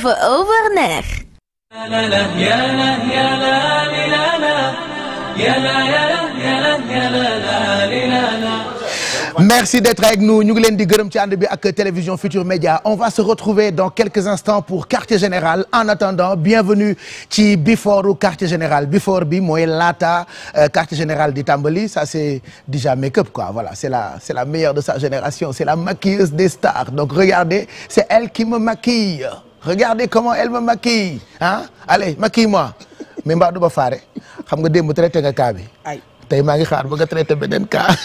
voor Merci d'être avec nous ñu ngi leen di gërëm ci ànd bi ak télévision Futur Média on va se retrouver dans quelques instants pour quartier général en attendant bienvenue ci before quartier général before bi mooy laata euh, quartier général di tàmbali ça c'est déjà make-up quoi voilà la c'est la meilleure de sa génération c'est la maquilleuse des stars donc regardez c'est elle qui me maquille regardez comment elle me maquille ah allez maquille-moi mais mbaa du ba faare xam nga démb traité nga cas bi. ay tey maa ngi xaar ba nga traité beneen cas.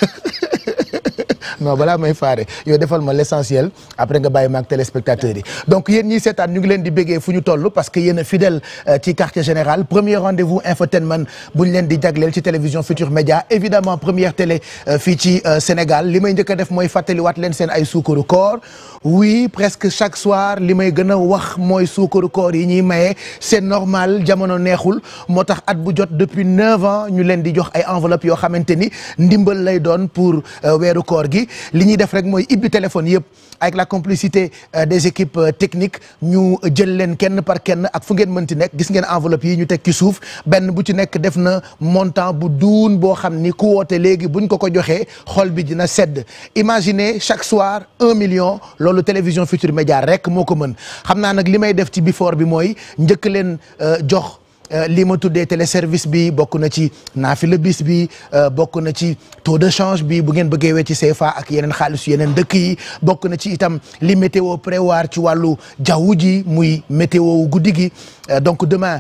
non balaa may faare yow defal ma l'essentiel après nga bàyyi ma ak téléspectateurs yi donc yéen ñii seetaan ñu ngi leen di béggee fu ñu toll parce que yéen a fidèle euh, ci quartier général premier rendez-vous infotainment bu ñu leen di jagleel ci télévision Futur Média évidemment première télé euh, fii ci euh, Sénégal li may njëkk a def mooy fàttaliwaat leen seen ay suukaru koor oui presque chaque soir li may gën a wax mooy suukaru koor yi ñuy maye c'est normal jamono neexul moo tax at bu jot depuis neuf ans ñu leen di jox ay enveloppe yoo xamante ni ndimbal lay doon pour weeru koor gi li ñuy def rek mooy ibbi téléphone yëpp avec la complicité euh, des équipes euh, techniques ñu jël leen kenn par kenn ak fu ngeen mën mënti nekk gis ngeen enveloppe yi ñu teg ci suuf benn bu ci nekk def na montant bu duun boo xam ni ku woote léegi buñ ko ko joxee xol bi dina sedd imaginez chaque soir un million loolu télévision Futur Média rek moo ko mën xam naa nag li may def ci before bi mooy njëkk leen euh, jox Euh, lii ma tuddee téléservice bi bokk na ci naafila bis bi euh, bokk na ci taux de change bi bu ngeen bëggee wecci CFA ak yeneen xaalis yeneen dëkk yi bokk na ci itam li météo prévoir ci wàllu jaww ji muy météo guddi gi euh, donc demain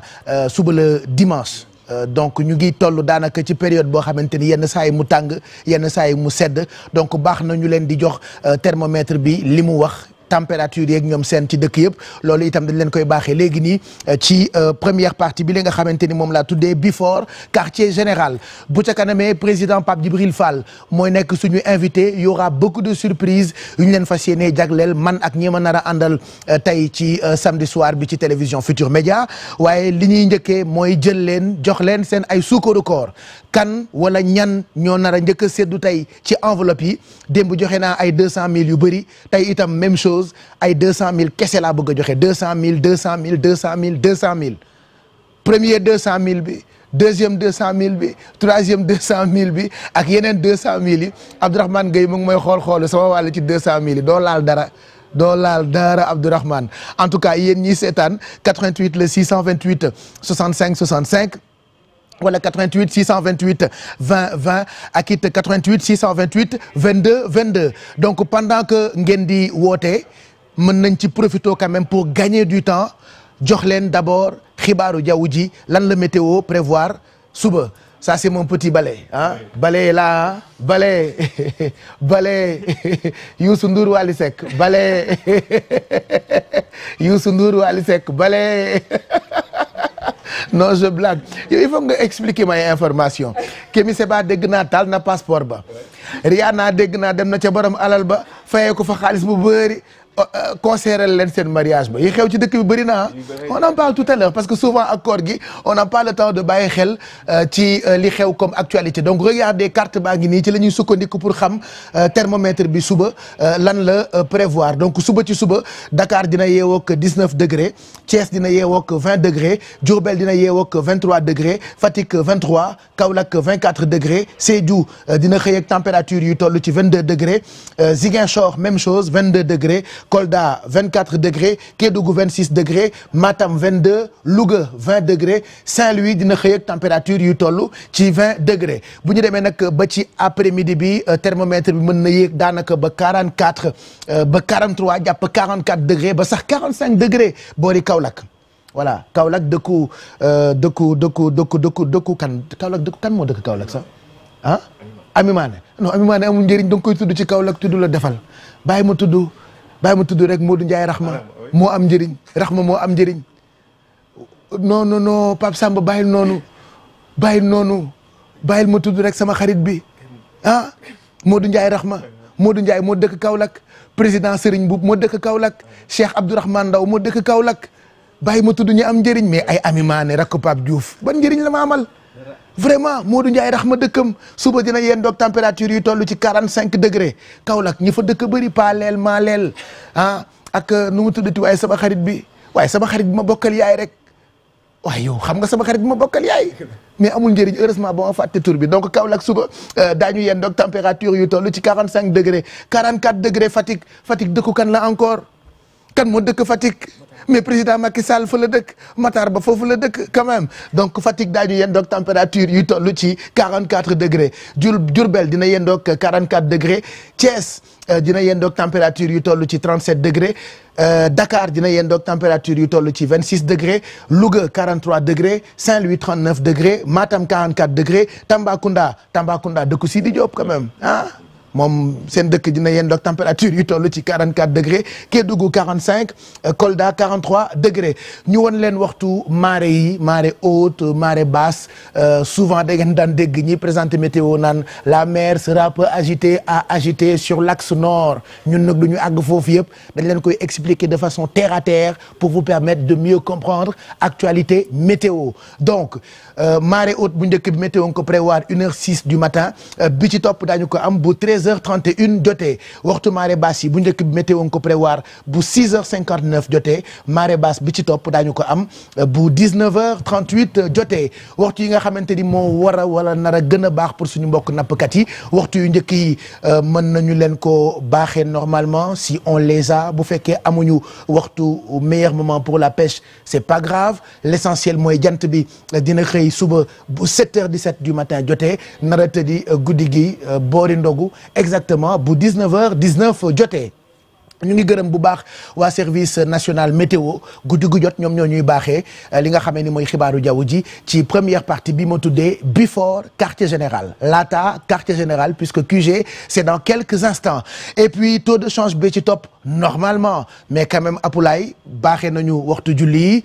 suba la dimanche donc ñu ngi toll daanaka ci période boo xamante ni yenn saa yi mu tàng yenn saa yi mu sedd donc baax na ñu leen di jox thermomètre bi li mu wax température yeeg ñoom seen ci dëkk yëpp loolu itam dañ leen koy baaxee léegi nii euh, ci euh, première partie bi li nga xamante ni moom laa tuddee bi Bifor quartier général bu ca kanamee président Pape Djibril Fall mooy nekk suñu invité y aura beaucoup de surprises yu ñu leen fa yéenee jagleel man ak ñi ma nar a àndal euh, tey ci samedi soir bi ci télévision Futur Média waaye li ñuy njëkkee mooy jël leen jox leen seen ay sukkaru koor kan wala ñan ñoo nar a njëkk séddu tey ci enveloppe yi démb joxe naa mille yu bëri chose ay mille kese laa bëgg a joxe deux cent mille deux cent mille deux cent mille mille premier mille bi deuxième deux cent mille bi troisième deux cent mille bi ak yeneen deux cent mille yi Abdourahmane Gueye mu ngi may xool xoolu sama wàll ci deux cent mille yi doo laal dara doo laal dara Abdourahmane en tout cas yéen ñi seetaan 88 le 628 65 cinq wala 88 628 20 20 ak it 88 628 22 22 donc pendant que ngeen di woote mën nañ ci profiter quand même pour gagner du temps jox leen d'abord xibaaru jaww ji lan la météo prévoir suba ça c'est mon petit balai ah balai là balai balai Youssou Ndour Wally Seck balai Youssou Ndour Wally Seck balai non je blague il faut nga expliquer ma information Kémi Seba dégg naa taal na passeport ba naa dégg naa dem na ca borom alal ba fayee ko fa xaalis bu bëri conseré leen seen mariage ba yi xew ci dëkk bi bëri na on en parle tout à l'heure parce que souvent ak koor gi on n'a pas le temps de bàyyi xel euh, ci euh, li xew comme actualité donc regardez carte baa ngi nii ci lañuy ñuy sukkandiku pour xam euh, thermomètre bi suba lan la prévoir donc suba ci suba Dakar dina yeewoo ak 19 degré Thiès dina yeewoo ak degré Diourbel dina yeewoo ak 23 degré Fatick 23 Kaolack 24 degré Sédhiou dina xëy température yi toll ci 22 degré Ziguinchor même chose 22 degré Kolda 24 degrés Kédougou 26 degrés Matam 22 Louga 20 degrés Saint-Louis dina xëy ak température yu toll ci 20 degrés bu ñu demee nag ba ci après midi bi euh, thermomètre bi mën na yéeg daanaka ba quarante 44 euh, ba 43 jàpp 44 degrés ba sax 45 degrés boori Kaolack. voilà Kaolack dëkku euh, dëkku dëkku dëkku dëkku dëkku kan Kaolack dëkku kan moo dëkk Kaolack sax ah Amy Mané non Amy Mané amul njëriñ da koy tudd ci Kaolack tudd la defal bàyyi ma tudd rek Modou Ndiaye Rahma ah, moo am njëriñ Rahma moo am njëriñ non non non Pape Samba bàyyil noonu bàyyil noonu bàyyil ma tudd rek sama xarit bi ah Modou Ndiaye Rahma Modou Ndiaye moo dëkk Kaolack président Serigne Boub moo dëkk Kaolack Cheikh Abdourahmane Ndaw moo dëkk Kaolack bàyyi ma tudd ñu am njëriñ mais ay ami maane rakk Pape Diouf ban njëriñ la ma amal. vraiment moo Modou Ndiaye rax ma dëkkam suba dina yéen doog température yi toll ci quarante cinq degré Kaolack ñi fa dëkk bëri paa leel maa leel ah ak euh, nu mu tuddati waaye sama xarit bi waaye sama xarit bi ma bokkal yaay rek waaye yow xam nga sama xarit bi ma bokkal yaay mais amul njëriñ heureusement ba ma fàtte tur bi donc Kaolack suba euh, daañu yéen doog température yu toll ci quarante cinq degré quarante quatre degré Fatick Fatick dëkku kan la encore kan moo dëkk Fatick. mais président Macky Sall fa la dëkk Matar ba foofu la dëkk quand même donc Fatick daañu température yu toll ci 44 degré Diou Diourbel dina yendoog 44 degré Thiès euh, dina yendoog température yu toll ci 37 degré euh, Dakar dina yendoog température yu toll ci 26 degré Louga 43 degré Saint-Louis 39 degré Matam 44 degré Tambacounda Tambacounda dëkku Sidi Diop quand même ah. moom seen dëkk dina yéen doog température yu toll ci 44 degré Kédougou 45 Kolda 43 degré ñu won leen waxtu mare yi marée haute marée basse euh, souvent da ngeen daan dégg ñi présenté météo naan la mer sera peu agitée à agitée sur l'axe nord ñun nag du ñu àgg foofu yëpp dañ leen koy expliquer de façon terre à terre pour vous permettre de mieux comprendre actualité météo donc Euh, marée haute bu njëkk bi météo ko prévoir une heure six du matin euh, bi ci topp daañu ko am bu treize heures trente et une jotee waxtu marée basse yi bu njëkk bi météo ko prévoir bu six heures cinquante neuf jotee marée basse bi ci topp daañu ko am euh, bu dix neuf heures trente huit jotee waxtu yi nga xamante ni moo war a wala nar gën a baax pour suñu mbokk nappkat yi waxtu yu njëkk yi mën nañu leen ko baaxee normalement si on les a bu fekkee amuñu waxtu meilleur moment pour la pêche c'est pas grave l'essentiel mooy jant bi dina xëy xëy suba bu 7 heures 17 du matin jotee nar a tëddi euh, guddi gi euh, boori ndogu exactement bu 19 heures 19 jotee. ñu ngi gërëm bu baax waa service national météo guddi gu jot ñoom ñoo ñuy baaxee euh, li nga xamee ni mooy xibaaru jaww ji ci première partie bi ma tuddee before quartier général laata quartier général puisque QG c'est dans quelques instants et puis taux de change bi ci topp normalement mais quand même Apulaay baaxee nañu waxtu julli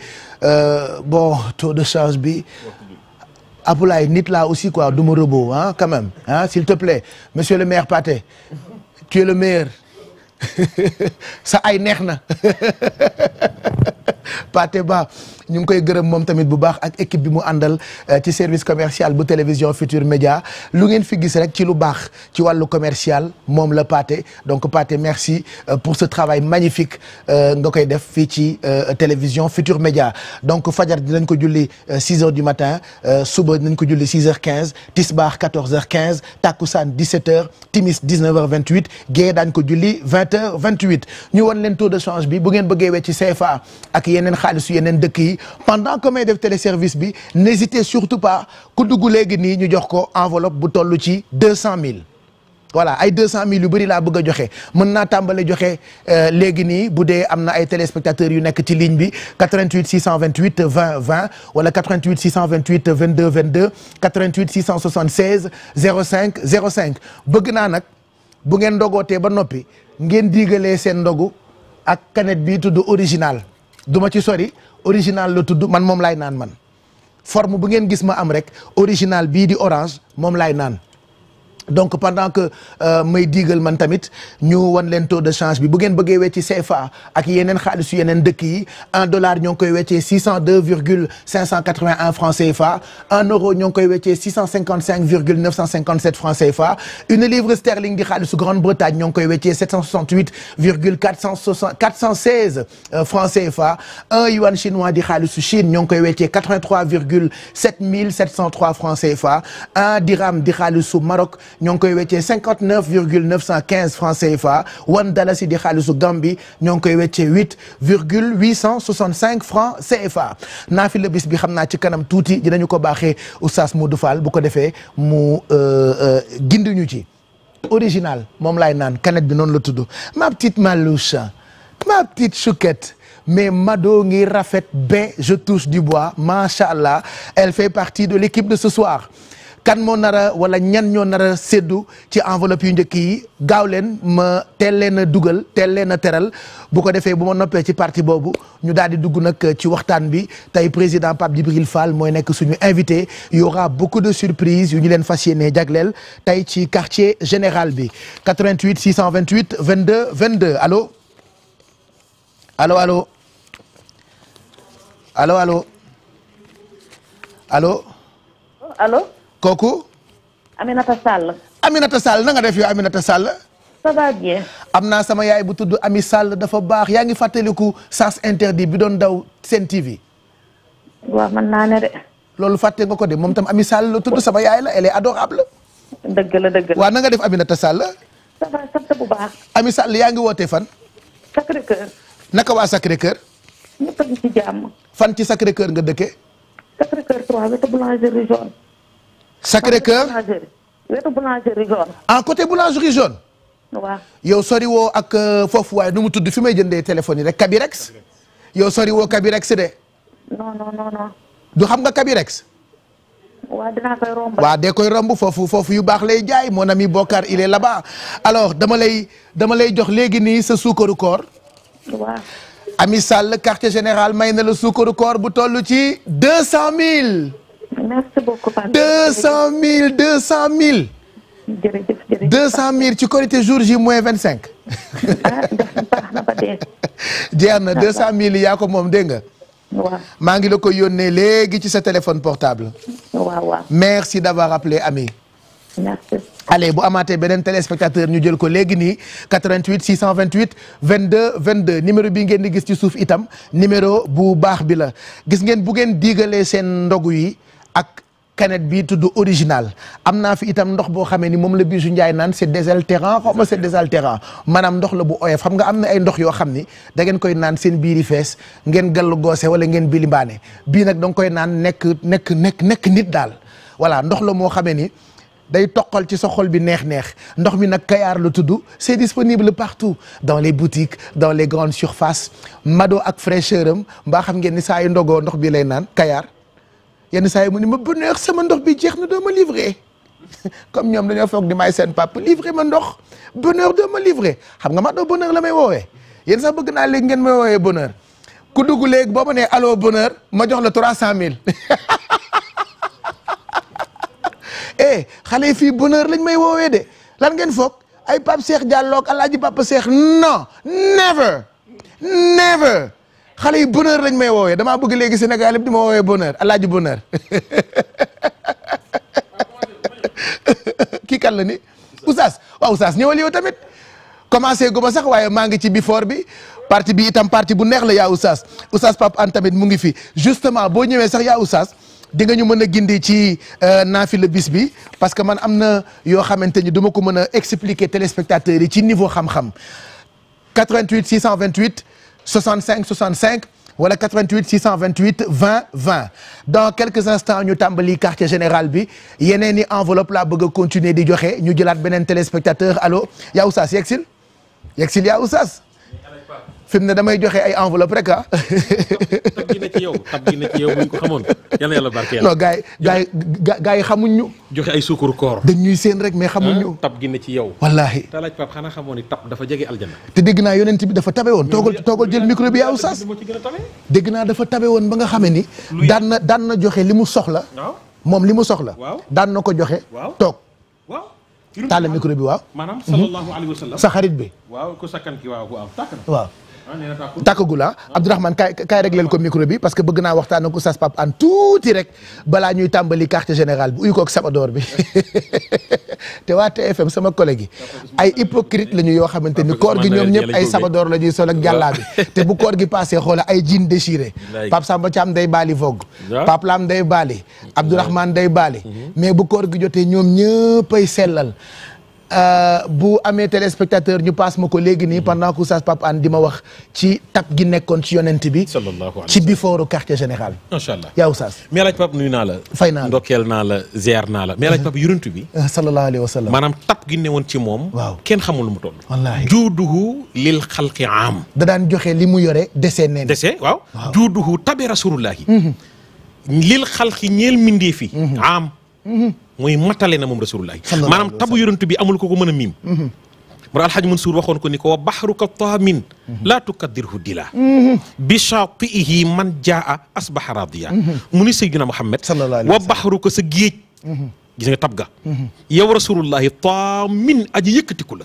bon taux de change bi. Apoulaye nit laa aussi quoi du ma robot ah quand même ah s'il te plaît monsieur le maire Pathé tu es le meilleur sa ay neex na Pathé Ba ñu ngi koy gërëm moom tamit bu baax ak équipe bi mu àndal euh, ci service commercial bu télévision Futur Média lu ngeen fi gis rek ci lu baax ci wàllu commercial moom la Pathé donc Pathé merci euh, pour ce travail magnifique euh, nga koy def fii ci télévision Futur Média donc fajar nañ ko julli 6 heures du matin suba dinañ ko julli 6 heures 15 tisbaar 14 heures 15 takkusaan 17 heures timis 19 heures 28 gee daañ ko julli 20 heures 28 ñu won leen taux de change bi bu ngeen bëggee wecc CFA ak yeneen xaalisu yeneen dëkk yi pendant que may def téléservice bi n'hésitez surtout pas ku dugg léegi nii ñu jox ko enveloppe bu toll ci deux cent mille voilà ay deux cent mille yu bëri laa bëgg joxe mën naa tàmbale joxe euh, léegi nii bu dee am na ay téléspectateurs yu nekk ci ligne bi 88 628 20 20 wala 88 628 22 22 88 676 05 05 bëgg naa nag bu ngeen ndogootee ba noppi ngeen digalee seen ndogu ak canette bi tudd original duma ci sori original la tudd man moom laay naan man forme bu ngeen gis ma am rek original bii di orange moom laay naan donc pendant que euh, may diigal man tamit ñu wan leen de change bi bu ngeen bëggee wecci CFA ak yeneen xaalisu yeneen dëkk yi un dollar ñoo ngi koy weccee six cent deux virgule cinq cent quatre vingt un franc CFA un euro ñoo ngi koy weccee six cent cinquante cinq virgule neuf cent cinquante sept franc CFA une livre sterling di xaalisu Grande-Bretagne ñoo ngi koy weccee sept cent soixante euh, un yuan chinois di xaalisu Chine ñoo ngi koy weccee quatre vingt trois virgule sept mille sept cent trois franc CFA un dirham di xaalisu Maroc. ñoo ngi koy weccee cinquante neuf virgule neuf cent quinze francs CFA wan dalasi di xaalisu Gambie ñoo ngi koy weccee huit virgule huit cent soixante cinq francs CFA naafila bis bi xam naa ci kanam tuuti dinañu ko baaxee oustaz Modou Fall bu ko defee mu euh, euh, gindi ñu ci. original moom laay naan canette bi noonu la tudd ma petite Malouche ma petite Chouquette. mais Mado ngi rafet ba je touche du bois macha allah elle fait partie de l'équipe de ce soir kan moo nara wala ñan ñoo nar a séddu ci enveloppe yu njëkk yi gaaw leen ma teel leen a dugal teel leena teral bu ko defee bu ma noppee ci parti boobu ñu daal di dugg nag ci waxtaan bi tey président Pape Djibril Fall mooy nekk suñu invité y aura beaucoup de surprises yu ñu leen fas yéenee jagleel tey ci quartier général bi 88 628 22 22 allo allo allo allo allo allo. allo. kooku. Aminata Sall. Aminata Sall na nga def yow Aminata Sall. ça va bien. am naa sama yaay bu tudd Ami Sall dafa baax yaa ngi fàttaliku sens interdit bi doon daw seen TV. waaw mën naa ne de. loolu fàtte nga ko de moom tam Ami Sall la tudd sama yaay la elle est adorable. dëgg la dëgg la waaw na nga def Aminata Sall. ça va sant bu baax. Ami Sall yaa ngi woote fan. Sacré naka waa Sacré Cœur. ñëpp a ngi fan ci Sacré nga dëkkee. Sacré Cœur 3 wetu boulangerie jaune. Sacré que wetu boulangerie jaune. ah côté boulangerie jaune. yow sori woo ak euh, foofu waaye nu mu tudd fi may jëndee téléphone yi rek Kabirex. yow sori woo Kabirex de. non non non non. du xam nga Kabirex. waaw dinaa koy romb. koy romb foofu foofu yu baax lay jaay mon ami Bokar il est là-bas alors dama lay dama lay jox léegi nii sa suukaru koor. waaw. Ami Sall quartier général may na la suukaru koor bu toll ci deux cent mille. merci beaucoup. cent mille deux cent mille. jërëjëf cent mille ci Korité jour J moins vingt cinq. ah na ba jeex na deux cent mille yaa ko moom dégg nga. waaw maa ngi la ko yónnee léegi ci sa téléphone portable. waaw waaw merci d'avoir appelé Ami. merci. allez bu amaatee beneen téléspectateur ñu jël ko léegi nii 88 628 22 22 numéro bi ngeen di gis ci suuf itam numéro bu baax bi la gis ngeen bu ngeen diigalee seen ndogu yi. ak canette bi tudd original am naa fi itam ndox boo xamee ni moom la bisu njaay naan c'est désaltérant xaw ma c'est désaltérant maanaam ndox la bu oyof xam nga am na ay ndox yoo xam ni da ngeen koy naan seen biiri fees ngeen gàllu goose wala ngeen bilimbaane bii nag da nga koy naan nekk nekk nekk nekk nit daal voilà ndox la moo xamee ni day toqal ci sa xol bi neex-neex ndox mi nag kayaar la tudd c'est disponible partout dans les boutiques dans les grandes surfaces mado ak fraîcheur am xam ngeen ni saa yu ndogoo ndox bi lay naan kayaar yenn saa yi mu ne ma bonheur sama ndox bi jeex na doo ma livré comme ñoom dañoo foog di may seen pap livré ma ndox bonheur doo ma livré xam nga ma doo bonheur la may woowee yéen sax bëgg naa léegi ngeen may woowee bonheur ku dugg léegi boo ma nee allo ma jox la trois cent mille eh xale yi fii bonheur lañ may woowee de lan ngeen foog ay Pape Cheikh Diallo ak Alaaji Papa Cheikh non never never xale yi bonheur lañ may woowee dama bëgg léegi Sénégal yëpp di ma woowee bonheur alaaji bonheur kii kan la ni Oustaz waaw Oustaz ñëwal yow tamit commencé gu ma sax waaye maa ngi ci bifoor bi parti bi itam parti bu neex la yaa Oustaz Oustaz Pape An tamit mu ngi fi justement boo ñëwee sax yaa Oustaz di nga ñu mën a gindi ci euh, naafila bis bi parce que man am na yoo xamante ni du ma ko mën a expliquer téléspectateurs yi ci niveau xam-xam vingt 628 65 65 wala 88 628 20 20 dans quelques instants ñu tàmbali quartier général bi yeneen i enveloppe laa bëgg a continuer di joxe ñu jëlaat beneen téléspectateur allo yaa Oustaz yegg sil yegg sil yaa Oustaz fi mu ne damay joxe ay enveloppe rek a tab gi na ci yow tab gi na ci yow bu ñu ko yi gars yi xamuñ ñu. joxe ay suukuru koor. dañ ñuy seen rek mais xamuñ ñu. tab ginne ci yow. wallaahi. talaaj Pape xanaa xamoon ni tab dafa jege aljana. te dégg naa yonent bi dafa tabe woon. toogal toogal jël micro bi yaa oustaz. dégg naa dafa tabe woon ba nga xamee ni. daan na daan na joxe li mu soxla. moom li mu soxla. daan na ko joxe. toog. taale micro bi waaw. maanaam sallallahu alayhi sa xarit bi. waaw ku sakkan ki waaw waaw waaw Ah, tàkkagu la ah. ah. Abdourahmane kaay kaay régleel ko micro bi parce que bëgg naa waxtaan ak oustaz Pape Hann tuuti rek balaa ñuy tàmbali quartier général bi uyu kook sabadoor bi te waa TFM sama collègue ay hypocrite la ñu yoo xamante ni koor gi ñoom ñëpp ay sabadoor la ñuy sol ak jàllaa bi te bu koor gi passé xoola ay jean déchiré Pape Samba Thiam day baali vogue Pape Lam day baali Abdourahmane day baali mm-hmm. mais bu koor gi jotee ñoom ñëpp ay Euh, bu amee téléspectateur ñu paas ma ko léegi nii pendant que Oustaz Pape Hann di ma wax ci tab gi nekkoon ci yonent bi ci biforu quartier général macha allah yaa Oustaz mais laaj Pape nuyu naa la fay naa la ndokkeel naa la ziar naa la mais laaj Pape yonent bi euh, sallallahu alayhi wa sallam maanaam tab gi newoon ci moom waaw kenn xamul lu mu toll wallaahi lil xalqi am da daan joxe li mu yore dese neen dese waaw juuduhu tabe rasulullahi mhm. lil xalqi ñeel mindee fi mhm. am mhm. ma matale na moom rasulullahi maanaam tabu yonent bi amul ko ko mën a miim mara mm-hmm. alxaj Mansuur waxoon ko ni ko wa baxruka taamin mm-hmm. laa tukaddirhu dila mm-hmm. bi shaatiihi man jaa asbaha radiya mu ni sayyidina Muhammad wa baxruka sa géej gis nga tab ga yow rasulullahi taamin aji yëkkatiku la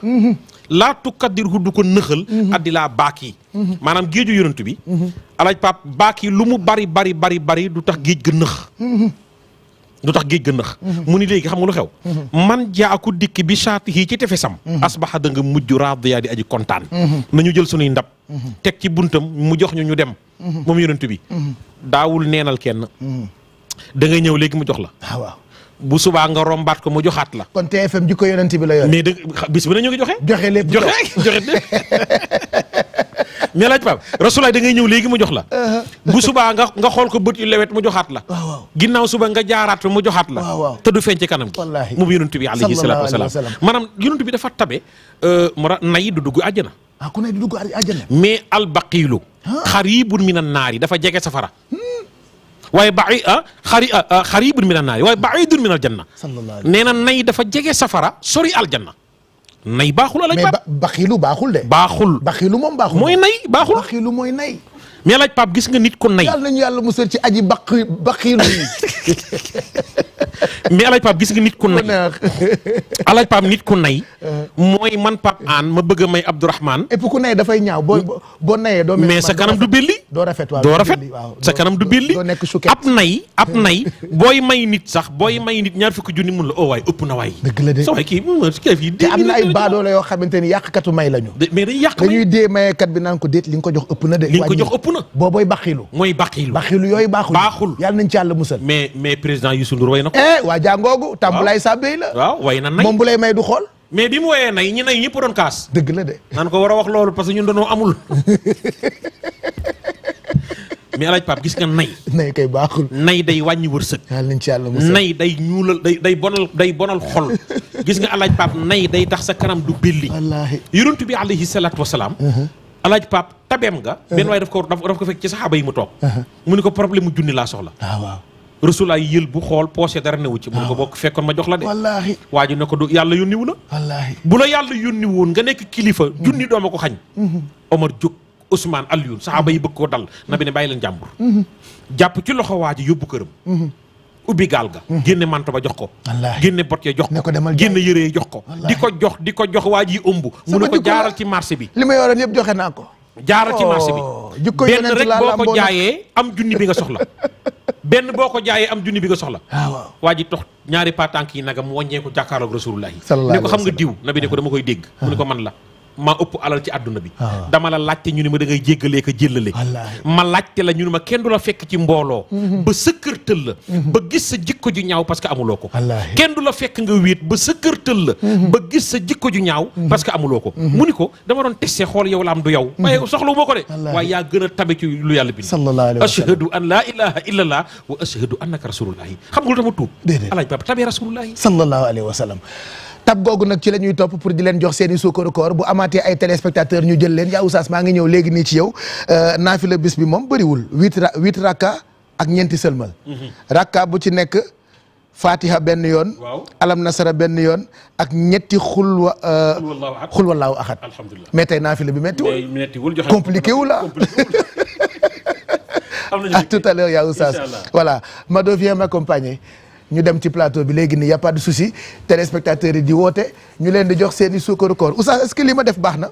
laa tukaddirhu du ko nëxal a laa baak yi maanaam géeju yonent bi alaaj pap baak yi lu mu bari bari du tax géej ga nëx lu tax géej gën nax mhm. mu ni léegi xam nga lu xew mhm. man jaaku dikk bi saati yii ci tefesam mhm. asbaxa da nga mujj raadiya di aji kontaan ñu jël sunuy ndab teg ci buntam mu jox ñu ñu dem moom yonent bi daawul neenal kenn da ngay ñëw léegi mu jox la ah, waaw bu subaa nga rombaat ko mu joxaat la. kon TFM jikko yonent bi la yor. mais dëgg bis bu ne ñu ngi joxe. joxe lépp joxe joxe lépp. mais laaj Pape Rasulaay da ngay ñëw léegi mu jox la bu subaa nga nga xool ko bët yu lewet mu joxaat la ginnaaw suba nga jaaraat mu joxaat la te du feeñ ci kanam gi moom yonent bi alayhi salaatu wasalaam maanaam yonent bi dafa tabe euh, mara nay du dugg àjjana ah ku nay du a àjjana mais albaqiilu xaribun min an naar yi dafa jege safara hmm. waaye ba'i ah xari ah, ah, xaribun min an naar yi waaye baidun min aljanna nee na nay dafa jege safara sori aljanna nay baaxul. alay mais ba baxilu baaxul de. baaxul baxilu moom baaxul. mooy nay baaxul baxilu mooy nay. mais laaj Pape gis nga nit ku nay. yàlla nañu yàlla musal ci aji baq baqiir yi. mais alaaj Pape gis nga nit ku nay. alaaj Pape nit ku nay. Uh-huh. mooy man Pape Hann ma bëgg a may Abdourahmane. et puis ku nay dafay ñaaw boo boo nayee doo mais sa kanam du belli. doo rafet waaw doo rafet sa kanam du belli. doo nekk suket ab nay ab nay booy may nit sax booy may nit ñaar fukki junni mun la oo oh waay ëpp na waay. dëgg la de sa waay kii kii te am na ay baadoo la yoo xamante ni yàqkatu may lañu. yàq may dañuy dee bi naan ko déet li nga ko jox ëpp na de. li nga ko jox ëpp na boobooy baqilu mooy baqilu baqilu yooyu baaxul baaxul yàlla nañ ci yàlla musal mais mais président Youssou Ndour way na ko eh waa jàngoogu tàmbulaay sàbbey la waaw way na nay moom bu lay may du xool mais bi mu woyee nay ñi nay ñëpp doon kaas dëgg la de naan ko war a wax loolu parce que ñun dañoo amul mais alaaj Pape gis nga nay nay kay baaxul nay day wàññi wërsëg yàlla nañ ci yàlla musal nay day ñuulal day day bonal day bonal xol gis nga alaaj Pape nay day tax sa kanam du belli wallaahi yonent bi alaaj pap tabeem nga uh-huh. benn waaye daf ko daf ko fekk ci saxaaba yi mu toog uh-huh. mu ni ko problème mu junni laa soxla ah, waaw rasulaay yël bu xool poosé dara newu ci mu ne ko ah. bokk fekkoon ma jox la de wallaahi ne ko du yàlla yónniwu la wallaahi bu la yàlla yónni woon nga nekk kilifa mm-hmm. junni dooma ko xañ mm-hmm. Omar jóg Ousmane Alioune saxaaba yi mm-hmm. bëgg koo dal na bi ne bàyyi leen jàmbur jàpp ci loxo waa ji yóbbu këram ubbi gaal ga hmm. génne manto ba jox ko génne bot ya jox ko génne yëre jox ko di ko jox di ko jox waa ji ëmb mu ne ko jaaral ci marché bi li ma yoroon yëpp joxe naa ko jaaral ci marché bi oh, benn rek boo ko jaayee am junni bi nga soxla benn boo ko jaayee am junni bi nga soxla ah, waa ji tox ñaari patànk yi nagam wàññee ko jàkkaarloog rasulullah yi ne ko xam nga diw nabi ne ko dama koy dégg mu ne ko man la maa ëpp alal ci àdduna bi ah. dama la laajte ñu ne ma da ngay jéggalee ko jëllale ma laajte la ñu ma kenn du la fekk ci mbooloo mhm. ba sëkkërtël la mhm. ba gis sa jikko ju ñaaw parce que amuloo ko kenn du la fekk nga wéet ba sëkkërtël la mhm. ba gis sa jikko ju ñaaw parce que amuloo ko mu ni ko dama doon testé xool yow la am du yow waaye soxlawu ma ko de waaye yaa gën a tabe ci lu yàlla bind ashhadu an laa ilaha illa allah wa ashhadu annaka rasulullahi xam nga lu tax ma tuub alaaj baba tabee rasulullahi sallallahu alayhi tab googu nag ci la ñuy topp pour di leen jox seeni i sukkaru koor bu amaatee ay téléspectateurs ñu jël leen yaa oustaz maa ngi ñëw léegi nii ci yow euh, naafi la moom bëriwul huit ra huit rakka ak ñeenti sëlmal mhm. rakka bu ci nekk fatiha benn yoon alam nasara benn yoon ak ñetti xul euh, xulwallaahu ahad alhamdulilah mais tey naafi la bi méttiwul compliqué wu la à tout à l'heure yaa oustaz voilà Mado viens m'accompagner ñu dem ci plateau bi léegi nii y' a pas de souci téléspectateurs yi di woote ñu leen di jox seen i sukkaru koor oustaz est ce def baax na.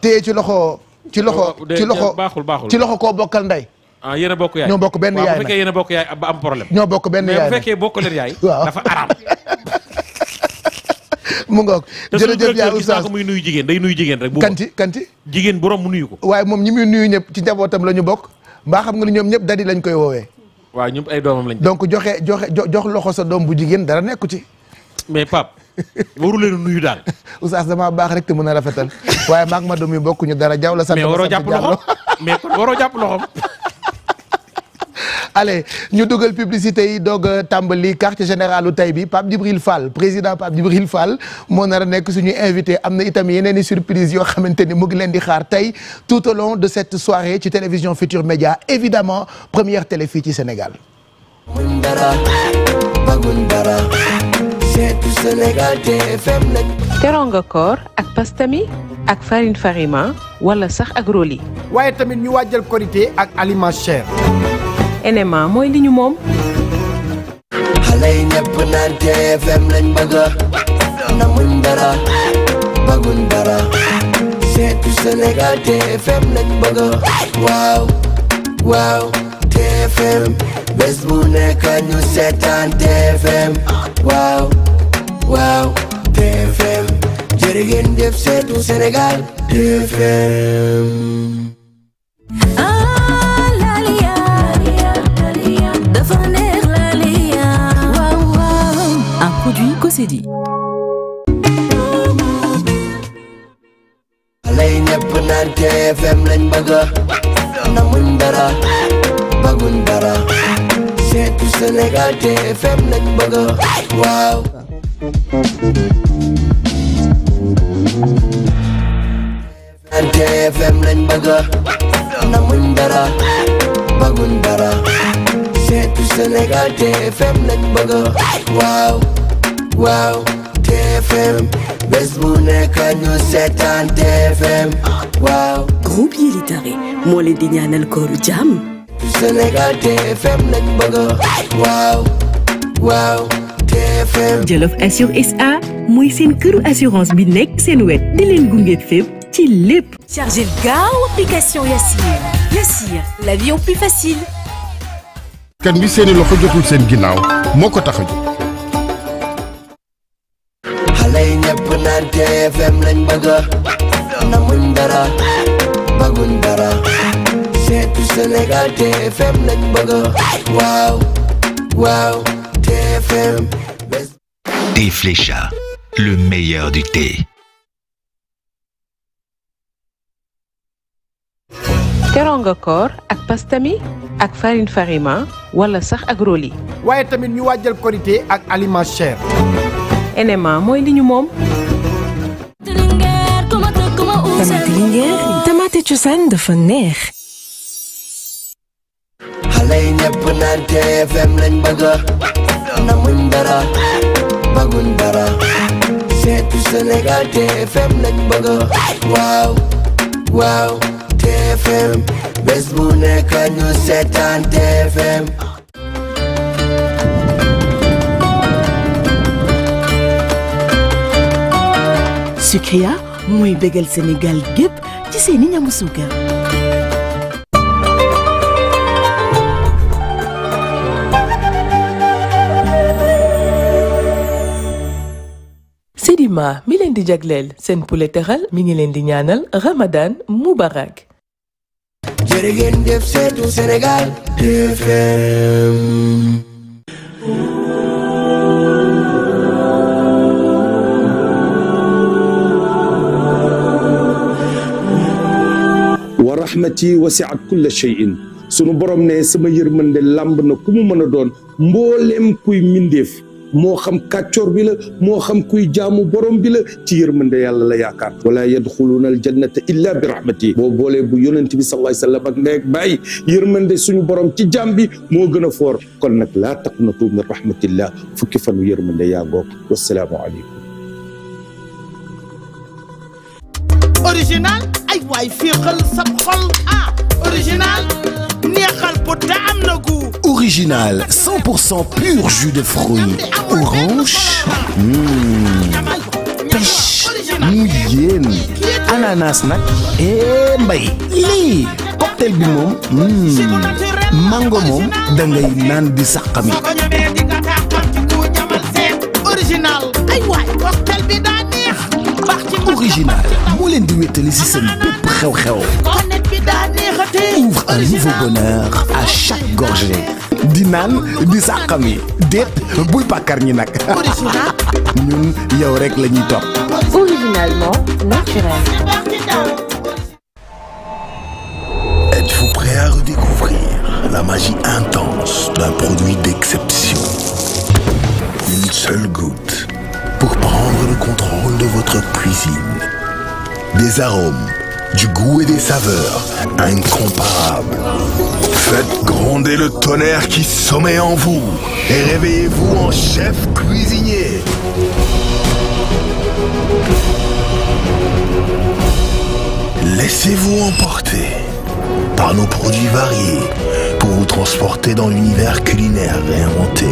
téye ci loxo. ci loxo oh, ci loxo baaxul baaxul ci loxo koo bokkal nday ah yéen bokk yaay ñoo bokk benn yaay nag bokk yaay ba ñoo bokk benn yaay nag mais bu fekkee bokk leen yaay. waaw dafa araam. mu ngoog jërëjëf yaa oustaz ko muy nuyu jigéen day nuyu jigéen rek. bu kanti kanti jigéen bu romb mu nuyu ko. waaye moom ñi muy nuyu ñëpp ci njabootam la ñu bokk mbaa xam nga ni ñoom ñëpp dadi lañ koy woowe waaw ñun ay doomam lañ. donc joxe joxe jox loxo sa doom bu jigéen dara nekku ci. mais Pape waru leen nuyu daal. oustaz damaa baax rek te mën a rafetal waaye maag ma doom yi bokkuñu dara jaww la. sant ma mais waroo jàpp loxo mais jàpp loxo. allez ñu dugal publicité yi doog a tàmbali quartier général u tey bi Pape Djibril Fall président Pape Djibril fal moo nar a nekk suñu invité am na itam yeneen i surprise yoo xamante ni mu ngi leen di xaar tey tout au long de cette soirée ci télévision Futur Média évidemment première télé fii ci Sénégal teronga koor ak pastami ak farine farima wala sax ak roli waaye tamit ñu wàjjal korité ak aliment cher NMA mooy li ñu moom. xale yi ñëpp naan TFM lañ bëgg namuñ dara bëgguñ dara seetu Sénégal TFM lañ bëgg waaw TFM bés bu nekk ñu seetaan TFM waaw waaw TFM jërë ngeen jëf seetu TFM. Ah. produit Cosedi. lay ñëpp naan TFM lañ bëgg namuñ dara bëgguñ dara seetu Sénégal TFM lañ bëgg waaw. naan dara bëgguñ dara seetu Sénégal TFM lañ bëgg waaw. waaw TFM bés bu nekk ñu seetaan TFM waaw. groupe yi Litare moo leen di lu kooru jàmm. Sénégal TFM lañ bëgg waaw TFM Jolof Assure SA mooy seen këru assurance bi nekk seen wet di leen gunge fépp ci lépp. chargez gaaw application Yassir Yassir la vie en plus facile. moo ko tax a jóg daal TFM koor ak pastami ak farine farima wala sax ak roli waaye tamit ñu wàjjal korité ak aliment cher enema mooy li ñu moom tamaate lingeer tamaate cosaan xale yi ñëpp naan TFM lañ bëgg namuñ dara baguñ dara seetu Sénégal TFM lañ bëgg waaw waaw TFM bés bu nekk ñu seetaan TFM Sucria mooy bégal Sénégal gépp ci seeni ñamu suukar Alima mi leen di jagleel seen poulet teral mi ngi leen di ñaanal Ramadan Mubarak. jërë ngeen jëf seetu Sénégal TFM. wa rahmati wasiat kulla cheyin sunu borom ne sama yërmande làmb na ku mu mën doon mbooleem kuy mindeef. moo xam kàccoor bi la moo xam kuy jaamu borom bi la ci yërmande yàlla la yaakaar wala yadxuluuna al jannata illa bi rahmati boo boolee bu yonent bi sallallahu alayhi wa sallam ak ndeeg bàyyi yërmande suñu borom ci jaam bi moo gën a foor kon nag laa taqnatu min rahmatillah fukki fanu yërmande yaa ngoog wassalaamu aleykum original ay waay féexal sa xol ah original neexal bu te na gu original pur jus de fruits orange mmh. mu yéen ananas nag e mbay lii cocktail bi moom hmm, mango moom da ngay naan di saqami original moo leen di si seen bépp xew-xew ouvre un nouveau bonheur à chaque gorgée di naan di sàqam yi déet bul pàkkar ñi nag ñun yow rekk la ñuy topp originalement vous prêt à redécouvrir la magie intense d'un produit d'exception une seule goutte pour prendre le contrôle de votre cuisine des arômes du goût et des saveurs incomparables. Faites gronder le tonnerre qui sommeille en vous et réveillez-vous en chef cuisinier. Laissez-vous emporter par nos produits variés pour vous transporter dans l'univers culinaire réinventé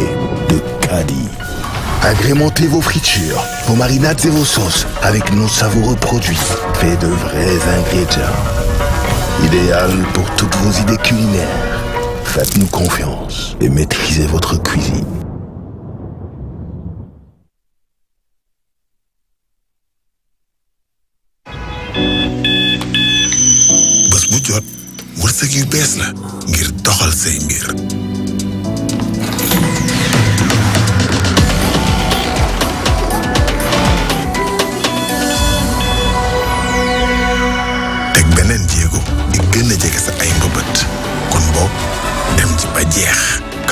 de Caddy. Agrémentez vos fritures, vos marinades et vos sauces avec nos savoureux produits faits de vrais ingrédients. Idéal pour toutes vos idées culinaires. Faites-nous confiance et maîtrisez votre cuisine. jot wërsëg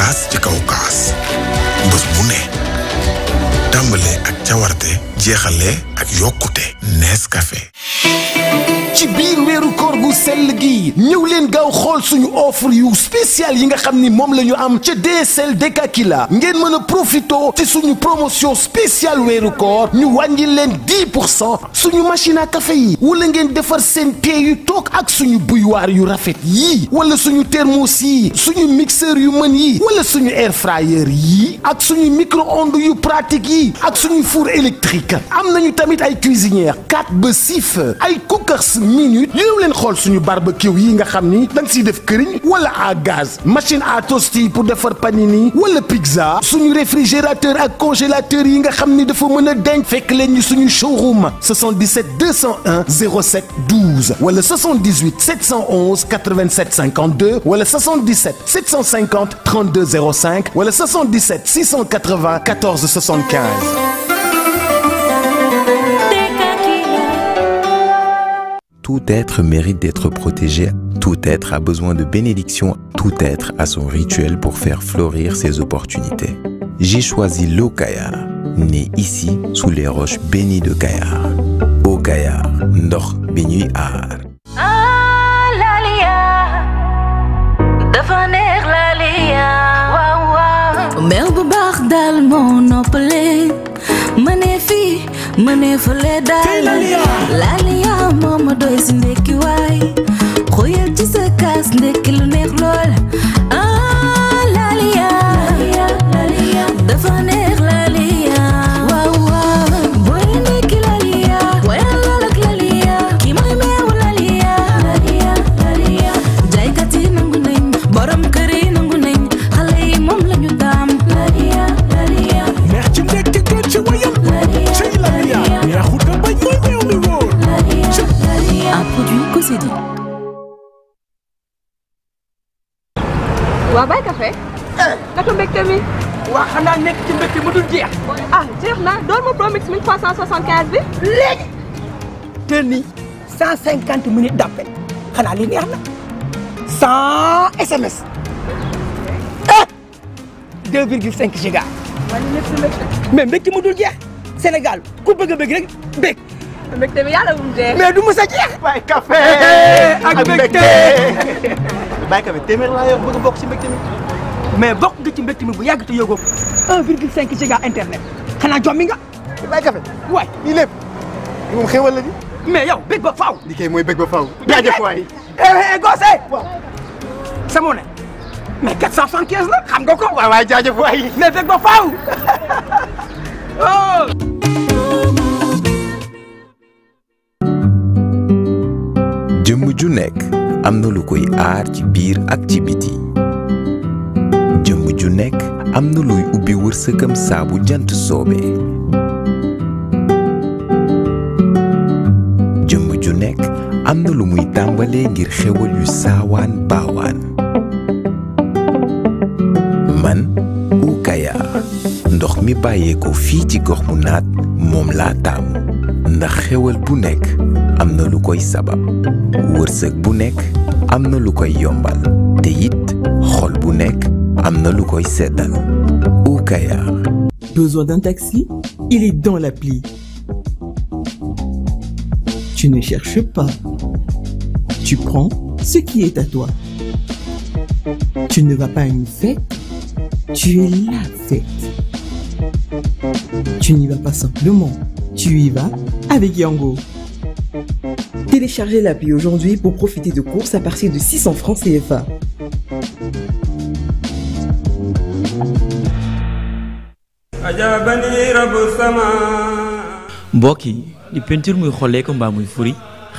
kaas ci kaw kaas bés bu ne tàmbalee ak cawarte jeexalee ak yokkute Nescafé ci biir weeru koor gu sell gi ñëw leen gaaw xool suñu offre yu spécial yi nga xam ni moom la ñu am ca DSL Dekakila ngeen mën a profité ci suñu promotion spéciale weeru koor ñu wàññi leen 10 pour cent suñu machine à café yi wala ngeen defar seen thé yu toog ak suñu bouilloire yu rafet yii wala suñu thermos yi suñu mixeur yu mën yi wala suñu air fryer yii ak suñu micro-ondes yu pratique yi ak suñu four électrique am nañu tamit tamit ay cuisinière 4 ba 6 ay cookers minute ñëw leen xool suñu barbecue yi nga xam ni da nga def këriñ wala à gaz machine à toaster pour defar panini wala pizza suñu réfrigérateur ak congélateur yi nga xam ni dafa mën a denc fekk leen ñu suñu showroom 77 201 07 12 wala 78 711 87 52 wala 77 750 32 05 wala 77 680 14 75. Tout être mérite d'être protégé, tout être a besoin de bénédiction, tout être a son rituel pour faire fleurir ses opportunités. J'ai choisi l'eau né ici sous les roches bénies de Kayar. Eau Kayar, ndox bi ñuy ma ne fële daal laaliya moom ma doy si ndekki waay xoyal ci sa kaas ndekki série. waa Baye Café. Eh. naka mbégte mi. waa xanaa nekk ci mbégte mu dul jeex. ah jeex na door ma Promix 1375 bi. léegi. te ni 150 minutes d'appel xanaa li na SMS. ah eh. 2,5 giga. waa li mais mbégte mu dul jeex Sénégal ku bëgg rek bëgg. mbégte bi yàlla bu mu dee. mais du mos a jeex. Baye Café ak mbégte Baye Café téeméer laa yor bëgg bokk ci mbégte mi. mais bokk nga ci mbégte mi bu yàgg te yóbboo ko. 1,5 giga internet xanaa jommi nga. Baye Café waay lii lépp moom yow bëgg ba faaw. li kay mooy bëgg ba faaw. jaajëf waay. Eh, eh, eh, gosee. waaw sama ne mais 475 la xam nga ko. waay waay jaajëf waay. mais ba faaw. Oh. jëmm ju nekk am na lu koy aar ci biir ak ci biti jëmm ju nekk am na luy ubbi wërsëgam saabu jant soobee jëmm ju nekk am na lu muy tàmbalee ngir xewal yu saawaan baawaan man Oukayaar ndox mi bàyyeekoo fii ci gox mu naat moom laa taamu ndax xéwal bu nekk am na lu koy sabab wërsëg bu nekk am na lu koy yombal te xol bu nekk am na lu koy seddal au Cayar. Besoin d'un taxi? Il est dans l'appli. Tu ne cherches pas. Tu prends ce qui est à toi. Tu ne vas pas à une fête, tu es la fête. Tu n'y vas pas simplement, tu y vas avec Yango. Téléchargez l'appli aujourd'hui pour profiter de courses à partir de francs CFA. mbokk yi di peinture muy xollee ko mbaa muy furi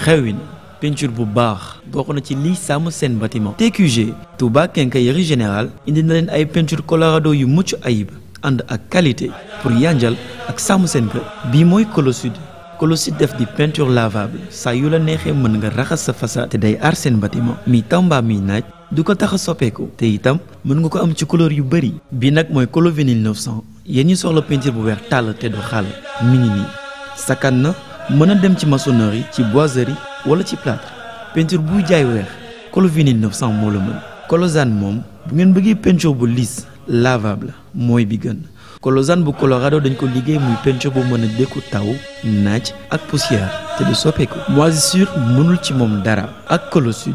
xewwi na peinture bu baax bokk na ci lii sàmm seen bâtiment TQG Touba Quincaillerie Générale indi na leen ay peinture colorado yu mucc ayib ànd ak qualité pour yanjal ak sàmm seen kër bii mooy Colosud Colosud def di peinture lavable saa yu la neexee mën nga raxas sa façade te day aar seen bâtiment mi tamba mi naaj du ko tax a soppeeku te itam mën nga ko am ci couleur yu bëri bii nag mooy colo vinyle 900 yéen ñi soxla peinture bu weex tàll te du xaal mi ngi nii sakkan na mën a dem ci maçonnerie ci boiserie wala ci plâtre peinture buy jaay weex colo vinyle 900 moo moom bu ngeen bëggee peinture bu liis lavable mooy bi gën kolozane bu Colorado dañ ko liggéey muy penco bu mën a dékku taw naaj ak poussière te du soppeeku moisissure mënul ci moom dara ak Colosud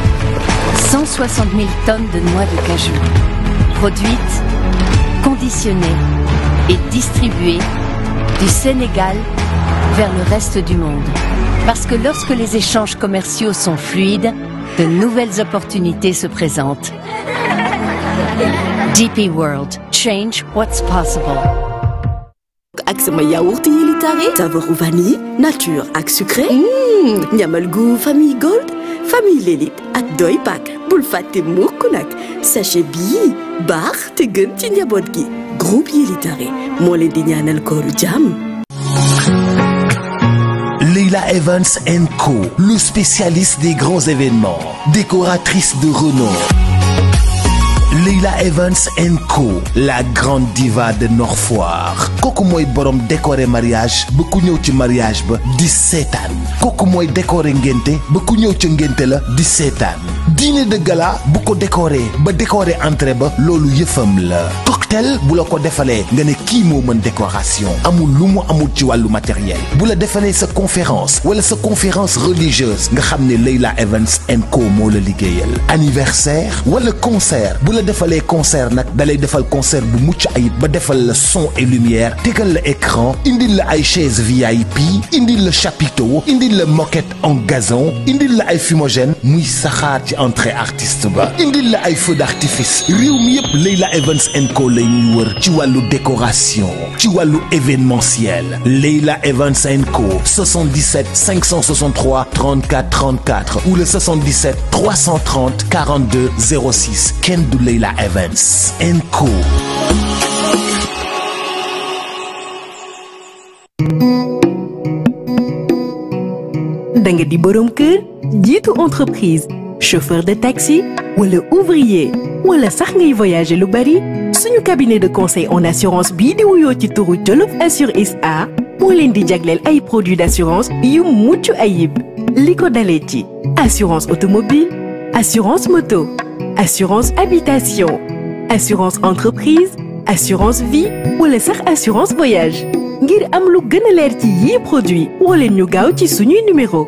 160 000 tonnes de noix de cajou, produites, conditionnées et distribuées du Sénégal vers le reste du monde. Parce que lorsque les échanges commerciaux sont fluides, de nouvelles opportunités se présentent. DP World, change what's possible. ak sama yaourt yi li tari saveur vanille nature ak sucré. ñamal mmh, gu famille Gold. famille l'élite ak doy baak bul fàtte mukk nag sachet te gën ci njaboot gi groupe Yelitare moo leen di ñaanal kooru jàmm Leila Evans Co, le spécialiste des grands événements, décoratrice de renom Leila Evans and Co la grande diva de Nord Foire kooku mooy borom décoré mariage ba ku ñëw ci mariage ba di seetaan kooku mooy décoré ngénte ba ku ñëw ca ngénte la di seetaan dîner de gala bu ko décorer ba décorer entrée ba loolu yëfam la cocktail bu la ko defalee nga ne kii moo mën décoration amul lu mu amul ci wàllu matériel bu la defalee sa conférence wala sa conférence religieuse nga xam ne Leila Evans and Co moo la liggéeyal anniversaire wala concert bu la defalee concert nag dalay defal concert bu mucc ayib ba defal la son et lumière tegal la écran indil la ay chaise VIP indil la chapiteau indil la moquette en gazon indil la ay fumogène muy saxaar ci entrée artiste ba indil la ay feu d'artifice réew mi yëpp Leila Evans and Co la ñuy wër ci wàllu décoration ci wàllu événementiel Leila Evans and Co 77 563 34 34 ou le 77 330 42 06 kenn du Leila Evans and Co. da nga di borom kër jiitu entreprise. chauffeur de taxi wala ouvrier wala sax ngay voyager lu bari suñu cabinet de conseil en assurance bii di wuyoo ci turu Jolof Assure SA moo leen di jagleel ay produits d'assurance yu mucc ayib li ko dalee ci assurance automobile assurance moto assurance habitation assurance entreprise assurance vie wala sax assurance voyage ngir am lu gën a leer produit wala ñu gaaw ci suñuy numéro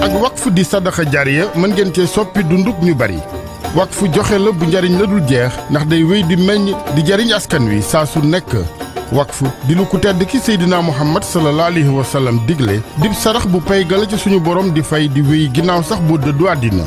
ak fu di sadaxa jariya mën ngeen cee soppi dunduk ñu bari fu joxe la bu njariñ la dul jeex ndax day wéy di meññ di jariñ askan wi saa su nekk waqfu di lu ku tedd ki seydinaa muhammad sallallahu alayhi wa sallam digle dib sarax bu pay gala ci suñu borom di fay di wéy ginnaaw sax bu dëddu àddina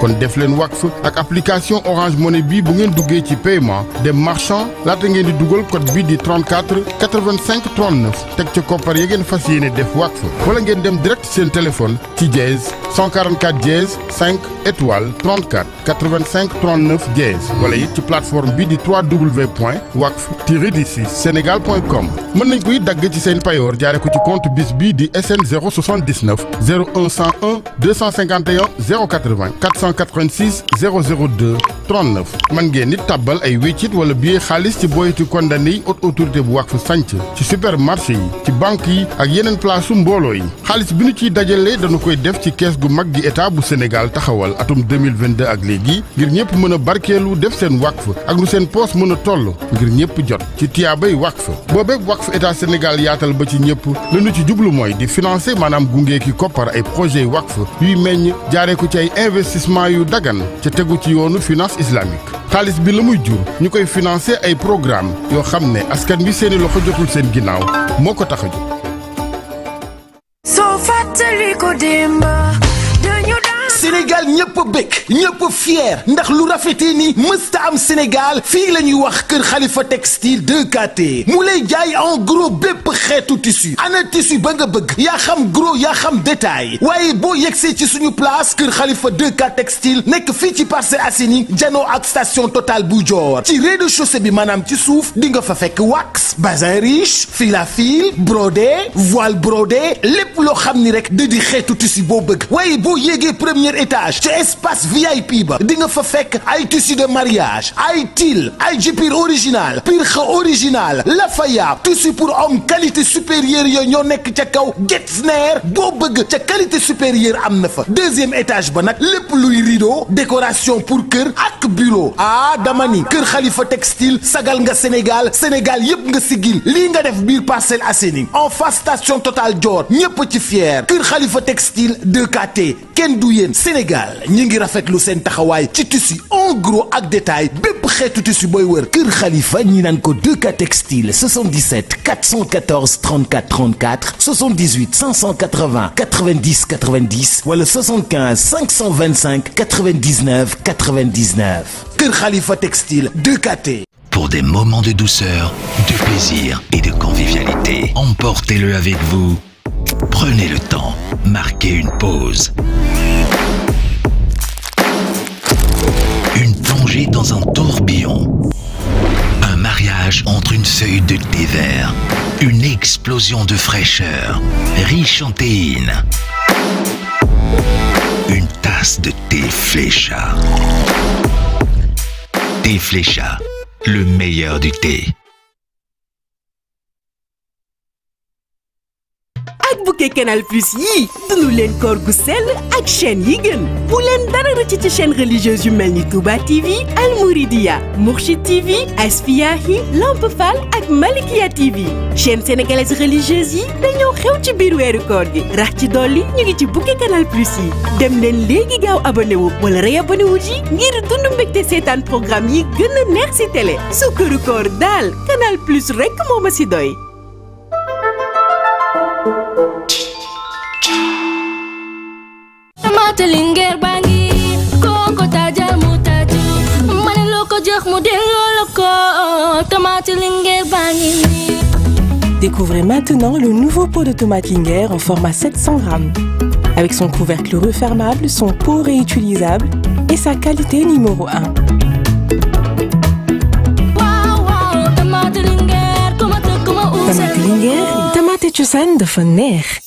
kon def leen Waqf ak application Orange Money bi bu ngeen duggee ci paiement dem marchand laata ngeen di dugal code bi di 34 85 39 teg ca koppar ya ngeen fas yéene def Waqf wala ngeen dem direct seen téléphone ci dièse 144 dièse 5 étoile 34 85 39 dièse wala it ci plateforme bi di 3w point waqf tiré d'ici sénégal point com mën nañ koy dagg ci seen payoor jaaree ko ci compte bis bii di SN 079 01 101 251 080 986 002 39 man ngeen nit tàbbal ay wéccit wala billet xaalis ci boyeti condamné yi haute autorité bu Waqf Sanc ci supermarché yi ci banque yi ak yeneen place mbooloo yi xaalis bi nu ciy dajalee dañu koy def ci kees gu mag gi état bu Sénégal taxawal atum 2022 ak léegi ngir ñëpp mën a barkeelu def seen Waqf ak nu seen poos mën a toll ngir ñëpp jot ci tiyaabay Waqf boobeeg Waqf état Sénégal yaatal ba ci ñëpp la ci jublu mooy di financer maanaam gunge ki koppar ay projet Waqf financement yu dagan ca tegu ci yoonu finance islamique xaalis bi la muy jur ñu koy financer ay programme yoo xam ne askan bi seeni loxo jotul seen ginnaaw moo ko tax a jóg Sénégal ñëpp a bëgg ñëpp a fier ndax lu rafetee ni mësta am Sénégal fii la ñuy wax kër Khalifa textile 2KT mu lay jaay en gros bépp xeetu tissu ana tissu ba nga bëgg yaa xam gros yaa xam détail waaye boo yegsee ci suñu place kër xalifa 2K textile nekk fii ci Parcelles Assainies janoo ak station Total bu joor ci rez chaussée bi maanaam ci suuf di nga fa fekk wax bazin riche fil à fil brodé voile brodé lépp loo xam ni rek da di xeetu tissu boo bëgg premier étage ci espace VIP ba di nga fa fekk ay tissus de mariage ay til ay jipir original pirxa original la faya tissu pour homme qualité supérieure yooyu ñoo nekk ca kaw Getzner doo bëgg ca qualité supérieure am na fa deuxième étage ba nag lépp luy rideau décoration pour kër ak bureau ah dama ni kër Khalifa textile sagal nga Sénégal Sénégal yëpp nga sigil lii nga def biir parcel Assainies en face station Total Dior ñëpp ci fier kër Khalifa textile 2KT kenn du yéen Sénégal ñi ngi rafetlu seen taxawaay ci tissu en gros ak détail bépp xeetu tissu booy wër Kër Khalifa ñi naan ko 2K Textile 77 414 34 34 78 580 90 90 wala 75 525 99 99 Kër Khalifa Textile 2KT. Pour des moments de douceur, de plaisir et de convivialité, emportez-le avec vous. Prenez le temps, marquez une pause. plongé dans un tourbillon. Un mariage entre une feuille de thé vert, une explosion de fraîcheur, riche en théine, une tasse de thé flécha. Thé flécha, le meilleur du thé. ak bouquet canal plus yii dund leen koor gu sell ak chaîne yi gën bu leen dara rëcc ci chaîne religieuse yu mel ni Touba TV Al Mouridiya Mourchid TV Asfiyahi Lamp Fall ak Malikia TV chaîne sénégalaise religieuse yi dañoo xew ci biir weeru koor di rax ci dolli ñu ngi ci bouquet canal plus yi dem leen léegi gaaw abonné wala rey abonné wu ji ngir dund mbégte seetaan programme yi gën a neex si télé sukkaru koor daal canal plus rek moo ma si doy te lingeer Découvrez maintenant le nouveau pot de tomate linguère en format grammes. Avec son couvercle refermable, son pot réutilisable et sa qualité numéro 1. Tomate linguère, tomate cosaan dafa neex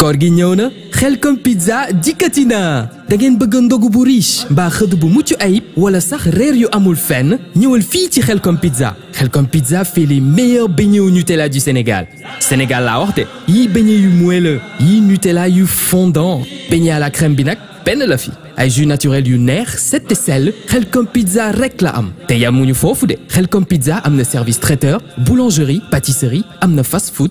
koor gi ñëw na xelkom pizza jikkati na da ngeen bëgg ndogu bu riche mbaa bu mucc ayib wala sax reer yu amul fenn ñëwal fii ci xelkom pizza xelkom pizza fait les meilleurs beignets Nutella du Sénégal Sénégal laa wax yii beignets yu moelleux yii Nutella yu fondant beignet à la crème bi nag benn la fi ay jus naturel yu neex set sell xelkom pizza rek la am te yamuñu foofu de xelkom pizza am na service traiteur boulangerie pâtisserie am na fast food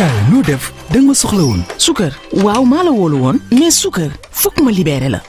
taayo noo def da ma soxla woon. suukar waaw maa la woolu woon. mais suukar fokk ma libéré la.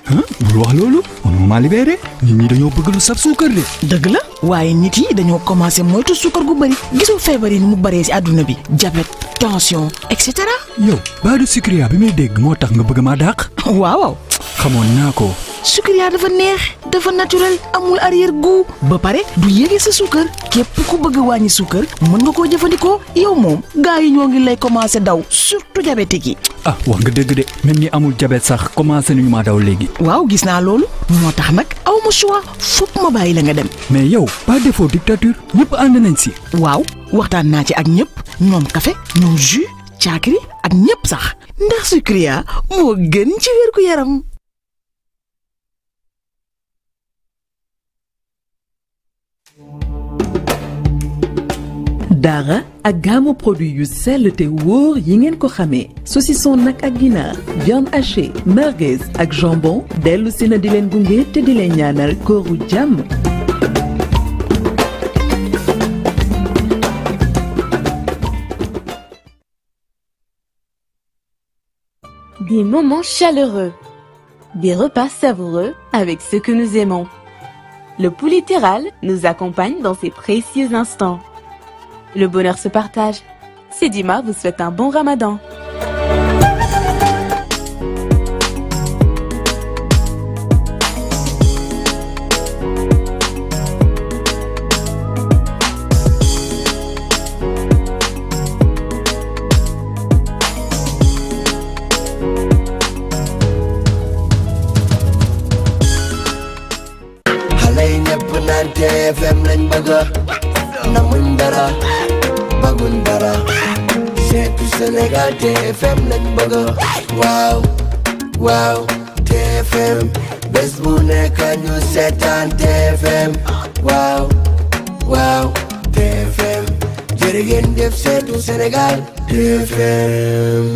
bul wax loolu mënoo maa libéré nit ñi dañoo bëgg lu saf suukar de. dëgg la waaye nit yi dañoo commencé moytu suukar gu bëri gisoo feebar yi ni mu bëree si àdduna bi diabète tension et cetera. yow baadu sucria bi muy dégg moo tax nga bëgg maa dàq. waaw xamoon naa ko. suculaire dafa neex dafa naturel amul arrière goût ba pare du yéege sa suukar képp ku bëgg wàññi suukar mën nga koo jëfandikoo yow moom gaa yi ñoo ngi lay commencé daw surtout diabétique yi. ah wax nga dëgg de même ñi amul diabète sax commencé ñu maa daw léegi. waaw gis naa loolu moo tax nag aw ma choix fokk ma bàyyi la nga dem. mais yow par défaut dictature ñëpp ànd nañ si. waaw waxtaan naa ci ak ñëpp ñoom café ñoom jus caakiri ak ñëpp sax ndax sucria moo yaram. dara ak gaamu produit yu sell te wóor yi ngeen ko xamee saucisson nag ak ginaar viande hachée merguez ak jambon dellu si na di leen gunge te di leen ñaanal kooru jàmm Des moments chaleureux, des repas savoureux avec ceux que nous aimons. Le poulet terral nous accompagne dans ces précieux instants. Le bonheur se partage. Sedima vous souhaite un bon ramadan. TFM lañ bëgg waaw waaw TFM bés bu nekk ñu seetaan TFM waaw waaw TFM jërë ngeen def seetu Sénégal TFM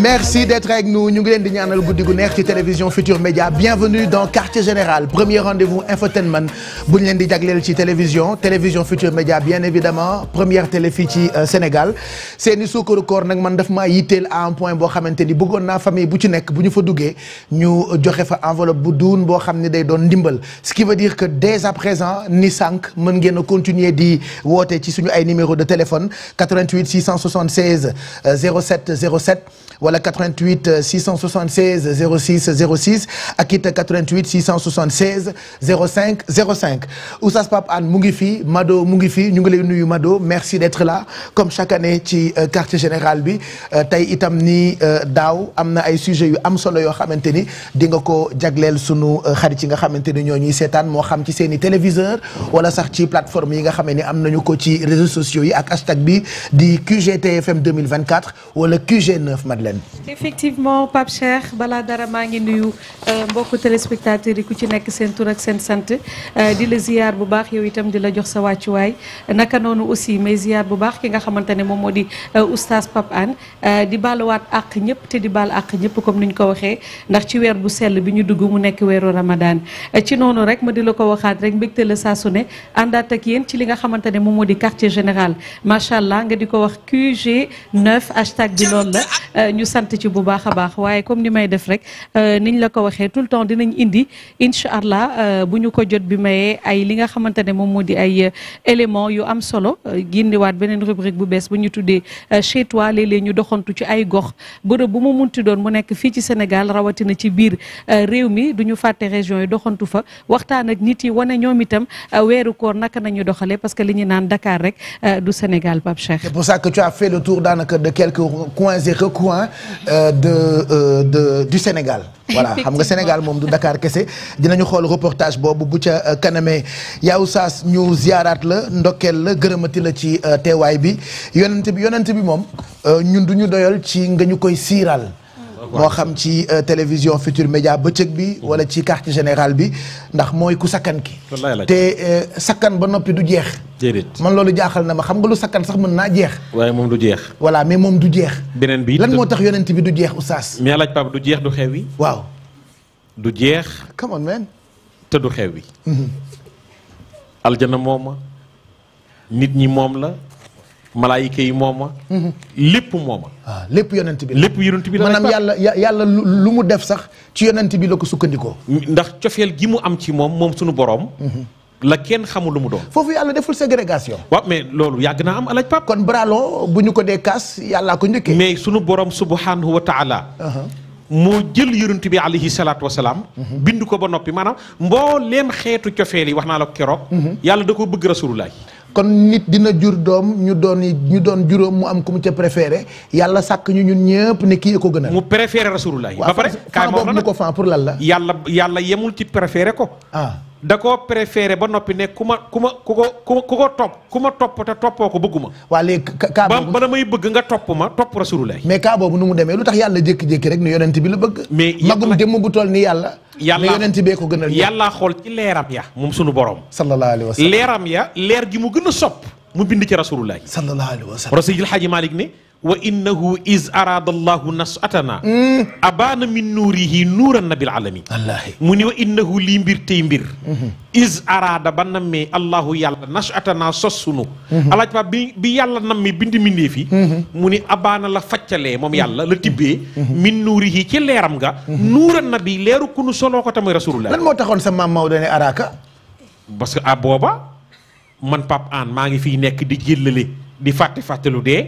merci d'être avec nous ñu ngi leen di ñaanal guddi gu neex ci télévision Futur Média bienvenue dans Quartier Général premier rendez-vous infotainment bu ñu leen di jagleel ci télévision télévision Futur Média bien évidemment première télé fii ci euh, Sénégal seeni sukkaru koor nag man daf maa yitteel à un point boo xamante ni bëggoon naa famille bu ci nekk bu ñu fa duggee ñu joxe fa enveloppe bu duun boo xam ne day doon ndimbal ce qui veut dire que dès à présent ni sànq mën ngeen a continuer di woote ci suñu ay numéro de téléphone 88 676 07 07 wala 88 676 06 06 ak it 88 676 05 05 Oustaz Pape Hann mu ngi fi Mado mu ngi fi ñu ngi lay nuyu Mado merci d'être là comme chaque année ci euh, quartier général bi euh, tey itam ni euh, daaw am na ay sujets yu am solo yoo xamante ni di nga ko jagleel sunu xarit yi nga xamante ni ñoo ñuy seetaan moo xam ci seen i téléviseur wala sax ci plateforme yi nga xamee ni am nañu ko ci réseaux sociaux yi ak hashtag bi di QGTFM 2024 wala QG9 Madeleine Diagne. effectivement Pape Cheikh balaa dara maa ngi nuyu euh, mbokku téléspectateurs yi ku ci nekk seen tur ak seen sant euh, di la ziar bu baax yow itam di la jox sa wàccuwaay naka noonu aussi may ziar bu baax ki nga xamante ne moom moo di euh, oustaz pap Anne di baaluwaat àq ñëpp te di baal àq ñëpp comme ni ñu ko waxee ndax ci weer bu sell bi ñu dugg mu nekk weeru Ramadan ci noonu rek ma di la ko waxaat rek mbégte la saa su ne àndaat ak yéen ci li nga xamante ne moom moo di quartier général macha allah nga di ko wax QG 9 hashtag la. sant ci bu baax a baax waaye comme ni may def rek euh, niñ la ko waxee tout le temps dinañ indi incha allah euh, bu ñu ko jot bi mayee ay li nga xamante ne moom moo di ay euh, éléments yu am solo gindiwaat beneen rubrique bu bees bu ñu tuddee chez toi léeg-léeg ñu doxantu ci ay gox bërëb bu mu munti doon mu nekk fii ci Sénégal rawatina ci biir réew mi du ñu fàtte région yi doxantu fa waxtaan ak nit yi wane ñoom itam weeru koor naka nañu doxalee parce que li ñu naan Dakar Sénégal Pape Cheikh. C'est pour ça que Euh, euh, de du Sénégal. voilà xam nga Sénégal moom du ndakaar kese dinañu xool reportage boobu bu ca euh, kanamee yow saas ñu ziyaaraat la ndokkeel la gërëmati la ci teewaay bi yonent bi yonent bi moom ñun du ñu doyal ci nga ñu koy siiral. moo xam ci euh, télévision Futur Média bëccëg bi mhm. wala ci quartier général bi ndax mooy ku sakkan ki te euh, sakkan ba noppi du jeex man loolu jaaxal na ma xam nga lu sakkan sax mën naa jeex waaye moom du jeex voilà mais moom du jeex beneen bi lan moo tax yonent bi du jeex oustaz mais laaj pap du jeex du xew wi waaw du jeex come on te du xew wi mhm. aljana mooma nit ñi moom la malaayika yi moom ma mhm. lépp moom ma ah, lépp yonent bi lépp yonent bi maanaam yàlla yàlla lu mu def sax ci yonent bi la ko sukkandikoo ndax cofeel gi mu am ci moom moom suñu boroom mhm. la kenn xamul lu mu doom foofu yàlla deful ségrégation waaw mais loolu yàgg naa am alaj pap kon bralon bu ñu ko dee yàllaa ko njëkkee mais suñu borom subhanahu wa taala uh-huh. moo jël yonent bi alayhi salaatu wa salaam. Mhm. bind ko ba noppi maanaam mbooleem xeetu cofeel yi wax naa la keroog yàlla da koo bëgg rasulullah kon nit dina jur doom ñu doon ñu doon juróom mu am ku mu ca préféré yàlla sàkk ñu ñun ñëpp ne kii ko gënal. mu préféré rasulullah. ba pare kaay boobu mu ko fan pour lan la. yàlla yàlla yemul ci préféré ko. ah da koo préféré ba noppi ne ku ma ku ma ku ko ku ku ko topp ku ma topp te toppoo ko bëgguma waa léegi kaa boobu ba may bëgg nga topp ma topp rasulullah mais kaa boobu nu mu demee lu tax yàlla jékki-jékki rek ne yonent bi la bëgg mais magum démm bu toll ni yàlla yàlla ne yonent bee ko gënal xool ci leeram ya moom sunu borom sallallahu alayhi wa sallam leeram ya leer gi mu gën a sopp mu bind ci rasulullah sallallahu alayhi wa sallam rasul Alxaaji Malik ne wa innahu is araada allahu nasatana mm. abaana min nuurihi nuuran nabil alamin mu ni wa innahu lii mbir mbir mhm. is araada ba nammee allahu yàlla nasatana sos sunu mhm. alaaj pap bi yàlla nammee bindi mindee mhm. mu ni abaana la faccalee moom yàlla la tibbee min nuurihi ci leeram nga nuuran nabi leeru kunu soloo ko tamit lan moo taxoon sa maam Maodo araaka parce que a booba man pap an maa ngi fi nekk di jëllale di fàtte fàtte dee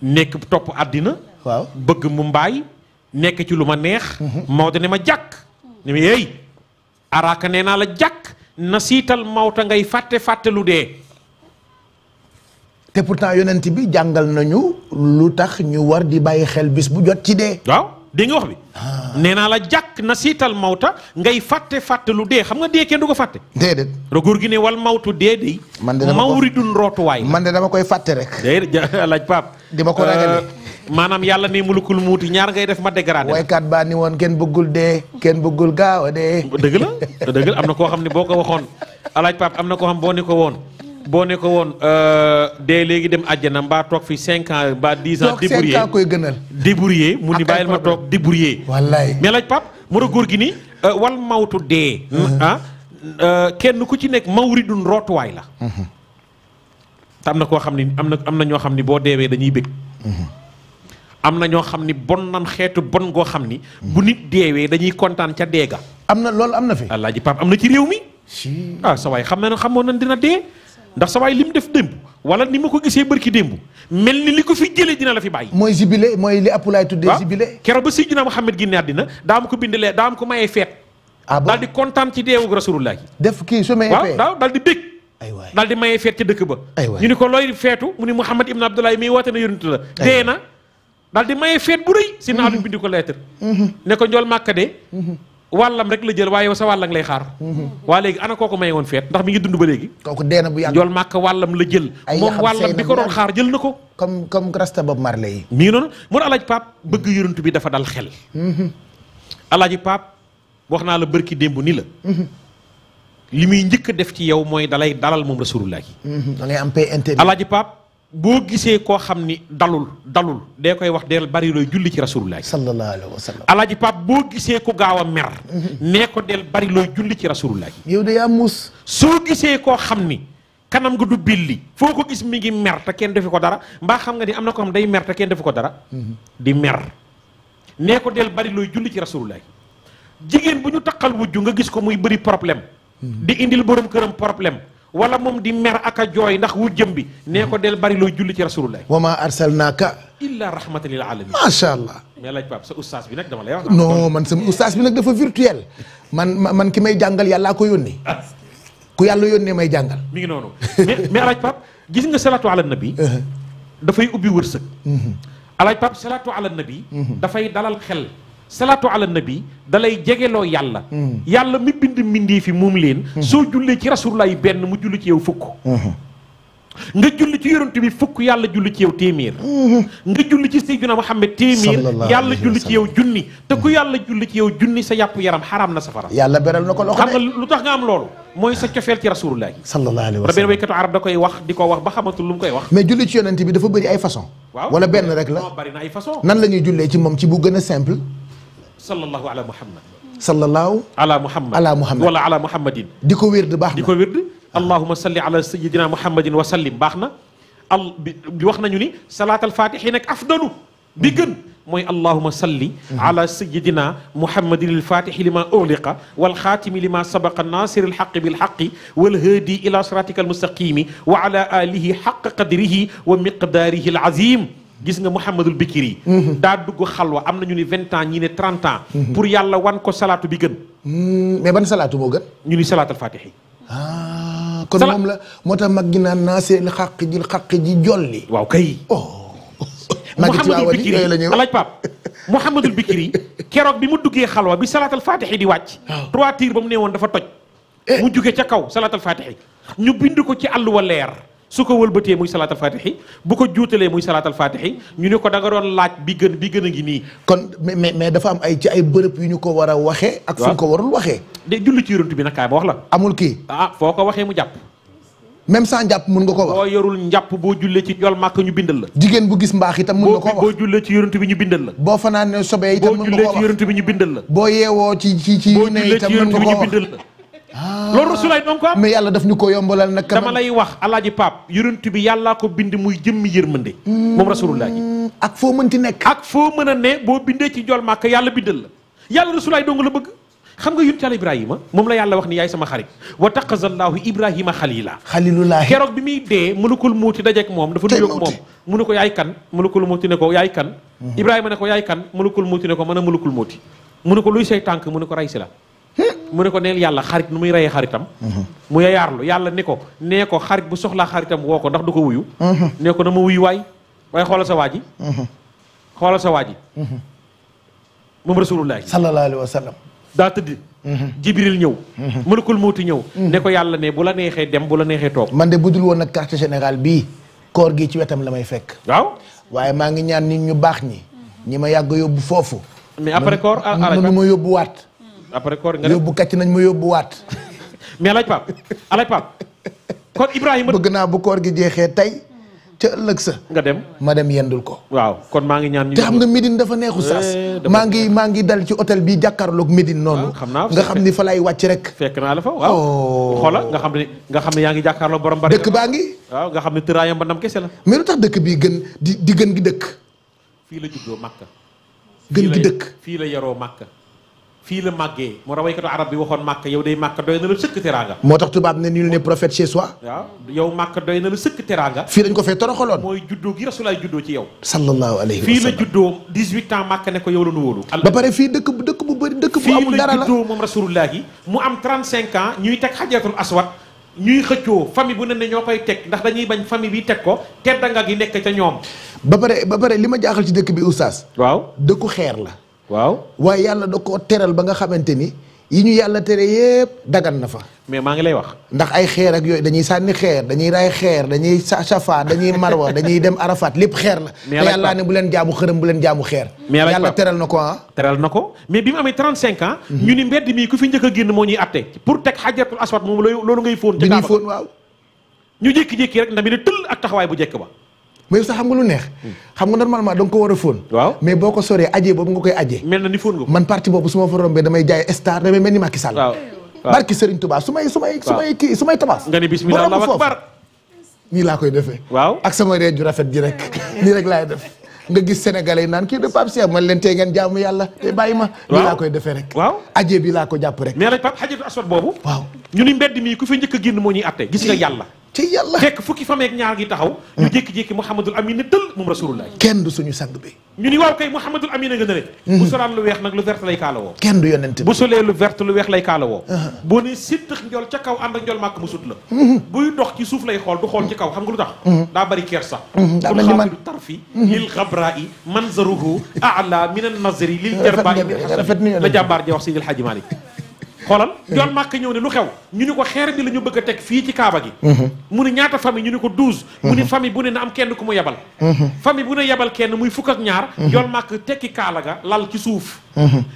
nekk topp àddina waaw bëgg mu mbaay nekk ci lu ma neex mhm. Maodo ne ma jàkk ne ma yéy araaka nee naa la jàkk na siital mawta ngay fàtte fàtte lu dee te pourtant yonent bi jàngal nañu lu tax ñu war di bàyyi xel bis bu jot ci dee dégg nga wax bi. Ah. nee naa la jàkk na siital mawta ngay fàtte fàtte lu dee xam nga dee kenn du ko fàtte. déedéet. góor gi ne wal mawtu dee dee. man de dama ko mawridun rootuwaay. man de dama koy fàtte rek. déedéet laaj Pape. di ma ko euh, ragalee. maanaam yàlla ne mulukul muuti ñaar ngay def ma dégradé. waykat baa ni woon kenn bëggul de kenn bëggul gaaw a dee. dëgg am na koo xam ne boo ko waxoon alaaj Pape am na koo xam boo ni ko woon. boo ne ko woon euh, dee léegi dem àjjana mbaa toog fi 5 ans mbaa 10 ans. débrouillé koy gënal. débrouillé mu ni bàyyil ma toog débrouillé. wallaay mais laaj pap góor gi ni euh, wal mawtu dee. Uh-huh. Ah, euh, kenn ku ci nekk mawridun rootuwaay la. Uh-huh. te am na koo xam ni am na am na ñoo xam ni boo deewee dañuy bëgg. Uh-huh. am na ñoo xam ni bon nan xeetu bon goo xam ni. bu nit deewee dañuy kontaan ca deega. am na loolu am na fi. alaaji pap am na ci réew mi. ah sa waay xam na ne xamoon nañ dina dee. ndax sa waay li mu def démb wala ni ma ko gisee bërki démb mel ni li ko fi jëlee dina la fi bàyyi mooy jibile mooy li appulaay ah, tuddee jibile keroog ba Seydina Muhammad génne àddina daa ma ko bindalee daa ma ko mayee feet ah daal di kontaan ci deewu rasulullah yi def kii su mayee feet waaw daal di bég aywaay daal di mayee feet ca dëkk ba ñu ni ko looy feetu mu ni Muhammad ibn Abdoulaye miy woote na yonent la dee na daal di mayee feet bu rëy si naa lu mm-hmm. bind ko lettre mm-hmm. ne ko njool màkka wàllam rek la jël waaye yow sa wàll lay xaar mm-hmm. waa léegi ana kooku may woon feet ndax mi ngi dund ba léegi kooku dee na bu yàgg jol màkk wàllam la jël moom wàllam bi ko doon xaar jël na ko comme comme rasta Bob Marley yi mi ngi noonu mun alaaji pap bëgg yonent bi dafa dal xel mm-hmm. alaaji pap wax naa la bërki démb ni la mm-hmm. li muy njëkk def ci yow mooy dalay dalal moom rasulullah yi da ngay am paix intérieure boo gisee koo xam ni dalul dalul dee koy wax del bari looy julli ci rasulullah sallallahu alayhi wa sallam alaaji Pape boo gisee ku gaaw a mer mhm. nee ko del bari looy julli ci rasulullah yow de yaa muus soo gisee koo xam ni kanam nga du billi foo ko gis mi ngi mer te kenn defi ko dara mbaa xam nga ni am na ko xam day mer te kenn defi ko dara mhm. di mer nee ko del bari looy julli ci rasulullah jigéen bu ñu taqal wujju nga gis ko muy bëri problème mhm. di indil borom këram problème wala moom di mer ak a jooy ndax wu jëm bi nee ko del bari looy julli ci rasulullah wa ma arsalnaaka illa rahmatan lil alamin macha allah mais laaj Pape sa oustaz bi nag dama lay wax non man sama oustaz bi nag dafa virtuel man man ki may jàngal yàllaa ko yónnee ku yàlla yónnee may jàngal mi ngi mais mais alaaj Pape gis nga salatu ala nabi uh-huh. dafay ubbi wërsëg mm-hmm. alaaj Pape salatu ala nabi mm-hmm. dafay dalal xel salaatu ala nabi dalay jegeloo yàlla hmm. yàlla mi bind mbindee fi moom leen hmm. soo jullee ci rasulullah yi benn mu julli ci yow fukk hmm. nga ci yonent bi fukk yàlla julli ci yow téeméer nga julli ci Seydina Muhammad téeméer yàlla julli ci yow junni te ku yàlla julli ci yow junni sa yàpp yaram xaraam na safara yàlla beral na ko loxo xam nga lu tax nga am loolu mooy sa cofeel ci rasulullah sa sallallahu alayhi wa sallam benn koy wax di ko wax ba xamatul lu mu koy wax mais julli ci yonent bi dafa bëri ay façon waaw wala benn rek la bëri na ay façon nan la ñuy jullee ci moom ci bu gën a simple sallallahu ala muhammad sallallahu ala muhammad ala muhammad wala ala muhammadin di ko wérd baax na di ko wérd allahuma salli ala sayidina muhammadin wa sallim baax na al bi wax nañu ni salaatal faatihi nag afdalu bi gën mooy allahuma salli ala sayidina muhammadin alfaatihi lima ughliqa wal xaatimi lima sabaqa nasir alxaqi bilxaqi walhaadi ila siratika almustaqimi wa ala alihi xaqa qadrihi wa miqdaarihi alazim gis nga Mouhamadul Bikiri yi mhm. daa dugg xalwa am na ñu ni vingt ans ñi ne trente ans mhm. pour yàlla wan ko salaatu bi gën hmm, mais ban salaatu moo gën ñu ni salaatul faatihi ah kon moom la moo tax mag gi naa naa seen xàq ji xàq ji jolli waaw kay oh Mouhamadul Bikiri yi alaaj Paap Mouhamadul Bikiri keroog bi mu duggee xalwa bi salaatul faatihi di wàcc trois tirs ba mu nee woon dafa toj eh. mu jóge ca kaw salaatul faatihi ñu bind ko ci àll wa leer su ko wëlbatee muy salaatal faatixi bu ko juutalee muy salaatal faatixi ñu ne ko danga nga doon laaj bi gën bi gën a ngi nii. kon mais mais dafa am ay ci ay bërëb yu ñu ko war a waxee. ak fu ñu ko warul waxee. de julli ci yonent bi nag kaay wax la. amul kii ah, foo ko waxee mu jàpp. même sans njàpp mun nga ko wax boo yorul njàpp boo jullee ci yool màkk ñu bindal la jigéen bu gis mbaax itam mun nga ko bi ñu bindal la boo fanaanee sobee itam mun bi ñu bindal la boo yeewoo ci ci ci ne itam mun nga ko wax boo jullee ci yonent bi ñu bindal la Ah. loolu rasulaay doon ko am mais yàlla daf ñu ko yombalal nag dama lay wax alaaji Pape yonent bi yàllaa ko bind muy jëmmi yërmande moom hmm. rasulullah ji ak foo mënti nekk ak foo mën a ne boo bindee ci jol màkk yàlla bindal la yàlla rasulaay dong la bëgg xam nga yonent yàlla ibrahima moom la yàlla wax ni yaay sama xarit wa taqazallaahu ibrahima xalila xalilullah keroog bi muy dee mënukul muuti dajeek moom dafa nuyoog moom mu ne ko yaay kan mënukul muuti ne ko yaay kan ibrahima ne ko yaay kan mënukul muuti ne ko mën a mënukul muuti mu ne ko luy sey tànk mu ne ko ray la mu ne ko neel yàlla xarit nu muy reyee xaritam mhm. mu yayaarlu yàlla ni ko nee ko xarit bu soxlaa xaritam woo ko ndax du ko wuyu mhm. nee ko na ma wuyu waay waaye xoolal sa waa ji mhm. xoolal sa waa ji moom rasulullah sallallahu alayhi wa sallam daa tëdd jibril ñëw malakul mawti ñëw ne ko yàlla ne bu la neexee dem bu la neexee toog man de budul woon nag quartier général bii koor gi ci wetam la may fekk waaw waaye maa ngi ñaan nit ñu baax ñi ñi ma yàgg yóbbu foofu mais après koor nu ma yóbbu waat après koor nga yóbbu kàcc nañ ma yóbbu waat. mais alaaj Pape alaaj Pape kon Ibrahima. naa bu koor gi jeexee tey. ca ëllëg sa. nga dem ma dem yendul ko. waaw kon maa ngi ñaan ñu. te xam nga Médine dafa neexu saas. Eh, maa ngi maa ngi dal ci hôtel bi jàkkaarloog Médine noonu. Ah, nga xam ni fa lay wàcc rek. fekk naa la fa waaw. Oh. nga xam ne nga xam ne yaa ngi jàkkaarloog borom bari. dëkk baa ngi. nga xam ne tëraayam ba ndam kese la. mais lu dëkk bii gën di di gën gi dëkk. fii la juddoo Makka. gën gi dëkk fii la yaroo Makka fii la màggee moo tax arab bi waxoon màkk yow day màkk doy na la sëkk teraanga fii dañ ko fee toroxaloon mooy juddoo gi rasulaay juddoo ci yow wa sallam fii la juddoo 18 ans màkk ne ko yow la nu wóolu ba pare fii dëkk dëkk bu bëri dëkk bu amul dara la fii la juddoo moom rasulullah gi mu am 35 ans ñuy teg xajatul aswad ñuy xëccoo famille bu ne ne ñoo koy teg ndax dañuy bañ famille bi teg ko tedda nga gi nekk ca ñoom ba pare ba pare li ma jaaxal ci dëkk bi oustaz waaw dëkku xeer la waaw waaye yàlla da koo teral ba nga xamante ni yi ñu yàlla tere yëpp dagan na fa. mais maa ngi lay wax. ndax ay xeer ak yooyu dañuy sànni xeer dañuy ray xeer dañuy safa dañuy marwa dañuy dem arafat lépp xeer la. mais yàlla ne bu leen jaamu xërëm bu leen jaamu xeer. mais yàlla teral na ko ah. teral na ko mais bi mu amee 35 ans. Mhm. ñu ni mbedd mii ku fi njëkk a génn moo ñuy atte pour teg xajatul aswad moom loolu ngay fóon. ci ko bi ñuy fóon waaw. ñu jékki-jékki rek ndam yi ne tëll ak taxawaay bu jekk ba mais sax xam nga lu neex. xam nga normalement da nga ko war a fóon. mais boo ko soree ajee boobu nga koy ajee. mel na ni fóon nga man su ma fa rombee damay jaay star damay mel ni Macky su may su may. may kii su may tabaas. nga laa koy defee. waaw ak sama réew ju rafet ji rek nii rek laay def. nga gis sénégalais yi naan kii de Pape Cheikh man leen tey ngeen jaamu yàlla te bàyyi ma lii laa koy defee rek waaw ajee bi laa ko jàpp rek mais nag Pape xajatu aswat boobu waaw ñu i mbedd mi ku fi njëkk a génn moo ñuy atte gis nga yàlla ci yàlla fekk fukki fameek ñaar gi taxaw ñu mm. jékki-jékki mouhamadul amine tël moom rasulullah kenn du suñu sang bi ñu ni waaw kay mouhamadul amine nga nële mm-hmm. bu solaan lu weex nag lu vert lay kaala kenn du yonent bu solee lu vert lu weex lay kaala woo uh-huh. boo ne sittax ca kaw ànd ak njool màkk mu sut la mm-hmm. buy dox ci suuf lay xool du xool ci kaw xam nga lu tax mm-hmm. daa bari keer sax kun xaamidu tarfi lil xabrai manzaruhu ala min an nazri lil jarbai la jàmbaar ji xoolal yoon màkk ñëw ne lu xew ñu ni ko xeer bi la ñu bëgg a teg fii ci kaaba gi mhm. mu ni ñaata famille ñu ni ko douze mu ni mhm. famille bu ne na am kenn ku mu yebal mhm. famille bu ne yebal kenn muy fukk ak ñaar yoon màkk tekki kaala ga lal ci suuf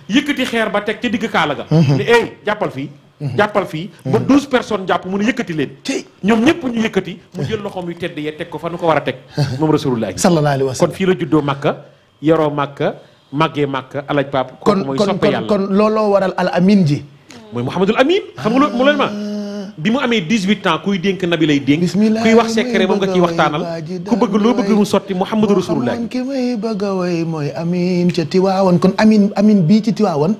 yëkkati xeer ba teg ca digg kaala ga ni ey jàppal fii jàppal fii ba douze personnes jàpp mu ne yëkkati leen ñoom ñëpp ñu yëkkati mu jël loxoom yu tedd yee teg ko fa nu ko war a teg moom rasulullah sallallahu alayhi wa sallam kon fii la juddoo màkka yaroo màkka màggee màkka alaj pap kon mooy soppe yàlla kon looloo waral al amin ji mooy Mouhamadul Amin xam nga loolu mu leen ma bi mu amee 18 ans kuy dénk nabi lay dénk kuy wax secret moom nga ciy waxtaanal ku bëgg loo bëgg mu sotti Mouhamadou Rasulullah ki may bëgg a way mooy Amin ca Tiwaawan kon Amin Amin ci Tiwaawan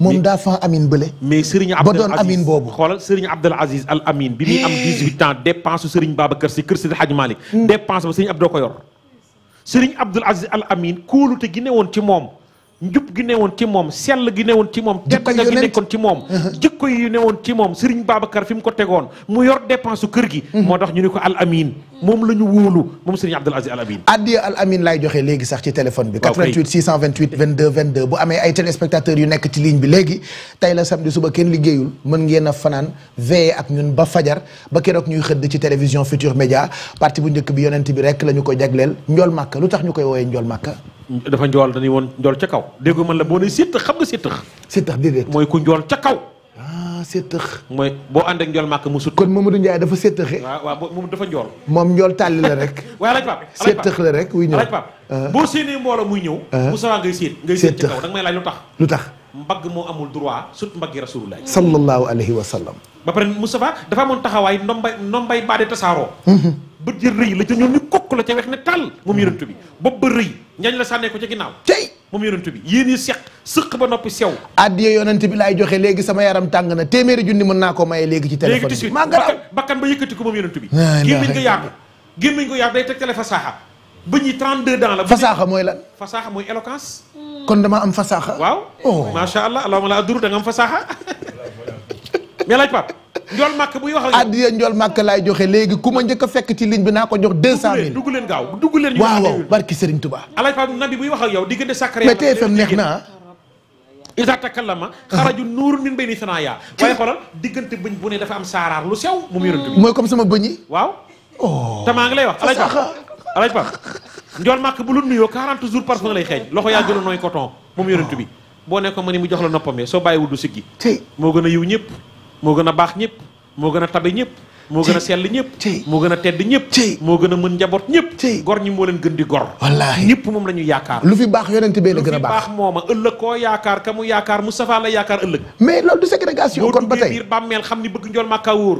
moom daa fan Amin bële. mais Serigne Abdel Aziz ba doon Amin xoolal Serigne Abdel Al Amin bi muy am 18 eh. ans dépense su Serigne Babacar si kër Sidi Hadj Malick. Hmm. dépense ba ko yor. Aziz Al Amin kóolute gi ne woon ci moom. njub gi newoon ci moom sell gi newoon ci moom teddaga gi nekkoon ci moom uh-huh. jikko yi newoon ci moom Serigne Babacar fi mu ko tegoon mu yor dépense su kër gi uh-huh. moo tax ñu ne ko Al Amin moom la ñu wóolu moom Serigne Abdoul Aziz Al Amin addiya Al Amin laay joxe léegi sax ci téléphone bi 88 628 22 22 bu amee ay téléspectateurs yu nekk ci ligne bi léegi tey la samedi suba kenn liggéeyul mën ngeen a fanaan veillé ak ñun ba fajar ba keroog ñuy xëdd ci télévision Futur Média parti bu njëkk bi yonent bi rek la ñu ko jagleel njool màkka lu tax ñu koy wooyee màkka dafa njool dañuy woon njool ca kaw dégg man la boo ne sittax xam nga sittax sittax déedéet mooy ku njool ca kaw ah séttax mooy boo ànd ak njool màkk mu sut kon Mamadou Ndiaye dafa séttaxe waaw waaw moom dafa njool moom njool tàlli la rek waaye laaj pap la rek wuy ñëw ah. boo séenee mbooloo muy ñëw bu ah. sawaa ngay séet ngay séet ca kaw da nga may laaj lu tax lu tax mbagg moo amul droit sut mbaggi rasulullah sallallahu alayhi wa sallam ba pare Moustapha dafa amoon taxawaay ndombay ndombay baade tasaaroo mhm. bët jë rëy la ca ñoom ñu kokk la ca weex ne tàll moom yonent bi bopp ba la sànnee ko ca ginnaaw tey moom yonent yéen yi seq sëq ba noppi sew addiye yonent bi laay joxe léegi sama yaram tàng na téeméeri junni mën naa koo mayee léegi ci téléphone bi maa ngaraaw bakkan ba yëkkati ko moom yonent bi gémmiñ nga yàggu gémmiñ nga yàggu day teg tele saaxa bëñ yi 32 ans la. fasaaxa mooy lan. fasaaxa mooy éloquence. kon dama am fasaaxa. waaw oh macha allah allahumma la aduru da nga am fasaaxa. mais laaj Pape. Njool Màkk buy wax ak yow addiya Njool joxe léegi ku ma njëkk fekk ci ligne bi naa ko jox 200000 dugg leen gaaw dugg leen. ñu waaw waaw barki Serigne Touba. alaaj Pape nabi buy wax ak yow diggante sacré. mais TFM neex na iza takallama ah. xaraju nuurun min bayni sanaya waaye xoolal diggante bëñ bu ne am saaraar lu sew. moom yonent bi mooy comme sama bëñ waaw. Oh. alaj pap njool màkk bu lu nuyoo 40 jours parfum lay xeeñ loxo yaa gën a nooy coton moom yonent bi boo nekkoon ma ni mu jox la noppam soo bàyyiwul du siggi moo gën a yiw ñëpp moo gën a baax ñëpp moo gën a tabe ñëpp moo gën a moo gën a tedd ñëpp moo gën mën njaboot ñëpp gor ñi moo leen gën di gor wallaahi moom la ñu yaakaar lu fi baax yonent bee la gën a baax lu fi baax mooma ëllëg koo yaakaar ka mu yaakaar Moustapha la yaakaar ëllëg mais loolu du ségrégation kon ba tey biir bàmmeel xam ni bëgg njool màkkaa wóor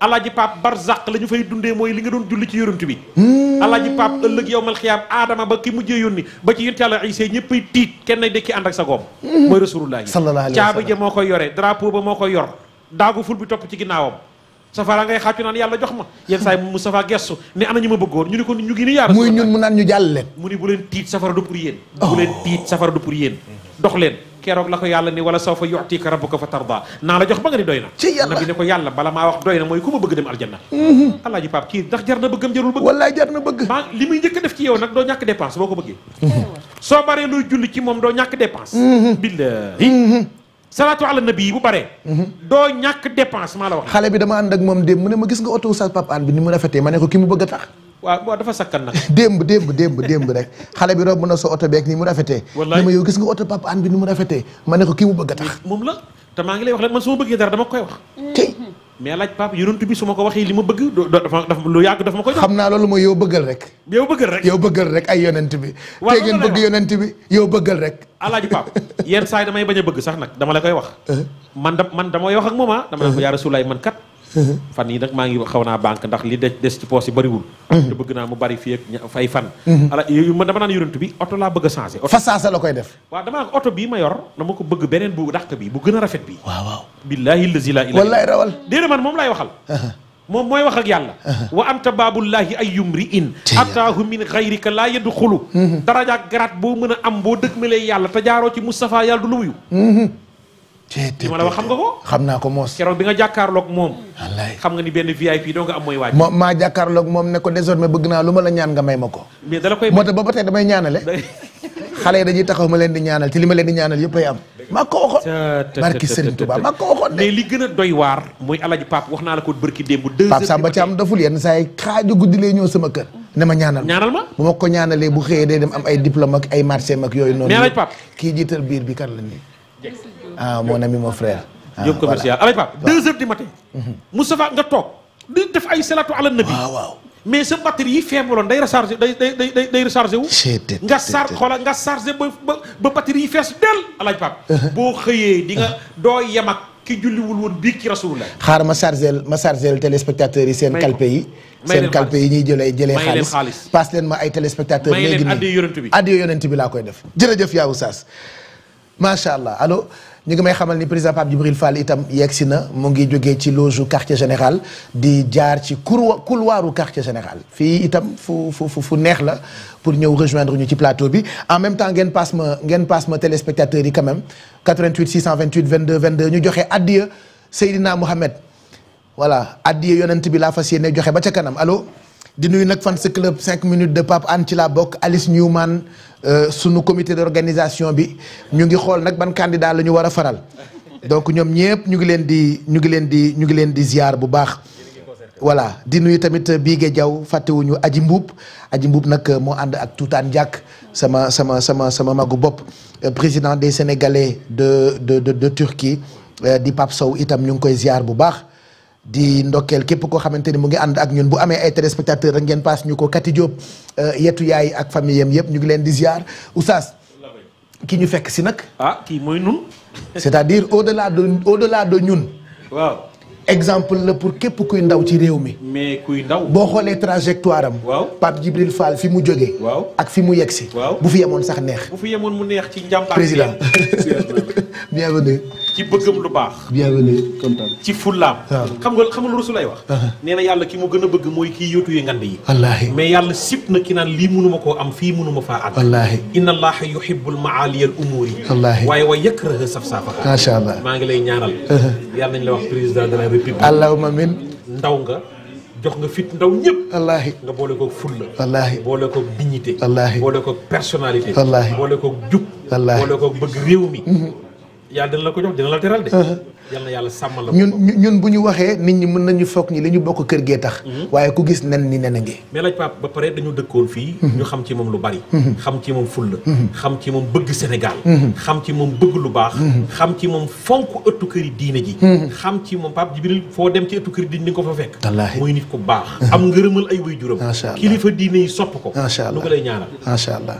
alaaji paap barzaq la ñu fay dundee mooy li nga doon julli ci yonent bi hmm. alaaji paap ëllëg yow mal xiyaam aadama ba ki mujjee yónni ba ci yonent yàlla isa ñëppay tiit kenn day ki ànd ak sa goom hmm. mooy rasulullah caabi ja moo koy yore drapeau ba moo koy yor daagu ful bi topp ci ginnaawam safara ngay xàccu naan yàlla jox ma yenn saa yi Moustapha gestu ne ana ñu ma bëggoon ñu ne ko ñu ngi ni yaar muy ñun mu naan ñu jàll leen mu ni bu leen tiit safara du pour yéen oh. bu leen tiit dox leen keroog la ko yàlla ni wala soo fa yutika rabbuka fa tarda naa la jox ba nga ni doy na ci yàlla nabi ne ko yàlla bala maa wax doy na mooy ku ma bëgg dem aljanna mhm. alaaji paap kii ndax jar na bëggam jarul bëgg ci yow nag doo ñàkk dépense boo ko bëggee mhm. soo baree looy julli ci moom doo ñàkk dépense mhm. billahi salaatu ala nabi bu baree doo ñàkk dépense maa la wax xale bi dama ànd ak moom démb mu ne ma gis nga oto Oustaz Pape Hann bi ni mu rafetee ma ne ko ki mu bëgg a tax waaw waaw dafa sakkan nag démb démb démb démb rek xale bi romb na a oto beeg ni mu rafetee wallaay ma yow gis nga oto papa an bi ni mu rafetee ma ne ko kii mu bëgg a tax moom la te maa ngi lay wax lan man su ma bëggee dara dama koy wax tey mm-hmm. mais laaj papa yonent bi su ma ko waxee li bëgg dafa dafa lu yàgg dafa ma koy jox xam naa loolu mooy yow bëggal rek yow bëggal rek yow bëggal rek ay yonent bi tey ngeen bëgg yonent bi yow bëggal rek alaaji pap yenn saa yi damay bañ a bëgg sax nag dama la koy wax eh? man da man damay wax ak moom ah. dama ne ko eh? yaa rasulaay man kat fan yi nag maa ngi xaw naa banque ndax li de des ci poos yi bëriwul mhm. te bëgg naa mu bëri fii ak fay fan mhm. ala man dama naan yorantu bi oto laa bëgg a changé fa changé la koy def waaw damaa oto bii ma yor dama ko bëgg beneen bu dàq bi bu gën a rafet bi waaw waaw billaahi lazi laa ilaaha wallaay rawal déedéet man moom laay waxal moom mooy wax ak yàlla wa anta baabullaahi ay yumri in ataahu min xayrika laa yadxulu mhm. daraja garaat boo mën a am boo dëgmalee yàlla te jaaroo ci Moustapha yàlla du lu muyu li ma la wax xam nga xam naa ko moos. keroog bi nga jàkkaarloog moom. wallaay xam nga ni benn VIP doo nga am mooy waaj. moo maa jàkkaarloog ko désormais bëgg naa lu ma la ñaan nga may ma ko. mais dala koy moo tax ba ba tey damay taxaw ma leen di ñaanal ci li ma leen di ñaanal yëpp ay am. maa de. mais li gën a doy waar. mooy alaji Pape wax naa la ko barki démb. deux heures Pape Samba Thiam daful yenn saa yi xaaju guddi lay ñëw sama kër. ne ma ñaanal ñaanal ma bu ma ko ñaanalee bu xëyee day dem am ay diplôme ak ay marché ak yooyu noonu. mais alaji Pape jiital biir bi kan la nii. ah mon ami mon frère. Ah, Diop commercial avec mhm. nga toog di def ay salatu ala nabi. Ah, waaw mais sa batterie yi feebaloon day rechargé day day wu. nga sar xoola nga chargé ba ba ba yi fees del alaaj Pape. Mhm. boo xëyee di nga doo yem ak ki julliwul woon bii ci rasulullah xaar ma chargé ma chargé téléspectateurs yi seen calpe yi. seen calpe yi ñuy jëlee jëlee xaalis paas leen ma ay téléspectateurs léegi nii addiyo yonent bi addiyo yonent bi laa koy def jërëjëf jëf Oustaz saas allah ñu ngi may xamal ni président Pape Djibril Fall itam yegg si na mu ngi jógee ci loge quartier général di jaar ci couloir couloiru quartier général fii itam fu fu fu neex la pour ñëw rejoindre ñu ci plateau bi en même temps ngeen passe ma ngeen passe ma téléspectateurs yi quand même 88 628 22 22 ñu joxe addiya Seydina Mohamed voilà addiya yonent bi laa fas yéene joxe ba ca kanam allo di nuyu nag fan sa club 5 minutes de Pape Anne ci laa bokk Alice Newman. Euh, sunu comité d'organisation bi ñu ngi xool nag ban candidat la ñu war a faral donc ñoom ñëpp ñu ngi leen di ñu ngi leen di ñu ngi leen di ziar bu baax. voilà di nuyu tamit Bigué Diaw fàttewuñu aji mbuub aji mbuub nag euh, moo ànd ak tuutaan jàkk sama sama sama sama magu bopp euh, président des sénégalais de de de de Turquie di Pape Sow itam ñu ngi koy ziar bu baax. di ndokkeel képp koo xamante ni mu ngi ànd ak ñun bu amee ay téléspectateur rek ngeen paas ñu ko Kati Diop euh, yetu yaay ak famille am yëpp ñu ngi leen di ziar oustaz ki ñu fekk si nag. ah kii mooy ñun. c'est-à-dire au-delà de au-delà de ñun. waaw. exemple la pour képp kuy ndaw ci réew mi. mais kuy ndaw. boo xoolee trajectoire am. waaw Pape Djibril Fall fi mu jógee. waaw ak fi mu yegg si. waaw bu fi yemoon sax neex. bu fi yemoon mu neex ci njàmbaar. président bienvenue. ci bëggam lu baax. bienvenue kontaan. ci fullaam. Ah. xam nga xam nga lu Rasul lay wax. Ah. nee na yàlla ki mu gën a bëgg mooy kii yóotu yi ngand yi. wallaahi mais yàlla sib na ki naan lii mënuma koo am fii mënuma faa àgg. wallaahi inna allaha yuhibbul maaliyal umuuri. wallaahi waaye wa yakraha safsaafaha. macha allah maa ngi lay ñaanal. Uh-huh. yàlla nañ la wax président de la république allahumma amin ndaw nga jox nga fit ndaw ñëpp. wallaahi nga boole ko fulla. wallaahi boole ko dignité. wallaahi boole ko personnalité. wallaahi boole ko jub. wallaahi bëgg réew mi. Mhm. yàlla dina la ko jox dina la teral de. Uh-huh. yal yàlla sàmmal la ñun ñun bu ñu waxee nit ñi mën nañu foog ni li ñu bokk kër gee tax. Mm-hmm. waaye ku gis nen ni nen a ngi. mais laaj ba pare dañu dëkkoon fii. Mm-hmm. ñu xam ci moom lu bari. Mm-hmm. xam ci moom fulla xam ci moom bëgg Sénégal. xam ci moom bëgg lu baax. xam ci moom fonk ëttu këri diine ji. xam ci moom Pape Djibril foo dem ci ëttu këri diine di nga ko fa fekk. wallaahi muy nit ku baax. am ngërëmal ay waajuram. macha allah kilifa diine yi sopp ko. macha allah lu ko lay ñaanal macha allah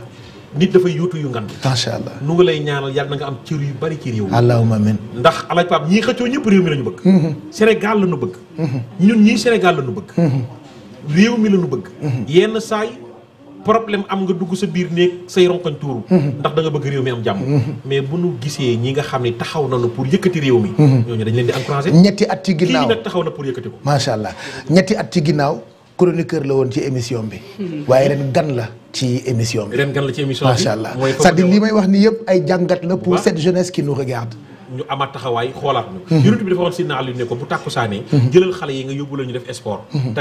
nit dafay yóotu yu ngan. macha allah nu ngi lay ñaanal yàlla na nga am cër yu bari ci réew mi. allahumma amin ndax alaaj Pape ñii xëccoo ñëpp réew mi la ñu bëgg. Mm-hmm. Sénégal la ñu bëgg. Mm-hmm. ñun ñii Sénégal la bëgg. Mm-hmm. réew mi la bëgg. yenn saay problème am nga dugg sa biir néeg say ronkoñ tuuru ndax da nga bëgg réew mi am jàmm mais bu nu gisee ñi nga xam ne taxaw nañu pour yëkkati réew mi ñooñu dañ leen di encouragé ñetti at ci ginnaaw kii nag taxaw na pour ñetti at ci ginnaaw chroniqueur la woon ci émission bi. Hmm. waaye ren gan la ci émission bi. ren gan la ci émission bi allah cest à li may wax ni yëpp ay jàngat la pour cette jeunesse qui nous regarde. ñu amaat taxawaay xoolaat ñu hmm. yonent bi hmm.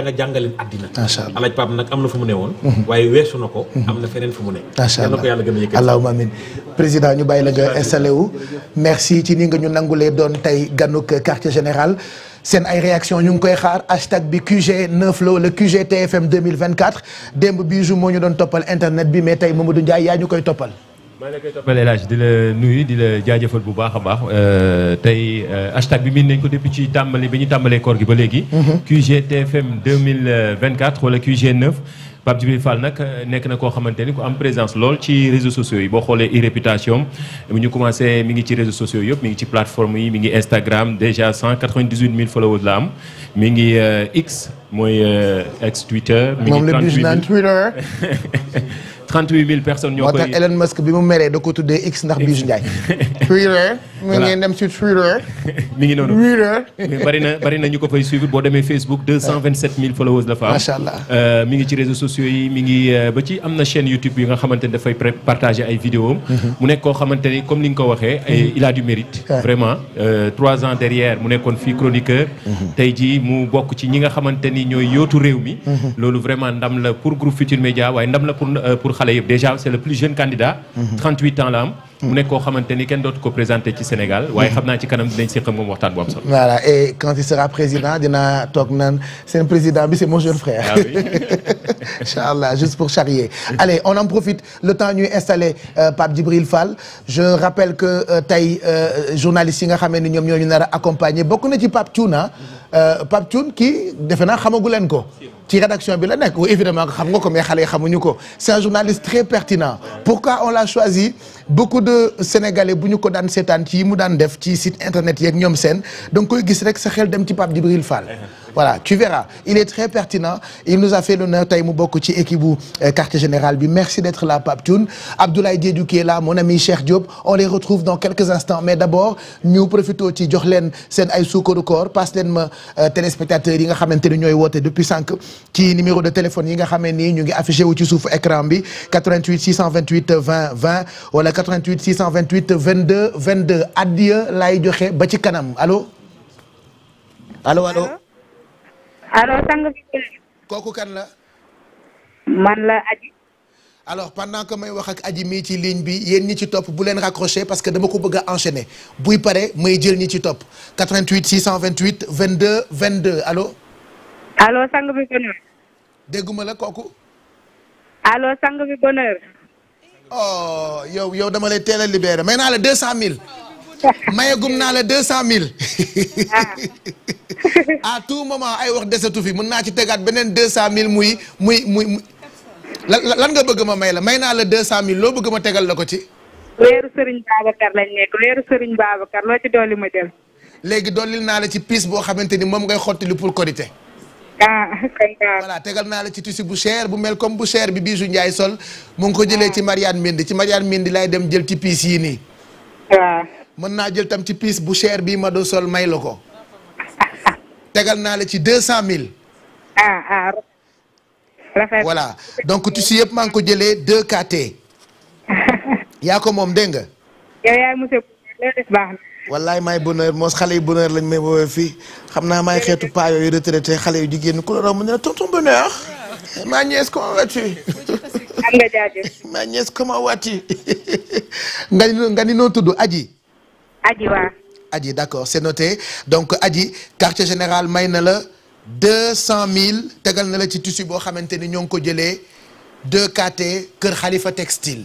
nga jàngaleen àddina macha allah alaaj nag am na fu mu ne woon waaye weesu na ko am na feneen fu mu ne macha allah yal a amin président ñu bàyyi la nga installé merci ci ni nga ñu nangulee doon tey ganuk quartier général seen ay réaction ñu ngi koy xaar hashtag bi QG 9 la wala QG TFM 2024 démb bii moo ñu doon toppal internet bi mais tey Mamadou Ndiaye yaa ñu koy toppal. maa la koy toppal El di la nuyu di la jaajëfal bu baax a baax euh, tey euh, hashtag bi miin nañ ko depuis ci tàmbali bi ñu tàmbalee koor gi ba léegi. QG TFM 2024 wala QG 9. Pape Djibril Fall nag euh, nekk na ko xamante ni ku am présence lool ci réseaux sociaux yi boo xoolee e-réputation mi ñu commencé mi ngi ci réseaux sociaux yëpp mi ngi ci plateforme yi mi ngi Instagram déjà 198 000 followers la am mi ngi euh, X mooy ex euh, Twitter. mi ngi 38 000 moom la bis naan Twitter. 38 000 personnes ñoo koy. moo Musk bi mu meree da ko tuddee X ndax Bijou Ndiaye. Twitter. mu ngeen dem ci Twitter. ngi noonu Twitter. bari boo demee Facebook 227000 followers la fa am. macha euh, ngi ci réseaux sociaux yi mi ngi euh, ba ci am na chaîne YouTube yi nga xamante ni dafay partager ay vidéos mhm. mu nekk koo xamante ni comme li nga ko waxee. Mhm. il a du mérite. vraiment euh, trois ans derrière mu nekkoon fii chroniqueur. Mhm. tey jii mu bokk ci ñi nga xamante ni ñooy yootu réew mi. loolu vraiment ndam la pour groupe Futur Média waaye ndam la pour xale yëpp déjà c'est le plus jeune candidat. 38 ans la mu nekk o xamante ni kenn dootu ko présenté ci Sénégal waay xam naa ci kanam dinañ si xam moom waxtaan bu am solo. voilà et quand il sera président dina toog naan seen président bi c'est mon jeune frère. ah oui incha allah juste pour charrier. allez on en profite le temps ñuy installé euh, Pape Djibril Fall je rappelle que euh, tey euh, journaliste yi nga xam ne ñoom ñoo ñu nar a accompagner bokk na ci Pape Thioune ah. Pape Thioune kii defe naa xamagu leen ko. ci rédaction bi la nekk oui évidemment xam nga ko mais xale yi xamuñu ko c'est un journaliste très pertinent pourquoi on l'a choisi beaucoup de sénégalais bu ñu ko daan seetaan ci yi mu daan def ci site internet yeeg ñoom seen da nga koy gis rek sa xel dem ci Pape Djibril fal voilà tu verras il est très pertinent il tey mu bokk ci équipe bu euh, général bi merci d'être là Pape Thioune Abdoulaye Diédhiou qui est là mon ami Cheikh Diop on les retrouve dans quelques mais d'abord ñu profité ci jox leen seen ay sukkaru koor passe leen ma euh, téléspectateurs nga xamante ni ñooy woote depuis sànq ci de téléphone yi nga xamee ni ñu ngi affiché wu ci suufu écran bi 88 628 20 20 wala 88 628 22 22 addiya laay joxe ba ci kanam allo allo allo sang bi. kooku kan la. man la Aji. alors pendant ko may wax ak Aji mii ci ligne bi yéen ñi ci topp bu leen raccroché parce que dama ko bëgg a buy pare may jël ñi ci topp 88 628 22 vingt allo. allo sang bi bonheur. dégguma la kooku. allo sang bi bonheur. oh yow yow dama lay teel a libéré may naa la mille gum naa la deux cent mille ah. à tout moment ay wax desatu fi mën naa ci tegaat beneen deux cent mille muy muy muy lan nga bëgg ma may la may naa la deux cent mille loo bëgg ma tegal la ko ci weeru Serigne Babacar lañ nekk weeru Serigne Babacar loo ci dolli ma jël léegi dollil naa la ci piis boo xamante ni moom ngay xottili pour korité ah voilà tegal naa la ci tissu bu cher bu mel comme bu cher bi Bijou Ndiaye sol mu ngi ko jëlee ci Marianne Mendy ci Marianne Mendy lay dem jël ci piis yii nii ah. mën naa jël tam ci piis bu cher bii ma do sol may la ko tegal naa la ci deux cent mille ah ah voilà donc tissu yëpp maa ngi ko jëlee deux KT yaa ko moom dégg nga yow yaay maay bonheur moos xale yu bonheur lañ may woowee fii xam naa maay xeetu paa yooyu retraité xale yu jigéen ñi ku la romb tu am nga jaajëf ma nièce comment vas-tu ni nga tudd aji Adji waaw. Adji d'accord c'est noté donc aji quartier général may na la deux cent mille tegal na la ci tissu boo xamante ni ñoo ngi ko jëlee 2KT Kër Khalifa Textile.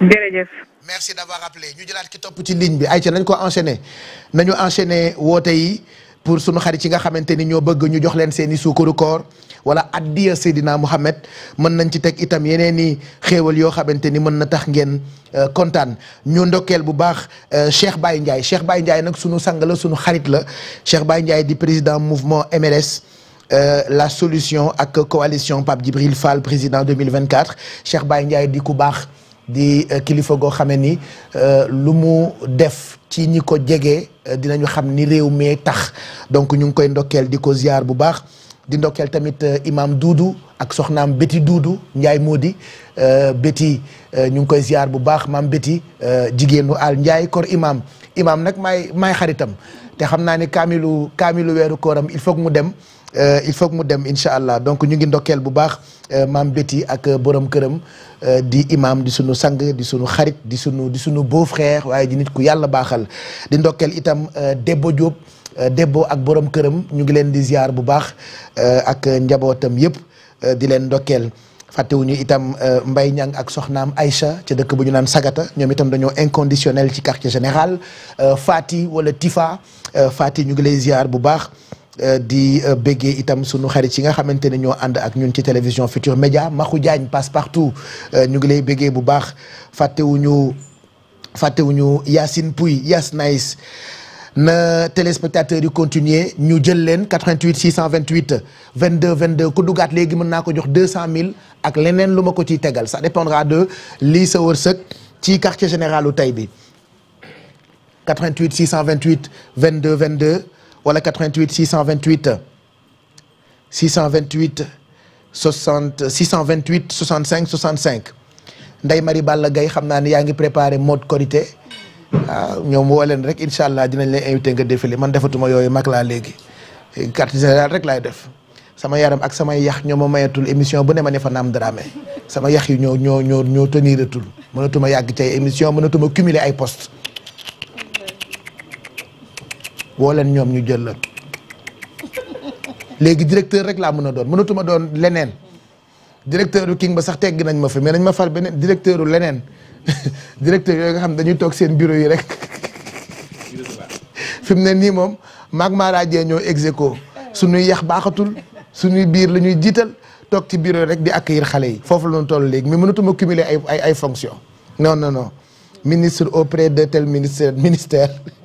jërëjëf. merci d'avoir appelé ñu jëlaat ki topp ci ligne bi ayca nañ ko enchaîner nañu enchaîner woote yi. pour sunu xarit yi nga xamante ni ñoo bëgg ñu jox leen seeni i suukaru koor wala addiya Seydina Mouhamed mën nañ ci teg itam yeneen i xéewal yoo xamante ni mën na tax ngeen euh, kontaan ñu ndokkeel bu baax euh, Cheikh Baye Ndiaye Cheikh Baye Ndiaye nag sunu sang la sunu xarit la Cheikh Baye Ndiaye di président mouvement MLS. Euh, la solution ak coalition Pape Djibril Fall président 2024 Cheikh Baye Ndiaye di ku baax di kilifa goo xamee ni lu mu def ci ñi ko jege euh, dinañu xam ni réew mee tax donc ñu ngi koy ndokkeel di ko ziar bu baax di ndokkeel tamit euh, imam duudu ak soxnaam Betty Doudou Ndiaye Modi euh, Betty ñu ngi koy ziar bu baax maam Betty jigéenu al Ndiaye kor imam imaam nag maay maay xaritam te xam naa ni kaamilu kaamilu weeru kooram il foog mu dem Euh, il faut mu dem incha allah donc ñu ngi ndokkeel bu baax euh, maam Betty ak euh, borom këram di imam di sunu sang di sunu xarit di sunu di sunu beau frère waaye di nit ku yàlla baaxal di ndokkeel itam Debbo Diop Debbo ak borom këram ñu ngi leen di ziar bu baax ak njabootam yëpp di leen ndokkeel. fàttewuñu itam Mbaye Niang ak soxnaam Aïcha ca dëkk bu ñu naan Sagata ñoom itam dañoo inconditionnel ci quartier général Fati wala Tifa Fati ñu ngi lay ziar bu baax. Euh, di euh, béggee itam sunu xarit yi nga xamante ne ñoo ànd ak ñun ci télévision Futur Média Maxu Diagne passe partout euh, ñu ngi lay béggee bu baax fàttewuñu fàttewuñu Yacine Pouy Yas Nice na téléspectateurs yi continuer ñu jël leen 88 628 22 22 ku dugaat léegi mën naa ko jox mille ak leneen lu ma ko ciy tegal ça dépendra de lii sa wërsëg ci quartier généralu tey bi 88 628 22 22. wala 88 628 628 60 628 65 65 Ndeye Marie Balla gay xam naa ne yaa ngi préparer mode korité waaw ah, ñoom woo leen rek incha allah dinañ leen invité nga défilé man defatuma yooyu mag laa léegi carte générale rek laay def sama yaram ak samay yax ñoo ma mayatul émission bu ne ma ne fa naam dramé sama yax yi ñoo ñoo ñoo ñoo teniratul mënatuma yàgg cay émission mënatuma cumuler ay poste woo leen ñoom ñu jël la léegi directeur rek laa mën a doon mënatuma doon leneen directeur yu kii ba sax tegg nañ ma fa mais nañ ma far beneen directeur u leneen directeur yu nga xam dañuy toog seen bureau yi rek fi mu ne nii moom maag maaraajee ñoo execo suñuy yax baaxatul suñuy biir la ñuy jiital toog ci bureau rek di accueillir xale yi foofu la ñu toll léegi mais mënatuma cumuler ay ay ay fonctions non non non ministre auprès de tel ministère ministère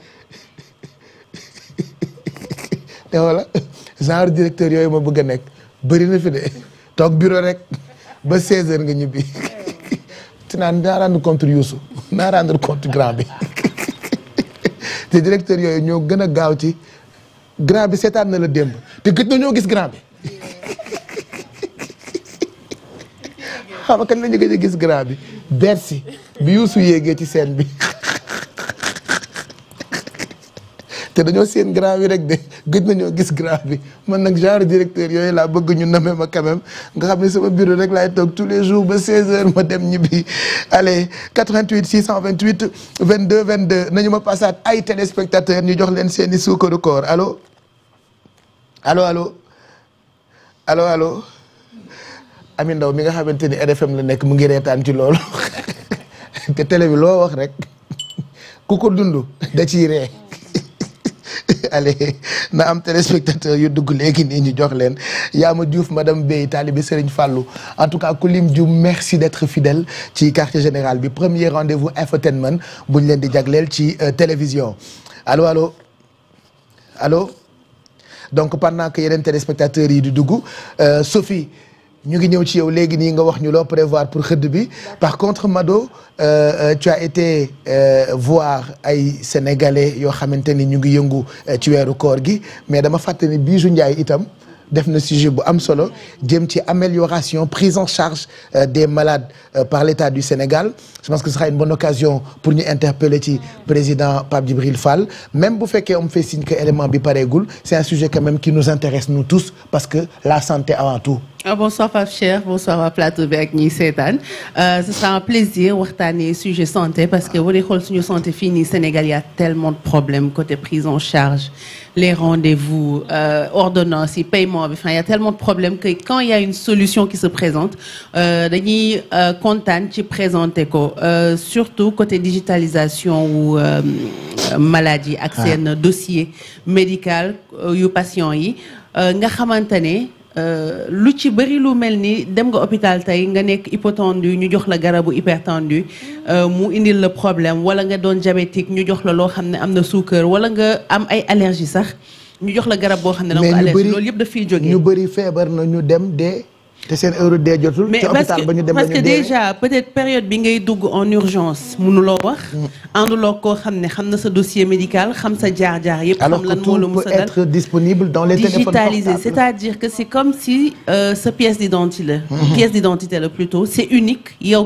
te wala genre directeur yooyu ma bëgg a nekk bëri na fi de toog bureau rek ba 16h nga ñibbi te naan naa rendre compte Youssou naa rendre compte grand bi te directeur yooyu ñoo gën a gaaw ci grand bi seetaan na la démb te gëj na ñoo gis grand bi xam nga kañ la ñu gëj a gis grand bi Bercy bi Youssou yéegee ci scène bi. te dañoo seen grand bi rek de gëj nañoo gis grand bi man nag genre directeur yooyu laa bëgg ñu nommé ma quand nga xam ne sama bureau rek laay toog tous les jours ba 16h ma dem ñibbi. allez 88 628 22 22 nañu ma passaat ay téléspectateurs ñu jox leen seen i suukaru koor allo allo allo allo allo Ami Ndaw mi nga xamante ni RFM la nekk mu ngi reetaan ci loolu te télé loo wax rek ku ko dund da ciy allez na am téléspectateur yu dugg léegi nii ñu jox leen yaa ma Diouf madame Bey taalibe Serigne Fallou en tout cas Koulim Dioum merci d'être fidèle ci quartier général bi premier rendez-vous bu ñu leen di jagleel ci euh, télévision alo alo alo donc pendant que yeneen téléspectateurs yi di dugg euh, Sophie ñu ngi ñëw ci yow léegi nii nga wax ñu loo prévoir pour xëdd bi par contre Mado euh, euh, tu as été euh, voir ay sénégalais yoo xamante ni ñu ngi yëngu euh, ci weeru koor gi mais dama fàttali ni Bijou Ndiaye itam def na sujet bu am solo jëm ci amélioration prise en charge euh, des malades euh, par l'État du Sénégal je pense que ce sera une bonne occasion pour ñu interpeller ci président Pape Djibril Fall même bu fekkee on fait signe que élément bi pareegul c'est un sujet quand même tous parce que la avant tout Euh, bonsoir Pape Cheikh bonsoir waa plateau bi ak ñiy seetaan euh, ce sera un plaisir waxtaanee sujet santé parce que boo dee xool suñu santé fii nii Sénégal y a tellement de problèmes côté prise en charge les rendez-vous euh, ordonnances yi paiement bi enfin y a tellement de problèmes que quand il y a une solution qui se présente dañuy kontaan ci présenter ko surtout côté digitalisation wu maladie ak ah. seen dossier médical yu patient yi nga xamante ne Euh, lu ci bëri lu mel ni dem nga hôpital tey nga nekk hypotendu ñu jox la garabu hypertendu mm-hmm. euh, mu indil la problème wala nga doon diabétique ñu jox la loo xam ne am na suukar wala nga am ay allergie sax ñu jox la garab boo xam ne. da nga ko allergie loolu yëpp dafay fiy jógee. ñu bëri feebar na ñu dem de te seen heure dee jotul. ci hôpital ba parce que déjà peut période bi ngay dugg en urgence mënuloo wax. Mm. ànduloo koo xam ne xam na sa dossier médical xam sa jaar-jaar yëpp. xam lan moo la mos a dal alors que tout peut être disponible dans les téléphones portables digitalisé c'est-à-dire que c'est comme euh, mm-hmm.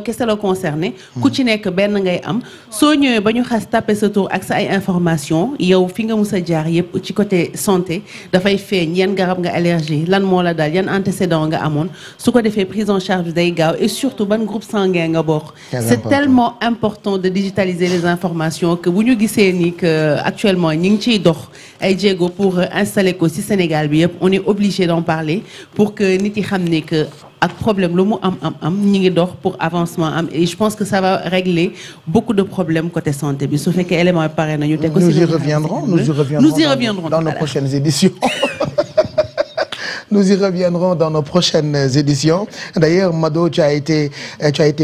kese la concerné. Mm-hmm. ku ci nekk benn ngay am soo ñëwee ba ñu xas tapé sa ak sa ay information yow fi nga mos a jaar yëpp ci côté santé dafay feeñ yan garab nga allergie lan moo la dal yan antécédent nga amoon. su ko defee prise en charge day gaaw et surtout ban groupe sanguin nga bokk c'est tellement important de digitaliser les informations que bu ñu gisee ni que euh, actuellement ñi ngi ciy dox ay jéego pour euh, installer ko ci Sénégal bi yëpp on est obligé d'en parler pour que nit yi xam ne que ak problème lu mu am am am ñi ngi dox pour avancement am et je pense que ça va régler beaucoup de problèmes côté santé bi su fekkee élément pare nañu teg ko. nous y reviendrons nous y dans nos prochaines éditions. Nous y reviendrons dans nos prochaines éditions. D'ailleurs, Mado, tu as été,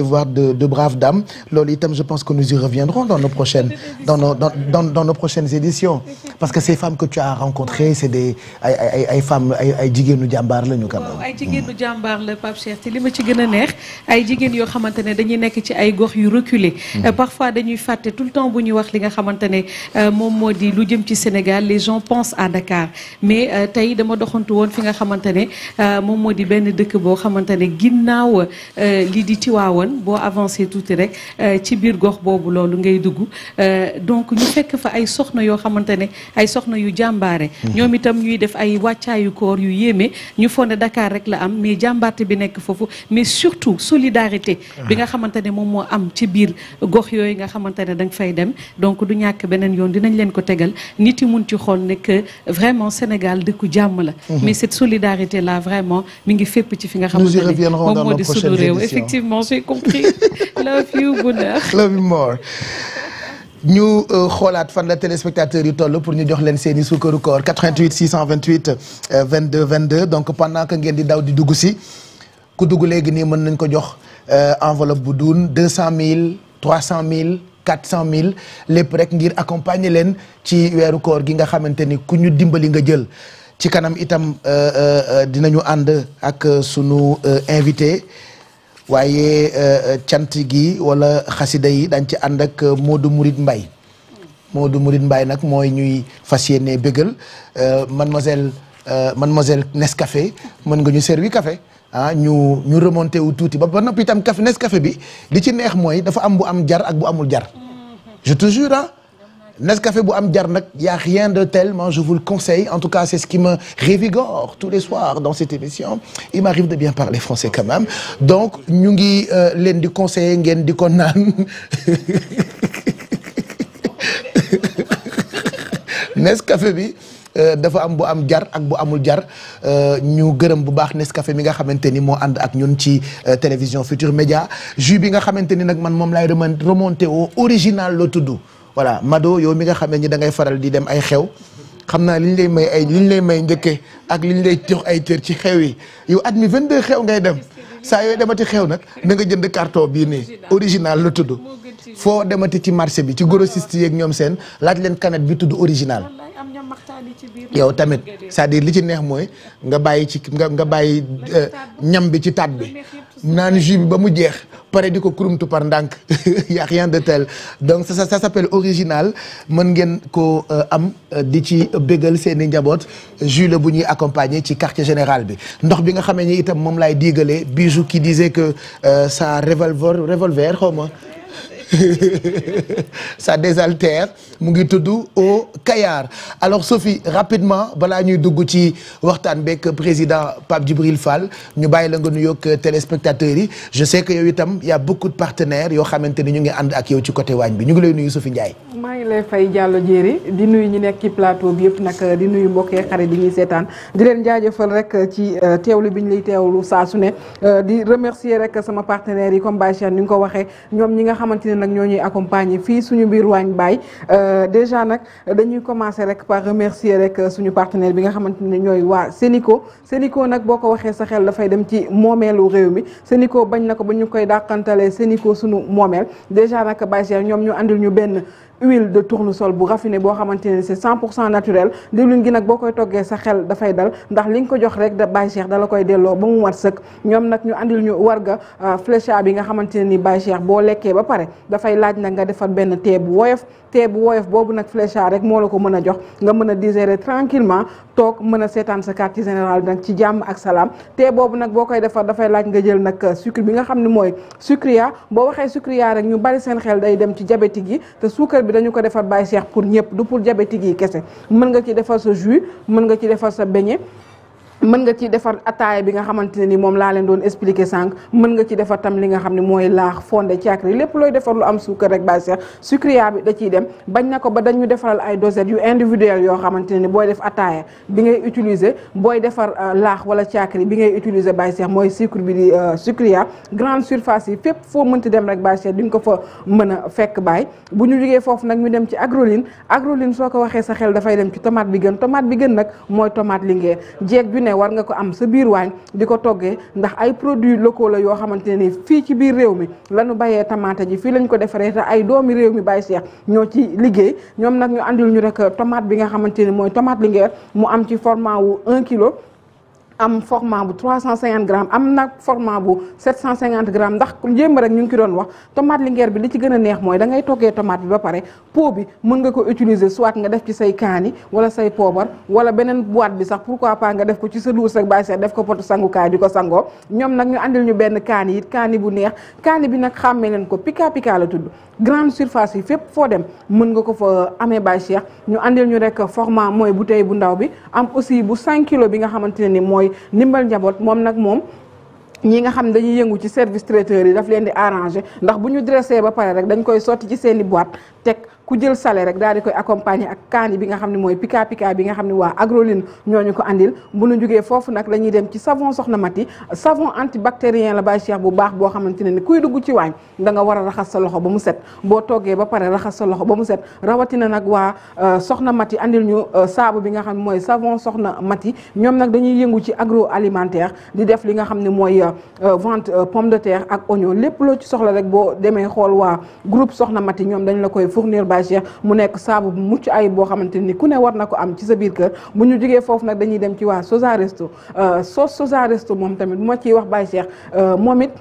voir de, braves dames. Loolu itam, je pense que nous y reviendrons dans nos prochaines, éditions. Parce que ces femmes que tu as rencontrées, c'est ay ay ay lañu quand ay jigéenu jàmbaar la Pape Cheikh li ma ci gën a neex ay jigéen yoo xamante dañuy nekk ci ay gox yu reculé. Hmm. Euh, parfois dañuy fàtte tout le temps bu ñuy wax li nga xamante euh, moom moo di lu jëm ci Sénégal xamante ne euh, moom moo di benn dëkk boo xamante ne ginnaaw euh, lii di Tiwaawan boo avancé tuuti rek euh, ci biir gox boobu loolu ngay dugg donc ñu fekk fa ay soxna yoo xamante ne ay soxna yu jàmbaare. Mhm. ñoom itam ñuy def ay wàccaayu koor yu yéeme ñu foog ne Dakar rek la am mais jàmbarte bi nekk foofu mais surtout solidarité. Mhm. bi nga xamante ne moom moo am ci biir gox yooyu nga xamante ne danga fay dem donc du ñàkk beneen yoon dinañ leen ko tegal nit yi mun ci xool ne que vraiment Sénégal dëkku jàmm solidarité là vraiment mu ngi fépp ci fi nga xam ne moom moo di sunu réew effectivement j'ai compris love you bonheur love you more ñu euh, xoolaat fan la téléspectateur yi toll pour ñu jox leen seen i sukkaru koor 88 628 22 22 donc pendant que ngeen di daw di dugg si ku dugg léegi nii mën nañ ko jox euh, enveloppe bu duun 200000 300000 400000 lépp rek ngir accompagner leen ci weeru koor gi nga xamante ni ku ñu dimbali nga jël. ci kanam itam euh, euh, euh, dinañu ànd ak sunu invité waaye cant gi wala xasida yi dañ ci ànd ak Modou Mouride Mbaye Modou Mouride Mbaye nag mooy ñuy fas yéene bégal mademoiselle mademoiselle Nescafé mën nga ñu servi café ah ñu ñu remonté wu tuuti ba ba noppi itam café bi li ci neex mooy dafa am bu am jar ak bu amul jar Nescafé bu am jar nag y a rien de tel moi je le conseille en tout cas c'est ce qui me revigore tous les soirs dans cette émission il m'arrive de bien parler français quand même donc ñu ngi euh, leen di conseiller ngeen di ko naan Nescafé bi euh, dafa am bu am jar ak bu amul jar euh, ñu gërëm bu baax Nescafé bi nga xamante ni moo ànd ak ñun ci télévision Futur Média jus bi nga xamante ni nag man moom laay remonté au original la tudd voilà Mado yow mi nga xam ne dangay faral di dem ay xew xam naa liñ lay may ay liñ lay may njëkkee ak liñ lay jox ay cër ci xew yi yow at mi 22 xew ngay dem saa yooyu demati xew nag na nga jënd karto bii nii original la tudd foo demati ci marché bi ci grossiste yeeg ñoom seen laaj leen canette bi tudd original yow tamit cest à li ci neex mooy nga bàyyi ci nga nga bàyyi ñam euh, bi ci taat bi naan jus bi ba mu jeex pare di ko kurumtu par ndànk y a rien de tel donc ça ça s'appelle original mën ngeen ko euh, am euh, di ci béggal seen i njaboot jus bu ñuy accompagner ci quartier général bi ndox bi nga xamee ni itam moom laay diigalee bijou qui disait que sa euh, revolver revolver xaw ma ça désaltère mu ngi tudd au Kayar alors Sophie rapidement balaa ñuy dugg ci waxtaan beeg président Pape Djibril Fall ñu bàyyi la nga nuyoog téléspectateurs yi je sais que yow itam ya a beaucoup de partenaires yoo xamante ni ñu ngi ànd ak yow ci côté waañ bi ñu ngi lay nuyu Sophie Ndiaye. maa ngi lay fay Diallo Diéry di nuyu ñi nekk ci plateau bi yëpp nag di nuyu mbokk yi xarit di ñuy seetaan di leen jaajëfal rek ci euh, teewlu bi ñu lay teewlu saa su ne euh, di remercier rek sama partenaires yi comme ni nga ko waxee nag ñoo ñuy accompagner fii suñu biir waañ baay euh, déjà nag dañuy commencer rek par remercier rek suñu partenaire bi nga xamante ne ñooy waa Sénico Sénico nag boo ko waxee sa xel dafay dem ci moomeelu réew mi Sénico bañ na ko ba ñu koy dàqantalee Sénico suñu moomeel déjà nag Baye Cheikh ñoom ñu andil ñu benn huile de tournesol bu raffiné boo xamante ne c'est 100 pour cent naturel diwlin gi nag boo koy toggee sa xel dafay dal ndax li nga ko jox rek da dala koy delloo ba mu war sëkk ñoom nag ñu andil ñu warga euh, flécha bi nga xamante ne ni Baye boo lekkee ba pare dafay laaj nag nga defar benn thé bu woyof thé bu woyof boobu nag flécha rek moo la ko mën a jox nga mën a digérer tranquillement toog mën a seetaan sa quartier général nag ci jàmm ak salaam thé boobu nag boo koy defar dafay laaj nga jël nag euh, sucre bi nga xam ne mooy sucria boo waxee sucria rek ñu bari seen xel day dem ci diabétique gi te suukar bi dañu ko defar Baye Cheikh pour ñëpp du pour diabétique yi kese mën nga ci defar sa jus mën nga ci defar sa beignet mën nga ci defar ataaya bi nga xamante ne ni moom laa leen doon expliquer sànq mën nga ci defar tam li nga xam ne mooy laax fondé càkkri lépp looy defar lu am suukar rek bàyyi seex sucria bi da ciy dem bañ na ko ba dañu defaral ay dosettes yu individuelles yoo xamante ne ni booy def ataaya bi ngay utiliser booy defar euh, laax wala càkkri bi ngay utiliser bàyyi mooy sucre bi di euh, sucria grande surface yi fépp foo mënti dem rek bàyyi seex di nga ko fa mën fekk bàyyi bu ñu jógee foofu nag ñu dem ci agroline agroline soo ko waxee sa xel dafay dem ci tomate bi gën tomate bi gën nag mooy tomate lingeer jeeg ju ne ne war nga ko am sa biir waañ di ko toggee ndax ay produits locaux la yoo xamante ne fii ci biir réew mi lañu bayee tamaate ji fii lañ ko defaree te ay doomi réew mi bàyyi seex ñoo ci liggéey ñoom nag ñu àndil ñu rek tomate bi nga xamante ni mooy tomate linguère mu am ci format wu un kilo am format bu 350 grammes am na format bu 750 grammes ndax jéem rek ñu ngi ko doon wax tomate linguère bi li ci gën a neex mooy da ngay toggee tomate bi ba pare po bi mën nga ko utiliser soit nga def ci say kaani wala say poobar wala beneen boîte bi sax pourquoi pas nga def ko ci sa duus ak bàyyi seet def ko potu sangukaay di ko sangoo ñoom nag ñu andil ñu benn kaani it kaani bu neex kaani bi nag xàmmee leen ko pi pika la tudd grande surface yi fépp foo dem mën nga ko fa amee Baye Cheikh ñu andil ñu rek format mooy bu bouteille bu ndaw bi am aussi bu cinq kilo bi nga xamante ne ni mooy ndimbal njaboot moom nag moom ñi nga xam dañuy yëngu ci service traiteur yi daf leen di arranger ndax bu ñu dressé ba pare rek dañ koy sotti ci seen i boîte teg ku jël sale rek daal di koy accompagner ak kaani bi nga xam ne mooy pika pika bi nga xam ne waa agroline ñooñu ko andil bu nu jógee foofu nag la ñuy dem ci savon soxna Mati savon antibactérien la bay cheikh bu baax boo xamante ne ni kuy dugg ci waañ da nga a raxas sa loxo ba mu set boo toggee ba pare raxas sa loxo ba mu set rawatina nag waa euh, soxna Mati andil ñu euh, saabu bi nga xam ne mooy savon soxna Mati ñoom nag dañuy yëngu ci agro alimentaire di def li nga xam ne mooy euh, vente pomme de terre ak oignon lépp loo ci soxla rek boo demee xool waa groupe soxna Mati ñoom dañ la koy fournir étagère mu nekk saabu bu mucc ay boo xamante ni ku ne war na ko am ci sa biir kër bu ñu jógee foofu nag dañuy dem ci waa Sosa Resto euh, sos Sosa Resto moom tamit bu ma ci wax Baye Cheikh euh, moom it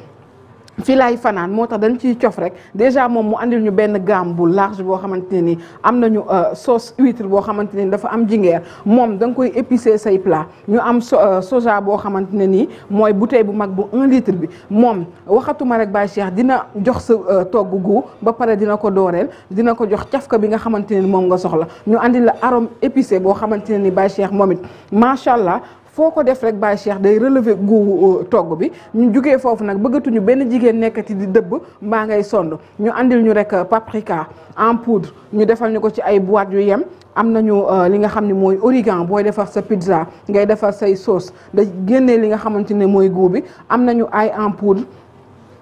fii fanaan moo tax dañ ciy cof rek déjà moom mu andil ñu benn gamme bu large boo xamante ne ni am nañu euh, sauce huître boo xamante ne dafa am jingeer moom danga koy épicé say plat ñu am euh, soja boo xamante ne nii mooy bouteille bu mag bu un litre bi moom waxatuma rek Baye Cheikh dina jox sa euh, togg gu ba pare dina ko dooreel dina ko jox cafka bi nga xamante ne moom nga soxla ñu andil la arôme épicé boo xamante ne ni Baye moomit moom macha allah foo ko def rek Baye Cheikh day relever gu euh, togg bi ñu jugee foofu nag bëggatuñu benn jigéen nekkati di dëbb mbaa ngay sond ñu andil ñu rek euh, paprika en poudre ñu defal ñu ko ci ay boîte yu yem am nañu euh, li nga xam ni mooy origan booy defar sa pizza ngay defar say soos da génnee li nga xamante ne mooy goût bi am na ñu ay en poudre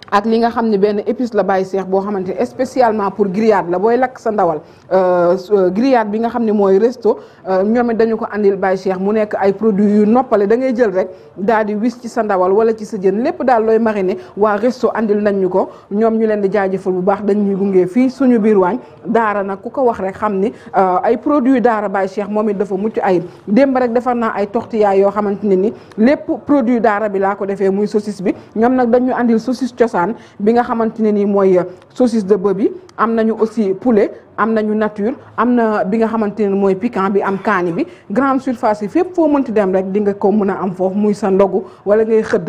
ak li nga xam ne benn épice la bàyyi seex boo xamante ne spécialement pour grillade la booy lakk sa ndawal euh, euh, grillade bi nga xam ne mooy resto euh, ñoom it dañu ko andil bàyyi seex mu nekk ay produits yu noppale da ngay jël rek daal di wis ci sa ndawal wala ci sa jën lépp daal looy mariner waa resto andil nañ ñu ko ñoom ñu leen di jaajëfal bu baax dañ ñuy gunge fii suñu biir waañ daara nag ku ko wax rek xam ni ay produits daara bàyyi seex moom it dafa mucc ayib démb rek defar naa ay tortilla yoo xamante ne ni lépp produit daara bi laa ko defee muy saucisse bi ñoom nag dañu andil saucisse cosaan bi nga xamante ne nii mooy saucisse de bœuf bi am nañu aussi poulet am na ñu nature am na bi nga xamante ne mooy piquant bi am kaani bi grande surface yi fépp foo mënti dem rek di nga ko mën a am foofu muy sa ndogu wala ngay xëdd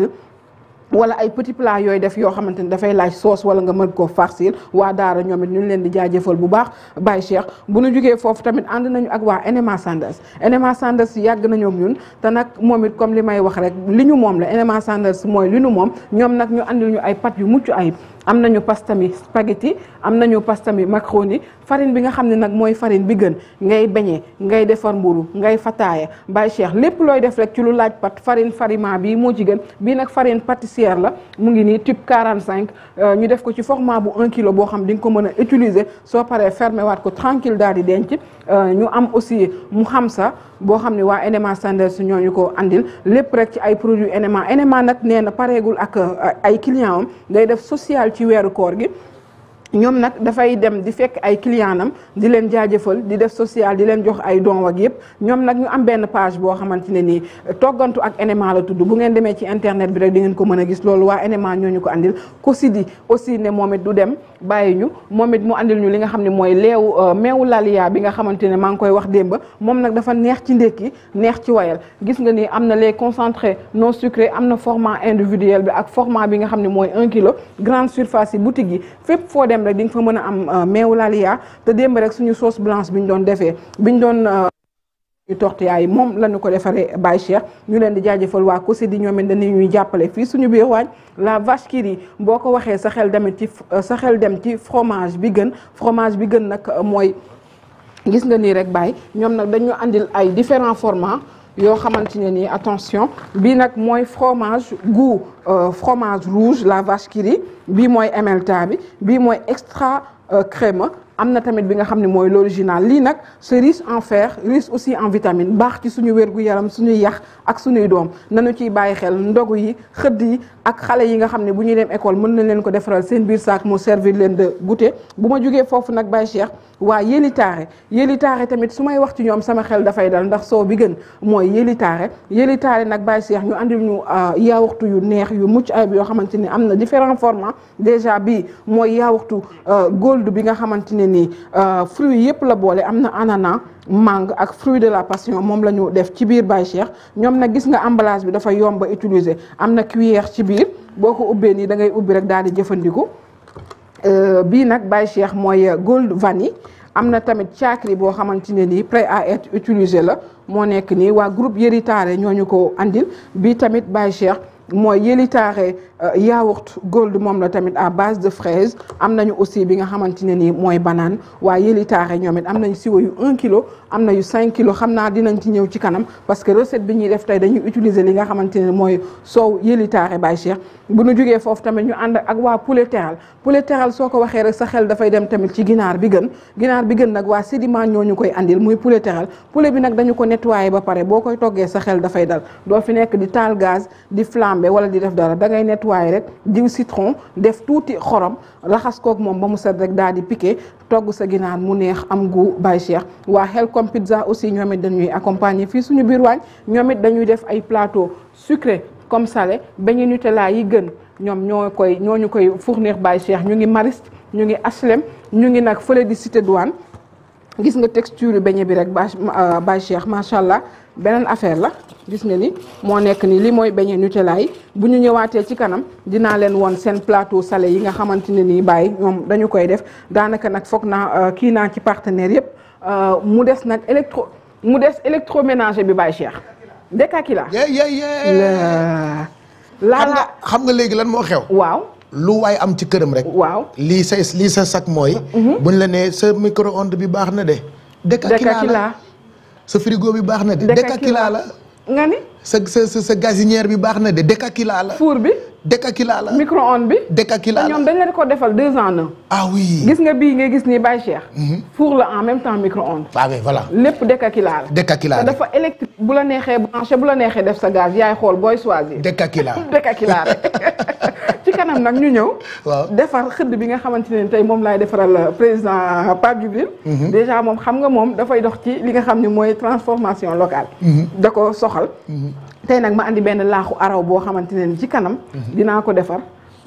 wala ay petit plat yooy def yoo xamante ni dafay laaj sauce wala nga mën koo farcir waa daara ñoom it ñu ngi leen di jaajëfal bu baax Baye Cheikh bu nu jugee foofu tamit ànd nañu ak waa NMA Sanders NMA Sanders yàgg na ñoom ñun te nag moom it comme li may wax rek li ñu moom la NMA Sanders mooy li ñu moom ñoom nag ñu andil ay pat yu mucc ayib am nañu pastami spaghetti am nañu pastami macaroni farine bi nga xam ne nag mooy farine bi gën ngay beñe ngay defar mburu ngay fataaya Baye Cheikh lépp looy def rek ci lu laaj pat farine farima bi moo ci gën bii nag farine pâtissière la mu ngi nii type 45 euh, ñu def ko ci format bu 1 kilo boo xam di nga ko mën a utiliser soo paree fermé waat ko tranquille daal di denc euh, ñu am aussi mu xam sa boo xam ne waa NMA Sanders ñooñu ko andil lépp rek ci ay produits NMA NMA nag nee na pareegul ak euh, ay client am def social ci weeru koor gi ñoom nag dafay dem di fekk ay client am di leen jaajëfal di def social di leen jox ay don ak yëpp ñoom nag ñu am benn page boo xamante ne nii toggantu ak NMA la tudd bu ngeen demee ci internet bi rek di ngeen ko mën a gis loolu waa NMA ñoo ñu ko andil ko aussi ne moom it du dem bàyyi ñu moom it mu andil ñu li nga xam ne mooy leewu euh, meewu laliya bi nga xamante ne maa ngi koy wax démba moom nag dafa neex ci ndékki neex ci wayal gis nga ni am na les concentrés non sucrés am na format individuel bi ak format bi nga xam ne mooy 1 kilo dem rek di nga fa mën a am euh, meewu laliya te démb rek suñu sauce blanche bi ñu doon defee bi ñu doon euh, ñu tortiyaay moom lañu ko defaree Baye Cheikh ñu leen di jaajëfal waa COSYD di ñoom it dañu ñuy jàppale fii suñu biir waañ la vache qui yi boo ko waxee sa xel demit ci euh, sa xel dem ci fromage bi gën fromage bi gën nag mooy gis nga nii rek Baye ñoom nag dañu andil ay différents formats yoo xamante ne nii attention bii nag mooy fromage goût euh, fromage rouge la vache qui rit bii mooy emelta bi bii mooy extra euh, crémeux am na tamit bi nga xam ne mooy l'original lii nag c'est riche en fer riche aussi en vitamine baax ci suñu wérgu yaram suñuy yax ak suñuy doom nañu ci bàyyi xel ndogu yi xëdd yi ak xale yi nga xam ne bu ñuy dem école mën nañ leen ko defaral seen biir saak mu servir leen de goûter bu ma jógee foofu nag Baye Cheikh waa yëlitaare yëlitaare tamit su may wax ci ñoom sama xel dafay dal ndax soo bi gën mooy yëlitaare yëlitaare nag bàyyi seex ñu andil ñu euh, yaawaxtu yu neex yu mucc ayib yoo xamante ni am na différent formats déjà bi mooy yaawaxtu euh, gold bi nga xamante ne nii euh, fruits yëpp la boole am na ananas mangue ak fruit de la passion moom la ñu def ci biir bàyyi seex ñoom na gis nga emballage bi dafa yomb a utiliser am na cuillère ci biir boo ko ubbee nii da ngay ubbi rek daal di jëfandiku. Euh, bii nag Baye Cheikh mooy euh, gold vanille am na tamit caakri boo xamante ne nii prêt à être utilisé la moo nekk nii waa groupe Yëri Taare ñoo ñu ko andil bii tamit Baye Cheikh mooy Yëri Euh, yaourt gold moom la tamit à base de fraise am nañu aussi bi nga xamante ne nii mooy banaan waaye yëli taare ñoom it am nañu siwo yu kilo am na ñu 5 kilo xam naa dinañ ci ñëw ci kanam parce que recette bi ñuy def tey dañuy utiliser li nga xamante ne mooy soow yëli taare Baye Cheikh bu nu jugee foofu tamit ñu ànd ak waa poulet teral poulet teral soo ko waxee rek sa xel dafay dem tamit ci ginaar bi gën ginaar bi gën nag waa sédiment ñoo ñu koy andil muy poulet teral poulet bi nag dañu ko nettoyé ba pare boo koy toggee sa xel dafay dal doo fi nekk di taal gaz di flambé wala di def dara waaye rek jiw citron def tuuti xorom laxas kook moom ba mu set rek daal di piqué togg sa ginaar mu neex am gu bay cheikh waa Helcom Pizza aussi ñoom it dañuy accompagner fii suñu biir waañ ñoomit dañuy def ay plateau sucré comme salé beignet Nutella yi gën ñoom ñoo koy ñoo ñu koy fournir bay cheikh ñu ngi Mariste ñu ngi HLM ñu ngi nag fële di cité douane gis nga texture yu beignet bi rek bay cheikh macha allah beneen affaire la gis nga moo nekk ni li mooy nu Nutella yi bu ñu ñëwaatee ci kanam dinaa leen woon seen plateau salé yi nga xamante ne nii bàyyi ñoom dañu koy def daanaka nag foog naa euh, kii naa ci partenaire yëpp euh, mu des nag électro mu des électroménager bi bàyyi Cheikh Dekakila la la xam nga léegi lan moo xew waaw lu waay am ci këram rek waaw lii sa lii sa mooy mm-hmm. buñ la nee sa micro bi baax na de Dekakila la sa frigo bi baax na de Dekakila la nga ni sa sa sa gazinière bi baax na de dëkk ak laa la. four bi. Dekakila la micro onde bi. Dekakila la ñoom dañ leen ko defal deux ans na. Ah gis nga bii nga gis nii Baye Cheikh. Mhm. four la en même temps micro onde. waaw ah mais voilà lépp Dekakila la. Dekakila la te dafa électrique bu la neexee branché bu la neexee def sa gaz yaay xool booy choisir. Dekakila Dekakila rek ci kanam nag ñu ñëw. waaw defar xëdd bi nga xamante ne tey moom laay defaral euh, président euh, Pape Djibril. Mhm. déjà moom xam nga moom dafay dox ci li nga xam ne mooy transformation locale. Mhm. da ko soxal. tey nag ma andi benn laaxu araw boo xamante ne ci kanam. Mhm. dinaa ko defar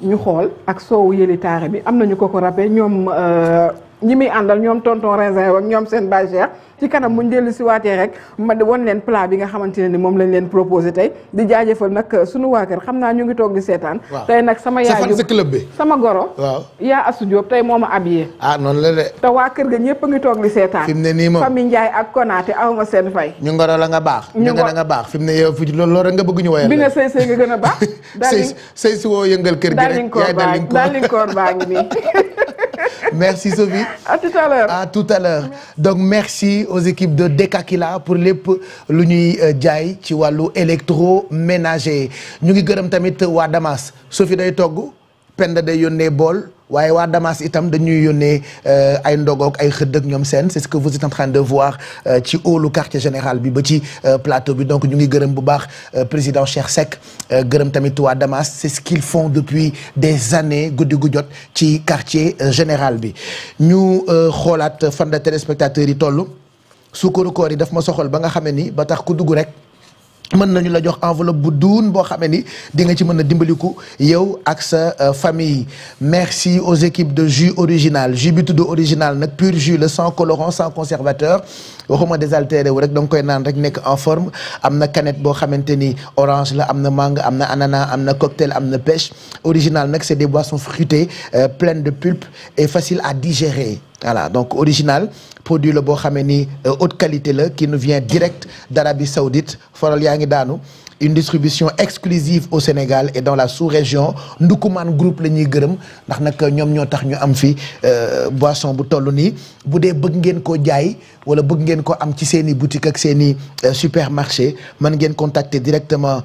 ñu xool ak soowu yéli taare bi am na ñu ko ko rappee ñoom euh, ñi muy àndal ñoom tonton raisin ak ñoom seen bàjjeex. ci kanam buñ dellu si waatee rek ma won leen plat bi nga xamante ne ni moom lañ leen proposé tey di jaajëfal nag sunu waa kër xam naa ñu ngi toog di seetaan tey nag sama yaay sa club bi sama goro waaw yaa Asu Diop tey moo ma habillé ah noonu la de te waa kër ga ñëpp a ngi toog li seetaan fi mu ne nii moom famille Ndiaye ak Konaté aw ma seen fay ñu ngoro la nga baax ñu ngoro la nga baax fi mu ne yow fi nga bëgg ñu woyal bi nga sëy sëy nga gën a baax sëy sëy si aux équipes de Dekakila pour lépp lu ñuy euh, jaay ci wàllu électroménager ñu ngi gërëm tamit waa Damas fi day togg Penda day yónnee bool waaye waa Damas itam dañuy yónnee euh, ay ndogook ay xëdd ñoom seen c'est ce que vous êtes en train de voir euh, ci hall quartier général bi ba ci plateau bi donc ñu ngi gërëm bu baax président Cheikh Seck gërëm tamit waa Damas c'est ce qu'ils font depuis des années guddi gu jot ci quartier général bi ñu xoolaat fan la téléspectateurs yi toll. sukkaru koor yi daf ma soxal ba nga xamee ni ba tax ku dugg rek mën nañu la jox enveloppe bu duun boo xamee ni di nga ci mën a dimbaliku yow ak sa euh, famille merci aux équipes de jus original jus bi tudd original nag pur jus le sans colorant sans conservateur waxuma désaltéré wu rek da nga koy naan rek nekk en forme am na canette boo xamante ni orange la am na mangue am na ananas am na cocktail am na pêche original nag c'est des boissons fruitées euh, pleines de pulpe et faciles à digérer voilà donc original produit la boo xamee ni euh, haute qualité la qui nous vient direct d'Arabie Saoudite faral yaa ngi daanu une distribution exclusive au Sénégal et dans la sous-région Ndukumaan groupe la ñuy gërëm ndax nag ñoom ñoo tax ñu am fi euh, boisson bu toll nii bu dee bëgg ngeen ko jaay wala bëgg ngeen ko am ci seen i boutique ak seen i euh, supermarché mën ngeen contacter directement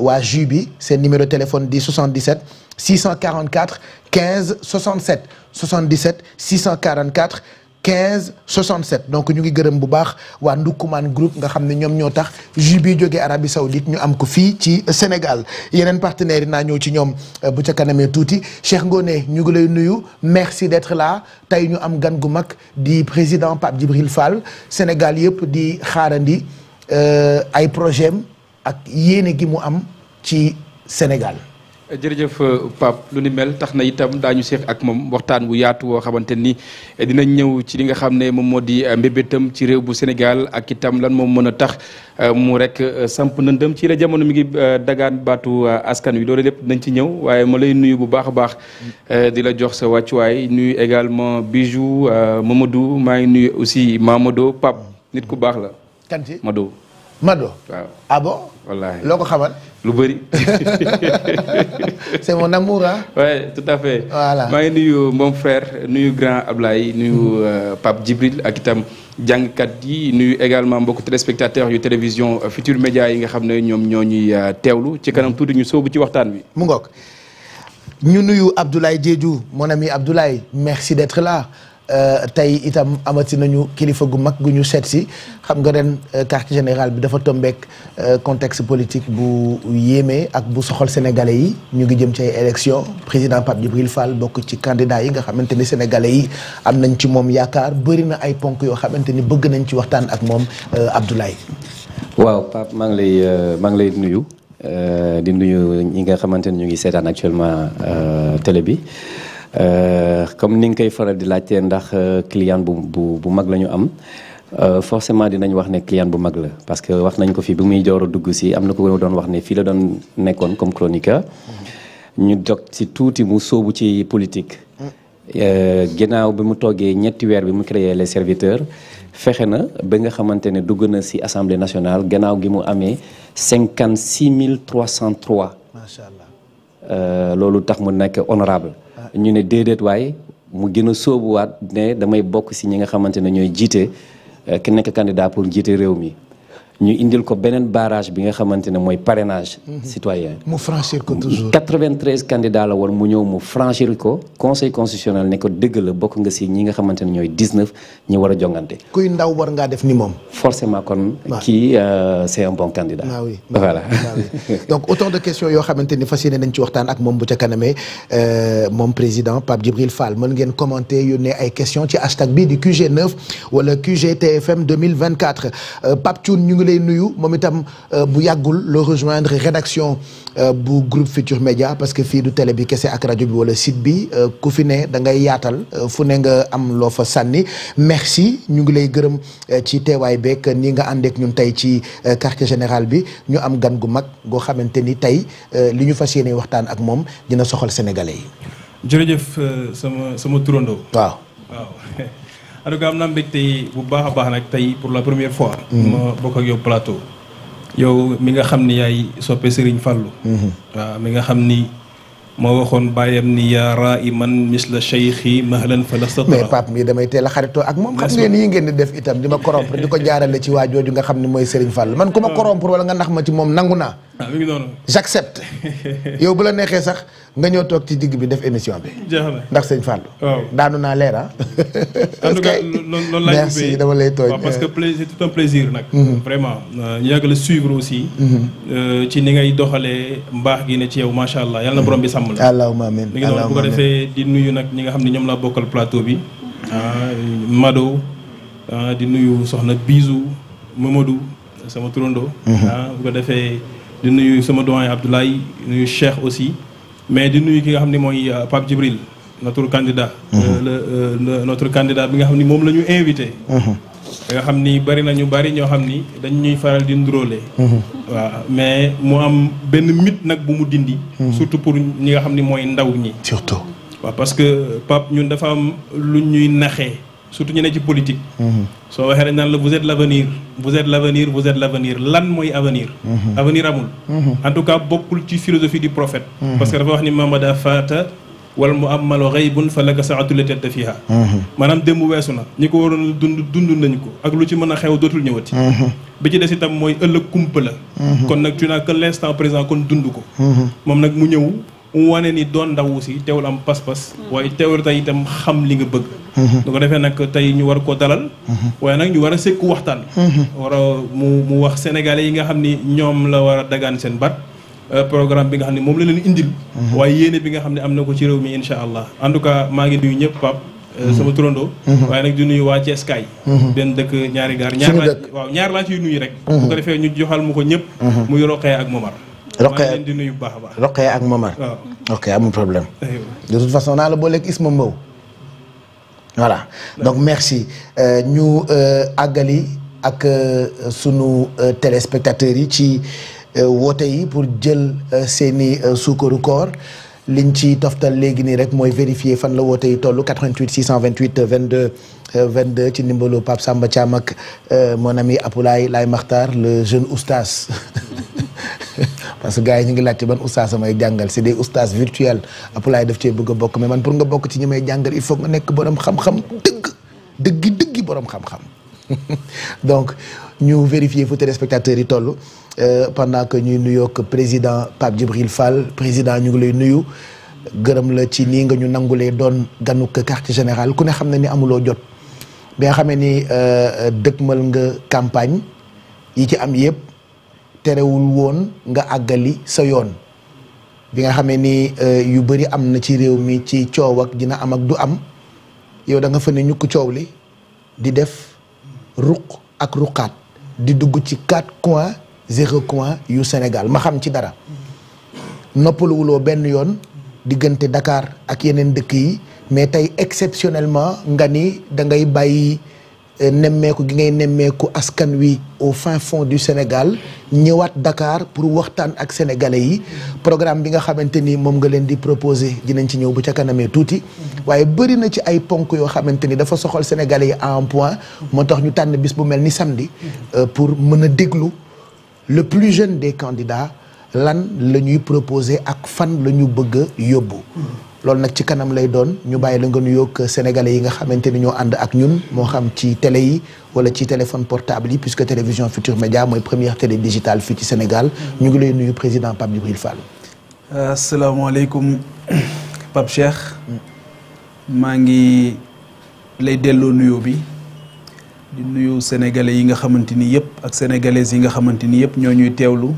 waa jus bi seen numéro téléphone di 77 644 15 67 77 644 15 67 donc ñu ngi gërëm bu baax waa Ndoukoumane group nga xam ne ñoom ñoo tax jus bi jógee Arabie Saoudite ñu am ko fii ci Sénégal yeneen partenaires yi naa ñëw ci ñoom euh, bu ca kanamee tuuti Cheikh Ngoné ñu ngi lay nuyu merci d'être la tey ñu am gan gu mag di président Pape Djibril Fall Sénégal yëpp di xaarandi euh, ay projet am ak yéene gi mu am ci Sénégal. jërëjëf euh, Pape lu ni mel tax na itam daañu seex ak moom waxtaan bu yaatu woo xamante nii eh, dinañ ñëw ci li nga xam ne moom moo di euh, mbébétam ci réew bu Sénégal ak itam lan moom mën a tax euh, mu rek samp nëndëm ci la jamono mi ngi dagaan baatu askan wi loolu lépp dinañ ci ñëw waaye ma lay nuyu bu baax a baax di la jox sa wàccuwaay nuyu également Bijou Mamadou maa ngi nuyu aussi Mamadou Pape nit ku baax la. kanti Mado. waaw ah wallaahi loo ko xamal. lu bëri. c'est mon amour ah. oui tout à fait. voilà maa ngi nuyu moom frère nuyu grand Ablaye nuyu euh, Pape Djibril ak itam jàngkat yi nuyu également mbokku téléspectateurs yu télévision euh, Futur Média yi nga xam ne ñoom ñoo ñuy euh, teewlu ci kanam tuuti ñu soobu ci waxtaan wi. mu ngoog ñu nuyu Abdoulaye Diédhiou mon ami Abdoulaye merci d'être là. Euh, tey itam amati nañu kilifa gu mag gu ñu seet si xam nga ren euh, quartier général bi dafa tombeek euh, contexte politique bu yéeme ak bu soxal sénégalais yi ñu ngi jëm ci ay élection président Pape Djibril Fall bokk ci candidat yi nga xamante ni sénégalais yi am nañ ci moom yaakaar bëri na ay ponk yoo xamante ni bëgg nañ ci waxtaan ak moom Abdoulaye. waaw Pape maa ngi lay maa ngi lay nuyu di nuyu ñi nga xamante ne ñu ngi seetaan actuellement télé bi. Euh, comme ni nga koy faral di laajtee ndax euh, client bu bu bu mag la ñu am euh, forcément dinañ wax ne client bu mag la parce que wax nañ ko fi bi muy joor a dugg si am na ko doon wax ne fii la doon nekkoon comme chroniqueur ñu dog si tuuti mu soobu ci politique ginnaaw bi mu toogee ñetti weer bi mu créé les serviteurs fexe na ba nga xamante ne dugg na si assemblée nationale gannaaw gi mu amee cinquante six mille trois cent trois macha allah loolu tax mu nekk honorable ñu ne déedéet waaye mu gën a sóobuwaat ne damay bokk si ñi nga xamante ne ñooy jiite eh, ki nekk candidat pour jiite réew mi. ñu indil ko beneen barrage bi nga xamante ne mooy parrainage mhm. citoyen mu franchir ko toujours 93 candidats la woon mu ñëw mu franchir ko conseil constitutionnel ne ko dëgg la bokk nga si ñi nga xamante ne ñooy ñi war a jongante kuy ndaw war ngaa def ni moom forcément kon kii euh, c'est un bon candidat ah oui voilà donc autant de questions yoo xamante ni fas yéene nañ ci waxtaan ak moom bu ca kanamee euh, moom président Pape Djibril Fall mën ngeen commenter yónnee ay questions ci hashtag bi di QG9 lay nuyu moom itam euh, bu yàggul loo rejoindre rédaction euh, bu groupe Futur Média parce que fii du tele bi kese ak rajo bi wala site bi euh, ku fi ne da ngay yaatal fu ne nga am loo fa sànni merci ñu ngi lay gërëm ci teewaay beeg nii nga àndeek ñun tey ci quartier général bi ñu am gan gu mag goo xamante ni tey li ñu fas yéene waxtaan ak moom dina soxal sénégalais yi. jërëjëf sama sama turandoo. waaw. en tout cas am naa mbégte bu baax a baax nag tey pour la première fois. Mm-hmm. ma bokk ak yow plateau. yow mi nga xam ni yaay soppe Serigne Fallou. Mm-hmm. waaw mi nga xam ni moo waxoon bàyyam ni yaa raa'iman misla cheikhi mahlan fa la satara mais pape mii teel a ak moom xam ngeen yi ngeen di def itam di ma corrompre di ko jaarale ci waa jooju nga xam ne mooy Serigne Fallou man ku ma mm. corrompre wala nga ndax ma ci moom nangu naa. Ah, mi ngi noonu set yow bu la neexee sax nga ñëw toog ci digg bi def émission bi. ndax sëñ Fallou. waaw daanu naa leer ah. en tout cas loolu laay merci dama lay tooñ. parce que c'est tout un plaisir nag. Mm-hmm. vraiment euh, ñu yàgg la suivre aussi. Mm-hmm. Euh, ci ni ngay doxalee mbaax gi ne ci yow macha allah yàlla na borom bi sàmm la. allahumma amiin mi ngi noonu defee di nuyu nag ñi nga xam ne ñoom laa bokkal plateau bi. Ah, Mado ah, di nuyu soxna Bisou Mamadou sama turando. Mm-hmm. bu ko defee. di nuyu sama doyen Abdoulaye nuyu Cheikh aussi mais di nuyu ki nga xam ni mooy euh, Pape Djibril notre candidat. Mhm. Euh, euh, le notre candidat bi nga xam ni moom la ñu invité. Mhm. nga xam ni bari na ñu bari ñoo xam ni dañ ñuy faral di ndróole. Mhm. waaw mais moo am benn mythe nag bu mu dindi. surtout pour ñi nga xam ni mooy ndaw ñi. surtout waaw parce que Pape ñun dafa am lu ñuy naxee. surtout ñu ne ci politique. Mhm. soo waxee dañ naan la vous êtes l' avenir vous êtes l' avenir vous êtes l' avenir lan mooy avenir. Mhm. avenir amul. Mhm. en tout cas bokkul ci philosophie du prophète. parce que dafa wax ni mamada faata wal mu amalo xaybun fa laka saatu la tedd fiha maanaam démb weesu na ñi ko waroon dund dund nañ ko ak lu ci mën a xew dootul ñëwati. bi ci des itam mooy ëllëg kumpa la. kon nag tu n'as que l' instant présent kon dund ko. moom nag mu ñëw. wane ni doon ndaw si teewul am pas-pas hmm. waaye teewul tey itam xam li nga bëgg du hmm. ko defee nag tey ñu war ko dalal hmm. waaye nag ñu war a sëkku waxtaan war a mu mu wax sénégalais yi nga xam ni ñoom la war a dagaan seen baat euh, programme bi nga xam ne moom la leen indil waaye yéene bi nga xam ne am na ko ci réew mi incha allah en tout cas maa ngi nuyu ñëpp Pape euh, sama turandoo waaye nag di nuyu waa Thiès kaay benn dëkk ñaari gaar ñaar laa waaw ñaar laa ciy nuyu rek bu ko defee ñu joxal mu ko ñëpp muy roqee ak Momar Roqeya di ak Momar. ok amul problème. de toute façon naa la booleeg Isma Mbow. voilà donc merci euh, ñu euh, àggali ak euh, sunu téléspectateurs yi ci woote yi pour jël seeni suukaru koor liñ ci toftal léegi nii rek mooy vérifier fan la woote yi toll 88 628 22 22 ci ndimbalu Pape Samba Thiam ak mon ami Apoulaye Laye Makhtar le jeune oustaz. parce que yi ñu ngi laajte ban oustaz samay jàngal c'est des oustaz virtuels apulaay daf cee bëgg a bokk mais man pour nga bokk ci ñi may jàngal il faut nga nekk borom xam-xam dëgg dëggi dëggi borom xam-xam donc ñu vérifier fu téléspectateurs yi toll euh, pendant que ñuy nuyoog président Pape Djibril Fall président ñu ngi lay nuyu gërëm la ci nii nga ñu nangu nangulee doon ganuk quartier général ku ne xam ne ni amuloo jot bi nga xamee ni euh, dëgmal nga campagne yi ci am yëpp terewul woon nga àggali sa yoon bi nga xamee ni eh, yu bëri am na ci réew mi ci coowak dina am ak du am yow danga nga fa ne ñukk coow li di def ruq ak ruqaat di dugg ci quatre coins zéro coin yu Sénégal ma xam ci dara noppaluwuloo benn yoon diggante dakaar ak yeneen dëkk yi mais tey exceptionnellement nga ni da ngay bàyyi Euh, nemmeeku gi ngay nemmeeku askan wi au fin fond du Sénégal ñëwaat dakaar pour waxtaan ak sénégalais yi programme bi nga xamante ni moom nga leen di proposé dinañ ci ñëw bu ca kanamee tuuti. waaye bëri na ci ay ponk yoo xamante ni dafa soxal sénégalais yi en point. moo tax ñu tànn bis bu mel ni samedi. Euh, pour mën a déglu le plus jeune des candidats lan la ñuy proposé ak fan la ñu bëgg a yóbbu. loolu nag ci kanam lay doon ñu bàyyi la nga nuyoog sénégalais yi nga xamante ni ñoo ànd ak ñun moo xam ci télé yi wala ci téléphone portable yi puisque télévision Futur Média mooy première télé digitale fii ci Sénégal ñu ngi lay nuyu président Pape fal Fall. Euh, asalaamaaleykum Pape Cheikh maa ngi lay delloo nuyoo bi di nuyu sénégalais yi nga xamante ni yëpp ak sénégalaises yi nga xamante ni yëpp ñoo ñuy teewlu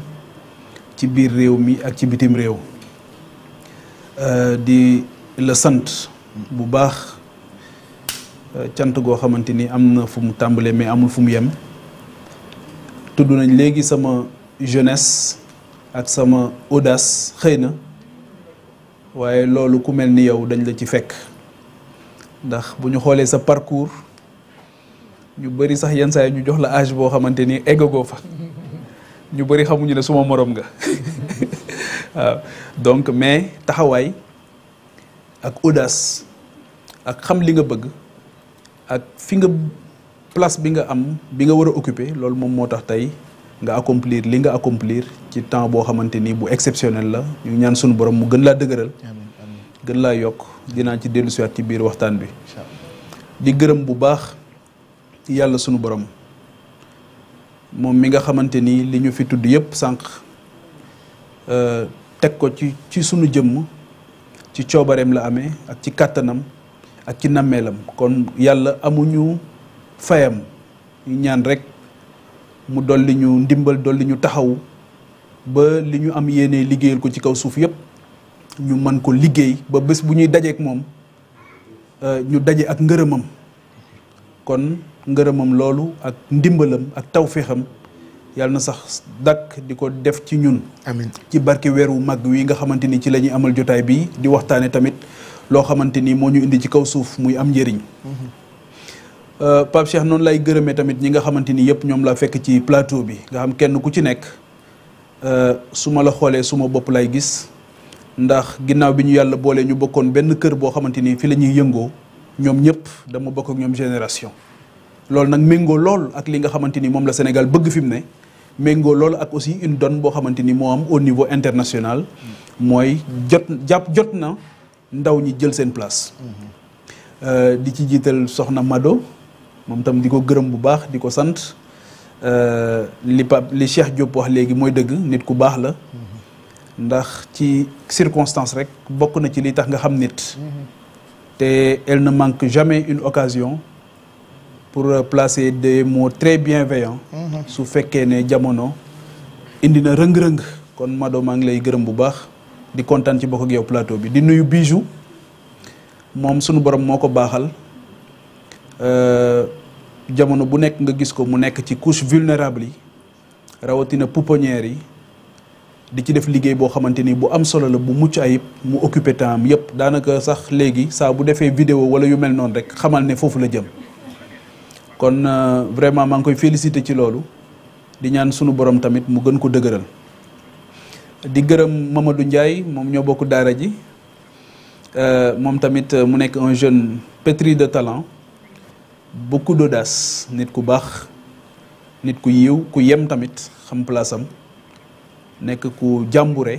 ci biir réew mi ak ci bitim réew. Euh, di la sant bu baax euh, cant goo xamante ni am na fu mu tàmbalee mais amul fu mu yem tudd nañ léegi sama jeunesse ak sama audace xëy na waaye loolu ku mel ni yow dañ la ci fekk ndax bu ñu xoolee sa parcours ñu bëri sax yenn saa yi ñu jox la âge boo xamante ni eggagoo fa ñu bëri xamuñu ne suma moroom nga waaw donc mais taxawaay ak audace ak xam li nga bëgg ak fi nga place bi nga am bi nga war a occuper loolu moom moo tax tey nga accomplir li nga accomplir ci temps boo xamante ni bu exceptionnel la ñu ñaan suñu borom mu gën laa dëgëral. gën laa yokk dinaa ci dellusiwaat ci biir waxtaan bi. di gërëm bu baax yàlla suñu borom moom mi nga xamante ni li ñu fi tudd yépp sànq. Euh, teg ko ci ci sunu jëmm ci coobareem la amee ak ci kàttanam ak ci nammeelam kon yàlla amuñu fayam ñaan rek mu dolli ñu ndimbal dolli ñu taxaw ba li ñu am yéene liggéeyal ko ci kaw suuf yépp ñu mën ko liggéey ba bés bu ñuy dajeek moom euh, ñu daje ak ngërëmam kon ngërëmam loolu ak ndimbalam ak tawféexam yàlla na sax dakk di ko def ci ñun. amiin ci barke weeru mag wi nga xamante ni ci la ñuy amal jotaay bi di waxtaane tamit loo xamante ni moo ñu indi ci kaw suuf muy am njëriñ. Mm-hmm. Euh, Pape Cheikh noonu lay gërëmee tamit ñi nga xamante ni yëpp ñoom laa fekk ci plateau bi nga xam kenn ku ci nekk euh, su ma la xoolee suma bopp lay gis ndax ginnaaw bi ñu yàlla boolee ñu bokkoon benn kër boo xamante ni fi la ñuy yëngoo ñoom ñëpp dama bokk ak ñoom génération. loolu nag méngoo lool ak li nga xamante ni moom la Sénégal bëgg fi mu ne. méngoo loolu ak aussi une done boo xamante ni moo am au niveau international mooy jot jàpp jot na ndaw ñi jël seen place euh, di ci jiital soxna Mado moom tam di ko gërëm bu baax di ko sant euh, li Pape li Cheikh Diop wax léegi mooy dëgg nit ku baax la ndax ci circonstance rek bokk na ci li tax nga xam nit te elle na manque jamais une occasion pour euh, placer des mots très bienveillants. Mhm. su fekkee ne jamono indi na rëng-rëng. kon Mado maa ngi lay gërëm bu baax di kontaan ci bokk ak yow plateau bi di nuyu Bijou moom sunu borom moo ko baaxal euh, jamono bu nekk nga gis ko mu nekk ci couche vulnérable yi rawatina pouponnière yi. di ci def liggéey boo xamante ni bu am solo la bu mucc ayib mu occuper temps am yépp daanaka sax léegi saa bu defee vidéo wala yu mel noonu rek xamal ne foofu la jëm kon euh, vraiment maa ngi koy félicité ci loolu di ñaan sunu borom tamit mu gën ko dëgëral di gërëm Mamadou njaay moom ñoo bokk daara ji euh, moom tamit euh, mu nekk un jeune pétri de talent beaucoup d'audace nit ku baax nit ku yiw ku yem tamit xam place am nekk ku jàmbure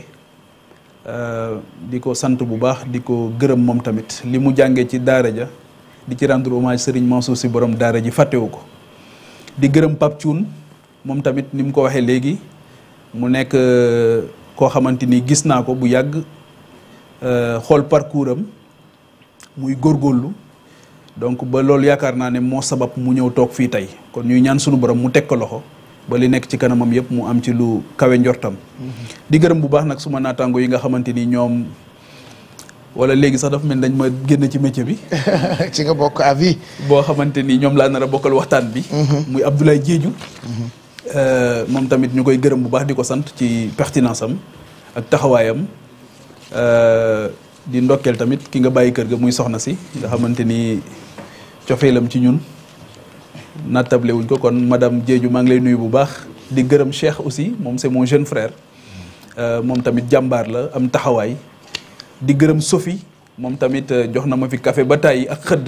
di ko sant bu baax di ko gërëm moom tamit li mu jàngee ci daara ja di ci rendre hommage Serigne Mansour si borom daara ji fàttewu ko di gërëm Pape Thioune moom tamit ni mu ko waxee léegi mu nekk euh, koo xamante ni gis naa ko bu yàgg euh, xool parcours am muy góor góorlu donc ba loolu yaakaar naa ne moo sabab mu ñëw toog fii tey kon ñuy ñaan sunu borom mu teg ko loxo ba li nekk ci kanamam yëpp mu am ci lu kawe njortam. Mm-hmm. di gërëm bu baax nag suma naataango yi nga xamante ni ñoom. wala léegi sax dafa mel dañ ma génn ci métier bi. ci nga bokk à boo xamante ni ñoom laa nara bokkal waxtaan bi. Mhm. muy Abdoulaye Diédhiou. Mhm. Euh, moom tamit ñu koy gërëm bu baax di ko sant ci pertinence am ak taxawaayam. Euh, di ndokkeel tamit ki nga bàyyi kër ga muy soxna si nga ni cofeelam ci ñun nattable wuñ ko kon madame Diédhiou maa ngi lay nuyu bu baax di gërëm Cheikh aussi moom c'est mon jeune frère euh, moom tamit jàmbaar la am taxawaay. di gërëm Sophie moom tamit euh, jox na ma fi kafe ba tàyyi ak xëdd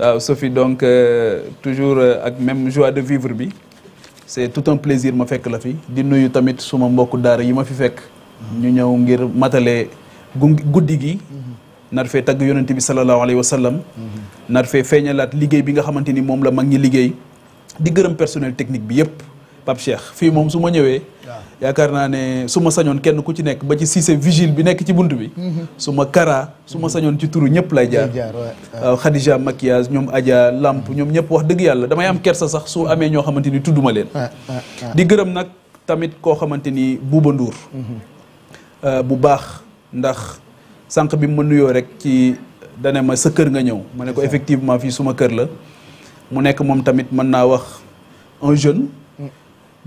waaw Sophie donc euh, toujours euh, ak même joie de vivre bi c'est tout un plaisir ma fekk la fi di nuyu tamit suma mbokku daara yi ma fi fekk ñu ñëw ngir matale guddi gi nar fee tagg yonent bi sallallahu alayhi wa sallam nar fee feeñalaat liggéey bi nga xamante ni moom la mag ñi liggéey di gërëm personnel technique bi yépp Pape Cheikh fii moom su ma ñëwee. yaakaar naa ne su ma sañoon kenn ku ci nekk ba ci Cissé vigile bi nekk ci bunt bi. Mm-hmm. suma ma karaa su ma sañoon ci turu ñëpp lay jaar. waaw Khadija maquillage ñoom Adja làmp ñoom ñëpp wax dëgg yàlla damay am kersa sax su amee ñoo xamante ni tudduma leen. di gërëm nag tamit koo xamante ni Bouba Ndour. Mm-hmm. Euh, bu baax ndax sànq bi ma nuyoo rek ci dane ma sa kër nga ñëw. ma ne ko effectivement fii suma kër la. mu nekk moom tamit mën naa wax un jeune.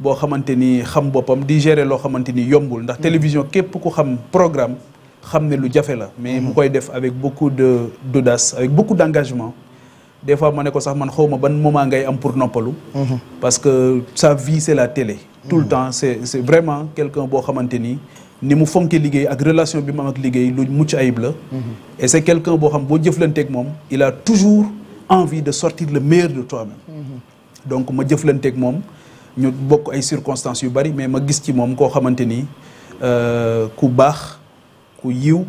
boo xamante ni xam boppam di gérer loo xamante ni yombul ndax mm. télévision képp ku xam programme xam ne lu jafe la mais mu mm-hmm. koy def avec beaucoup de d'audace avec beaucoup d'engagement des fois ma ne sax man xaw ma ban moment ngay am pour noppalu mm-hmm. parce que sa vie c'est la télé tout le mm. temps c'est vraiment quelqu'un boo xamante ni ni mu fonke liggéey ak relation bi mu am ak liggéey lu mucc ayib la mm-hmm. et c'est quelqu'un boo xam boo jëflanteeg moom il a toujours envie de sortir le meilleur de toi ma jëflanteeg moom ñu bokk ay circonstances yu bari mais ma gis ci moom koo xamante ni euh, ku baax ku yiw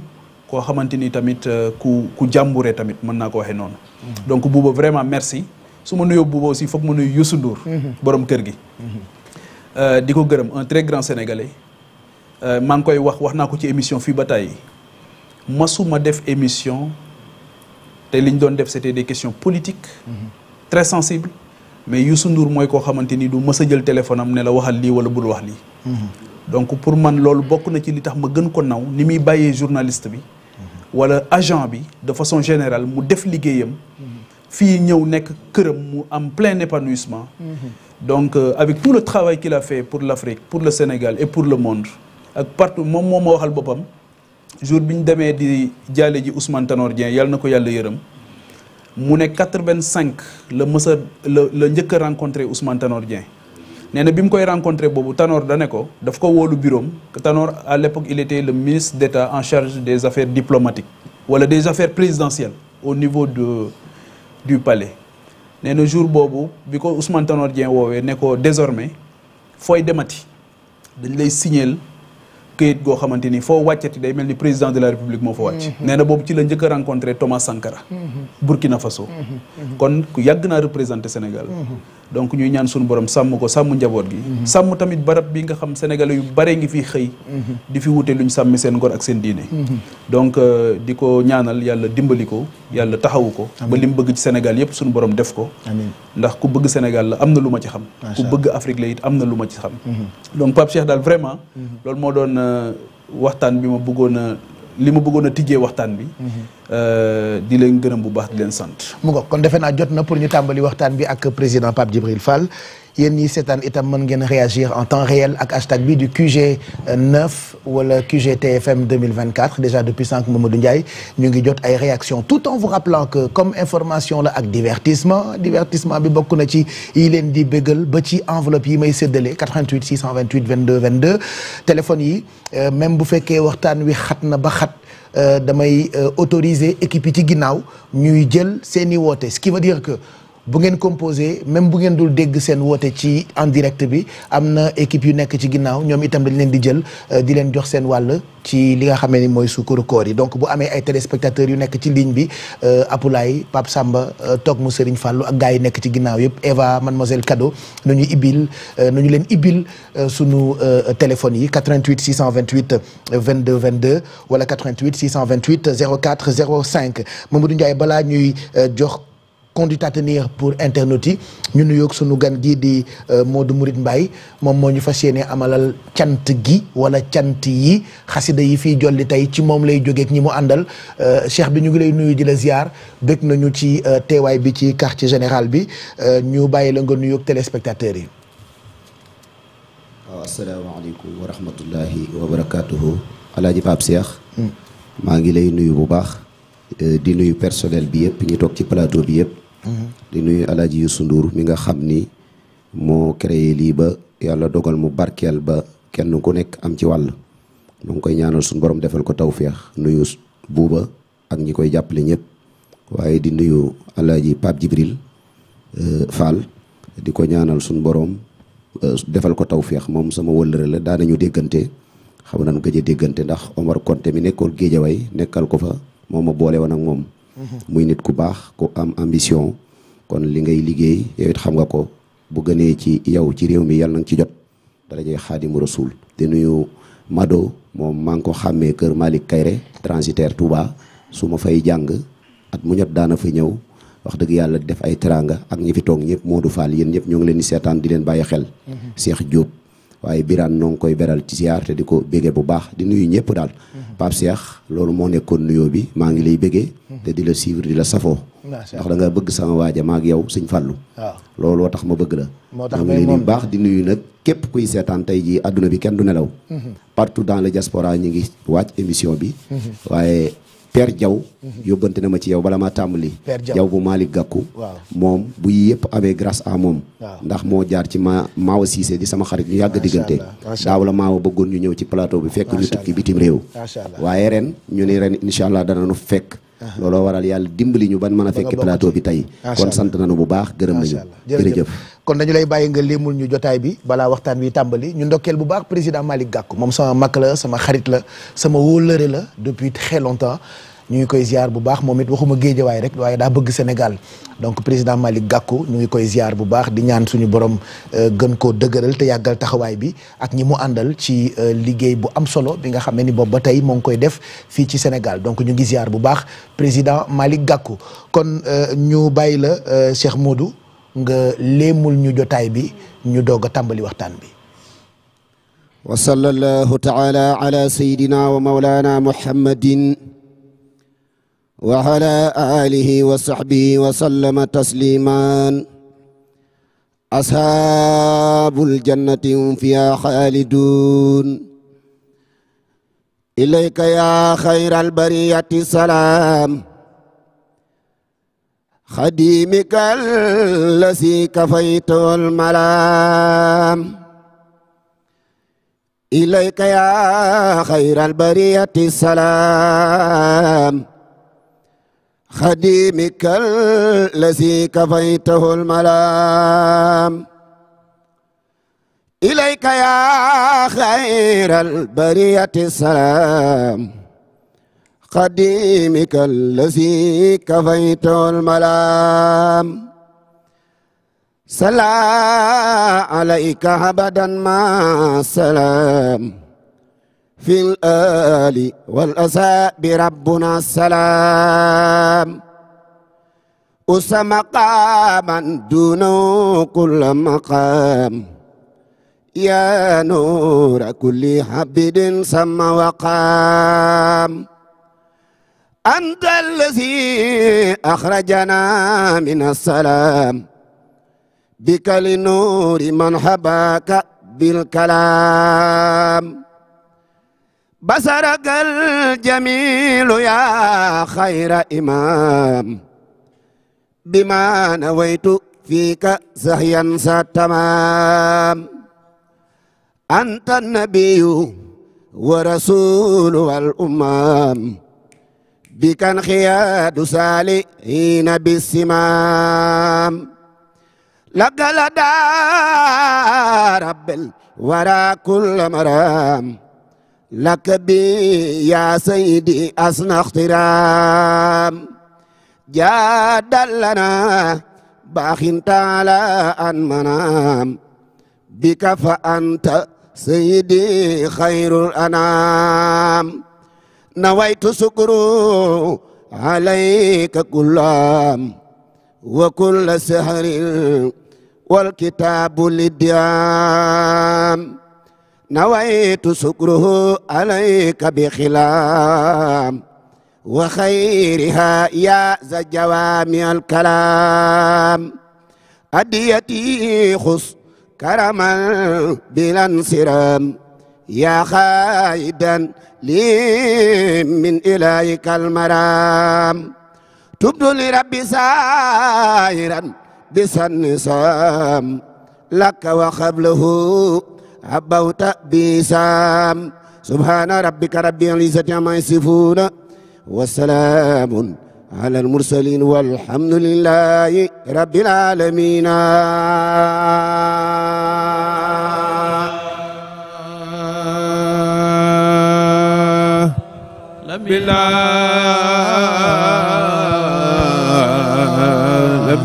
koo xamante ni tamit euh, ku ku jàmbure tamit mën naa ko waxee noonu. Mm-hmm. donc Bouba vraiment merci su ma nuyoo Bouba aussi foog ma nuyu Youssou Ndour. Mm-hmm. borom kër gi. Mm-hmm. Euh, di ko gërëm un très grand sénégalais maa ngi koy wax wax naa ko ci émission fii ba tey masuma def émission te li ñu doon def c'était des questions politiques. très sensibles. mais Youssou Ndour mooy koo xamante ni du mës a jël téléphone am ne la waxal lii wala bul wax lii. donc pour man loolu bokk na ci li tax ma gën ko naw ni muy bàyyee journaliste bi. wala agent bi de façon générale mu def liggéeyam. fii ñëw nekk këram mu am plein épanouissement. donc euh, avec tout le travail qu'il a fait pour l'Afrique pour le Sénégal et pour le monde. ak partout moom moo ma waxal boppam jour bi ñu demee di jaale ji Ousmane Tanor Dieng yàlla na ko yàlla yërëm. mu ne 85 la mës a la la njëkk a rencontré Ousmane Tanor Dieng nee na bi mu koy rencontré boobu Tanor da ne ko daf ko woolu bureau am à l'époque il était le ministre d'État en charge des affaires diplomatiques wala des affaires présidentielles au niveau de du palais nee na jour boobu bi ko Ousmane Tanor Dieng woowee ne ko désormais fooy demati dañ lay signeel këyit goo xamante ni foo wàccati day mel ni président de la république moo fa wàcc mm-hmm. nee boobu ci la njëkk a rencontré Thomas Sankara mm-hmm. Burkina Faso mm-hmm. kon ku yàgg naa représenté Sénégal donc ñuy ñaan suñu borom sàmm ko sàmm njaboot gi mhm. sàmm tamit barab bi nga xam sénégalais yu bare ngi fi xëy mhm. di fi wute luñ sàmmi seen ngor ak seen diine mhm. donc euh, di ko ñaanal yàlla dimbali ko yàlla taxawu ko ba li mu bëgg ci sénégal yépp suñu borom def ko ndax ku bëgg sénégal la am na lu ma ci xam ku bëgg afrique la it am na lu ma ci xam donc Pape Cheikh daal vraiment loolu moo doon euh, waxtaan bi ma bëggoon a euh, li ma bëggoon a tijjee waxtaan bi. Euh, di leen gërëm bu baax di leen sant. mu ngoog kon defe naa jot na pour ñu tàmbali waxtaan bi ak président Pape Djibril Fall. yéen ñi seetaan itam mën ngeen réagir en temps réel ak hashtag bi du QG9 wala QGTFM 2024 déjà depuis cinq sànq Mamadou Ndiaye ñu ngi jot ay réactions tout en vous rappelant que comme information la ak divertissement divertissement bi bokk na ci yi leen di bégal ba ci enveloppe yi may séddale 88 628 22 22 téléphone yi euh, même bu fekkee waxtaan wi xat na ba xat euh, damay euh, autoriser équipe yi ci ginnaaw ñuy jël seeni woote ce qui veut dire que bu ngeen composé même bu ngeen dul dégg seen woote ci en direct bi am na équipe yu nekk ci ginnaaw ñoom itam dañ leen di jël euh, di leen jox seen wàll ci li nga xamee ni mooy sukkaru koor yi donc bu amee ay téléspectateurs yu nekk ci ligne bi euh, Apulaay Pape Samba euh, toog mu Serigne fàllu ak gars yi nekk ci ginnaaw yëpp Eva mademoiselle Kado nu ñu ibil nu ñu leen ibil sunu téléphones yi 88 628 22 22 wala 88 628 04 05 Mamadou Ndiaye balaa ñuy jox. conduite à pour internet yi ñu nuyoog suñu gan gii di euh, Modou Mouride Mbaye moom moo ñu fas yéene amalal cant gi wala cant yi xasida yi fii jolli tey ci moom lay jógeeg ñi mu àndal euh, cheikh bi ñu ngi lay nuyu di la ziar bëgg nañu ci euh, teewaay bi ci quartier général bi ñu bàyyi la nga nuyoog téléspectateurs yi. waaw asalaamaaleykum wa rahmatullahi wa barakaatuhu alaaji Pape Cheikh. Hmm. maa ngi lay nuyu bu baax. di nuyu personnel bi yëpp ñi toog ci plateau bi yëpp. di nuyu alaaji Youssou Ndour mi nga xam ni moo créé lii ba yàlla dogal mu barkeel ba kenn ku nekk am ci wàll mu ngi koy ñaanal suñu borom defal ko tawféex nuyu buuba ak ñi koy jàppale ñëpp waaye di nuyu alaaji Pape Djibril euh, Fall di ko ñaanal suñu borom euh, defal ko tawféex moom sama wëllëre la daan nañu déggante xam nañ gëj a déggante ndax Omar Konte mi nekkoon way nekkal ko fa moom ma boole woon ak moom. muy nit ku baax ku am ambition kon li ngay liggéey yow xam nga ko bu gënee ci yow ci réew mi yàlla nanga ci jot darajee xaadimu rasul te nuyu Mado moom maa ngi ko xàmmee kër Malick Kayre transitaire Touba su ma fay jàng at mu ñot daana fa ñëw wax dëgg yàlla def ay teranga ak ñi fi toog ñëpp Modou Fall yéen ñëpp ñoo ngi leen di seetaan di leen bàyyi xel mhm. Cheikh Diop waaye Birane noo ngi koy beral ci ziar te di ko béggee bu baax di nuyu ñëpp daal. Mhm. Pape Cheikh loolu moo nekkoon nuyoo bi maa ngi lay bégee. Mhm. te di la suivre di la safoo. ndax da nga bëgg sama waaja maak yow sëñ Fallou. waaw looloo tax ma bëgg la. moo tax maa ngi lay baax di nuyu nag képp kuy seetaan tey jii adduna bi kenn du nelaw. Mhm. partout dans la diaspora ñu ngi wàcc émission bi. waaye Père jaw yóbbante na ma ci yow bala maa tàmbali Diaw bu Malick Gakou moom bu yëpp amee grâce à moom ndax moo jaar ci ma Maawa Cissé di sama xarit ñu yàgg diggante daaw la Maawa bëggoon ñu ñëw ci plateau bi fekk ñu tukki bitim réew waaye ren ñu ni ren incha allah dana danañu fekk looloo waral yàlla dimbali ñu ban mën a fekk plateau bi tey kon sant nañu bu baax gërëm nañu jërëjëf kon dañu lay bàyyi nga léemul ñu jotaay bi balaa waxtaan wi tàmbali ñu ndokkeel bu baax président Malick gàkku moom sama mag la sama xarit la sama wóolëre la depuis très longtemps ñu ngi koy ziar bu baax moom it waxuma géejawaay rek waaye daa bëgg Sénégal donc président Malick Gakou ñu ngi koy ziar bu baax di ñaan suñu borom euh, gën koo dëgëral te yàggal taxawaay bi ak ñi mu àndal ci euh, liggéey bu am solo bi nga xam ne ni boobu ba tey moo ngi koy def fii ci Sénégal donc ñu ngi ziar bu baax président Malick gàkku kon euh, ñu bàyyi la Cheikh Modou nga léemul ñu jotaay bi ñu doog a waxtaan bi wa sallallahu taala ala sayidina wa maulana muhammadin wa ala alihi wa sahbihi wa sallama tasliman ashabul jannati hum fiha xaalidun ya xayra albariyati salaam خديمك الذي كفيت الملام إليك يا خير البرية السلام خديمك الذي كفيته الملام إليك يا خير البرية السلام خديمك الذي كفيت الملام صلى عليك أبدا ما سلام في الآل والأصحاب ربنا السلام أسى مقاما دونه كل مقام يا نور كل حبيب سمى وقام أنت الذي أخرجنا من السلام بك لنور من حباك بالكلام بصرك الجميل يا خير إمام بما نويت فيك سهيا ستمام أنت النبي ورسول والأمام bi kan xiyaadu saalihiina bisimaam lagala daa rabbel wara kulla maraam laka bi yaa sayidi asnaxtiraam jaadal lana baaxin taala an manaam bika fa anta sayidi xayrul anaam نويت سكرو عليك كل عام وكل سهر والكتاب للديام نويت سكره عليك بخلام وخيرها يا ذا جوامع الكلام أديتي خص كرما بلا انصرام يا خائدا لي من إلهك المرام تبت لربي سائرا بسنسام لك وقبله عبوت بسام سبحان ربك رب العزة عما يصفون وسلام على المرسلين والحمد لله رب العالمين والحمد لله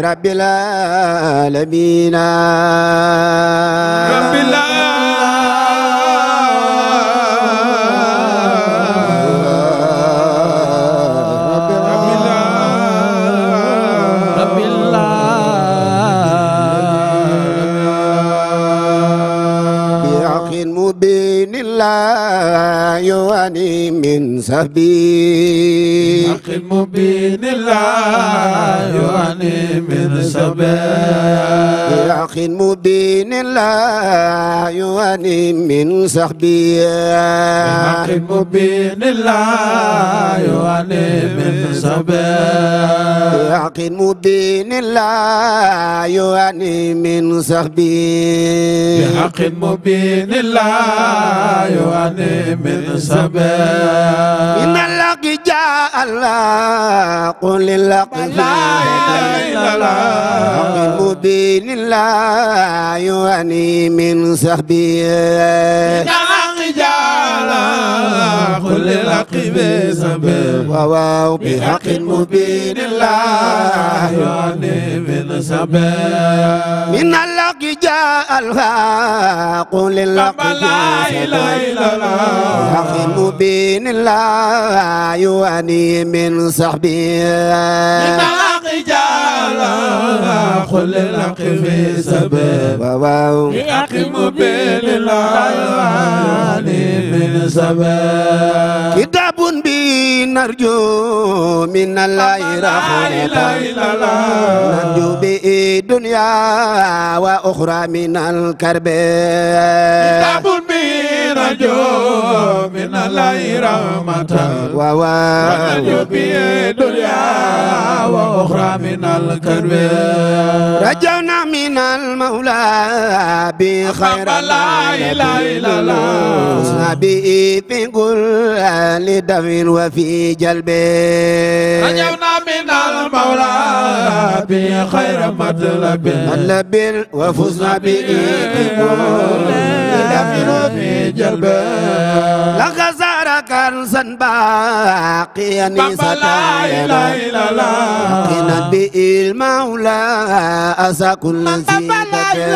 رب العالمين رب العالمين ni لا يواني من سبيل حق المبين لا يواني من سبيل حق المبين لا يواني من سبيل حق المبين لا يواني من سبيل حق المبين لا يواني من سبيل حق المبين لا يواني من سبب إن الله جاء الله قل الله لا إله إلا الله مبين الله يواني من سبب كل العقب سبب وواو بحق مبين الله يعني من سبب من الله gi jaal xaq lilaq xaqi mubiin laa yu ani min saxbi رجالا قل الحق في سبب يقم باللعان من سبب كتاب بي نرجو من الله رحمة نرجو به دنيا وأخرى من الكرب كتاب بي نرجو من الله رحمة ونرجو به دنيا وأخرى من الكرب رجونا من المولى بخير لا إله إلا الله به في كل دفع وفي جلب رجونا من المولى بخير مطلب مطلب وفزنا به في كل دفع وفي جلبا لك زار كنسا باقيا ستايبا قنا به المولى أسا كل زيد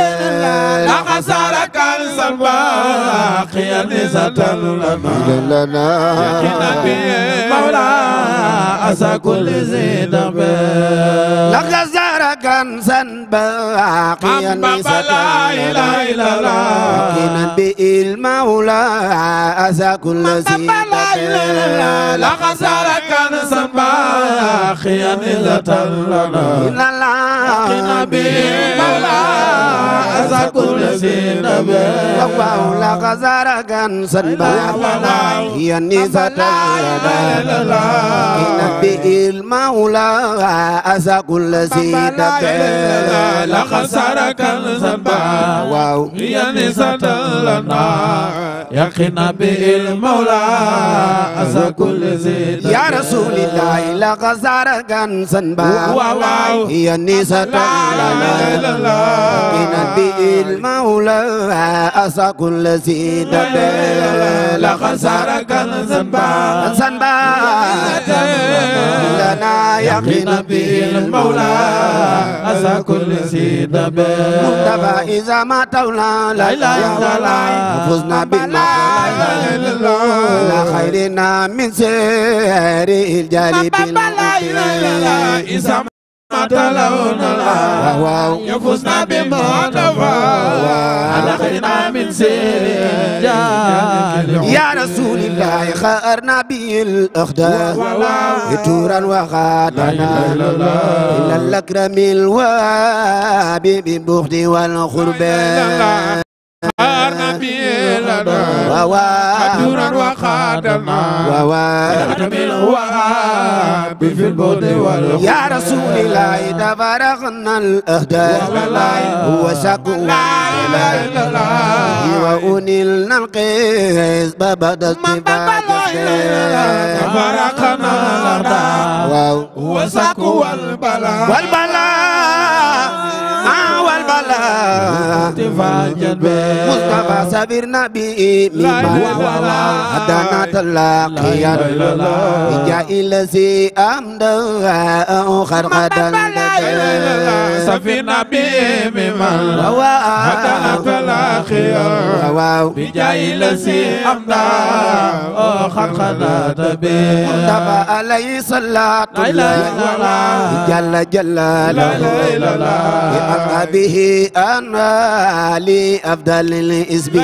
لك زار كنسا باقيا ستايبا قنا به المولى أسا كل زيد لك زار كنزا باقيا ليس لا اله الا الله يقينا به المولى ازا كل زينه لا خساره سماخيا نزة لنا أقنا به مولا أسا كل سينا به وقاو لغزارا كان سنبا هي نزة لنا أقنا به المولى أسا كل سينا به لغزارا كان سنبا هي نزة لنا يقنا به المولى أسا كل سينا يا رسول lillaay la ka saragan san baay ya nisata la la la ina bi il mawla asakun la si dabe la ka saragan san baay san baay لنا يقين به المولى أسى كل سيد مصطفى إذا ما تولى لا إله إلا الله فزنا بما لا خيرنا من سير الجالب waaw yafus na bi madawa ala xirna min seja ya rasulillah xarna bil akhda turan wa khadana ila al akramil wa bi bukhdi wal khurba مديونا وخادنا وخاتم الوهاب في البود والخلق يا رسول الله إذا فرغنا الأهداف هو سقوى لا إله إلا الله وأنلنا القيس بابد الصفات فرقنا الأرض هو سقوى البلاء مصطفى سبيرنا بإيمان هدانا تلاقيا بجاء الذي أمدى أخر غدا سفينا بمن هدانا تلاخيا بجاي لسي أمدا خلقنا تبي مصطفى عليه صلاة الله جل جلاله بأصحابه أنا لأفضل الإسب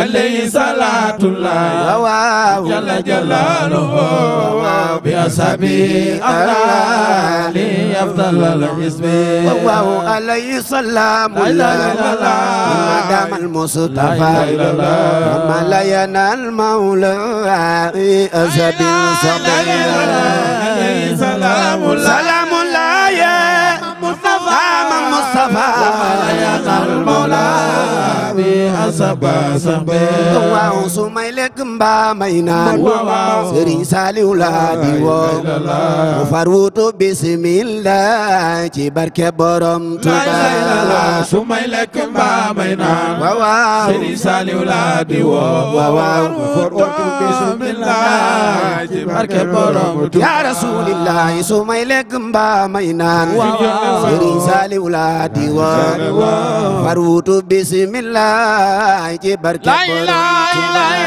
عليه صلاة الله جل جلاله بأصحابه أنا لأفضل ضلل حزبي والله عليه صلى ما دام المصطفى وما لا ينال المولى أسد صديق سلام الله صفا ومالك المولى بأسبا سبا naan Sëriñ Saliou laa di woo mu far wutu bismillah ci barke borom Tuubaa su woo waaw mu far wutu bismillah ci barke borom Tuubaa Rasuulillah su may lekk mbaa may naan Sëriñ Saliou diwaan farwutu bismillah ci barke borom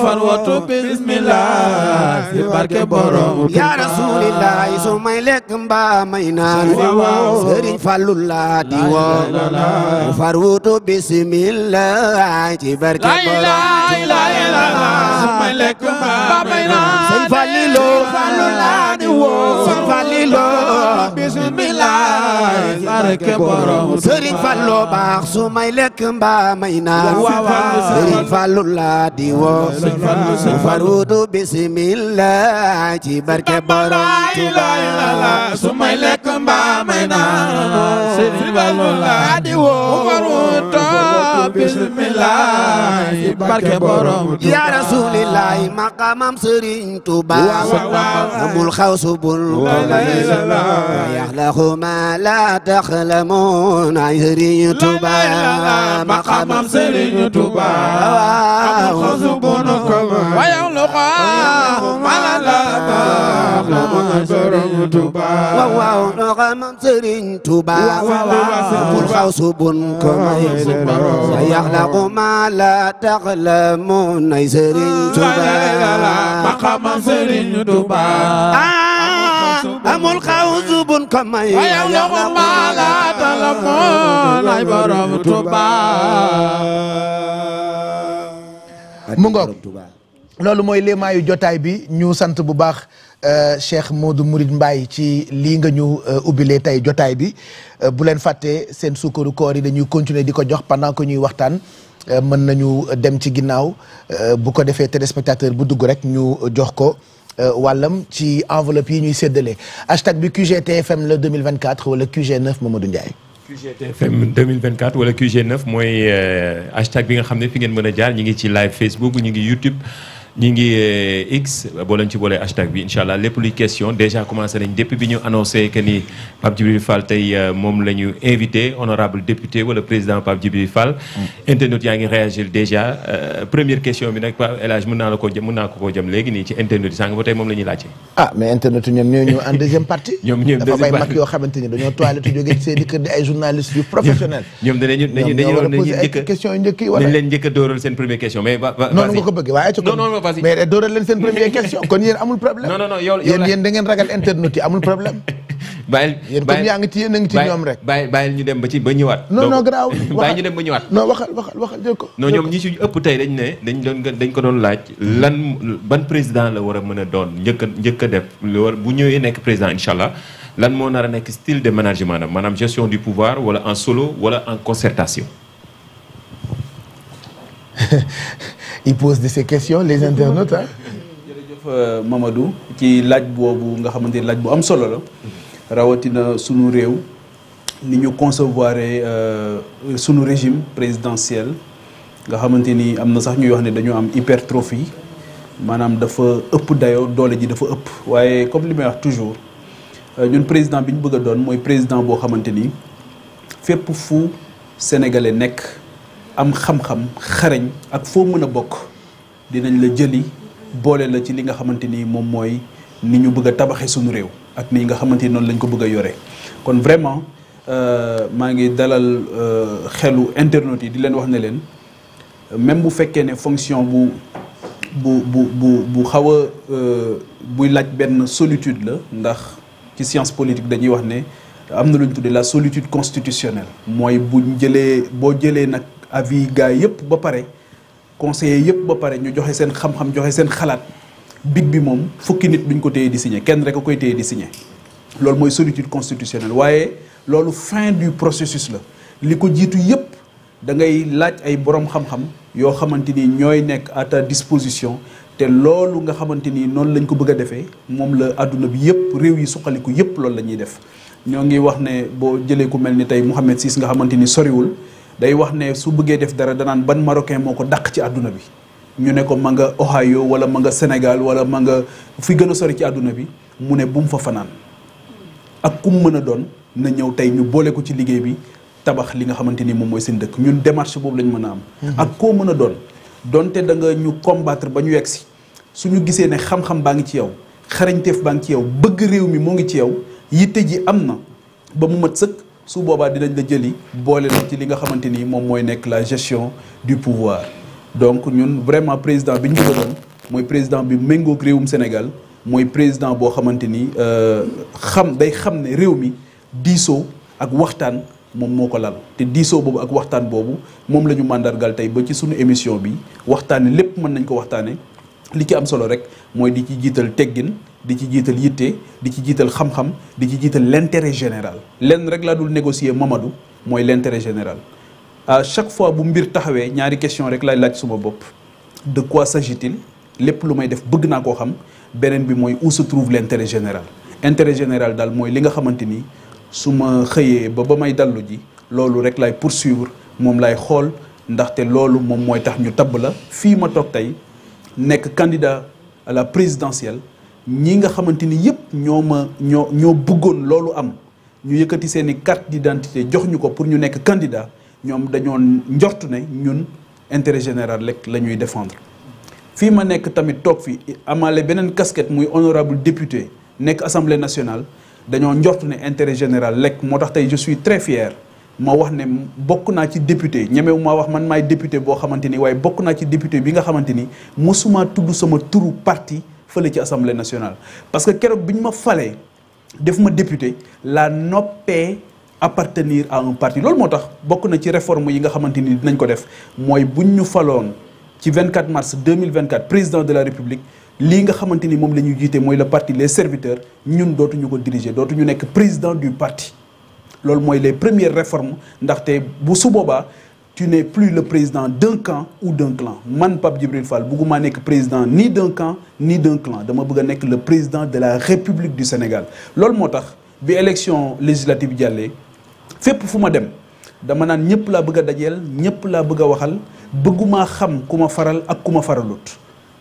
farwutu bismillah ci barke borom ya rasulillah su may lekk mbaa may naan sëriñ Fallu la diwaan farwutu bismillah ci barke borom woo Sëñ Falilou barke borom sëriñ Fallu baax su may lekk mbaa may naan sëriñ Fallu laa di woo su farudu bismillah ci barke borom Tuubaa su may lekk mbaa may naan sëriñ Fallu laa di woo su farudu bismillah ci barke borom ya rasulillah maqamam sëriñ Tuubaa amul xawsu bul ko lay yaxlaxu ma la لا تخلمون عيري توبا مقام سيري توبا خزبونكم ويغلقا ولا لا تخلمون سيري توبا واو مقام سيري توبا خزبونكم ويغلق ما لا تخلمون سيري توبا مقام سيري توبا amul xawus buñ ko may yow loxo maala téléphone ay borom Touba mu ngoog loolu mooy léemaayu jotaay bi ñu sant bu baax euh, Cheikh Modou Mourid Mbaye ci lii nga ñu euh, ubbilee tey jotaay bi euh, bu leen fàtte seen sukkaru koor yi dañuy continuer di ko jox pendant que ñuy waxtaan mën nañu dem ci ginnaaw bu ko defee téléspectateur bu dugg rek ñu jox ko Euh, wàllam ci enveloppe yi ñuy séddale hashtag bi QGTFM le 2024 wala QG9 Mamadou Ndiaye. QGTFM 2024 wala QG9 mooy euh, hashtag bi nga xam ne fi ngeen mën a jaar ñu ngi ci live Facebook ñu ngi YouTube. ñi ngi eh, X boo ci boolee hashtag bi incha allah lépp luy question déjà commencé nañ depuis bi ñu annoncé que ni Pape Djibril Fall tey euh, moom la ñu invité honorable député wala président Pape Djibril Fall. Mm. internautes yaa ngi réagir déjà euh, première question bi nag Pape naa la ko jëm léegi nii ci internautes yi sànq ba moom la ñuy laajte. ah mais internautes yi ñoom ñoo ñëw deuxième partie. ñoom ñoom deuxième partie dafa bay mag yoo xamante ni dañoo seen i kër di ay a ñoom ñoo war a vas-y. mais dooral leen seen première question kon yéen amul problème. non non non yow yéen yéen da ragal internet yi amul problème. bàyyil yéen comme yaa ngi ci yéen a ngi ci ñoom rek. bàyyil ñu dem ba ci ba ñëwaat. non non garaaw bàyyi ñu dem ba ñëwaat. non waxal waxal waxal jël ko. ñoom ñi ci ëpp tey dañ ne dañ doon dañ ko doon laaj lan ban président la war a mën a doon njëkk a njëkk a def bu ñëwee nekk président incha allah lan moo nar a nekk style de management maanaam gestion du pouvoir wala en solo wala en concertation il pose de ces questions les internautes ah. jërëjëf euh, Mamadou ci laaj boobu nga xamante ni laaj bu am solo la rawatina sunu réew ni ñu concevoir euh, sunu régime présidentiel nga xamante ni am na sax ñuy wax ne dañu am hypertrophie maanaam dafa ëpp dayoo doole ji dafa ëpp waaye comme li wax toujours euh, ñun président bi ñu bëgg a doon mooy président boo xamante ni fépp fu sénégalais nekk. am xam-xam xarañ ak foo mën a bokk dinañ la jëli boole la ci li nga xamante ni moom mooy ni ñu bëgg a tabaxe suñu réew ak ni nga xamante ni noonu lañ ko bëgg a yore kon vraiment euh, maa ngi dalal euh, xelu internautes yi di leen wax ne leen même bu fekkee ne fonction bu bu bu bu bu xaw a euh, buy laaj benn solitude la ndax ci science politique dañuy wax ne am na lu ñu tuddee la solitude constitutionnelle mooy bu jëlee boo jëlee nag avis gars yëpp ba pare conseillers yëpp ba pare ñu joxe seen xam-xam joxe seen xalaat big bi moom fukki nit duñ ko téye di signé kenn rek koy téyee di signé loolu mooy solitude constitutionnelle waaye loolu fin du processus la li ko jiitu yëpp da ngay laaj ay borom xam-xam yoo xamante ni ñooy nekk à ta disposition te loolu nga xamante ni noonu lañ ko bëgg a defee moom la adduna bi yëpp réew yi suqaliku yëpp loolu la ñuy def ñoo ngi wax ne boo jëlee ku mel ni tey Mouhamed Sis nga xamante ni soriwul. day wax ne su bëggee def dara danaan ban marocain moo ko dàq ci àdduna bi ñu ne ko manga nga Ohio wala ma nga Sénégal wala ma nga fi gën a sori ci àdduna bi mu ne bu fa fanaan ak kum mën a doon na ñëw tey ñu boole ko ci liggéey bi tabax li nga xamante ni moom mooy seen dëkk ñun démarche boobu lañ mën a am. Mhm. ak koo mën a doon donte da nga ñu combattre ba ñu yegg si su ñu gisee ne xam-xam baa ngi ci yow xarañteef baa ngi ci yow bëgg réew mi moo ngi ci yow yitte ji am na ba mu mat sëkk. su boobaa dinañ la jëli boole la ci li nga xamante ni moom mooy nekk la gestion du pouvoir donc ñun vraiment président bi ñu bëggoon mooy président bi méngoog réewum Sénégal mooy président boo xamante ni euh, xam day xam ne réew mi diisoo ak waxtaan moom moo ko lal te diisoo boobu ak waxtaan boobu moom la ñu màndargal tey ba ci sunu émission bi waxtaane lépp mën nañ ko waxtaane li ci am solo rek mooy di ci jiital teggin di ci jiital yitte di ci jiital xam-xam di ci jiital l'intérêt général lenn rek laa dul négocier Mamadou mooy l'intérêt général à chaque fois bu mbir taxawee ñaari question rek laay laaj suma bopp de quoi s'agit-il lépp lu may def bëgg naa koo xam beneen bi mooy où se trouve l'intérêt général intérêt général daal mooy li nga xamante ni su ma xëyee ba ba may dallu ji loolu rek laay poursuivre moom laay xool ndaxte loolu moom mooy tax ñu tabb la fii ma toog tey nekk candidat à la présidentielle ñi nga xamante ni yëpp ñoo ma ñoo ñoo bëggoon loolu am ñu yëkkati seen i carte d'identité jox ñu ko pour ñu nekk candidat ñoom dañoo njort ne ñun intérêt général lekk la ñuy défendre. fii ma nekk tamit toog fi amaale beneen casquette muy honorable député nekk assemblée nationale dañoo njort ne intérêt général lekk moo tax tey je suis très fier. ma wax ne bokk naa ci député ñemewu maa wax man maay député boo xamante ni waaye bokk naa ci député bi nga xamante ni mosuma tudd sama turu parti fële ci assemblée nationale parce que keroog bi ñu ma falee def ma député la noppee appartenir à un parti loolu moo tax bokk na ci réforme yi nga xamante ni dinañ ko def mooy bu ñu faloon ci 24 mars 2024 président de la république lii nga xamante ni moom la ñuy jiite mooy le parti les serviteurs ñun dootuñu ko diriger dootuñu nekk président du parti loolu mooy les premières réformes ndaxte bu su boobaa tu ne plus le président d'un camp ou d'un clan man Pape Djibril Fall bëgguma nekk président ni d'un camp ni d'un clan dama bëgg nekk le président de la République du Sénégal loolu moo tax bi élection législative bi jàllee fépp fu ma dem dama naan ñëpp laa bëgg a dajeel ñëpp laa bëgg a waxal bëgguma xam ku ma faral ak ku ma faralut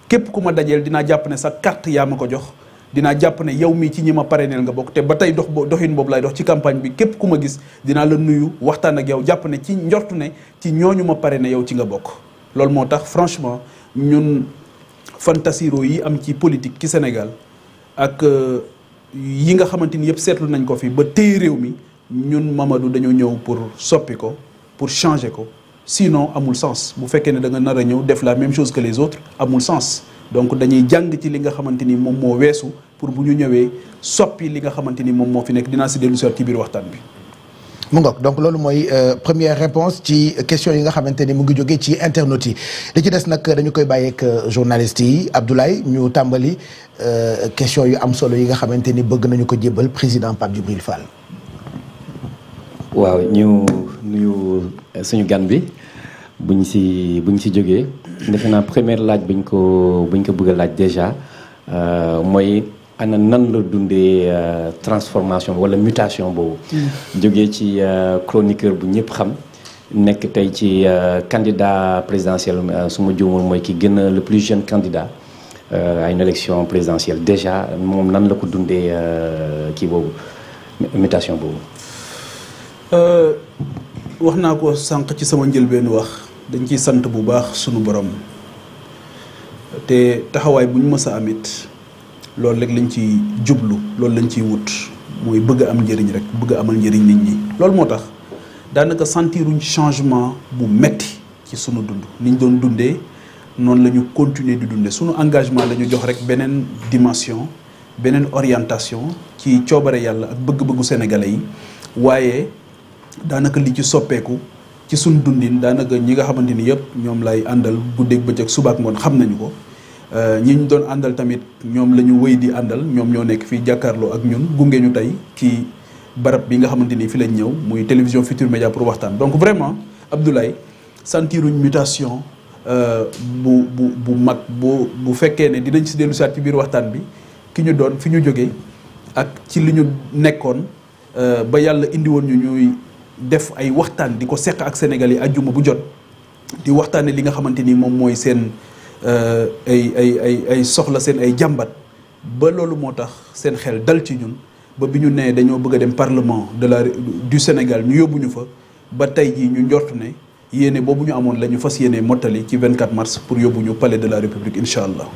képp ku ma dajeel dinaa jàpp ne sa carte yaa ma ko jox dinaa jàpp ne yow mii ci ñi ma parrainé nga bokk te ba tey dox doxin boobu laay dox ci campagne bi képp ku ma gis dinaa la nuyu waxtaan ak yow jàpp ne ci njortu ne ci ñooñu ma pare ne yow ci nga bokk loolu moo tax franchement ñun fantasiro yi am ci politique ci Sénégal ak euh, yi nga xamante ni yëpp seetlu nañ ko fii ba tey réew mi ñun Mamadou dañoo ñëw pour soppi ko pour changer ko sinon amul sens bu fekkee ne danga nga nar a ñëw def la même chose que les amul sens donc dañuy jàng ci li nga xamante ni moom moo weesu pour bu ñu ñëwee soppi li nga xamante ni moom moo fi nekk dinaa si dellu ci biir waxtaan bi. mu ngoog donc loolu mooy euh, première réponse ci question yi nga xamante ni mu ngi jógee ci internautes yi di ci des nag dañu koy bàyyeek euh, journaliste yi Abdoulaye ñu tàmbali euh, question yu am solo yi nga xamante ni bëgg nañu ko jébbal président Pape Djibril Fall. waaw ñu suñu gan bi buñ si buñ si jógee. defe naa première laaj bi ñu ko bi ñu ko bëgg a laaj déjà euh, mooy ana nan la dundee euh, transformation wala mutation boobu. Mm. jógee ci euh, chroniqueur bu ñëpp xam. nekk tey ci candidat présidentiel su ma juumul mooy ki gën a le plus jeune candidat à une élection présidentielle déjà moom nan la ko dundee kii boobu mutation boobu. wax naa ko sànq ci sama njëlbeen wax. dañ ci sant bu baax sunu borom te taxawaay bu ñu mës amit loolu rek lañ ciy jublu loolu lañ ciy wut mooy bëgg am njëriñ rek bëgg amal njëriñ nit ñi loolu moo tax daanaka sentiruñ changement bu metti ci sunu dund ni doon dundee noonu lañu continuer di dunde sunu engagement la ñu jox rek beneen dimension beneen orientation ci coobare yàlla ak bëgg-bëggu sénégalais yi waaye daanaka li ci soppeeku ci suñ dundin daanaka ñi nga xamante ni yëpp ñoom lay àndal guddeeg bëccëg subaak ngoon xam nañu ko euh, ñi ñu doon àndal tamit ñoom la ñu wëy di àndal ñoom ñoo nekk fii jàkkaarloo ak ñun gunge ñu tey ci barab bi nga xamante ni fi lañ ñëw muy télévision Futur Média pour waxtaan donc vraiment Abdoulaye sentiruñ mutation euh, bu bu bu mag bu bu fekkee ne dinañ si dellu saat ci biir waxtaan bi ki ñu doon fi ñu jóge ak ci li ñu nekkoon euh, ba yàlla indiwoon ñu ñuy def ay waxtaan di ko seq ak Sénégal yi ajjuma bu jot di waxtaan waxtaane li nga xamante ni moom mooy seen euh, ay ay ay ay soxla seen ay jàmbat ba loolu moo tax seen xel dal ci ñun ba bi ñu nee dañoo bëgg a dem parlement de la du Sénégal ñu yóbbu ñu fa ba tey jii ñu njort ne yéene boobu ñu amoon la ñu fas yéene mottali ci 24 mars pour yóbbu ñu palais de la République incha allah.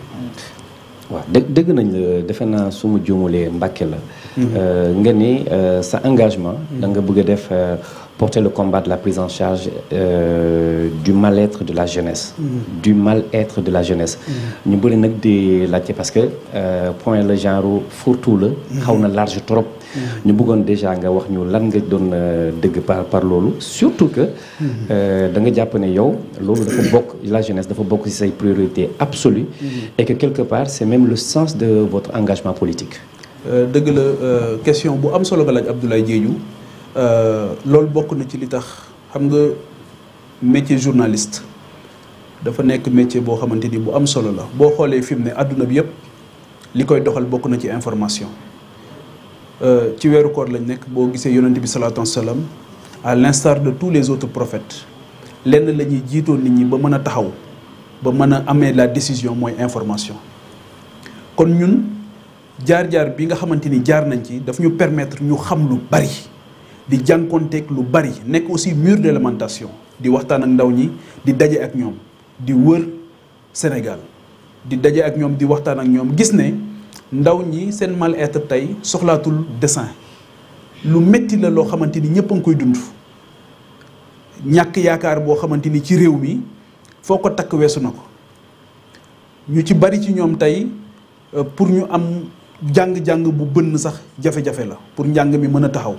waaw dë dëgg nañ la defe naa su ma juumalee Mbàkke la. Mm-hmm. Euh, nga ni euh, sa engagement. Mm-hmm. da nga bëgg a def. Euh, porter le combat de la prise en charge euh, du mal-être de la jeunesse. Mm. du mal-être de la jeunesse. Mm. ñu bëri nag di laajte parce que euh, point le genre fourre-tout la. Mm. xaw na large trop. ñu buggoon déjà nga wax ñu lan nga doon euh, dëgg par par loolu surtout que. Euh, da nga jàpp ne yow loolu dafa bokk la jeunesse dafa bokk ci say priorité absolue. et que quelque part c'est même le sens de votre engagement politique. Euh, dëgg la question bu am solo nga laaj Abdoulaye Euh, loolu bokk na ci li tax xam nga métier journaliste dafa nekk métier boo xamante ni bu am solo la boo xoolee fi mu ne àdduna bi yëpp li koy doxal bokk na ci information euh, ci weeru koor lañ nekk boo gisee yonent bi salaatu wasalaam à l'instar de tous les autres prophètes lenn la ñuy jiitoon nit ñi ba mën a taxaw ba mën a amee la décision mooy information kon ñun jaar-jaar bi nga xamante ni jaar nañ ci daf ñu permettre ñu xam lu bari di jànkonteeg lu bari nekk aussi mur de lamentation di waxtaan ak ndaw ñi di daje ak ñoom di wër Sénégal di daje ak ñoom di waxtaan ak ñoom gis ne ndaw ñi seen mal-être tey soxlaatul dessin lu metti la loo xamante ni ñëpp a ngi koy dund ñàkk yaakaar boo xamante ni ci réew mi foo ko takk weesu na ko ñu ci bari ci ñoom tey euh, pour ñu am jàng-jàng bu bënn sax jafe-jafe la pour njàng mi mën a taxaw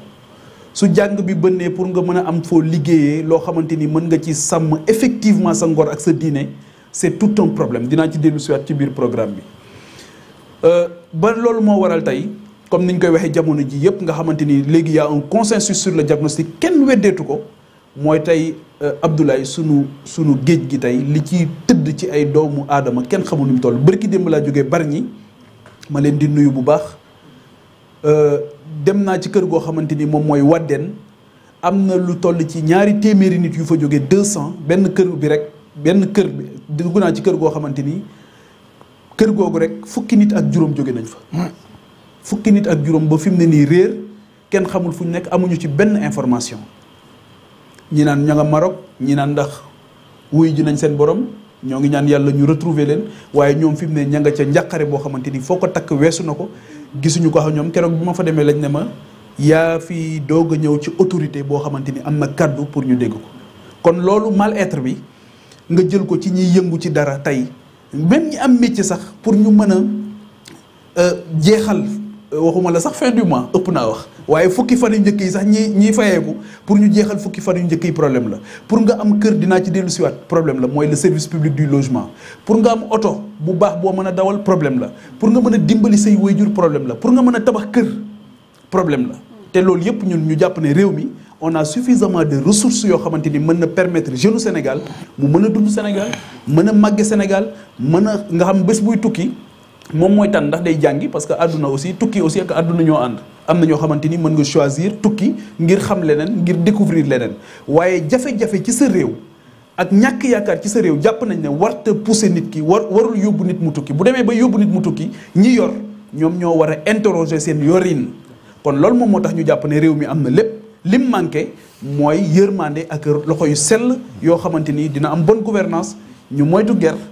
su jàng bi bënnee pour nga mën a am foo liggéeyee loo xamante ni mën nga ci sàmm effectivement sa ngor ak sa diine c'est tout un problème dinaa ci si siwaat ci biir programme bi euh, ba loolu moo waral tey comme niñ koy waxee jamono ji yëpp nga xamante ni léegi y'a un consensus sur le diagnostic kenn weddeetu ko mooy tey euh, Abdoulaye sunu sunu géej gi tey li ci tëdd ci ay doomu aadama kenn xamul nu mu toll bërki démb laa jógee bari ñi ma leen di nuyu bu baax Euh, dem naa ci kër goo xamante ni moom mooy Wadden am na lu toll ci ñaari téeméeri nit yu fa jóge deux cent benn kër bi rek benn kër bi dugg naa ci kër goo xamante ni kër googu rek fukki nit ak juróom jóge nañ fa. fukki nit ak juróom ba fi mu ne nii réer kenn xamul fu ñu nekk amuñu ci benn information ñi naan ña nga Maroc ñi naan ndax wuy ji nañ seen borom. ñoo ngi ñaan yàlla ñu retrouver leen waaye ñoom fi mu ne ña nga ca njàqare boo xamante ni foo ko takk weesu na ko gisuñu ko xam ñoom keroog bi ma fa demee lañ ne ma yaa fi doog a ñëw ci autorité boo xamante ni am na kàddu pour ñu dégg ko kon loolu mal être bi nga jël ko ci ñiy yëngu ci dara tey même ñi am métier sax pour ñu mën a euh, jeexal waxuma la sax fin du mois ëpp naa wax waaye fukki fan yu njëkk yi sax ñi ñiy fayeeku pour ñu jeexal fukki fan yu njëkk yi problème la pour nga am kër ci dellu siwaat problème la mooy le service public du pour nga am oto bu baax boo mën a dawal problème la pour nga mën a dimbali say wayjur problème la pour nga mën a tabax kër problème la te loolu yëpp ñun ñu jàpp ne réew mi on a suffisamment de ressources yoo xamante ni mën na permettre jeune Sénégal mu mën a dund mën a màgge Sénégal mën a nga xam bés buy tukki moom mooy tànn ndax day jàngi parce que àdduna aussi tukki aussi ak àdduna ñoo ànd am na ñoo xamante ni mën nga choisir tukki ngir xam leneen ngir découvrir leneen waaye jafe-jafe ci sa réew ak ñàkk yaakaar ci sa réew jàpp nañ ne warta pousser nit ki war warul yóbbu nit mu tukki bu demee ba yóbbu nit mu tukki ñi yor ñoom ñoo war a interroger seen yorin kon loolu moom moo tax ñu jàpp ne réew mi am na lépp lim manqué mooy yërmande ak loxo yu sel yoo xamante ni dina am bon gouvernance ñu moytu guerre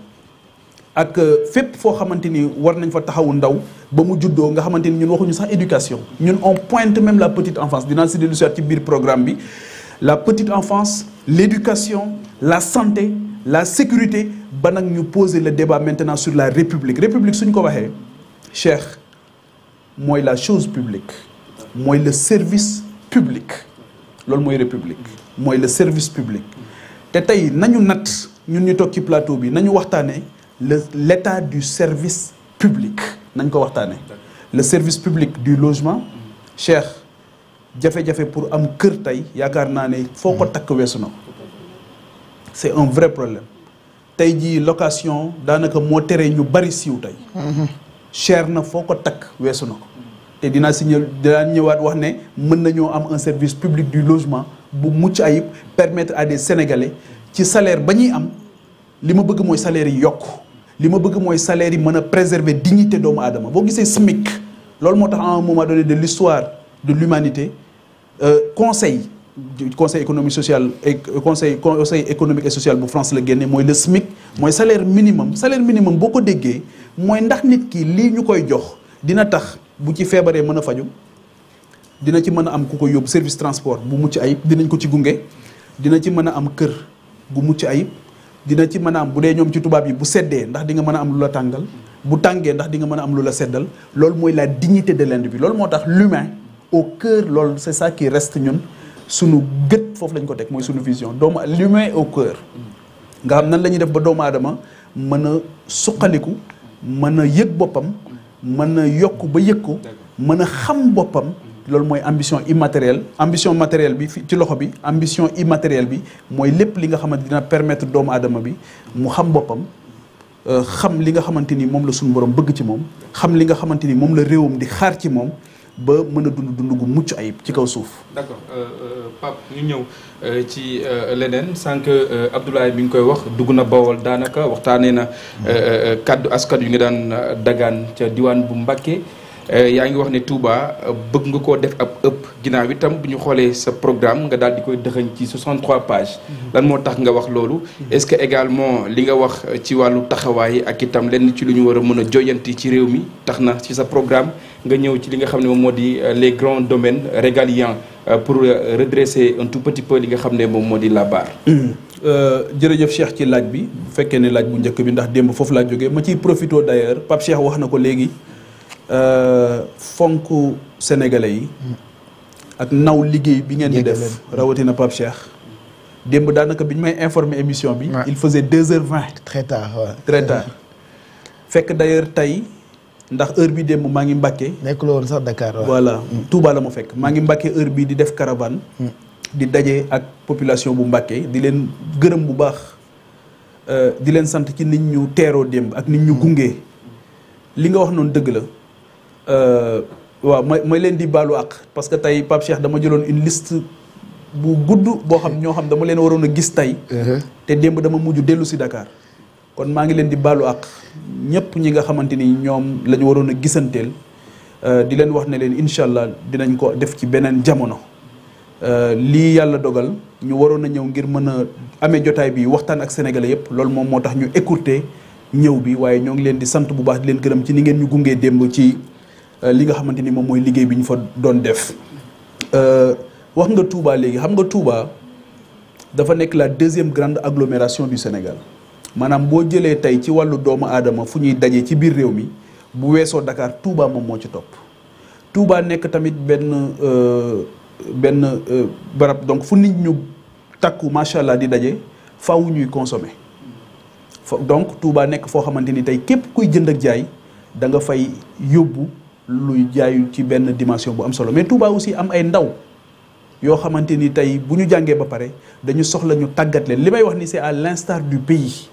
ak euh, fépp foo xamante ni war nañ fa taxawu ndaw ba mu juddoo nga xamante ni ñun waxuñu sax éducation ñun on pointe même la petite enfance dinaa si dellu ci biir programme bi la petite enfance l'éducation la santé la sécurité ba nag ñu poser le débat maintenant sur la république république suñ ko waxee cheikh mooy la chose publique mooy le service publique loolu mooy république mooy le service publique te tey nañu nat ñun ñu toog ci plateau bi nañu waxtaanee le l' du service public nañ ko waxtaanee. le service public du logement. Cheikh jafe-jafe pour am kër tey yaakaar naa ne foo ko hmm. takk weesu na c' est un vrai problème tey jii location daanaka moo tere ñu bari siiw tey. Hmm. cher na foo ko takk weesu na ko. te dina si ñëw dinaa ñëwaat wax ne mën nañoo am un service public du logement bu mucc ayib permettre à des ci salaire ba ñuy am li ma bëgg mooy salaire yi yokk. li ma bëgg mooy salaire yi mën a préserver dignité doomu aadama boo gisee SMIC loolu moo tax à un de l'histoire de l'humanité euh, conseil conseil économique social et conseil conseil économique social bu la génne mooy le SMIC mooy salaire minimum salaire minimum boo ko déggee mooy ndax nit kii lii ñu koy jox dina tax bu ci feebaree mën a faju dina ci mën a am ku ko yóbbu service transport bu mucc ayib dinañ ko ci gunge dina ci mën a am kër gu mucc ayib dina ci mën a am bu dee ñoom ci tubaab yi bu seddee ndax dinga nga mën a am lu la tàngal bu tàngee ndax di nga mën a am lu la seddal loolu mooy la dignité de l'individu loolu moo tax l'humain au cœur loolu c'est ça qui reste ñun sunu gët foofu lañ ko teg mooy sunu vision doomu lumin au cœur nga xam nan la ñuy def ba doomu aadama mën a suqaliku mën a yëg boppam mën a yokk ba yëg ko mën a xam boppam loolu mooy ambition immatérielle ambition matérielle bi ci loxo bi ambition immatérielle bi mooy lépp li nga xamante dina permettre doomu aadama bi mu xam boppam euh, xam li nga xamante ni moom la suñu borom bëgg ci moom xam li nga xamante ni moom la réewam di xaar ci moom ba mën a dund dund gu mucc ayib ci kaw suuf. d'accord euh, euh, Pape ñu ñëw ci leneen sànq Abdoulaye bi nga koy wax dugg na Bawol daanaka waxtaanee na kaddu askan yu nga daan dagaan ca diwaan bu Mbacké. Euh, yaa ngi wax ne Touba euh, bëgg nga koo def ab ëpp ginnaaw itam bu ñu xoolee sa programme nga daal di koy dëxañ ci 63 pages. Mhm. lan moo tax nga wax loolu. Mhm. est-ce que également li nga wax euh, ci wàllu taxawaay ak itam lenn ci lu ñu war a mën a joyanti ci réew mi tax na ci sa programme nga ñëw ci li nga xam ne moom moo di les grands domaines régaliens pour redresser un tout petit li nga xam ne moom moo di la barre. jërëjëf Cheikh ci laaj bi bu fekkee ne laaj bu njëkk bi ndax démb foofu laa jógee ma ci profité d'ailleurs Pape Cheikh wax na ko léegi. Euh, fonk sénégalais yi ak naw liggéey bi ngeen di def rawatina Pape Cheikh démb daanaka bi ñu may informer émission bi il faisait deux heures vingt très tard waaw très fekk d'ailleurs tey ndax heure bi démb maa ngi Mbàkke nekkul woon sax Dakar waaw voilà mm. Touba ma fekk maa ngi Mbàkke heure bi di def karaban mm. di daje ak population bu Mbàkke di leen gërëm bu baax euh, di leen sant ci nit ñu teeroo démb ak nit ñu mm. gungee li nga wax noonu dëgg la Euh, waaw ma ma leen di baalu àq parce que tey Pape dama jëloon une liste bu gudd boo xam ñoo xam dama leen waroon a gis tey. Uh-huh. te démb dama mujj dellu si Dakar. kon maa ngi leen di baalu àq ñëpp ñi nga xamante ni ñoom lañu waroon a gisanteel euh, di leen wax ne leen incha allah dinañ ko def ci beneen jamono. Euh, lii yàlla dogal ñu waroon a ñëw ngir mën a amee jotaay bi waxtaan ak sénégalais yëpp loolu moom moo tax ñu écourté ñëw bi waaye ñoo ngi leen di sant bu baax leen gërëm ci ni ngeen ñu gungee démb ci. Euh, li nga xamante ni moom mooy liggéey bi ñu fa doon def euh, wax nga Touba léegi xam nga Touba dafa nekk la deuxième grande agglomération du Sénégal maanaam boo jëlee tey ci wàllu doomu aadama fu ñuy daje ci biir réew mi bu weesoo dakaar Touba moom moo ci topp Touba nekk tamit benn euh, benn barab donc fu nit ñu takku macha allah di daje faw ñuy consommer donc Touba nekk foo xamante ni tey képp kuy jënd ak jaay da nga fay yóbbu. luy jaayu ci benn dimension bu am solo mais Touba aussi am ay ndaw yoo xamante ni tey bu ñu jàngee ba pare dañu soxla ñu tàggat li may wax ni c'est à l'instar du pays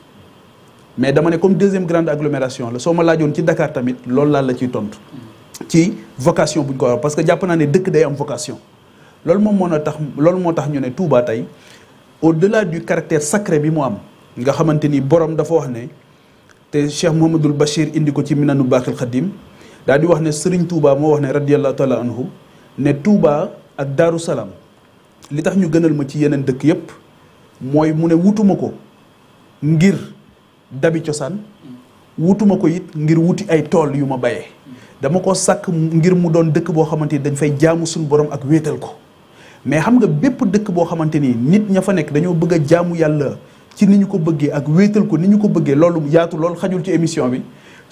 mais dama ne comme deuxième grande agglomération la soo ma laajoon ci ndakaar tamit loolu laa la ciy tontu ci vocation bu ñu ko wax parce que jàpp naa ne dëkk day am vocation loolu moom moo tax loolu moo tax ñu ne Touba tey au-delà du caractère sacré bi mu am nga xamante ni borom dafa wax ne te Cheikh Mouhamadoul Bachir indi ko ci Minanu Baaxil Xadim daal di wax ne Serigne Touba moo wax ne radiyallahu taala anhu ne Touba ak Daaru Salaam li tax ñu gënal ma ci yeneen dëkk yépp mooy mu ne wutuma ko ngir dabi cosaan wutuma ko it ngir wuti ay tool yu ma bayee dama ko sàkk ngir mu doon dëkk boo xamante ni dañ fay jaamu suñu borom ak wéetal ko mais xam nga bépp dëkk boo xamante ni nit ña fa nekk dañoo bëgg a jaamu yàlla ci ni ñu ko bëggee ak wéetal ko ni ñu ko bëggee loolu yaatu loolu xajul ci émission bi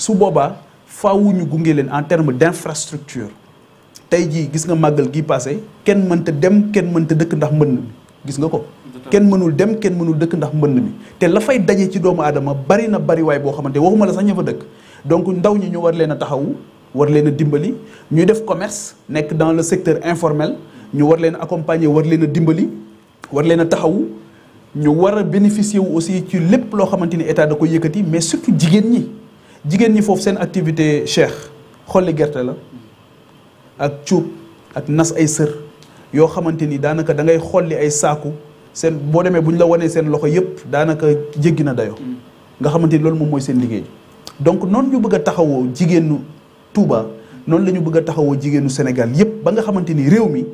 su boobaa faaw ñu gunge leen en terme d' infrastructure tey jii gis nga màggal gi passé kenn mënta dem kenn mënta dëkk ndax mbënn mi gis nga ko. kenn mënul dem kenn mënul dëkk ndax mbënn mi te la fay daje ci doomu aadama bari na bari waay boo xamante waxuma la sax ña fa dëkk donc ndaw ñi ñu war leen a taxawu war leen a dimbali ñuy def commerce nekk dans le secteur informel ñu war leen a accompagner war leen a dimbali war leen a taxawu ñu war a bénéficier wu aussi ci lépp loo xamante ni état da ko yëkkati mais surtout jigéen ñi. jigéen ñi foofu seen activité cheikh xolli gerte la ak cuub ak nas ay sër yoo xamante ni daanaka da ngay xolli ay saaku seen boo demee bu ñu la wanee seen loxo yëpp daanaka jéggi na dayo nga xamante ni loolu moom mooy seen liggéey donc noonu ñu bëgg a taxawoo jigéenu Touba noonu la ñu bëgg a taxawoo jigéenu Sénégal yëpp ba nga xamante ni réew mi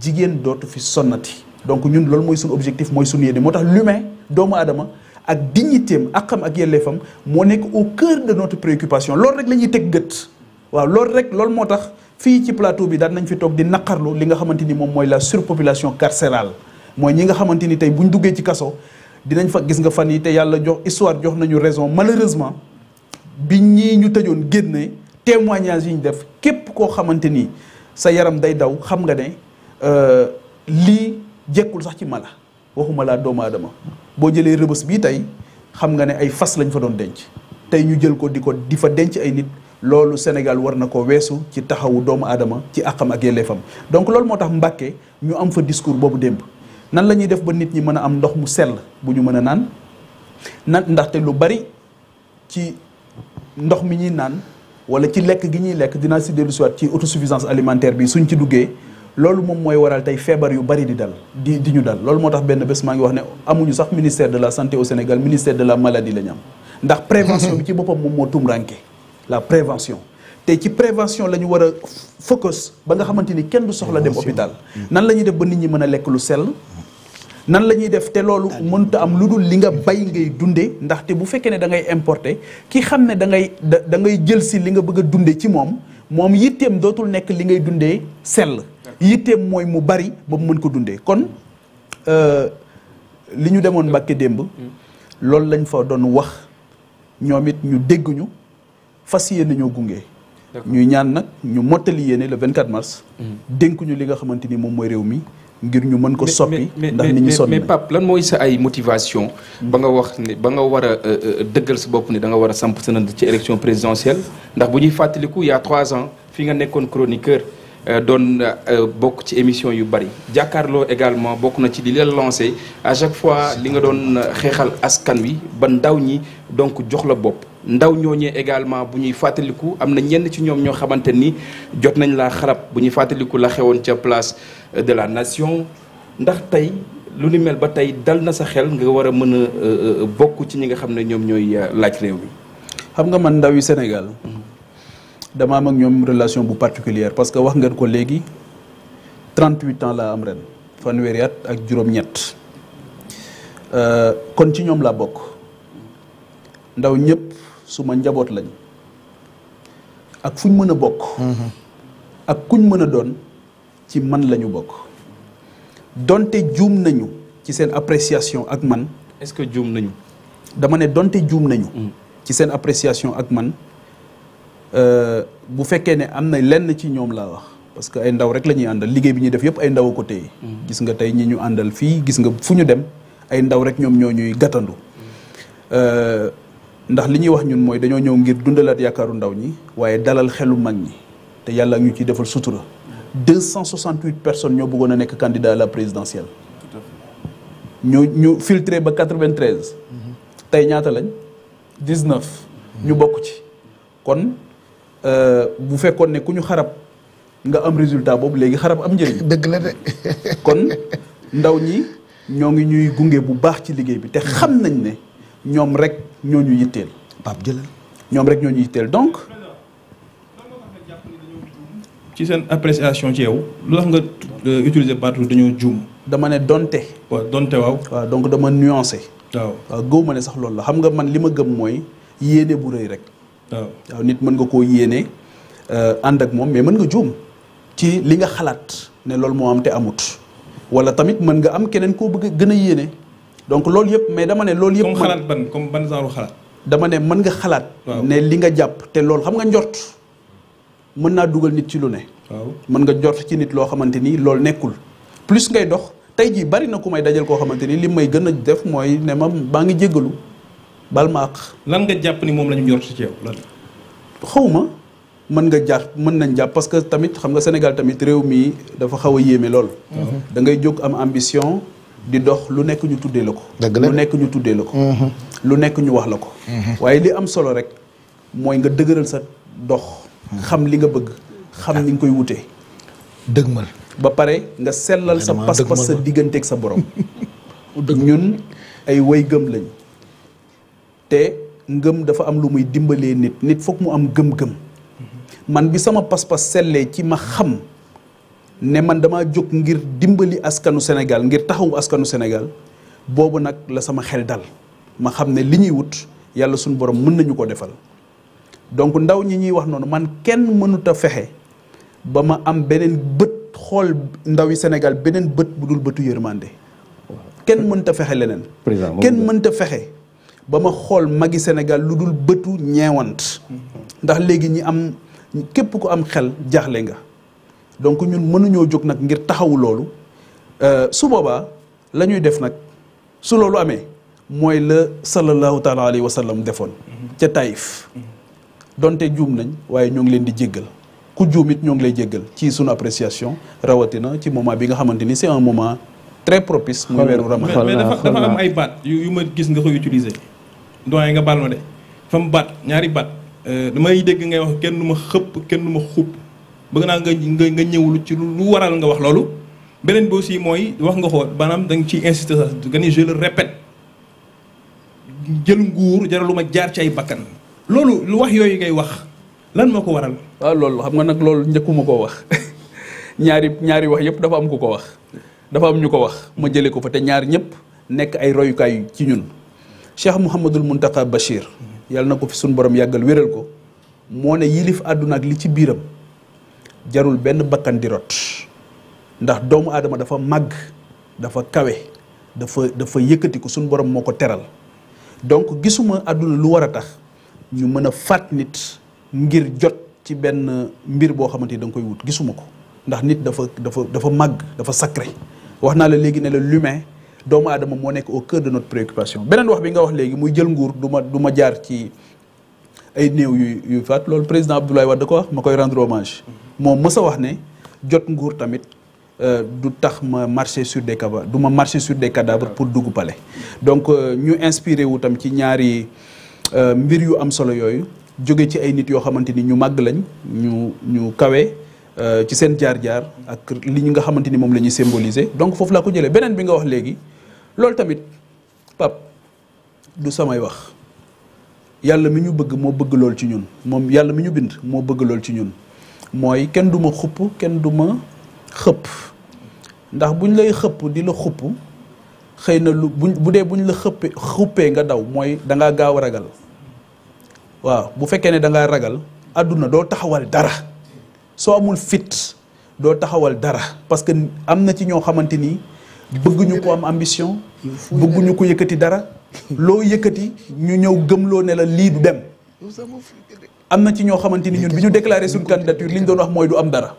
jigéen dootu fi sonnati donc ñun loolu mooy suñu objectif mooy suñu yéene moo tax l'humain doomu aadama ak dignitéem ak xam ak yellee fam moo nekk au cœur de notre préoccupation loolu rek lañuy ñuy teg gët waaw loolu rek loolu moo tax fii ci plateau bi daan nañ fi toog di naqarlu li nga xamante ni moom mooy la surpopulation carcérale mooy ñi nga xamante ni tey buñ duggee ci kaso dinañ fa gis nga fan yi te yàlla jox histoire jox nañu raison malheureusement bi ñii ñu tëjoon génne témoignage yi ñu def képp koo xamante ni sa yaram day daw xam nga ne euh, lii jekkul sax ci mala waxuma laa doomu aadama boo jëlee rëbës bii tey xam nga ne ay fas lañ fa doon denc tey ñu jël ko di ko di fa denc ay nit loolu Sénégal war na ko weesu ci taxawu doomu aadama ci àqam ak yelleefam donc loolu moo tax Mbàkke ñu am fa discours boobu démb nan la ñuy def ba nit ñi mën a am ndox mu sell bu ñu mën a naan nan ndaxte lu bari ci ndox mi ñuy naan wala ci lekk gi ñuy lekk dinaa si dellusiwaat ci autosuffisance alimentaire bi suñ ci duggee loolu moom mooy waral tey feebar yu bari di dal di di ñu dal loolu moo tax benn bés maa ngi wax ne amuñu sax ministère de la santé au Sénégal ministère de la maladie la am ndax prévention bi ci boppam moom moo tum la prévention te ci prévention la ñu war a focus ba nga xamante ni kenn du soxla dem hôpital mm. nan la ñuy def ba nit ñi mën a lekk lu sell nan la ñuy def te loolu mënta am lu dul li nga bay ngay dundee ndaxte bu fekkee ne da ngay importer ki xam ne da ngay da ngay jël si li nga bëgg dundee ci moom moom yitteem dootul nekk li ngay dundee sell yitteem mooy mu bari ba mu mën ko dundee kon euh, li ñu demoon Mbàkke démb loolu lañ fa doon wax ñoom it ñu dégguñu fas yéene ñoo gunge. ñuy ñaan nag ñu mottali yéene le 24 mars. Mm-hmm. dénk ñu li nga xamante ni moom mooy réew mi. ngir ñu mën ko soppi ndax ni ñu sonn mais pap lan mooy sa ay motivation mm-hmm. ba nga wax ne ba nga war a euh, euh, dëggal sa bopp ne danga nga war a samp sa nënd ci élection présidentielle ndax bu ñuy fàttaliku il y a trois ans fi nga nekkoon chroniqueur. Euh, doon euh, bokk ci émission yu bari jàkkaarloo également bokk na ci li la lancé à chaque fois li nga doon euh, xeexal askan wi ba ndaw ñi donc jox la bopp ndaw ñooñee également bu ñuy fàttaliku am na ñenn ci ñoom ñoo xamante ni jot nañ laa xarab bu ñuy fàttaliku la xewoon ca place de la nation ndax tey lu ni mel ba tey dal na sa xel nga war a mën a bokk ci ñi nga xam ne ñoom ñooy laaj réew mi. xam nga man ndaw yi Sénégal. Mm-hmm. dama am ak ñoom relation bu particulière parce que wax ngeen ko léegi 38 ans laa am ren fanweeri at ak juróom-ñett euh, kon ci ñoom laa bokk ndaw ñëpp suma njaboot lañ ak fuñ mën a bokk. Mhm. ak kuñ mën a doon ci man lañu bokk doonte juum nañu ci seen appréciation ak man. est-ce que juum nañu. dama ne donte juum nañu. Mhm. ci seen appréciation ak man. Euh, bu fekkee ne am na lenn ci ñoom laa wax parce que ay ndaw rek la ñuy àndal liggéey bi ñuy def yëpp ay ndaw ko téye mm. gis nga tey ñi ñu àndal fii gis nga fu ñu dem ay ndaw rek ñoom ñoo ñuy gàttandu mm. euh, ndax li ñuy wax ñun mooy dañoo ñëw ngir dundalaat yaakaaru ndaw ñi waaye dalal xelu mag ñi te yàlla ñu ciy defal sutura 268 personnes ñoo bëggoon a nekk candidat la présidentielle ñu ñu filtré ba 93 mm-hmm. tey ñaata lañ 19 mm-hmm. ñu bokk ci kon Euh, bu fekkoon ne ku ñu xarab nga am résultat boobu léegi xarab am njëriñ. dëgg la de. kon ndaw ñi ñoo ngi ñuy gunge bu baax ci liggéey bi te xam nañ ne ñoom rek ñoo ñu yitteel. Pape jëlal ñoom rek ñoo ñu yitteel donc. ci seen appréciation ci yow lu nga euh, utiliser partout dañoo juum. dama ne donte. waaw donte waaw. waaw donc dama nuancé. waaw waaw ne sax loolu la xam nga man li ma gëm mooy yéene bu rëy rek. waaw nit mën nga koo yéene euh, ànd ak moom mais mën nga juum ci li nga xalaat ne loolu moo am te amut wala tamit mën nga am keneen koo bëgg a gën a yéene donc loolu yëpp mais dama ne loolu yëpp comme ban comme ban genre xalaat dama ne mën nga xalaat ne li nga jàpp te loolu xam nga njort mën naa dugal nit ci lu ne mën nga njort ci nit loo xamante ni loolu nekkul plus ngay dox tey jii bari na ku may dajal koo xamante ni li may gën a def mooy ne ma maa ngi jéggalu bal ma àq lan nga jàpp ni moom la ñu yor ci yow lan. xaw ma mën nga jàpp mën nañ jàpp parce que tamit xam nga Sénégal tamit réew mii dafa xaw a yéeme lool. Mhm. da ngay jóg am ambition. di dox lu nekk ñu tuddee la ko. lu nekk ñu tuddee la ko. Mhm. lu nekk ñu wax la ko. Mhm. waaye li am solo rek mooy nga dëgëral sa dox. xam li nga bëgg xam ni nga koy wutee. dëgmal. ba pare nga sellal sa pas-pas sa digganteeg sa borom. ñun ay way gëm lañ. te ngëm dafa am lu muy dimbalee nit nit foog mu am gëm-gëm man bi sama pas-pas sellee ci ma xam ne man dama jóg ngir dimbali askanu Sénégal ngir taxawu askanu Sénégal boobu nag la sama xel dal ma xam ne li ñuy wut yàlla suñu borom mën nañu ko defal donc ndaw ñi ñuy wax noonu man kenn mënuta fexe ba ma am beneen bët xool ndaw yi Sénégal beneen bët bu dul bëtu yërmande kenn mënut a fexe leneen. kenn mënut a fexe. ba ma xool magi Sénégal lu dul bëtu ñeewant ndax léegi ñi am képp ku am xel jaaxle nga donc ñun mënuñoo jóg nag ngir taxawu loolu euh, su boobaa la ñuy def nag su loolu amee mooy la sallallahu taala alayhi wa sallam defoon ca Taïf donte juum nañ waaye ñoo ngi leen di jéggal ku juum ñoo ngi lay jéggal ci sunu appréciation rawatina ci moment bi nga xamante ni c'est un moment très propice muy weeru ramadan mais dafa dafa am ay yu ma gis nga koy utiliser doyen nga baal ma de fa mu baat ñaari baat euh, damay dégg ngay wax kenn ma xëpp kenn ma xupp bëgg naa nga nga nga ñëwlu ci lu waral nga wax loolu beneen bi aussi mooy wax nga ko maanaam da nga ciy insister sax nga ni je le répète jël nguur jaralu ma jaar ci ay bakkan loolu lu wax yooyu ngay wax lan moo ko waral. loolu xam nga nag loolu njëkkuma koo wax ñaari ñaari wax yëpp dafa am ku ko wax dafa am ñu ko wax ma jëlee ko fa te ñaar ñëpp nekk ay royukaay ci ñun. cheikh Mouhamadul Muntaqa Bachir yàlla na ko fi suñu borom yàggal wéral ko moo ne yilif àdduna ak li ci biiram jarul benn bakkan di rot ndax doomu aadama dafa màgg dafa kawe dafa dafa yëkkati ko suñu borom moo ko teral donc gisuma àdduna lu war a tax ñu mën a fàtt nit ngir jot ci benn mbir boo xamante ni da koy wut gisuma ko ndax nit dafa dafa dafa màgg dafa sacré wax naa la léegi ne la l'humain doomu aadama moo nekk au cœur de notre préoccupation beneen wax bi nga wax léegi muy jël nguur du ma du ma jaar ci ay néew yu yu faat loolu président Abdoulaye Wade da ko wax ma koy rendre hommage moom mës wax ne jot nguur tamit euh, du tax ma marché sur des cadavres du ma marcher sur des cadavres pour dugg palais donc euh, ñu inspiré wutam ci ñaari euh, mbir yu am solo yooyu jóge ci ay nit yoo xamante ni ñu màgg lañ ñu ñu kawe ci seen jaar-jaar ak li ñu nga xamante ni moom la ñuy symboliser donc foofu laa ko jëlee beneen bi nga wax léegi loolu tamit pap du samay wax yàlla mi ñu bëgg moo bëgg lool ci ñun moom yàlla mi ñu bind moo bëgg lool ci ñun mooy kenn du ma xupp kenn du ma xëpp ndax buñ lay xëpp di la xupp xëy na lu buñ bu dee buñ la xëppee xuppee nga daw mooy da ngaa gaaw ragal waaw bu fekkee ne da ragal àdduna doo taxawal dara soo amul fit doo taxawal dara parce que am na ci ñoo xamante ni. bëgguñu ko am ambition bëgguñu ko yëkkati dara loo yëkkati ñu ñëw gëm loo ne la lii du dem am na ci ñoo xamante ni ñun bi ñu déclaré suñu candidature li ñu doon wax mooy du am dara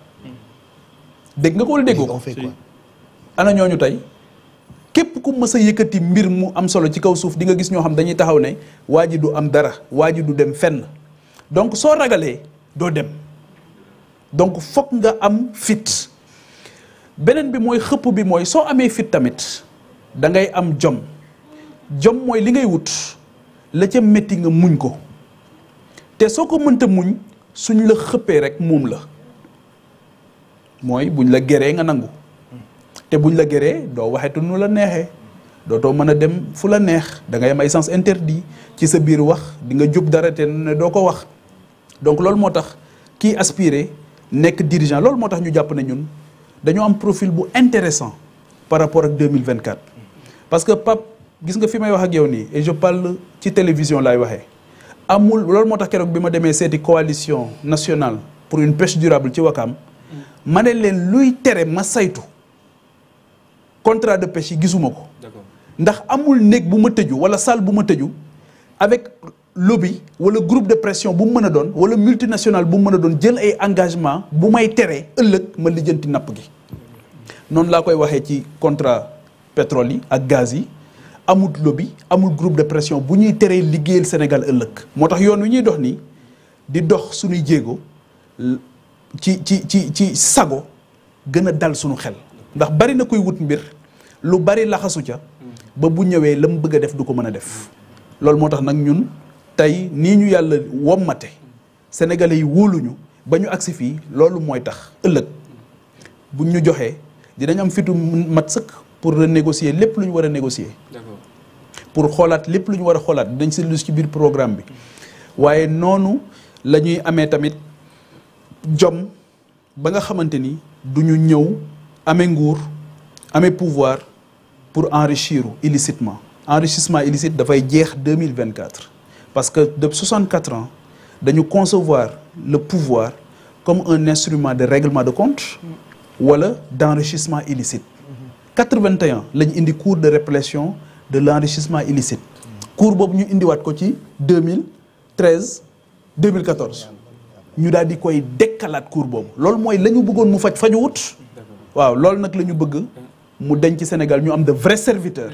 dégg nga ko wala déggoo ñooñu tey képp ku mës a yëkkati mbir mu am solo ci kaw suuf di nga gis ñoo xam dañuy taxaw ne waa ji du am dara waa ji du dem fenn donc soo ragalee doo dem donc foog nga am fit beneen bi mooy xëpp bi mooy soo amee fit tamit da ngay am jom jom mooy li ngay wut la ca métti nga muñ ko te soo ko mënta muñ suñ la xëppee rek moom la mooy buñ la géree nga nangu te buñ la géree doo waxetu nu la neexee too mën a dem fu la neex dangay may am ay sens interdit ci sa biir wax di nga jub dara te ne doo ko wax donc loolu moo tax kii aspiré nekk dirigeant loolu moo tax ñu jàpp ne ñun dañoo am profil bu intéressant par rapport ak 2024 parce que Pape gis nga fi may wax ak yow nii et je parle ci télévision lay waxee amul loolu moo tax keroog bi ma demee seeti coalition nationale pour une pêche durable ci Wakam ma ne leen luy tere ma saytu contrat de pêche yi gisuma ko ndax amul néeg bu ma tëju wala salle bu ma tëju avec lobby wala groupe de pression bu mu mën a doon wala multinational bu mu mën a doon jël ay engagement bu may teree ëllëg ma lijjanti napp gi noonu laa koy waxee ci contrat pétrole yi ak gaz yi amul lobby amul groupe de pression bu ñuy teree liggéeyal Sénégal ëllëg moo tax yoon wi ñuy dox nii di dox suñuy jéego ci ci ci ci sago gën a dal sunu xel ndax bari na koy wut mbir lu bari laxasu ca ba bu ñëwee la mu bëgg a def du ko mën a def loolu moo tax nag ñun tey nii ñu yàlla wommate sénégalais yi wóoluñu ba ñu agsi fii loolu mooy tax ëllëg buñ ñu joxee dinañ am fitu mat sëkk pour renégocier lépp lu ñu war a négocier pour xoolaat lépp lu ñu war a xoolaat dinañ si ci biir programme bi waaye noonu la ñuy amee tamit jom ba nga xamante ni du ñu ñëw amee nguur amee pouvoir pour enrichir illicitement enrichissement illicite dafay jeex 2024 Parce que de depuis 64 ans, dañu concevoir le pouvoir comme un instrument de règlement de compte ou d'enrichissement illicite. 81 lañ indi cour de répression de l' enrichissement illicite. cour boobu ñu indiwaat ko ci 2013 2014 ñu daal di koy dekkalaat cour boobu loolu mooy lañu bëggoon mu faj fajuwut. waaw loolu nag la ñu bëgg mu denc ci Sénégal ñu am de vrais serviteurs.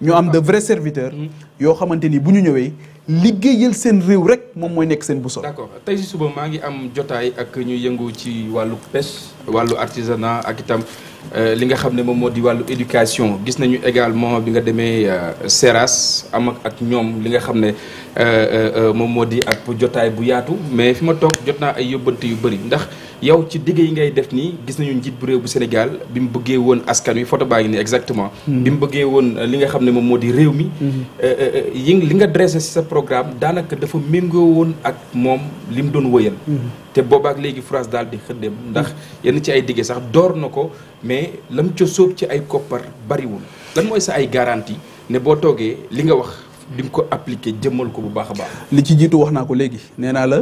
ñu am de vrais serviteurs mmh. yoo xamante ni bu ñu ñëwee. liggéeyal seen réew rek moom mooy nekk seen boussole. d'accord tey si suba maa ngi am jotaay ak ñuy yëngu ci wàllu pêche wàllu artisanat ak itam euh, li nga xam ne moom moo di wàllu éducation gis nañu également bi nga demee euh, Seras am ak ñoom li nga xam ne euh, moom moo di ak jotaay bu yaatu mais fi ma toog jot naa ay yóbbante yu bëri ndax. yow ci digg yi ngay def nii gis nañu njiit bu réew bu Sénégal bi mu bëggee woon askan wi photo baa ngi nii exactement hmm. bi mu bëggee woon euh, li nga xam ne moom moo di réew mi hmm. euh, euh, yi li nga dressé ci sa programme daanaka dafa méngoo woon ak moom li mu doon wëyal hmm. te boobaak léegi France daal di xëddem ndax yenn ci ay digg sax door na ko mais lam ca sóob ci ay koppar bariwul lan mooy sa ay garantie ne boo toogee li nga wax di nga ko appliquer jëmmal ko bu baax a baax li ci jiitu wax naa ko léegi nee naa la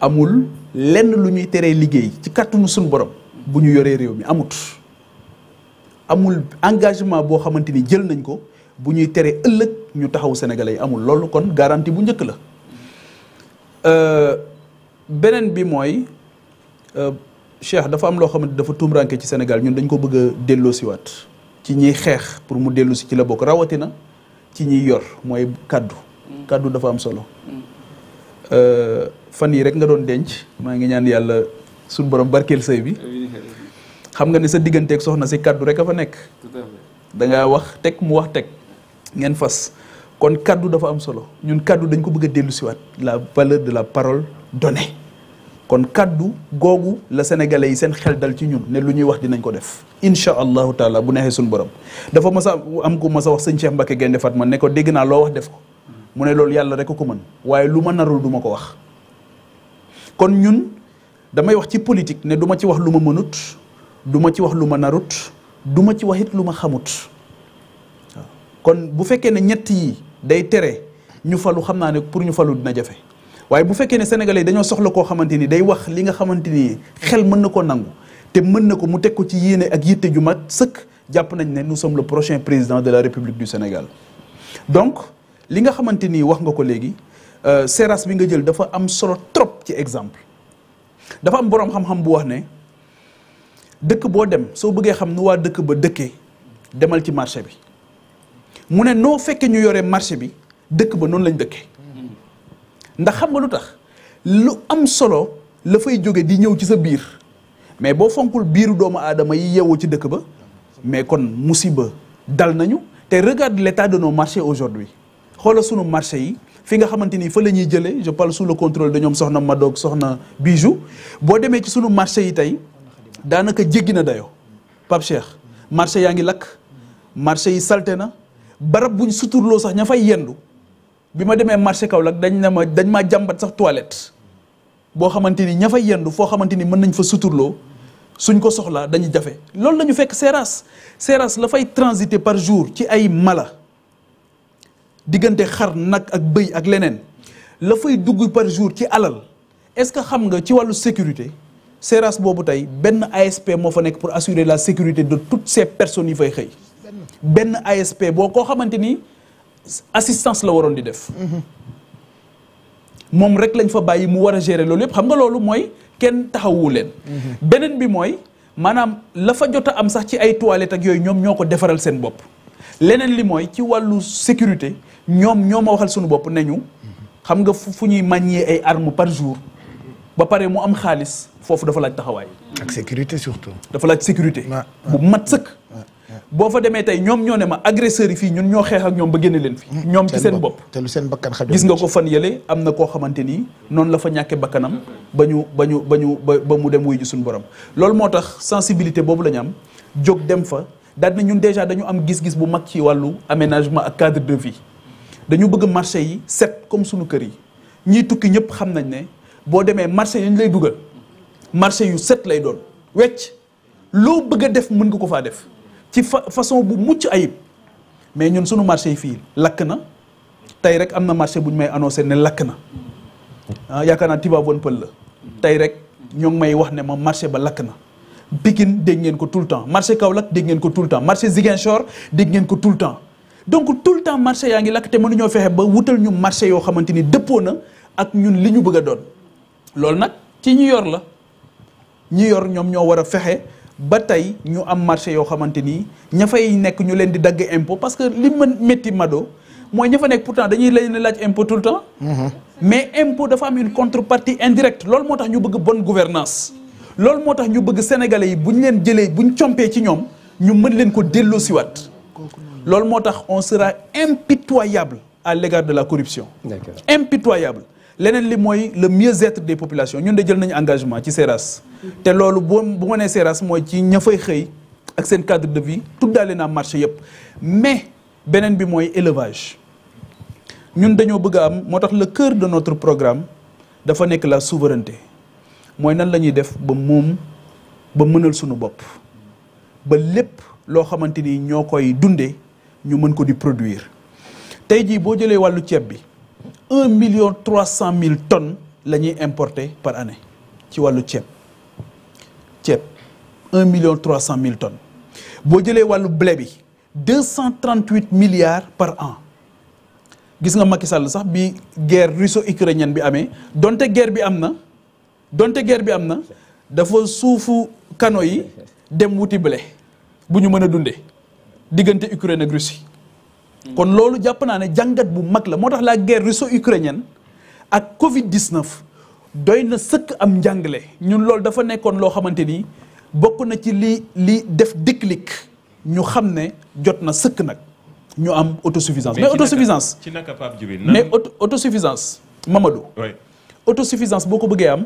amul lenn lu ñuy teree liggéey ci kàttanu suñu borom bu ñu yoree réew mi amut amul engagement boo xamante ni jël nañ ko bu ñuy tere ëllëg ñu taxaw sénégalais yi amul loolu kon garantie bu njëkk la euh, beneen bi mooy euh, Cheikh dafa am loo xamante dafa tuumranke ci Sénégal ñun dañ ko bëgg a delloosiwaat ci ñiy xeex pour mu dellu si ci la bokk rawatina ci ñiy yor mooy kàddu kàddu dafa am solo. Mm. Euh, fan yii rek nga doon denc maa ngi ñaan yàlla suñu borom barkeel sëy bi xam nga ni sa digganteek soxna si kaddu rek a fa nekk da ngaa wax teg mu wax teg ngeen fas kon kaddu dafa am solo ñun kaddu dañ ko bëgg a dellu siwaat la valeur de la parole donnée kon kaddu googu la sénégalais yi seen xel dal ci ñun ne lu ñuy wax dinañ ko def incha allahu taala bu neexee suñu borom dafa mas a am ku mas a wax sëñ Cheikh Mbacke Gaynde ma ne ko dégg naa loo wax def ko mu ne loolu yàlla rek ko ko mën waaye lu ma narul duma ko wax kon ñun damay wax ci politique ne du ma ci wax lu ma mënut duma ci wax lu ma narut duma ci wax it lu ma xamut waaw kon bu fekkee ne ñett yi day tere ñu falu xam naa ne pour ñu falu dina jafe waaye bu fekkee ne sénégalais dañoo soxla koo xamante ni day wax li nga xamante ni xel mën na ko nangu te mën na ko mu teg ko ci yéene ak yitte ju mat sëkk jàpp nañ ne nous sommes le prochain président de la république du Sénégal donc li nga xamante ni wax nga ko léegi. Euh, seras bi nga jël dafa am solo trop ci exemple dafa am boroom xam-xam bu wax ne dëkk boo dem soo bëggee xam nu waa dëkk ba dëkkee demal ci marché bi mu ne noo fekkee ñu yore marché bi dëkk ba noonu lañ dëkkee ndax xam nga lu tax lu am solo la fay jóge di ñëw ci sa biir mais boo fonkul biiru doomu aadama yi yeewoo ci dëkk ba mais kon musiba dal nañu te regarde l'état de nos marchés aujourd'hui xoola sunu marché yi fi nga xamante ni fa la ñuy jëlee je parle sous le contrôle de ñoom soxna Madoc soxna Bijou boo demee ci sunu marché yi tey daanaka jéggi na dayoo Pape Cheikh marché yaa ngi lakk marché yi salte na barab buñ suturloo sax ña fay yendu bi ma demee marché Kaolack dañ ne ma dañ maa jàmbat sax toilette boo xamante ni ña fay yendu foo xamante ni mën nañ fa suturloo suñ ko soxla dañuy jafe loolu la fekk seeraas seeraas la fay transiter par jour ci ay mala diggante xar nag ak bëy ak leneen la fay dugg par jour ci alal est-ce que xam nga ci wàllu sécurité séras boobu tey benn ASP moo fa nekk pour assurer la sécurité de tout ces personnes yi fay xëy benn ASP boo koo xamante ni assistance la waroon di def moom rek lañ fa bàyyi mu war a gérer loolu yëpp xam nga loolu mooy kenn taxawu leen beneen bi mooy maanaam la fa jot am sax ci ay toilettes ak yooyu ñoom ñoo ko defaral seen bopp leneen li mooy ci wàllu sécurité ñoom ñoo ma waxal suñu bopp nañu xam nga fu ñuy màññee ay armes par jour ba pare mu am xaalis foofu dafa laaj taxawaay. sécurité surtout. dafa laaj sécurité. bu mat sëkk. boo fa demee tey ñoom ñoo ne ma agresseurs yi fii ñun ñoo xeex ak ñoom ba génne leen fii hmm. ñoom ci seen bopp te lu seen bakkan xajoo gis nga ko fan yële am na koo xamante ni noonu la fa ñàkkee bakkanam ba ñu ba ñu ba ba mu dem wuy ji suñu borom. loolu moo tax sensibilité boobu la ñu am jóg dem fa daal na ñun déjà dañu am gis-gis bu mag ci wàllu aménagement ak cadre de dañu bëgg marché yi set comme sunu kër yi ñiy tukki ñëpp xam nañ ne boo demee marché yi lay dugal marché yu set lay doon wecc loo bëgg a def mën nga ko faa def ci fa façon bu mucc ayib mais ñun sunu marché yi fii lakk na tey rek am na marché bu ñu may annoncé ne lakk na ah yaakaar naa Tivaouane Peulh la tey rek ñoo ngi may wax ne ma marché ba lakk na Pikine dégg ngeen ko tout le temps marché Kaolack dégg ngeen ko tout le temps marché Ziguinchor dégg ngeen donc tout le temps marché yaa ngi lakk te mënuñoo fexe ba wutal ñu marché yoo xamante ni dëppoo na ak ñun li ñu bëgg a doon loolu nag ci ñu yor la ñi yor ñoom ñoo war a fexe ba tey ñu am marché yoo xamante ni ña fay nekk ñu leen di dagg impôt parce que li ma métti Mado mooy ña fa nekk pourtant dañuy leen laaj impôt tout le temps. mais impo dafa am une contrepartie indirecte loolu moo tax ñu bëgg bon gouvernance loolu moo tax ñu bëgg sénégalais yi bu ñu leen jëlee bu ñu compee ci ñoom ñu mën leen ko delloosiwaat. loolu moo tax on sera impitoyable à l'égard de la corruption impitoyable leneen li mooy le mieux-être des population ñun de jël nañu engagement ci SERAS te loolu bu bu ma nee SERAS mooy ci ña fay xëy ak seen cadre de vie dale naa marché yépp mais beneen bi mooy élevage ñun dañoo bëgg a am moo tax le kër de notre programme dafa nekk la souveraineté mooy nan lañuy def ba moom ba mënal suñu bopp ba lépp loo xamante ni ñoo koy dundee ñu mën ko di produire tey jii boo jëlee wàllu ceeb bi un million trois cent mille tonnes la ñuy importer par année ci wàllu ceeb ceeb un million trois cent mille tonnes boo jëlee wàllu blé bi deux cent trente huit milliards par an gis nga Macky Sall sax bi guerre russo-ukrainienne bi amee donte guerre bi am na donte guerre bi am na dafa suufu kano yi dem wuti blé bu ñu mën a dundee. diggante Ukraine ak Russie kon loolu jàpp naa ne jàngat bu mag la moo tax la guerre russo-ukrainienne ak Covid 19 doy na sëkk am njàngale ñun loolu dafa nekkoon loo xamante ni bokk na ci li li def déclic ñu xam ne jot na sëkk nag ñu am autosuffisance. mais autosuffisance ci naka Pape Djibril mais auto autosuffisance Mamadou. autosuffisance boo ko bëggee am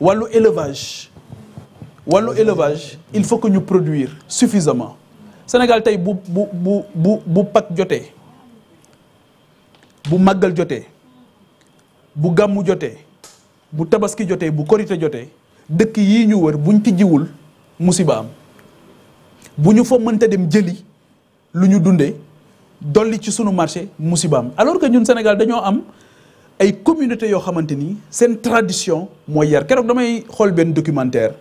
wàllu élevage wàllu élevage il faut que ñu produire suffisamment. Sénégal tey bu bu bu bu bu Pâques jotee bu màggal jotee bu gàmmu jotee bu tabaski jotee bu korite jotee dëkk yii ñu wër buñ tijjiwul musiba am bu ñu fa mënta dem jëli lu ñu dundee dolli ci sunu marché musiba am alors que ñun Sénégal dañoo am ay communauté yoo xamante ni seen tradition mooy yar keroog damay xool benn documentaire.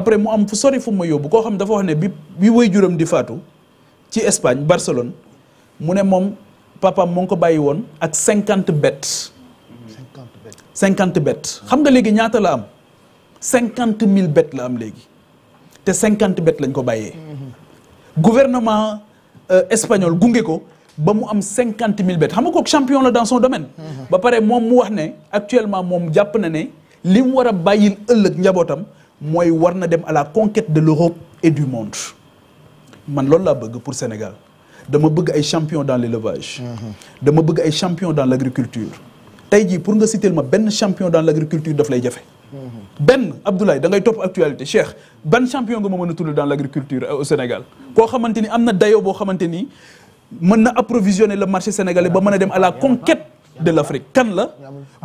après mu am fu sori fu ma yóbbu koo xam dafa wax ne bi bi waajuram di faatu ci Espagne Barcelone mu ne moom papaam moo ngi ko bàyyi woon ak cinquante bett cinquante bêtes xam nga léegi ñaata la am cinquante mille bêtes la am léegi te cinquante bêtes lañ ko bàyyee. Mm-hmm. gouvernement euh, espagnol gunge ko ba mu am cinquante mille bêtes xam nga kooku champion la dans son domaine. Mm-hmm. ba pare moom mu wax ne actuellement moom jàpp na ne li mu war a bàyyil ëllëg njabootam. mooy war na dem à la conquête de l'Europe et du monde man loolu laa bëgg pour Sénégal dama bëgg ay champion dans l'élevage mhm. dama bëgg ay champion dans l'agriculture tey jii pour nga citer ma benn champion dans l'agriculture daf lay jafe mhm. benn Abdoulaye da ngay topp actualité Cheikh ban champion nga ma mën a tudd dans l'agriculture euh, au Sénégal koo xamante ni am na dayoo boo xamante ni mën na approvisionner le marché sénégalais ba mën a dem à la conquête de l'Afrique kan la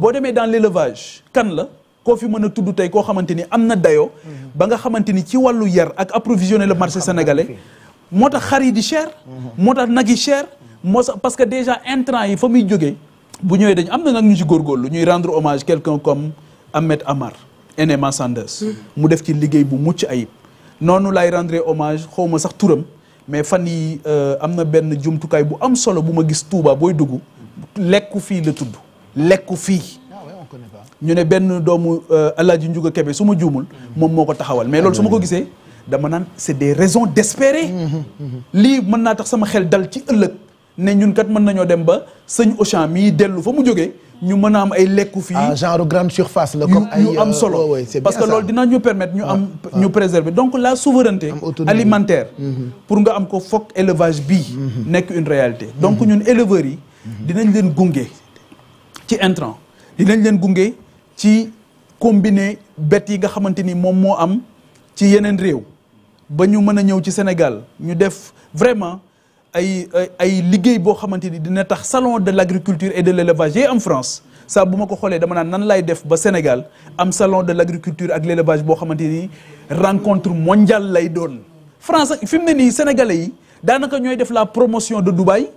boo demee dans l'élevage kan la koo fi mën a tudd tey koo xamante ni am na dayo ba nga xamante ni ci wàllu yar ak approvisionner le marché sénégalais moo tax xar yi di cher moo tax nag yi cher moo sax parce que déjà intrant yi fa muy jógee bu ñëwee dañu am na nag ñu ci góorgóorlu ñuy rendre hommage quelqu'un comme Ahmed Amar NMA Sanders mu def ci liggéey bu mucc ayib noonu laay rendre hommage xawma sax turam mais fan yi euh, am na benn jumtukaay bu am solo bu ma gis tuubaa booy dugg lekku fii la tudd lekku fii ñu ne benn doomu El euh, Hadj Ndiouga Kébé su ma juumul moom moo ko taxawal mais loolu su ma ko gisee dama naan c'est des raisons d'espérer lii mën naa tax sama xel dal ci ëllëg ne ñun kat mën nañoo dem ba sëñ Auchan mii dellu fa mu jógee ñu mën a am ay lekku fii ah genre grande la comme ay yu am euh, solo parce que loolu dina ñu permettre ñu am ñu préserver donc la souveraineté alimentaire mm-hmm. pour nga am ko foog élevage bii mm-hmm. nekk une réalité donc mm-hmm. ñun éleveurs yi dinañ leen gunge ci intrant dinañ leen gunge ci combiner bet yi nga xamante ni moom moo am ci yeneen réew ba ñu mën a ñëw ci Sénégal ñu def vraiment ay ay liggéey boo xamante ni dina tax salon de l'agriculture et de l'élevage yi am France saa bu ma ko xoolee dama naan nan laay def ba Sénégal am salon de l'agriculture ak l'élevage boo xamante ni rencontre mondiale lay doon France fi mu ne nii sénégalais yi daanaka ñooy def la promotion de Dubaï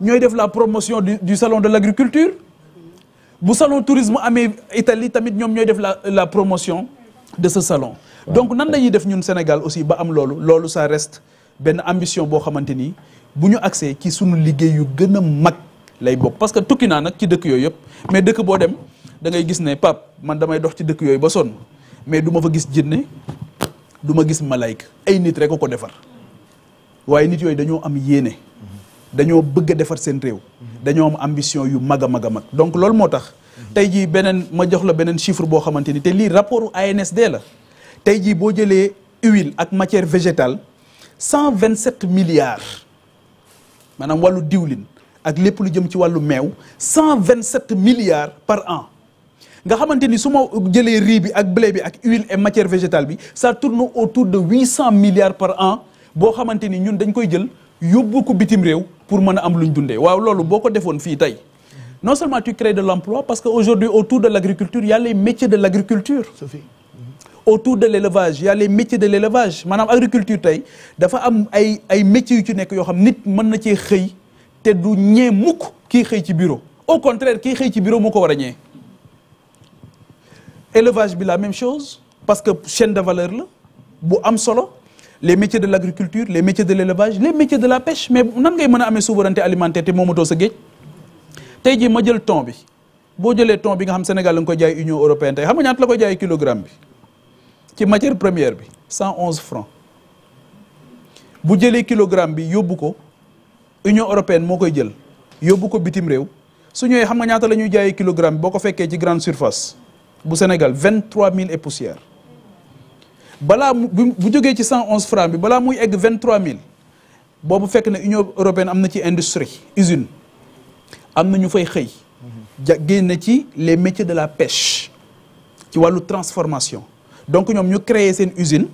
ñooy def la promotion du, du salon de l'agriculture bu salon tourisme amee Italie tamit ñoom ñooy def la la promotion de ce salon donc nan la def ñun Sénégal aussi ba am loolu loolu ça rest benn ambition boo xamante ni bu ñu accès ci suñu liggéey yu gën a mag lay bokk parce que tukki naa nag ci dëkk yooyu yëpp mais dëkk boo dem dangay gis ne pap man damay dox ci dëkk yooyu ba sonn mais du ma fa gis jinne du duma gis malayka ay nit rek ko ko defar waaye nit yooyu dañoo am yéene dañoo bëgg a defar seen réew. dañoo am ambition yu mag a mag a mag donc loolu moo tax. tey jii beneen ma jox la beneen chiffre boo xamante ni te lii rapportu ANSD la tey jii boo jëlee huile ak matière végétale cent vingt sept milliards maanaam wàllu diwlin ak lépp lu jëm ci wàllu meew cent vingt sept milliards par an nga xamante ni su ma jëlee riz bi ak blé bi ak huile et matière végétale bi ça tourne autour de huit cent milliards par an boo xamante ni ñun dañ koy jël yóbbu ko bitim réew. pour mën a am lu ñu dundee waaw loolu boo ko defoon fii tey non seulement tu crées de l'emploi parce que aujourd'hui autour de l'agriculture il y a les métiers de l'agriculture autour de l'élevage il y a les métiers de l'élevage maanaam agriculture tey dafa am ay ay métiers yu ci nekk yoo xam nit mën na cee xëy te du ñee mukk kii xëy ci bureau au contraire kii xëy ci bureau moo ko war a ñee élevage bi la même chose parce que chaîne de valeur la bu am solo les métiers de l' agriculture les de l' élevage les métiers de la pêche mais nan ngay mën a amee souveraineté alimentaire te moomatoo sa géej tey jii ma jël thon bi boo jëlee thon bi nga xam Sénégal la nga koy jaay Union européenne tey xam nga ñaata la ci matière première bi cent onze francs bu jëlee kilogramme bi yóbbu ko Union européenne moo koy jël yóbbu ko bitim réew su ñëwee xam nga ñaata la ñuy jaayee kilogramme boo ko fekkee ci grande surface bu Sénégal vingt trois mille et poussière balaa mu bu jógee ci cent onze francs bi balaa muy egg vingt trois mille boobu fekk ne Union européenne am na ci industrie usine am na ñu fay xëy. ja génne ci les métiers de la pêche ci wàllu transformation donc ñoom ñu créer seen usine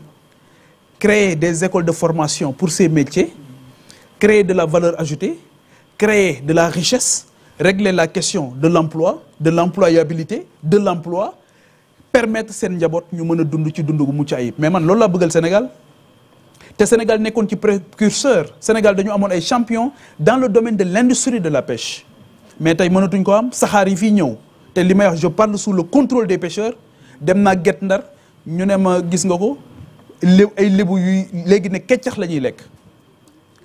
créer des écoles de formation pour ces métiers créer de la valeur ajoutée créer de la richesse régler la question de l'emploi de l'employabilité de l'emploi permettre seen njaboot ñu mën a dund ci dund gu mucc ay mais man loolu laa bëggal Sénégal te Sénégal nekkoon ci précurseur Sénégal dañu amoon ay champion dans le domaine de l'industrie de la pêche mais tey mënatuñ ko am saxaar yi fii ñëw te li may wax je parle sous le contrôle des pêcheurs dem na Guet Ndar ñu ne ma gis nga ko lé ay lébu yuy léegi ne keccax la ñuy lekk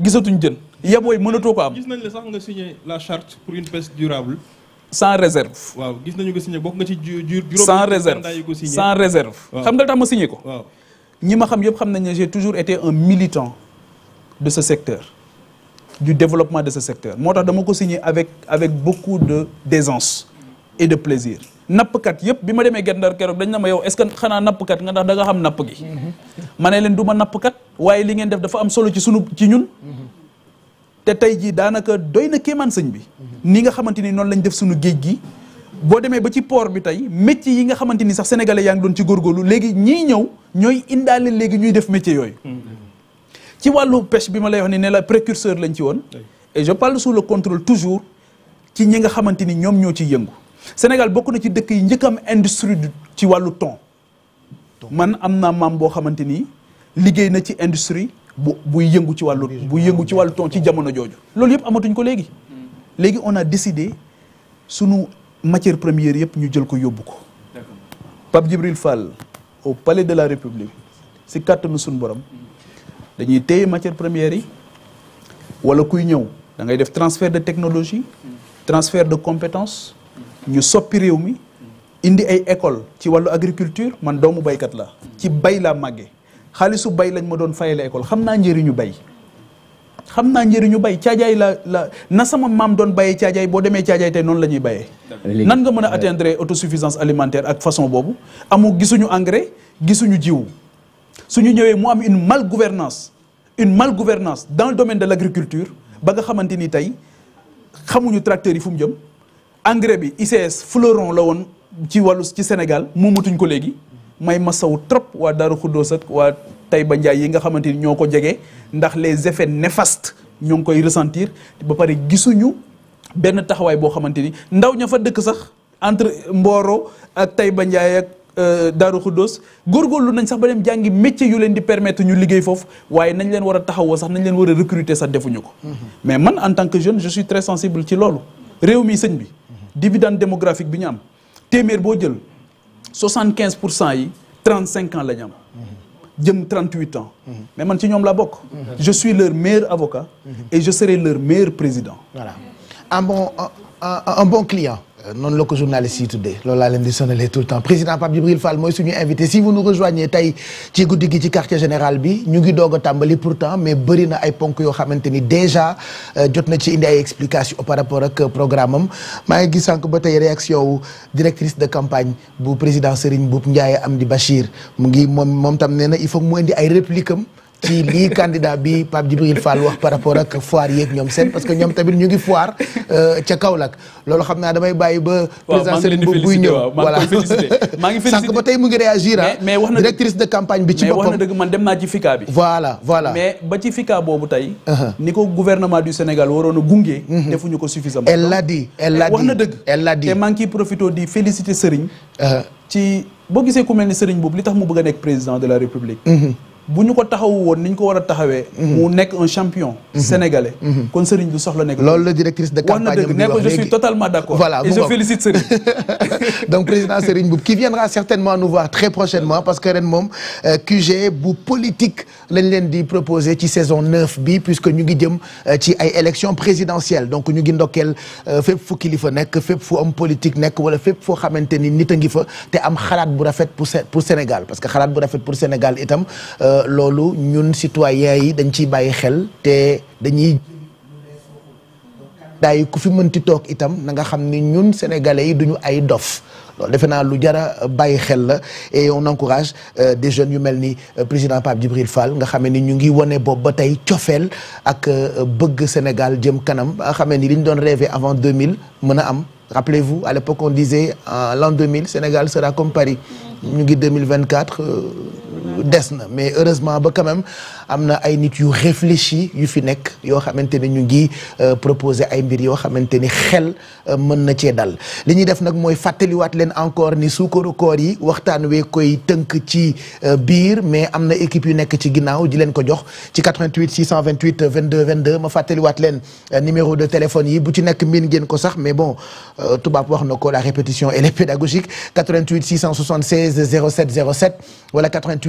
gisatuñ jën yabooy mënatoo ko am. gis nañ la sax nga signé la charte pour une pêche durable. sans réserve. waaw gis nañu ko signé bokk nga ci juróom. sans réserve sans réserve. xam nga tax ma signé ko. waaw ñi ma xam yëpp xam nañ ne j'ai toujours été un militant de ce secteur du développement de ce secteur moo tax dama ko signé avec avec beaucoup de d'aisance et de plaisir. nappkat yëpp bi ma demee Guet Ndar keroog dañ na ma yow est-ce que xanaa nappkat nga ndax da nga xam napp gi. Mhm. ma ne leen du ma nappkat waaye li ngeen def dafa am solo ci sunu ci ñun. Mhm. te tey jii daanaka doy na kéemaan sëñ bi ni nga xamante ni noonu lañ def suñu géej gi boo demee ba ci port bi tey métier yi nga xamante ni sax sénégalais yaa ngi doon ci góorgóorlu léegi ñii ñëw ñooy indaale léegi ñuy def métier yooyu ci wàllu pêche bi ma la wax ne ne la précurseur lañ ci woon et je parle sous le toujours ci ñi nga xamante ni ñoom ñoo ci yëngu Sénégal bokk na ci dëkk yi njëkk am industrie ci wàllu thon man am naa maam boo xamante ni liggéey na ci industrie bu buy yëngu ci wàllu buy yëngu ci wàllu ton ci jamono jooju loolu yëpp amatuñ ko léegi hmm. léegi on a décidé sunu matière première yëpp ñu jël ko yóbbu ko Pape Djibril Fall au palais de la République si kàttanu sunu borom hmm. dañuy téye matière première yi wala kuy ñëw da ngay def transfert de technologie hmm. transfert de compétence ñu soppi réew mi indi ay école ci wàllu agriculture man doomu baykat la ci bay laa màggee xaalisu bay lañ ma doon fayale école xam naa njëriñu bay xam naa njëriñu bay caajaay la la na sama maam doon bayee caajaay boo demee caajaay tey noonu la ñuy bayee nan nga mën a atteindre autosuffisance alimentaire ak façon boobu amu gisuñu engrais gisuñu jiwu suñu ñëwee mu am une mal gouvernance une mal gouvernance dans le domaine de l' agriculture ba nga xamante ni tey xamuñu tracteurs yi fu mu jëm engrais bi ICS fleuron la woon ci wàllu ci Sénégal moomatuñ ko léegi may ma saw trop waa Daaru Xuddoos ak waa ba Ndiaye yi nga xamante ni ñoo ko jege ndax les effets néfastes ñoo ngi koy resentir ba pare gisuñu benn taxawaay boo xamante ni ndaw ña fa dëkk sax entre Mboro ak Taïba Ndiaye ak euh, Daaru Xuddoos góorgóorlu nañ sax ba dem jàngi métier yu leen di permettre ñu liggéey foof waaye nañ leen war a taxawoo sax nañ leen war a recruter sax defuñu ko. Mhm. mais man en tant que jeune je suis très sensible ci loolu. réew mi sëñ bi. Mhm. dividende démographique bi ñu am téeméer boo jël. 75 pour cent yi 35 ans la ñu am. jëm man ci ñoom la bokk. je suis leur meilleur avocat. président. voilà un Euh, noonu la ko journaliste yi tuddee loolu laa leen di sonalee tout le temps président Pape Djibril Fall mooy suñu invité si vous nous rejoignez tey ci guddi gi ci quartier général bi ñu ngi doog a tàmbali pourtant mais bëri na ay ponk yoo xamante ni déjà euh, jot na ci indi ay explications par rapport ak euh, programme maa ngi gis sànq ba tey réaction wu directrice de campagne bu président Serigne Mboup am di Bachir mu ngi moom moom tam nee na il faut mu indi ay répliques am ci lii candidat bi Pape Djibril Fall wax par rapport ak foire yeeg ñoom seen parce que ñoom tamit ñu ngi foire euh, ca Kaolack loolu xam naa damay bàyyi ba. président Serigne Mboup buy ñëw maa ngi félicité sànq ba tey mu ngi mais wax na directrice de campagne bi. ci boppam man dem naa ci FICA bi. voilà uh-huh. ni ko gouvernement du Sénégal waroon a gunge. Uh-huh. defuñu ko suffisamment. elle l'a dit elle l'a na dëgg. elle maa ngi ciy profité di félicité Serigne. Uh-huh. ci boo gisee ku mel ni Serigne boobu li tax mu bëgg a nekk président de la République. bu ñu ko taxawu woon ni ñu ko war a taxawee. Mhm. mu nekk un champion. Mhm. sénégalais. Mhm. kon Serigne du soxla nekk. loolu la directrice de campagne bi wax je suis totalement d' accord. voilà et je félicite Serigne. donc président Serigne Mboup qui viendra certainement nous voir très prochainement parce moom euh, QG bu politique lañ leen di proposer ci saison neuf bi puisque ñu ngi jëm euh, ci ay élections présidentielles donc ñu ngi ndokkeel euh, fépp fu kilifa nekk fépp fu am politique nekk wala fépp foo xamante ni nit a ngi fa te am xalaat bu rafet pour pour Sénégal parce que xalaat bu rafet pour Sénégal itam. loolu ñun citoyen yi dañ ciy bàyyi xel te dañuy daay ku fi mënti toog itam na nga xam ni ñun sénégalais yi duñu ay dof defe naa lu jara bàyyi xel la et on encourage euh, des jeunes yu mel ni euh, président Pape Djibril Fall nga xame ni ñu ngi wane boobu ba tey cofeel ak euh, bëgg Sénégal jëm kanam nga xamee ni li ñu doon rêvé avant mën a am rappelez-vous à l'époque on disait l'an Sénégal sera comme Paris ñu ngi 2024 des na mais heureusement ba quand am na ay nit yu réfléchi yu fi nekk yoo xamante ne ñu ngi euh, proposer ay mbir yoo xamante ni xel euh, mën na cee dal li ñu def nag mooy fàttaliwaat leen encore ni suukaru koor yi waxtaan wee koy tënk ci euh, biir mais am na équipe yu nekk ci ginnaaw di leen ko jox ci 88 628 22 22 ma fàttaliwaat leen numéro de téléphone yi bu ci nekk miin ngeen ko sax mais bon tubaab wax na ko la répétition elle est pédagogique 88 676 07 07 wala 88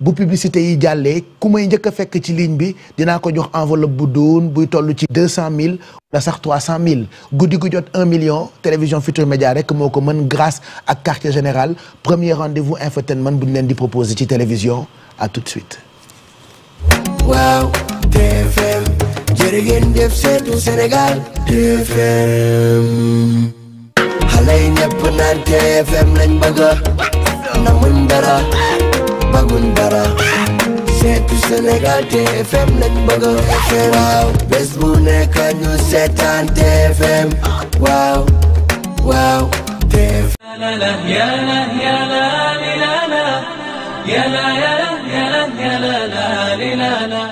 bu publicité yi jàllee ku may njëkk a fekk ci ligne bi dinaa ko jox enveloppe bu doon buy toll ci deux cent mille wala sax trois cent mille guddi gu jot un million télévision Futur Média rek moo ko mën grâce ak quartier général premier rendez-vous infotainment bu ñu leen di proposer ci télévision à tout de suite. waaw maguñ dara seetu Sénégal TFM lañ bëgg FM waaw bés bu nekk ñu seetaan TFM waaw waaw TFM yàlla yàlla yàlla lilala yàlla yàlla yàlla yàlla lilala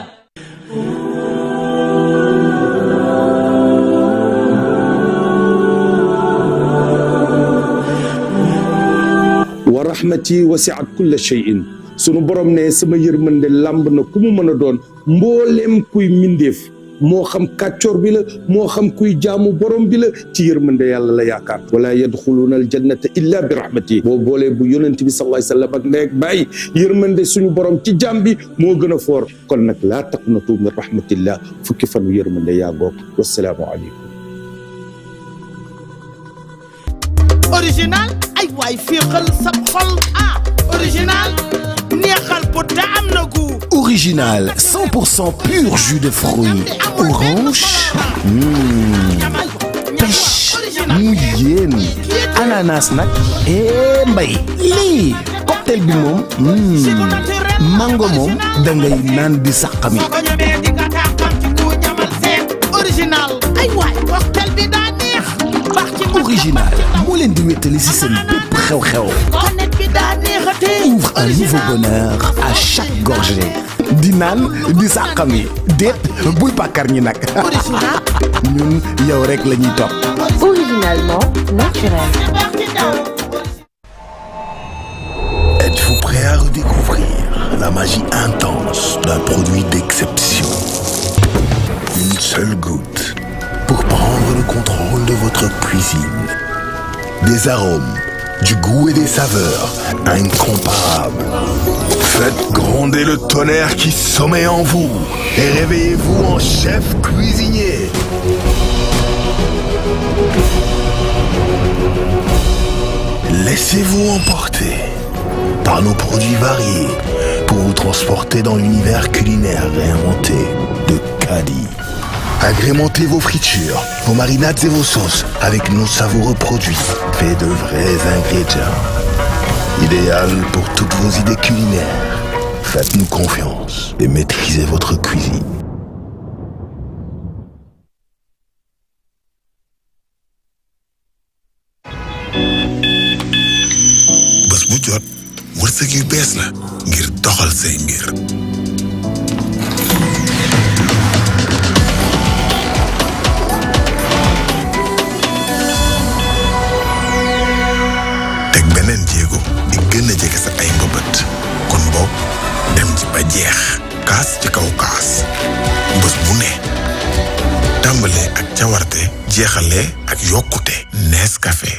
wa rahmati wasi'at kulla shay'in sunu borom ne sama yërmande làmb na ku mu mën a doon mbooleem kuy mindeef moo xam kàccoor bi la moo xam kuy jaamu borom bi la ci yërmande yàlla la yaakaar wala yadxuluuna aljannata illa bi rahmati boo boolee bu yonent bi sallallahu alayhi wa sallam ak ndey ak bàyyi yërmande suñu borom ci jaam bi moo gën a foor kon nag laa taqnatu min rahmatillah fukki fanu yërmande yaa ngoog wasalaamu aleykum original ay waay féexal sa xol ah! neexal pur jus de fruits orange. Mmh. mu yéen ananas nag. et eh, mbay lii cocktail bi moom. Mmh. mango moom da ngay naan di saqami. original moo leen di wéttali ci seen bépp xew-xew. ouvre un nouveau bonheur à chaque gorgée di naan di sàqami déet bul pàkkar ñi nag yow rek la ñuy topp originalement naturel êtes-vous prêt à redécouvrir la magie intense d'un produit d'exception une seule goutte pour prendre le contrôle de votre cuisine des arômes du goût et des saveurs incomparables. Faites gronder le tonnerre qui sommeille en vous et réveillez-vous en chef cuisinier. Laissez-vous emporter par nos produits variés pour vous transporter dans l'univers culinaire réinventé de Caddy. Agrémentez vos fritures, vos marinades et vos sauces avec nos savoureux produits faits de vrais ingrédients. Idéal pour toutes vos idées culinaires. Faites-nous confiance et maîtrisez votre cuisine. dem ci ba jeex kaas ci kaw kaas bés bu ne tàmbalee ak cawarte jeexale ak yokkute Nescafé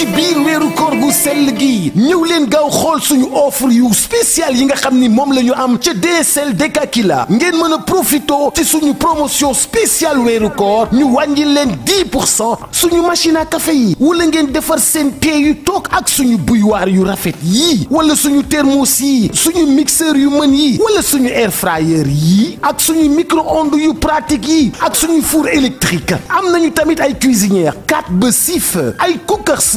ci biir weeru koor gu sell gi ñëw leen gaaw xool suñu offre yu spécial yi nga xam ni moom la ñu am ca DSL Dekakila ngeen mën a profito ci suñu promotion spéciale weeru koor ñu wàññi leen 10 pour cent suñu machine à café yi wala ngeen defar seen tee yu toog ak suñu bouilloire yu rafet yii wala suñu thermos yi suñu mixeur yu mën yi wala suñu air fryer yii ak suñu micro-ondes yu pratique yi ak suñu four électrique am nañu tamit ay cuisinières 4 ba 6 ay cookers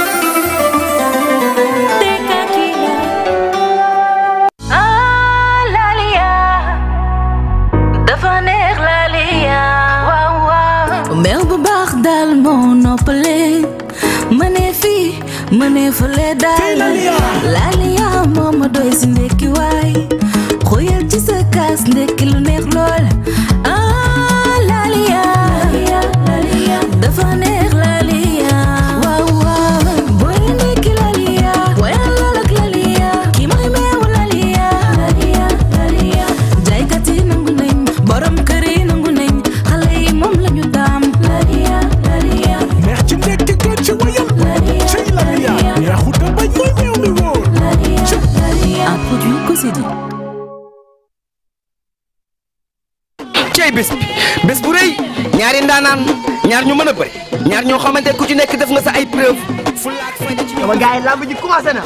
mel bu baax daal moo noppale ma ne fii ma ne fële daal la liyaa moo ma doy si ndekki waay ñaar ñoo xamante ku ci nekk def nga sa ay preuve. dama gars yi lamb ji commencé na.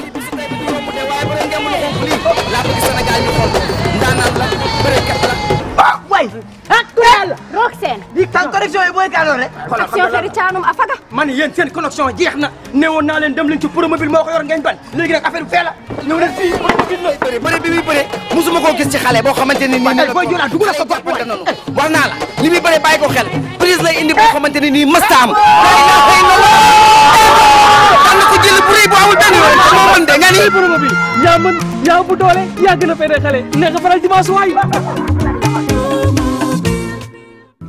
ah waay. ah kuréel la. roog seen. lii tan connexion yi booy gàlloon rek. xoolal fa nga caanum a faga. man yéen seen connexion jeex na newoon naa leen dem leen ci promobile moo ko yor ngeen ban léegi nag affaire bi fee la ñëw leen fii promobile la. bëre bëre bi muy bëre musuma koo gis ci xale boo xamante ne nii. waaye booy jëlaat dugg na sa bopp waay war naa la li muy bëre bàyyi ko xel prise lay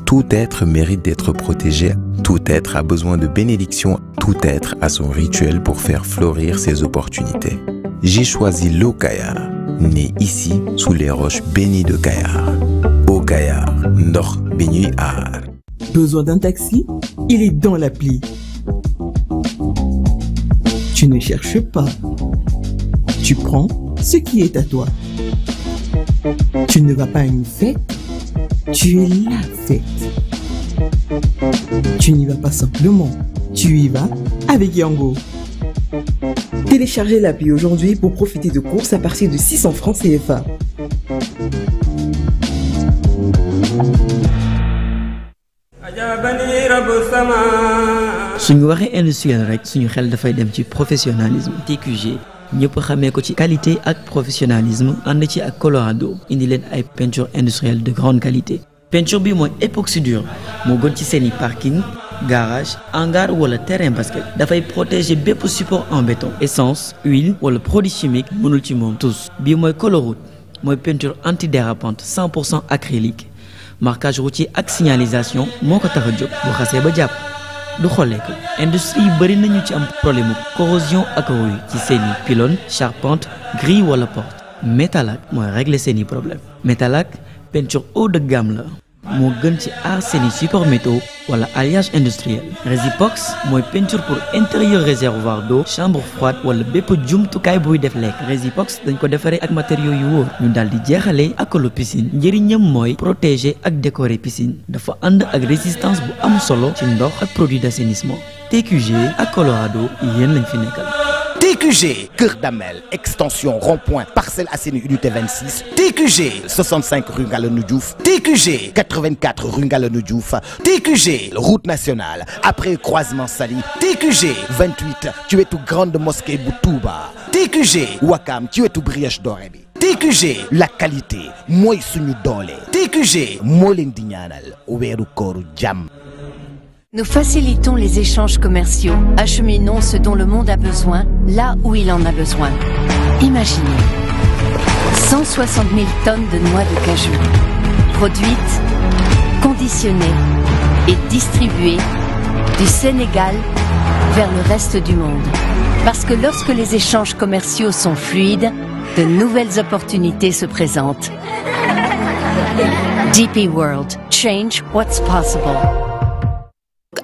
Tout être mérite d'être protégé, tout être a besoin de bénédiction, tout être a son rituel pour faire fleurir ses opportunités. J'ai choisi l'eau Kayar, né ici sous les roches bénies de Kayar. Eau Kayar, ndox bi ñuy aar. Besoin d'un taxi Il est dans l'appli. Tu ne cherches pas. Tu prends ce qui est à toi. Tu ne vas pas à une fête, tu es la fête. Tu n'y vas pas simplement, tu y vas avec Yango. Téléchargez l'appli aujourd'hui pour profiter de courses à partir de 600 francs CFA. suñu waxee industriel rek suñu xel dafay dem ci professionnalisme TQG ñëpp xamee ko ci qualité ak professionnalisme ànd ci ak Colorado indi leen ay peinture industrielle de grande qualité peinture bi mooy époxy dure moo gën ci seeni parking garage hangar wala terrain basket dafay protéger bépp support en béton essence huile wala produit chimique mënul ci moom tous bii mooy Coloroute mooy peinture antidérapante 100 pour cent acrylique marquage routier ak signalisation moo ko tax a jóg bu xasee ba jàpp du xoolee ko industrie yi bëri nañu ci am problème corrosion ak rouille ci seen i pylône charpente grille wala porte métal mooy régler seen i problème métal ak peinture de gamme la moo gën ci aar seeni support métaux wala alliage industriel Resipox mooy peinture pour intérieur réservoir do chambre froide wala bépp jumtukaay buy def lekk Resipox dañ ko defaree ak matériaux yu wóor ñu daal di jeexalee akolo piscine njëriñam mooy protéger ak décorer piscine dafa ànd ak résistance bu am solo ci ndox ak produit d'assainissement TQG ak Colorado yéen lañ fi nekkal TQG Kër Damel extension rond-point Parcelles Assainies unité 26 TQG 65 rue Ngalandou Diouf TQG 84 rue Ngalandou Diouf TQG route nationale après croisement Saly TQG 28 ci wetu grande mosquée bu Touba TQG Wakam ci wetu Brioche Dorée bi TQG la qualité mooy suñu doole TQG moo leen di ñaanal weeru kooru jàmm Nous facilitons les échanges commerciaux, acheminons ce dont le monde a besoin, là où il en a besoin. Imaginez tonnes de noix de cajou, produites, conditionnées et distribuées du Sénégal vers le reste du monde. Parce que lorsque les échanges commerciaux sont fluides, de nouvelles opportunités se présentent. DP World, change what's possible.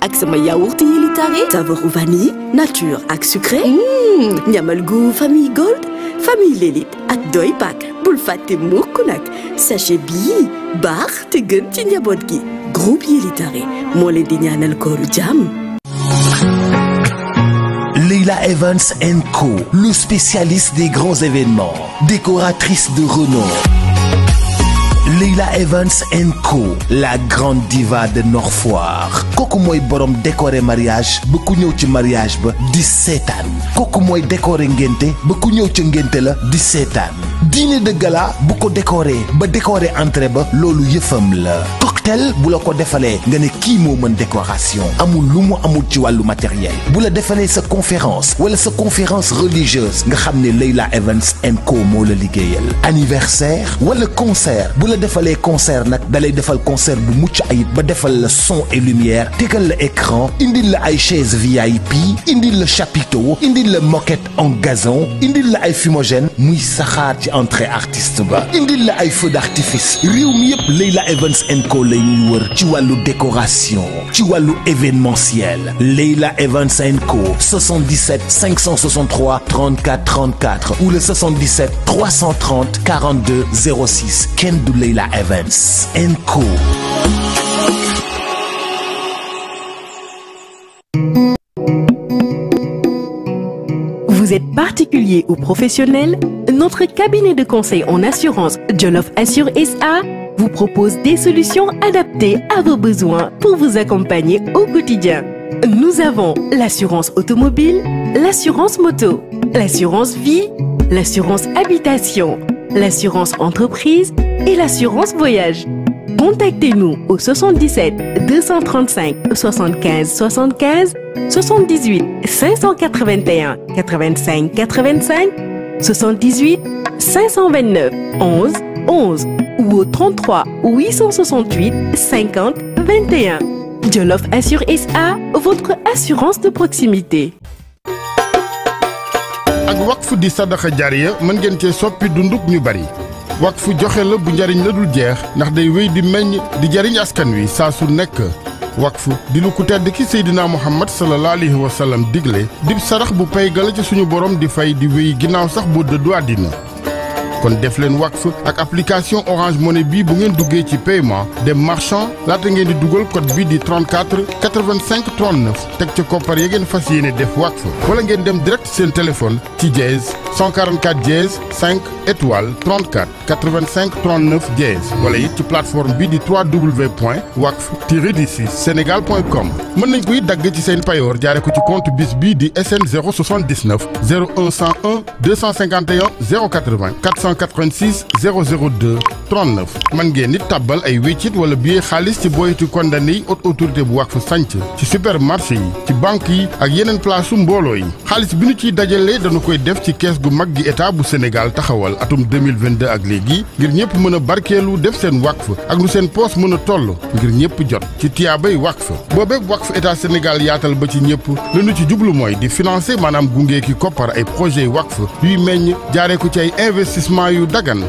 ak sama yaourt yi li tare saveur vanille nature ak sucré ñamal mmh. gu famille gold famille l'élite ak doy pak bul fàtte mukk nag sachet bii baax te gën ci njaboot groupe yi li tare moo leen di ñaanal kooru jàmm Leila Evans Co, le spécialiste des grands événements, décoratrice de renom Leila Evans and Co la grande diva de Nord-Foire kooku mooy borom décoré mariage ba ku ñëw ci mariage ba di seetaan kooku mooy décoré ngénte ba ku ñëw ci ngénte la di seetaan dîner de gala bu ko décorer ba décorer entrée ba loolu yëfam la cocktail bu la ko defalee nga ne kii moo mën décoration amul lu mu amul ci wàllu matériel bu la defalee sa conférence wala sa conférence religieuse nga xam ne Leila Evans and Co moo la liggéeyal anniversaire wala concert bu la defalee concert nag dalay defal concert bu mucc ayib ba defal la son et lumière tegal la écran indil la ay chaise VIP indil la chapiteau indil la moquette en gazon indil la ay fumogène rentrée artiste ba indil la ay feux d'artifice réew mi yëpp Leila Evans and Co la ñuy wër ci wàllu décoration ci wàllu événementiel Leila Evans and Co 77 563 34 34 ou le 77 330 42 06 kenn du Leila Evans and Co. Vous êtes particulier ou professionnel Notre cabinet de conseil en assurance Jolof Assure SA vous propose des solutions adaptées à vos besoins pour vous accompagner au quotidien. Nous avons l'assurance automobile, l'assurance moto, l'assurance vie, l'assurance habitation, l'assurance entreprise et l'assurance voyage. Contactez-nous au 77 235 75 75 78 581 85 85 78 529 11 11 ou au 33 868 50 21. Jolof Assure SA, votre assurance de proximité. ak waqf di sadaxa jaariya mën ngeen cee soppi dunduk ñu bari fu joxe la bu njariñ la dul jeex ndax day wéy di meññ di jariñ askan wi saa su nekk wakfu di lu ku tedd ki seydinaa muhammad sallallahu alayhi wa sallam digle dib sarax bu pay gala ci suñu borom di fay di wéy ginnaaw sax bu dëddu àddina kon def leen wax ak application orange money bii bu ngeen duggee ci paiement dem marchand laata ngeen di dugal code bii di 34 85 39 teg ca koppar ya ngeen fas yéene def wax wala ngeen dem direct seen téléphone ci dièse 144 dièse 5 étoile 34 85 39 dièse wala ci plateforme bii di 3w point wakf tiré d'ici sénégal point com mën nañ koy dagg ci seen payoor jaare ko ci compte bis bi di sn 079 01 101 251 080 400 886 002 39 mën ngeen it tàbbal ay wéccit wala billet xaalis ci boyatu condamné yi haute autorité bu Waqf ci supermarché yi ci banque yi ak yeneen place su mbooloo yi xaalis bi ñu ciy dajalee dañu koy def ci kees gu mag gi état bu Sénégal taxawal atum 2022 ak léegi ngir ñëpp mën a barkeelu def seen Waqf ak nu seen poos mën a toll ngir ñëpp jot ci tiyaabay Waqf boobeeg Waqf état Sénégal yaatal ba ci ñëpp li ñu ci jublu mooy di financer maanaam gunge ki koppar ay projets Waqf yuy meññ jaaree ko ci yu dagan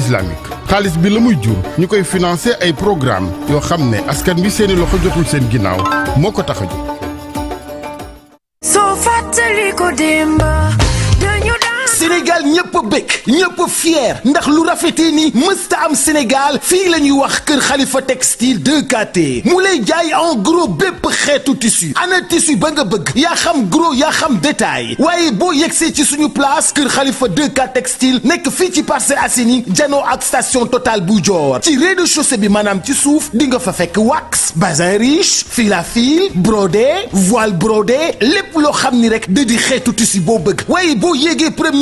islamique xaalis bi la muy jur ñu koy financer ay programme yoo xam ne askan bi seeni loxo jotul seen ginnaaw moo ko tax a jóg soo fàttali ko démba Sénégal ñëpp bëgg ñëpp fier ndax lu rafetee ni mësta am Sénégal fii la ñuy wax kër Khalifa textile 2KT mu lay jaay en gros bépp xeetu tissu ana tissu ba nga bëgg yaa xam gros yaa xam détail waaye boo yegsee ci suñu place kër Khalifa 2K textile nekk fii ci Parcelles Assainies janoo ak station Total bu joor ci rez-de-chaussée bi maanaam ci suuf di nga fa fekk wax bazin riche fil à fil brodé voile brodé lépp loo xam ni rek da di xeetu tissu boo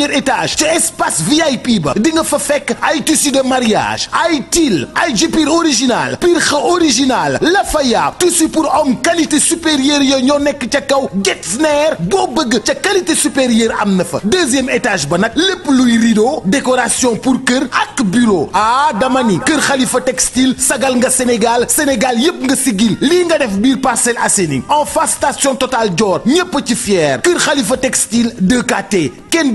premier étage ca espace VIP ba di nga fa fekk ay tissu de mariage ay til ay jipir original pirxa original la fa yaa tissu pour homme qualité supérieure yooyu ñoo nekk ca kaw Getzner boo bëgg ca qualité supérieure am na fa deuxième étage ba nag lépp luy rideau décoration pour kër ak bureau ah dama ni kër Khalifa textile sagal nga Sénégal Sénégal yëpp nga sigil lii nga def biir Parcelles Assainies en face station Total Dior ñëpp ci fier kër Khalifa textile 2KT kenn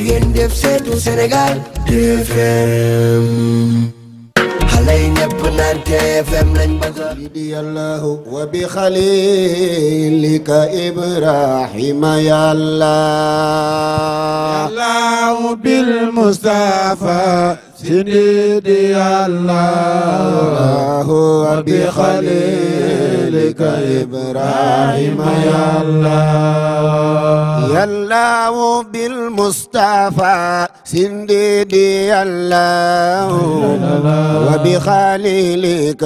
jërë def seetu Sénégal TFM xale yi ñëpp naan TFM lañ bëgg bi wa bi xalilika ibrahima yàlla yàllahu bil سيدي الله وبخليلك إبراهيم يا الله يا الله بالمصطفى سيدي الله وبخليلك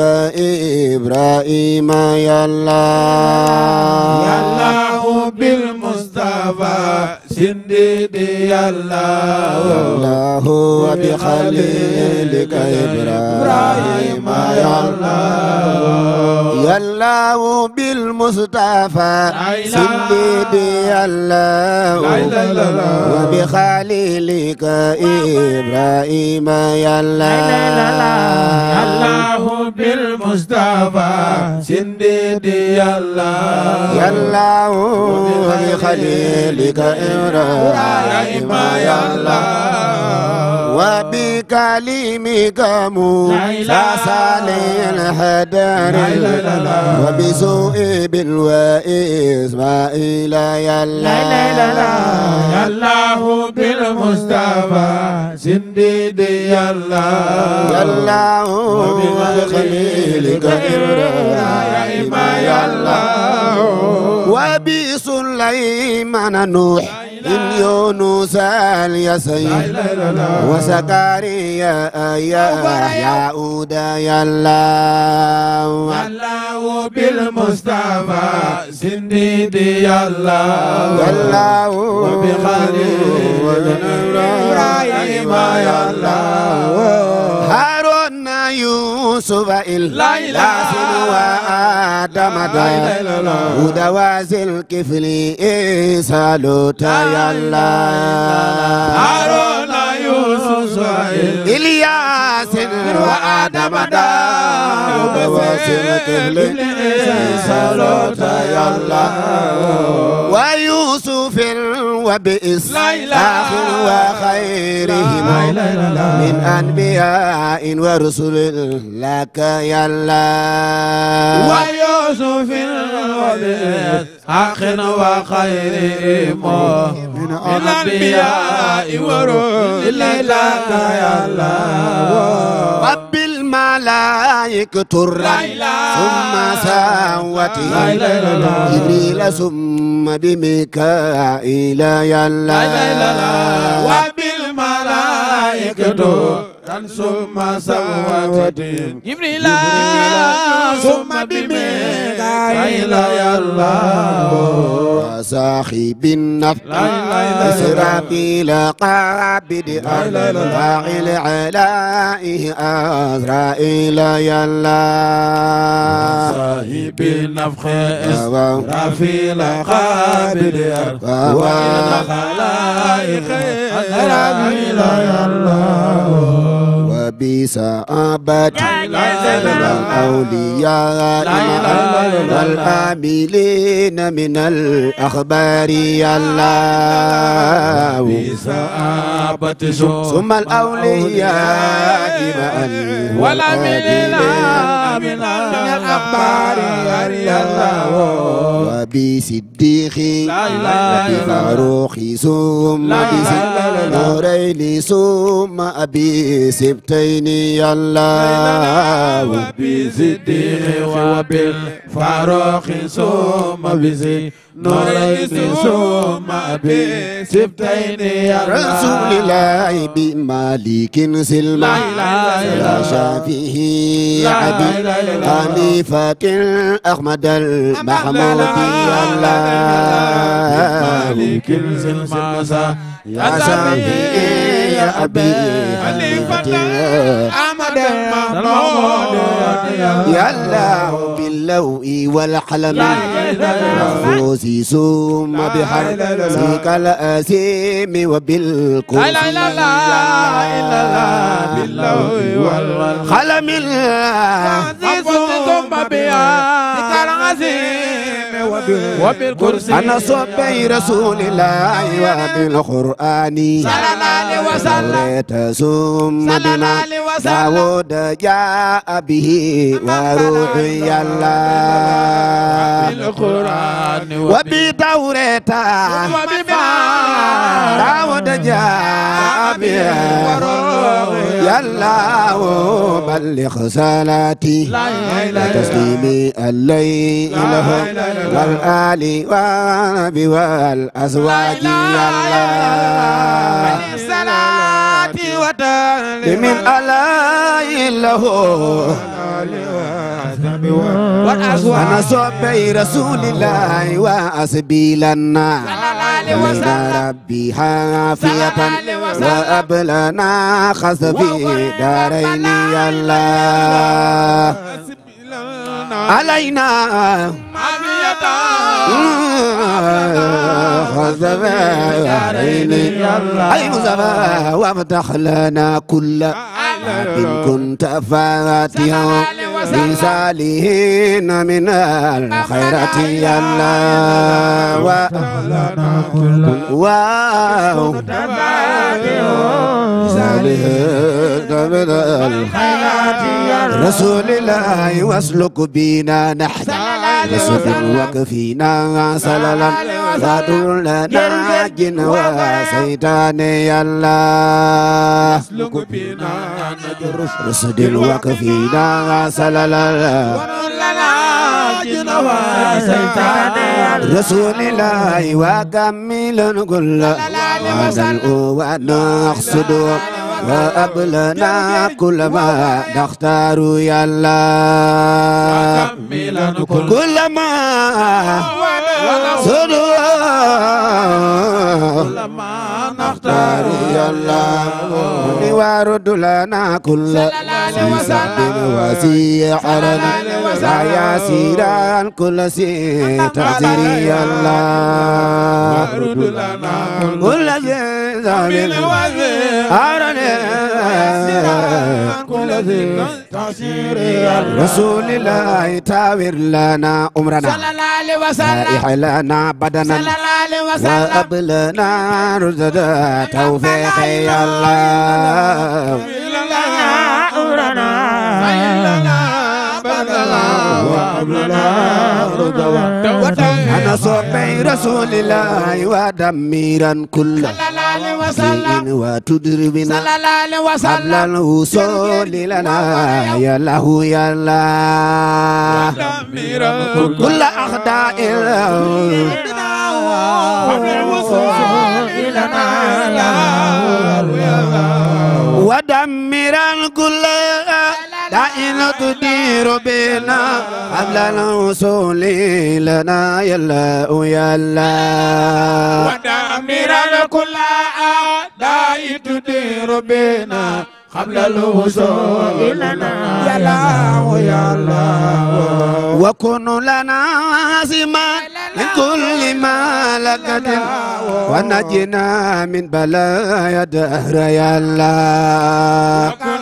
إبراهيم يا الله يا الله بالمصطفى المصطفى سندي الله وبخليلك إبراهيم يا الله يا الله بالمصطفى سندي الله وبخليلك إبراهيم يا الله الله بالمصطفى سندي الله يا الله بخليلك إبراهيم يا الله وبكلمك موسى صالح الحدار وبسوء بالواء إسماعيل يا الله يا الله بالمصطفى سنديد يا الله يا الله وبخليلك إبراهيم يا الله وبسوء سليمان نوح إن يونس اليسين وزكريا يا أودا يا الله الله بالمصطفى سندي يا الله الله وبخير ونور يا الله يوسف إلا لازم وآدم ودواز الكفل سالوتا يا الله هارون يوسف إلياس وآدم ودواز الكفل سالوتا يا الله وبئس آخر وخيرهم من أنبياء ورسل لك يا الله ويوسف وبئس آخر وخيرهم من أنبياء ورسل لك يا الله الملائكة ثم ساوته جبريل ثم بميكائيل يلا وبالملائكة عن ثم سواتهم جبريل ثم بميكائيل يا الله صاحب النفط إسرافيل قابد فاعل علائه أزرائيل يا الله صاحب النفخ إسرافيل قابد فاعل خلائق أزرائيل يا الله خبيث أبت الأولياء والآملين من الأخبار الله ثم الأولياء والآملين من الأخبار الله بصديق بفاروق ثم بنورين ثم أبي سبتين الله بصديق وبالفاروق ثم بزي نورين ثم أبي سبتين رسول الله بمالك سلمى يا شافيه عبد حنيفة أحمد المحمود الله مالك المعزة يا سامي يا أبي خليفة أحمد محمود يا الله باللوء والحلم فوزي ثم بحر سيك الأسيم وبالكفر لا لا لا لا باللوء والحلم فوزي ثم بحر سيك الأسيم وبالكرسي أنا صبي رسول الله وبالقرآن صلى الله عليه وسلم صلى الله عليه وسلم داود جاء به وروحي الله بالقرآن وبتوريتا داود جاء به وروحي الله بلغ صلاتي وتسليمي الليل والآل والأبي والأزواج الله صلاتي وتالي من ألاي له أنا صبي رسول الله وأسبيلنا إلى ربي حافية وأبلنا خسبي دارين يا الله علينا حافية علي مصطفى وافتح لنا كل بن كنت فاتحا بسالين من الخيرات يلا واو بسالين من الخيرات رسول الله واسلك بنا نحن رسول وكفينا سللا sadula da jin wa saytane yalla nasluku bina najrus rusdil waqfina salala رسول الله وكمل كل هذا الأوان نقصده وهب لنا كل ما نختار يا الله كل ما كل ما نختار يا الله وارد لنا كل سيسان وسيحرا ويا سيران كل سيتعزير يا الله كل سيسان ذنب أرني كل ذنب تعسير رسول الله تاوير لنا أمرنا صلى الله عليه وسلم لنا بدنا صلى الله عليه وسلم وقبلنا رزدا توفيق الله لنا أمرنا لنا بدنا وقبلنا رزدا صبي رسول الله ودميرا كل شيء وتدر بنا قبل الوصول لنا يا له يا الله كل أخداء قبل الوصول لنا يا له يا الله ودمرا كل دائن تدير بنا حمل الوصول لنا يلا ويلا ودمر الكل أعداء تدير بنا حمل الوصول لنا يلا ويلا وكن لنا عزما من كل ما لقد ونجنا من بلايا دهر يلا وكن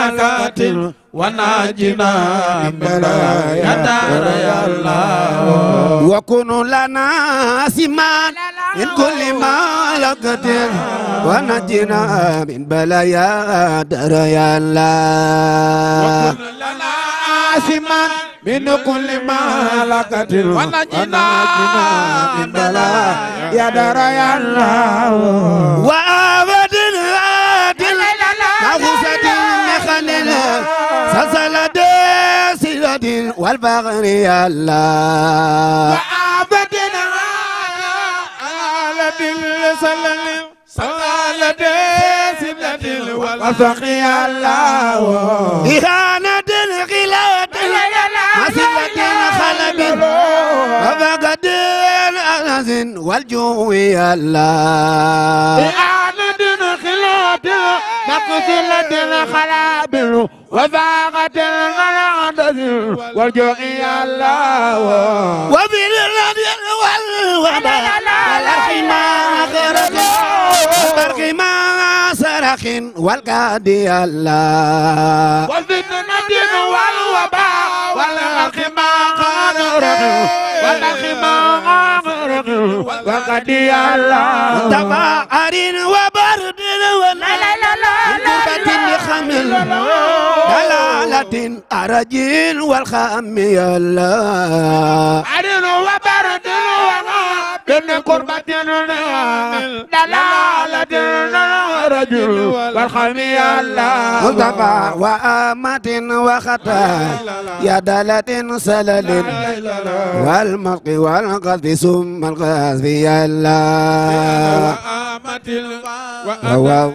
بركات وناجنا من يا دار يا الله وكن لنا سمان من كل ما لقدر ونجنا من بلايا دار يا الله وكن لنا سمان من كل ما لقد ونجنا من بلا يا دار يا الله والجد والبغر يا الله وعابدنا على بالسلام صلى سبلة والفق يا الله إهانة الغلاد مسلة خلب وفقد أنس والجو يا الله إهانة الغلاد مقتلة خلابل وفاقت الغنادة والجوع يا الله وفي الربيع والوباء والرحمة أخرج والرحمة سرخ والقاد يا الله والفتنة والوباء والرحمة قادر والرحمة غافر وقد يا الله تبارين وبرد ولا لا لا لا لا لا لا لا حالة أرجل والخام يلا عرن وبرد بن قربة دلالة رجل والخام يلا مصطفى وآمة وخطا يا دلة سلل والمرق والغذ ثم الغذ يلا وآمة وخطا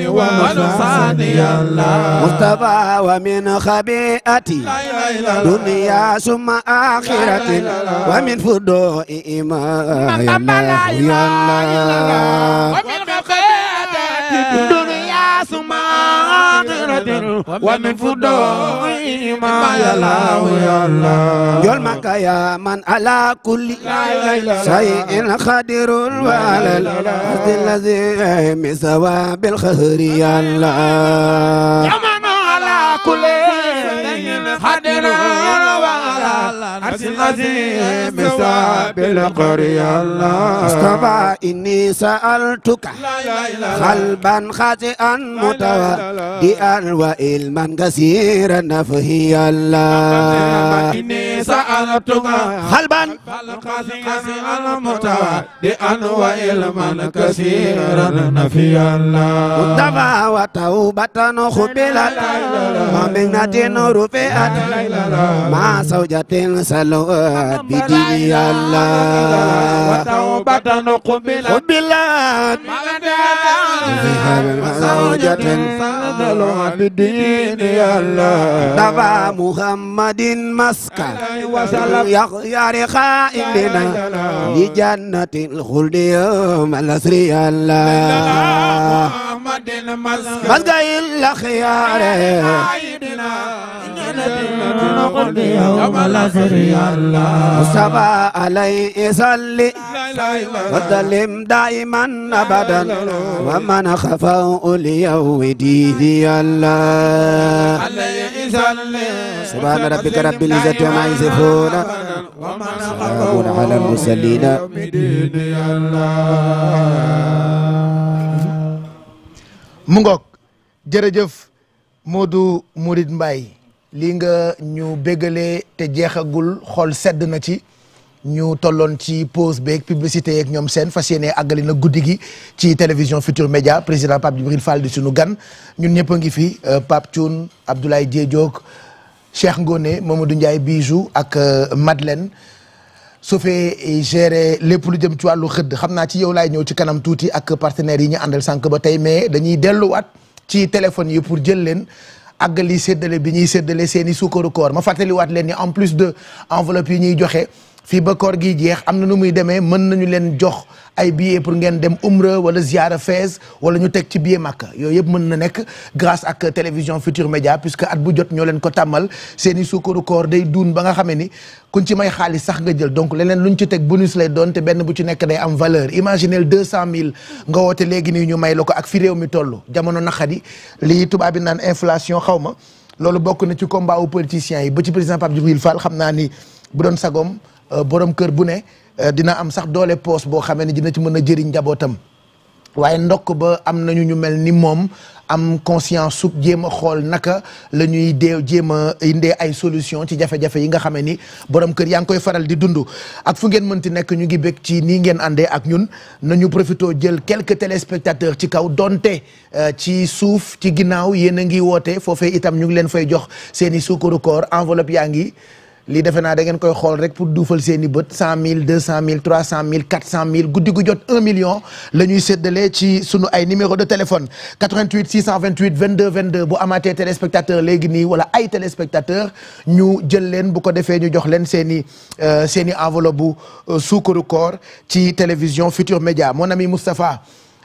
الحسين والثاني الله مصطفى ومن خبيئتي دنيا ثم آخرة ومن فدوء إمام يا الله ومن خبيئتي خيرة ومن فضوء ما يلاه يا الله يلمك يا من على كل شيء قدير وعلى الحسد الذي بثواب الخير يا الله يا من على كل شيء قدير عرش العظيم صاحب القرية الله مصطفى إني سألتك قلبا خاطئا متودئا وإلما كثيرا فهي الله سألتما خلبا عن المتوى لأنوى علما كثيرا نفيا متوى وتوبة خبلت ومنة رفعت مع زوجة سلوات بدي الله وتوبة قبلت قبلت زوجة سلوات بدين الله دفع محمد مسكن وسلم يا رخائنا لجنة الخلد يوم الأسر الله محمد المسجد مسجد الخيار يوم الأسر يا الله مصطفى عليه صلي وسلم دائما أبدا ومن خفى ليوديه يا الله عليه صلي سبحان ربك رب العزة عما يصفون ومن على المرسلين mu ngoog jërëjëf Modou Mourid Mbaye lii nga ñu bégalee te jeexagul xool sedd na ci ñu tolloon ci pause beeg publicité yeek ñoom seen fas yéene àggali na guddi gi ci télévision Futur Média président Pape Djibril Fall di sunu gan ñun ñëpp a ngi fi euh, Pape Thioune Abdoulaye Diedhiog Cheikh Ngoné Mamadou Ndiaye Bijou ak euh, Madeleine su fee gérer lépp lu jëm ci wàllu xëdd xam naa ci yow laay ñëw ci kanam tuuti ak partenaires yi ñu àndal sànq ba tey mais dañuy delluwaat ci téléphone yi pour jël leen. àggali séddale bi ñuy séddale seeni i sukkaru koor ma fàttaliwaat leen en plus de enveloppe yi ñuy joxe fii ba koor gi jeex am na nu muy demee mën nañu leen jox ay billets pour ngeen dem umra wala ziara Fès wala ñu teg ci billet Makka yooyu yëpp mën na nekk grâce ak télévision Futur Média puisque at bu jot ñoo leen ko tàmmal seen i sukkaru koor day duun ba nga xamee ni kuñ ci may xaalis sax nga jël donc leneen luñ ci teg bu bonus lay doon te benn bu ci nekk day am valeur imaginez deux cent mille nga woote léegi nii ñu may la ko ak fi réew mi toll jamono naqadi lii tubaab bi naan inflation xaw ma loolu bokk na ci combat wu politiciens yi ba ci président Pape Djibril Fall xam naa ni bu doon sagom euh, borom kër bu ne Euh, dina am sax doole poos boo xamee ne dina ci mën a jëriñ njabootam waaye ndokk ba am nañu ñu mel ni moom am conscience su jéem a xool naka lañuy ñuy dee jéem a indee ay solution ci jafe-jafe yi nga xamee ni borom kër yaa ngi koy faral di dundu ak fu ngeen mën mënti nekk ñu ngi bég ci nii ngeen àndee ak ñun nañu profité jël quelques téléspectateurs ci kaw donte euh, ci suuf ci ginnaaw yéen a ngi woote foofee itam ñu ngi leen fay jox seeni i sukkaru koor enveloppe yaa ngi lii defe naa da koy xool rek pour duufal seen i bët cent mille deux cent mille trois cent mille quatre cent mille guddi gu jot un million la ñuy séddale ci sunu ay numéro de téléphone 88 628 22 22 bu amaatee téléspectateur léegi nii wala ay téléspectateur ñu jël leen bu ko defee ñu jox leen seen i euh, seen i enveloppe bu euh, suukaru koor ci télévision Futur Média mon ami Moustapha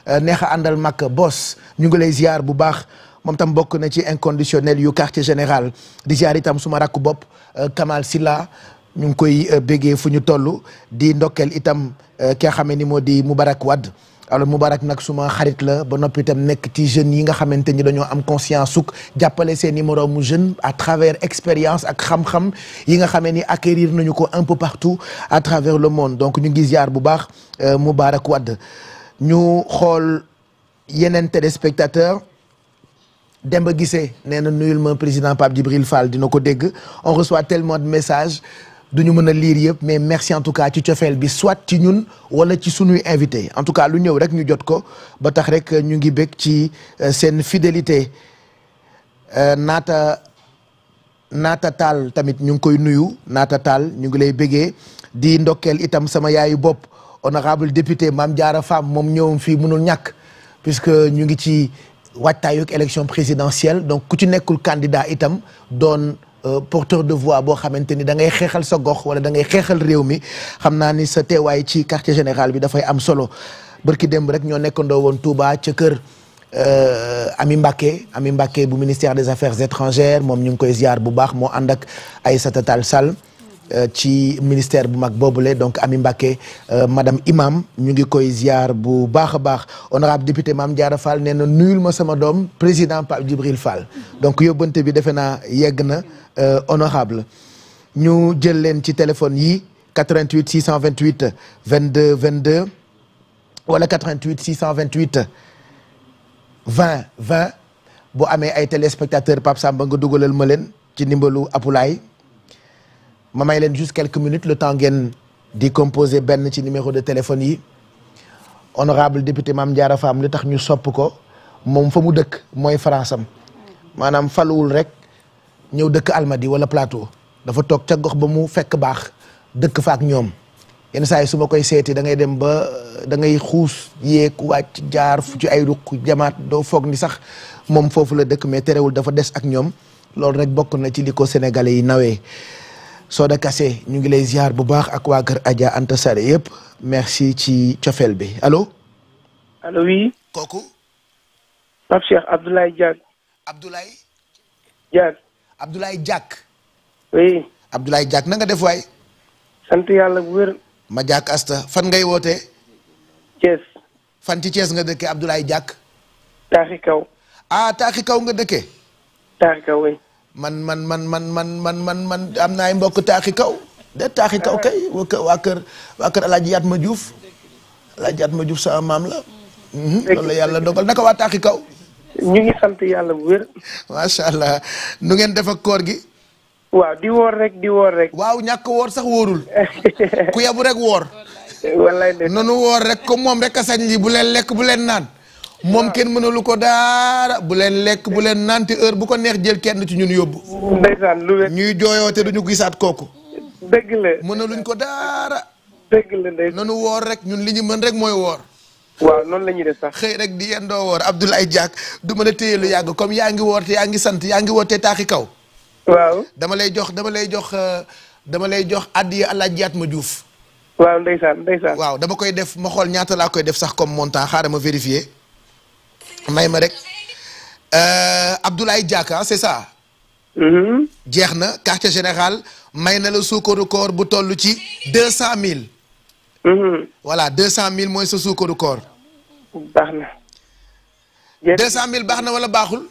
euh, neex a àndal mag boss ñu ngi lay ziar bu baax. moom tam bokk na ci inconditionnel yu quartier général di jaar itam suma rakku bopp euh, Kamal Silla ñu ngi koy euh, béggee fu ñu toll di ndokkeel itam euh, ki nga xam ne ni moo di Moubarak Wade alors Moubarak nag suma xarit la ba noppi itam nekk ci jeunes yi nga xamante ni dañoo am conscience suk jàppale seen numéro mu jeune à travers expérience ak xam-xam yi nga xamee ni acquérir nañu ko un peu partout à travers le monde donc ñu ngi jaar bu baax Moubarak Wade ñu xool yeneen téléspectateurs Demba Guissé nee na nuyul ma président Pape Djibril Fall dina ko dégg on reçoit tellement de messages du ñu mën a liir yëpp mais merci en tout cas ci cofeel bi soit ci ñun wala ci suñuy invité en tout cas lu ñëw rek ñu jot ko ba tax rek ñu ngi bég ci euh, seen fidélité euh, naata naata taal tamit ñu ngi koy nuyu naata taal ñu ngi lay bégee di ndokkeel itam sama yaayu bopp honorable député Mame Diarra Fam moom ñëwam fii mënul ñàkk puisque ñu ngi ci waajtaayu ak élection présidentielle donc ku ci nekkul candidat itam doon euh, porteur de voix boo xamante ni da ngay xeexal sa gox wala dangay xeexal réew mi xam naa ni sa teewaay ci quartier général bi dafay am solo bërki démb rek ñoo nekkandoo woon Touba ca kër euh, Ami Mbacké Ami Mbacké bu ministère des affaires étrangères moom ñu ngi koy ziar bu baax moo ànd ak Aïssata Tall Sall Euh, ci ministère bu mag boobule donc Ami Mbacké euh, madame imam ñu ngi koy ziar bu baax a baax honorable député Mame Diarra Fall nee na nuyul ma sama doom président Pape Djibril Fall donc yóbbante bi defe naa yegg na euh, honorable ñu jël leen ci téléphone yi 88 628 22 22 wala 88 628 20 20 bu amee ay téléspectateurs Pape Samba nga dugalal ma leen ci ndimbalu Apulaay ma may leen juste quelques minutes le temps ngeen di composer benn ci numéro de téléphone yi honorable député Mame Diarra Fam li tax ñu sopp ko moom fa mu dëkk mooy France am maanaam faluwul rek ñëw dëkk Almadi wala plateau dafa toog ca gox ba mu fekk baax dëkk fa ak ñoom yenn saa yi su ma koy seeti da ngay dem ba da ngay xuus yéeg wàcc jaar fu ci ay ruq jamaat doo foog ni sax moom foofu la dëkk mais terewul dafa des ak ñoom loolu rek bokk na ci li ko yi nawee soo Soda kasee ñu ngi lay ziar bu baax ak waa kër Anta Sarr yëpp merci ci cofeel bi alo allo oui. kooku. Pape Cheikh Abdoulaye Diack. Abdoulaye. Diack. Abdoulaye na nga def waay. sant yàlla bu wér. ma Diack asta fan ngay woote Thiès. fan ci Thiès nga dëkkee Abdoulaye Diack. taaxi kaw. ah taaxi kaw nga dëkkee. taaxi kaw man man man man man man man man am na ay mbokk taaxi kaw de taaxi kaw kay waa kër waa kër alaaji yaat ma juuf alaaji yaat ma juuf sama maam la mhm, loolu la yàlla dogal naka waa taaxi kaw ñu ngi sant yàlla bu wér macha allah nu ngeen def ak koor gi waaw di woor rek di woor rek waaw ñàkk woor sax wóorul ku yabu rek woor wallaay nonu woor rek ko moom rek a sañ li bu leen lekk bu leen naan moom kenn mënalu ko daara bu leen lekk bu leen nanti heure bu ko neex jël kenn ci ñun yóbbu. ndeysaan ñuy jooyoo te duñu gisaat kooku. dëgg la mënaluñ ko daara. dëgg la woor rek ñun li ñu mën rek mooy woor. waaw noonu la ñuy def sax. xëy rek di yendoo woor ay Diack du ma la téye lu yàgg comme yaa ngi woor te yaa ngi sant yaa ngi woor te taaxi kaw. waaw dama lay jox dama lay jox euh, dama lay jox addi alaaj jiyaat ma juuf. waaw ndeysaan ndeysaan. waaw dama koy def ma xool ñaata laa koy def sax comme montant xaaral ma vérifier. may ma rek euh, Abdoulaye Diaka ah, c'est ça. Mm-hmm. jeex na quartier général may na la suukaru koor bu toll ci deux cent mille. Mm-hmm. voilà deux cent mille mooy sa suukaru koor. baax na. deux cent mille baax na wala baaxul.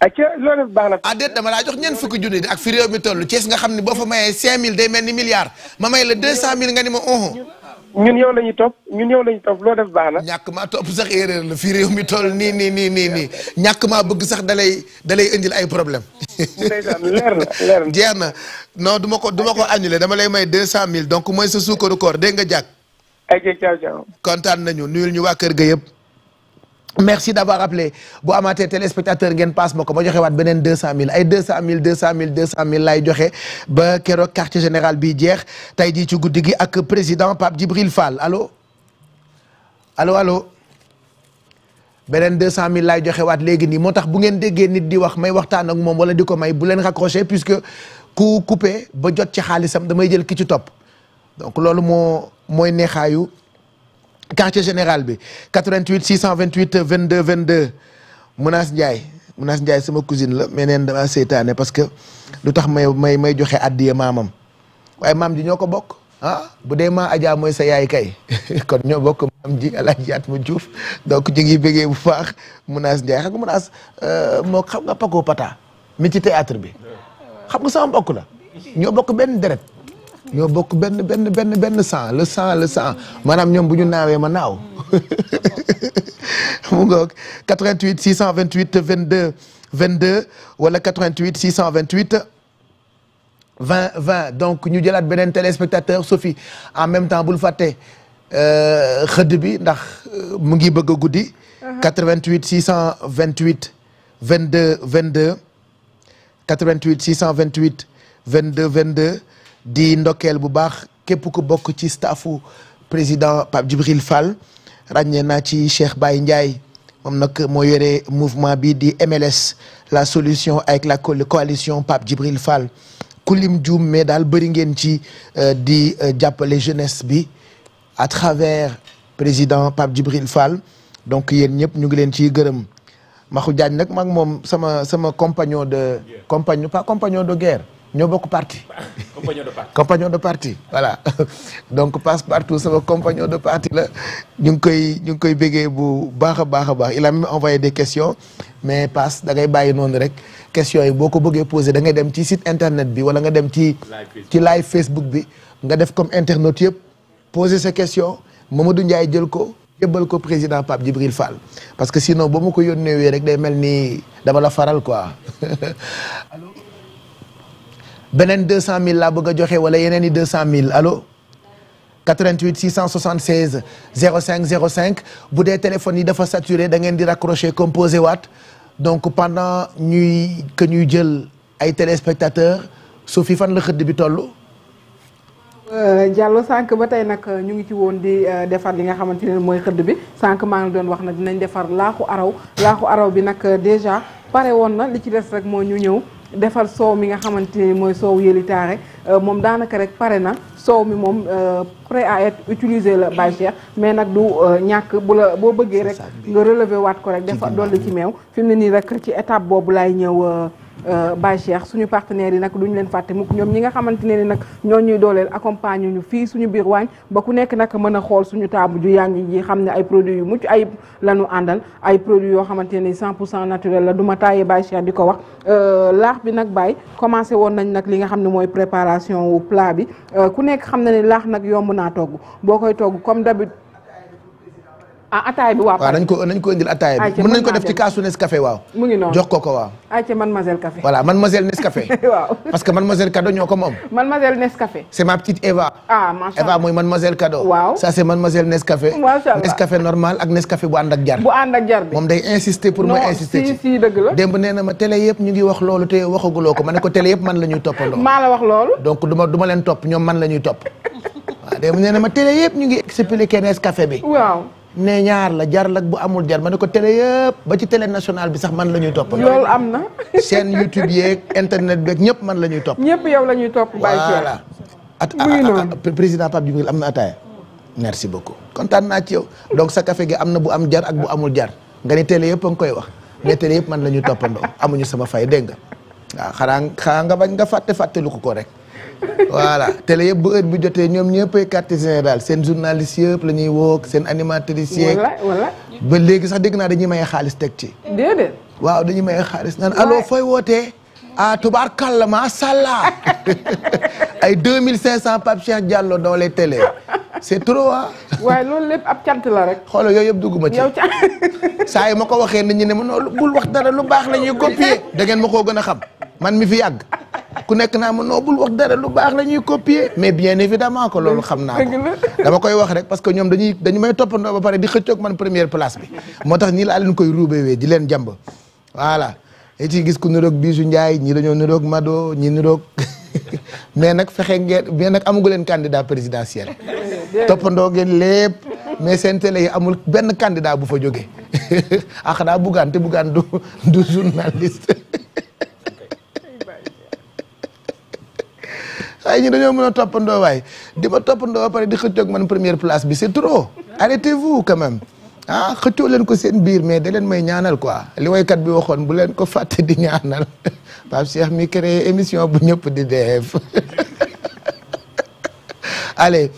acca loolu baax na. Ah, dama laa jox ñeent fukki junni ak fi réew mi toll Thiès nga xam ne boo fa mayee cinq mille day mel ni milliard ma may la deux cent mille nga ni ma onho. Uh-huh. ñun yow la ñuy topp ñun yow la ñuy topp loo def baax na. ñàkk maa topp sax erreur la fii réew mi toll nii nii nii nii nii ñàkk maa bëgg sax dalay dalay indil ay problème leer na leer na. jeex na non du ma ko du ko annulé dama lay may deux cent mille donc mooy sa suukaru koor dégg nga jàkk. ay kontaan nañu nuyul ñu waa kër ga yëpp. merci d'avoir appelé bu amaatee téléspectateur ngeen paas ma ko ma joxe waat beneen deux cent mille ay deux cent lay joxe ba keroog quartier général bi jeex tey jii ci guddi gi ak président Pape Djibril Fall allo allo alo beneen deux cent mille lay joxe waat léegi nii moo tax bu ngeen déggee nit di wax may waxtaan ak moom wala di ko may bu leen raccroché puisque ku coupé ba jot ci xaalisam damay jël ki ci topp donc loolu moo mooy neexaayu quartier général bi 88 628 22 22 Mounas Ndiaye Mounas Ndiaye sama cousine la mais neen dama seytaane parce que lu tax may may may joxe addiya maamam waaye maam ji ñoo ko bokk ah, bu dee maa Adja mooy sa yaay kay kon ñoo bokk maam ji Alaaji Atma Diouf donc ñu ngi bëggee bu faax Mounas Ndiaye xam nga Mounas euh, moo xam nga Paco Pata mi ci théâtre bi xam nga sama mbokk la ñoo bokk benn deret ñoo bokk benn benn benn benn sang le sang le sang maanaam ñoom bu ñu naawee ma naaw mu ngoog 88 628 22 22 wala 88 628 20 20 donc ñu jëlaat beneen téléspectateur Sophie en même temps bul fàtte euh, xëdd bi ndax euh, mu ngi bëgg a guddi. 88 628 22 22 88 628 22 22. di ndokkeel bu baax képp ku bokk ci staffu président Pape Djibril Fall ràññee naa ci Cheikh Baye Ndiaye moom nag moo yore mouvement bi di MLS la solution avec la coalition Pape Djibril Fall ku lim juum mais daal bëri ngeen ci euh, di euh, jàppale jeunesse bi à travers président Pape Djibril Fall donc yéen ñëpp ñu ngi leen ciy gërëm Maxu Diagne nag maag moom sama sama compagnon de compagnon pas compagnon de guerre ñoo bokk parti. compagnon de parti compagnon de parti voilà donc passe partout sama compagnon de parti la ñu ngi koy ñu ngi koy bégee bu baax a baax a baax il a même envoyé des question mais passe dangay bàyyi noonu rek question yi boo ko bëggee posé da ngay dem ci site internet bi wala nga dem ci. ci live Facebook bi nga def comme internet yëpp posé sa question du Ndiaye jël ko jébbal ko président Pape Djibril Fall parce que sinon boo ma ko yónnee rek day mel ni dama la faral quoi. beneen deux cent mille laa bëgg a joxe wala yeneen i 200000 allo 88 676 05 cinq bu dee téléphone yi dafa saturé da ngeen di raccrocher composé waat donc pendant ñuy que ñuy jël ay téléspectateurs su fi fan la xëdd bi toll. Euh, Diallo sànq ba tey nag euh, ñu ngi ci woon di euh, defar li nga xamante ne mooy xëdd bi sànq maa ngi doon wax nag dinañ defar laaxu araw laaxu araw bi nag déjà pare woon na li ci des rek moo ñu ñëw. defar soow mi nga xamante ni mooy soow yëlitaare euh, moom daanaka rek pare na soow mi moom euh, prêt à être utiliser la Baye Cheikh mais nag du euh, ñàkk bu la boo bëggee rek nga relever waat ko rek dafa dolli ci meew fi mu ne nii rek ci étape boobu laay ñëw Euh, Baye Cheikh suñu partenaires yi nag duñu leen fàtte mukk ñoom ñi nga xamante ne ni nag ñoo ñuy dooleel accompagne ñu fii suñu biir waañ ba ku nekk nag mën a xool suñu taabu ju yaa ngi ji xam ne ay produit yu mucc ayib lañu ñu àndal ay produit yoo xamante ne 100 pour cent naturel la du ma taaye Baye Cheikh di ko wax euh, laax bi nag Baye commencé woon nañ nag li nga xam ne mooy préparation wu plat bi euh, ku nekk xam na ne laax nag yomb naa togg boo koy togg ah ataay bi waaw. waaw nañ ko nañ ko ko def ci kaasu Nescafé waaw. mu ngi jox ko ko waaw. ayca mademoiselle café. waaw parce que mademoiselle Kado ñoo ko moom. mademoiselle Nescafé. c' est ma petite Eva. ah macha allah Eva mooy mademoiselle Kado. waaw ça c' est mademoiselle Nescafé. normal ak Nescafé bu ànd ak jar. bu ànd ak jar bi moom day insister pour ma insister ci. non ma télé yëpp ñu ngi wax loolu te waxaguloo ko ma ne ko télé yëpp man la ñuy toppandoo. maa la wax loolu. donc du ma leen top ñoom man la ñuy topp waaw démb nee na ma télé yëpp ñu ngi expliquer Nescafé bi waaw ne ñaar la jarlak bu amul jar ma ne ko télé yëpp ba ci télé nationale bi sax man la ñuy topp. loolu am na. seen YouTube yeeg internet beeg ñëpp man la ñuy topp. ñëpp yow la ñuy topp. bàyyi voilà at président Pape Djibril am na ataaya. merci beaucoup kontaan naa ci donc sa café gi am na bu am jar ak bu amul jar nga ne télé yëpp a ngi koy wax mais yëpp man la ñuy toppandoo amuñu sama fay dégg nga waaw xanaa xanaa nga bañ nga fàtte fàttelu ko rek. voilà télé yëpp bu heure jotee ñoom ñëppay quartier général seen journaliste yëpp la ñuy woog seen animatrice yeeg wala ba léegi sax dégg naa dañuy maye xaalis teg ci déedéet waaw dañuy maye xaalis naan allo fooy wootee ah tubaarkàlla macha allah ay deux mille cinq cent Pape Cheikh Diallo dans les télé c'est trop ah. loolu lépp ab cant la rek. xoolal yooyu yëpp dugguma ci. yow ca saa yi ma ko waxee nit ñi ne ma noonu bul wax dara lu baax la ñuy copier. da ngeen ma koo gën a xam man mi fi yàgg ku nekk naa ma noo bul wax dara lu baax la ñuy copier. mais bien évidemment que loolu xam naa dama koy wax rek parce que ñoom dañuy dañu may toppandoo ba pare di xëccoog man première place bi moo tax nii laa leen koy ruubewee di leen jàmb voilà. dañ ciy gis ku niroog Bijou Ndiaye ñii dañoo niroog madoo ñii niroog mais nag fexe ngeen mais nag amagu leen candidat présidentiel toppandoo ngeen lépp mais seen télé yi amul benn candidat bu fa jógee ah xanaa Bougane te Bougane du du journaliste waaye ñi dañoo mën a toppandoo waay di ma toppandoo ba pare di xëccoog man première place bi c'est trop arrêtez-vous quand même ah xëccoo leen ko seen biir mais da leen may ñaanal quoi li waykat bi waxoon bu leen ko fàtte di ñaanal Pape Cheikh mi créé émission bu ñëpp di def allez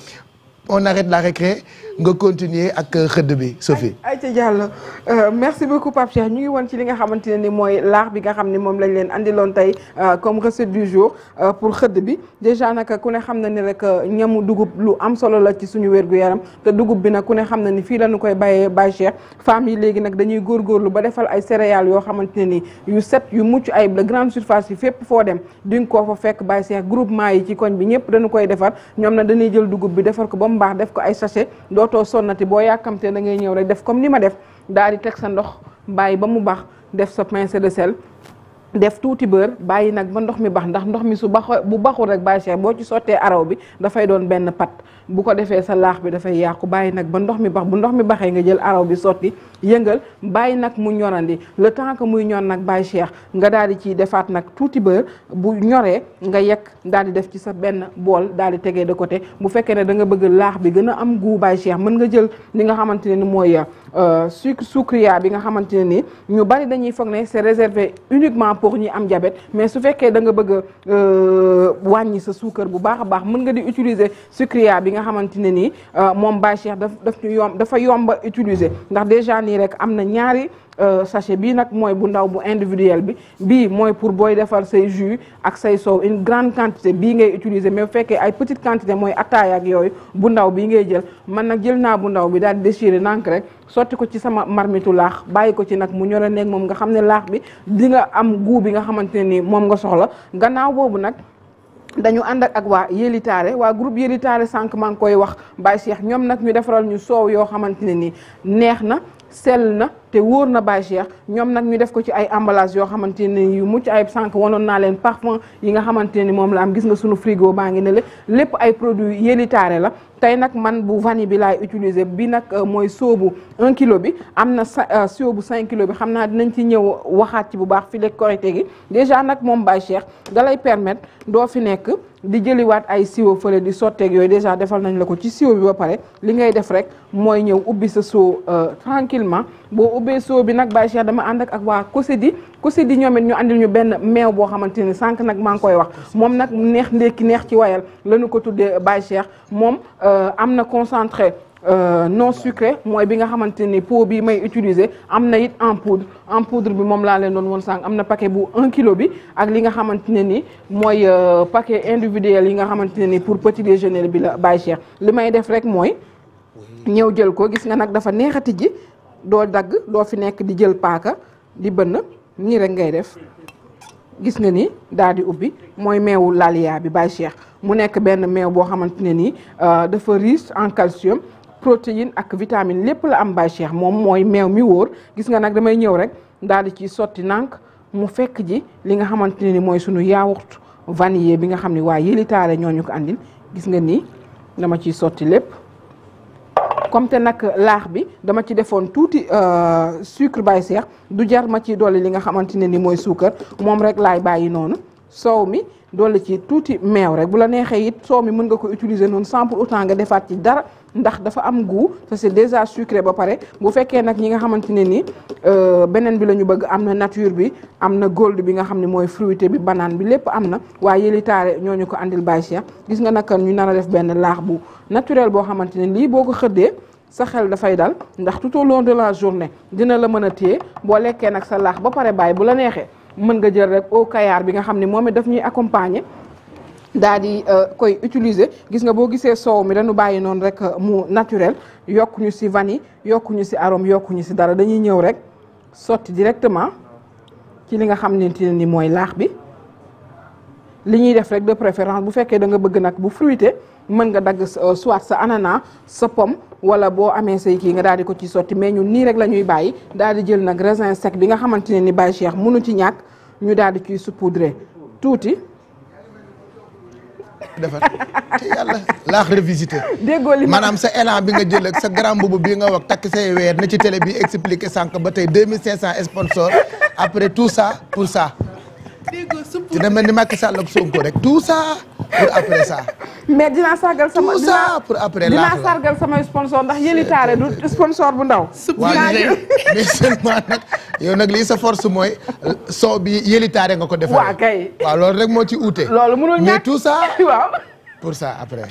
on arrête la récré nga continuer ak euh, xëdd bi Sophie. ay ca Diallo euh, merci beaucoup Pape Cheikh ñu ngi won ci li nga xamante ne ni mooy laax bi nga xam ne moom lañ leen andiloon tey euh, comme recette du jour pour xëdd bi déjà naka ku ne xam na ni rek ñamu dugub lu am solo la ci suñu wérgu yaram te dugub bi nag ku ne xam na ni fii lañu koy bàyyee Baye Cheikh femmes yi léegi nag dañuy góorgóorlu ba defal ay céréales yoo xamante ne ni yu set yu mucc ay la grande surface yi fépp foo dem di koo fa fekk Baye Cheikh groupement yi ci koñ bi ñëpp dañu koy defar ñoom nag dañuy jël dugub bi defar ko ba mu baax def ko ay sachet too sonnati boo yàkkamtee da ngay ñëw rek def comme ni ma def daal di teg sa ndox bàyyi ba mu baax def sa pincée de sel def tuuti beurre bàyyi nag ba ndox mi baax ndax ndox mi su baax bu baaxul rek bàyyi cheikh boo ci sottee araw bi dafay doon benn pat bu ko defee sa laax bi dafay yàqu bàyyi nag ba ndox mi bax bu ndox mi baxee nga jël araw bi sotti yëngal bàyyi nag mu di le temps que muy ñor nag bàyyi cheikh nga daal di ciy defaat nag tuuti ba bu ñoree nga yekk daal di def ci sa benn bool daal di tegee de côté bu fekkee ne da nga bëgg laax bi gën a am goût bàyyi cheikh mën nga jël li nga xamante ne ni mooy euh, sucre sucria bi nga xamante ne ni ñu bari dañuy foog ne c'est réservé uniquement pour ñi am diabète mais su fekkee da nga bëgg euh, wàññi sa suukar bu baax a baax mën nga di utiliser sucria bi nga xamante ne nii euh, moom Baye Cheikh daf daf ñu yomb dafa yomba utiliser ndax déjà nii rek am na ñaari euh, sachet bii nag mooy bu ndaw bu individuel bi bii mooy pour booy defar say jus ak say soow une grande quantité bii ngay utiliser mais bu fekkee ay petite quantité mooy attaaya ak yooyu bu ndaw bii ngay jël man nag jël naa bu ndaw bi daal déchiré nank rek sotti ko ci sama marmitu laax bàyyi ko ci nag mu ñore nekk moom nga xam ne laax bi dinga am goût bi nga xamante ne nii moom nga soxla dañu ànd ak waa yélitaare waa groupe yélitaare sànq maa ngi koy wax Baye Cheikh ñoom nag ñu defaral ñu soow yoo xamante ne nii neex na sell na te wóor na Baye Cheikh ñoom nag ñu def ko ci ay emballage yoo xamante ne yu mucc ay sànq wanoon naa leen parfum yi nga xamante ni moom la am gis nga sunu frigo baa ngi ne la lépp ay produits yélitaare la tey nag man bu vanille bi laay utiliser bi nag euh, mooy soobu 1 kilo bi am na sa euh, soobu 5 kilo bi xam naa dinañ ci ñëw waxaat ci bu baax fi lekk korité gi déjà nag moom Baye Cheikh da lay permettre doo fi nekk di jëliwaat ay siwo fële di sotteeg yooyu déjà defal nañ la ko ci siwo bi ba pare li ngay def rek mooy ñëw ubbi sa soo euh, tranquillement boo ubbee soo bi nag Baye Cheikh dama ànd ak ak waa Kosidi Kosidi ñoom it ñu andil ñu benn meew boo xamante ni sànq nag maa ngi koy wax moom nag neex ndékki neex ci wayal lañu ko tuddee Baye Cheikh moom euh, am na concentré Euh, non sucré mooy bi nga xamante ni pot bi may utiliser am na it en poudre en poudre bi moom laa leen doon woon sànq am na paquet bu 1 kilo bi ak li nga xamante ne ni mooy euh, paquet individuel yi nga xamante ne ni pour petit déjeuner bi la bàyyi cher li may def rek mooy ñëw jël ko gis nga nag dafa neexati ji doo dagg doo fi nekk di jël paaka di bënn nii rek ngay def gis nga ni daal di ubbi mooy meewu laliya bi bàyyi cher mu nekk benn meew boo xamante ne ni euh, dafa riche en calcium. protéine ak vitamine lépp la am Baye Cheikh moom mooy meew mi woor gis nga nag damay ñëw rek daal di ci sotti nànk mu fekk ji li nga xamante ne ni mooy sunu yaourt vanillé bi nga xam ne waa yëlitaale ñoo ñu ko andil gis nga nii dama ciy sotti lépp comme te nag laax bi dama ci defoon tuuti euh, sucre Baye Cheikh du jar ma ciy doole li nga xamante ne ni mooy suukar moom rek laay bàyyi noonu soow mi dolli ci tuuti meew rek bu la neexee it soow mi mën nga ko utiliser noonu sans pour autant nga defaat ci dara ndax dafa am goût te c'est déjà sucré ba pare bu fekkee nag ñi nga xamante ne ni euh, beneen bi la ñu bëgg am na nature bi am na gold bi nga xam ne mooy fruité bi banaan bi lépp am na waaye yëli taare ñoo ñu ko andil bàyyi Cheikh gis nga naka ñu nar def benn laax bu naturel boo xamante ne lii boo ko xëddee sa xel dafay dal ndax tout au de la journée dina la mën a téye boo lekkee nag sa laax ba pare bàyyi bu la neexee mën nga jël rek au Kayar bi nga xam ne moom it daf ñuy accompagner. daal di euh, koy utiliser gis nga boo gisee soow mi dañu bàyyi noonu rek euh, mu naturel yokkuñu ci vanille yokkuñu ci arôme yokkuñu ci dara dañuy ñëw rek sotti directement ci li nga xam ne ni mooy laax bi li ñuy def rek de préférence bu fekkee da nga bëgg nag bu fruité. mën nga dagg euh, soit sa anana sa pomme wala boo amee say kii nga daal di ko ci sotti mais ñun nii rek la ñuy bàyyi daal di jël nag raisin sec bi nga xamante ne ni Baye Cheikh mënu ci ñàkk ñu daal di ciy saupoudrer tuuti. defar te yàlla laax revisité. déggoo li maanaam sa élan bi nga jël ak sa grand boubou bi nga wax takk say weer na ci télé bi expliqué sànq ba tey 2500 sponsors après tout ça pour ça. dina mel ni Macky Sall ak Sonko rek tout ça pour après ça. mais dinaa sargal sama tout pour après la dinaa sargal samay sponsor ndax yëli taare du sponsor bu ndaw. waaw mais seulement nag yow nag lii sa force mooy soo bi yëli taare nga ko defee. waaw kay waaw loolu rek moo ci uute. loolu mënul ñàkk mais tout ça. waaw pour ça après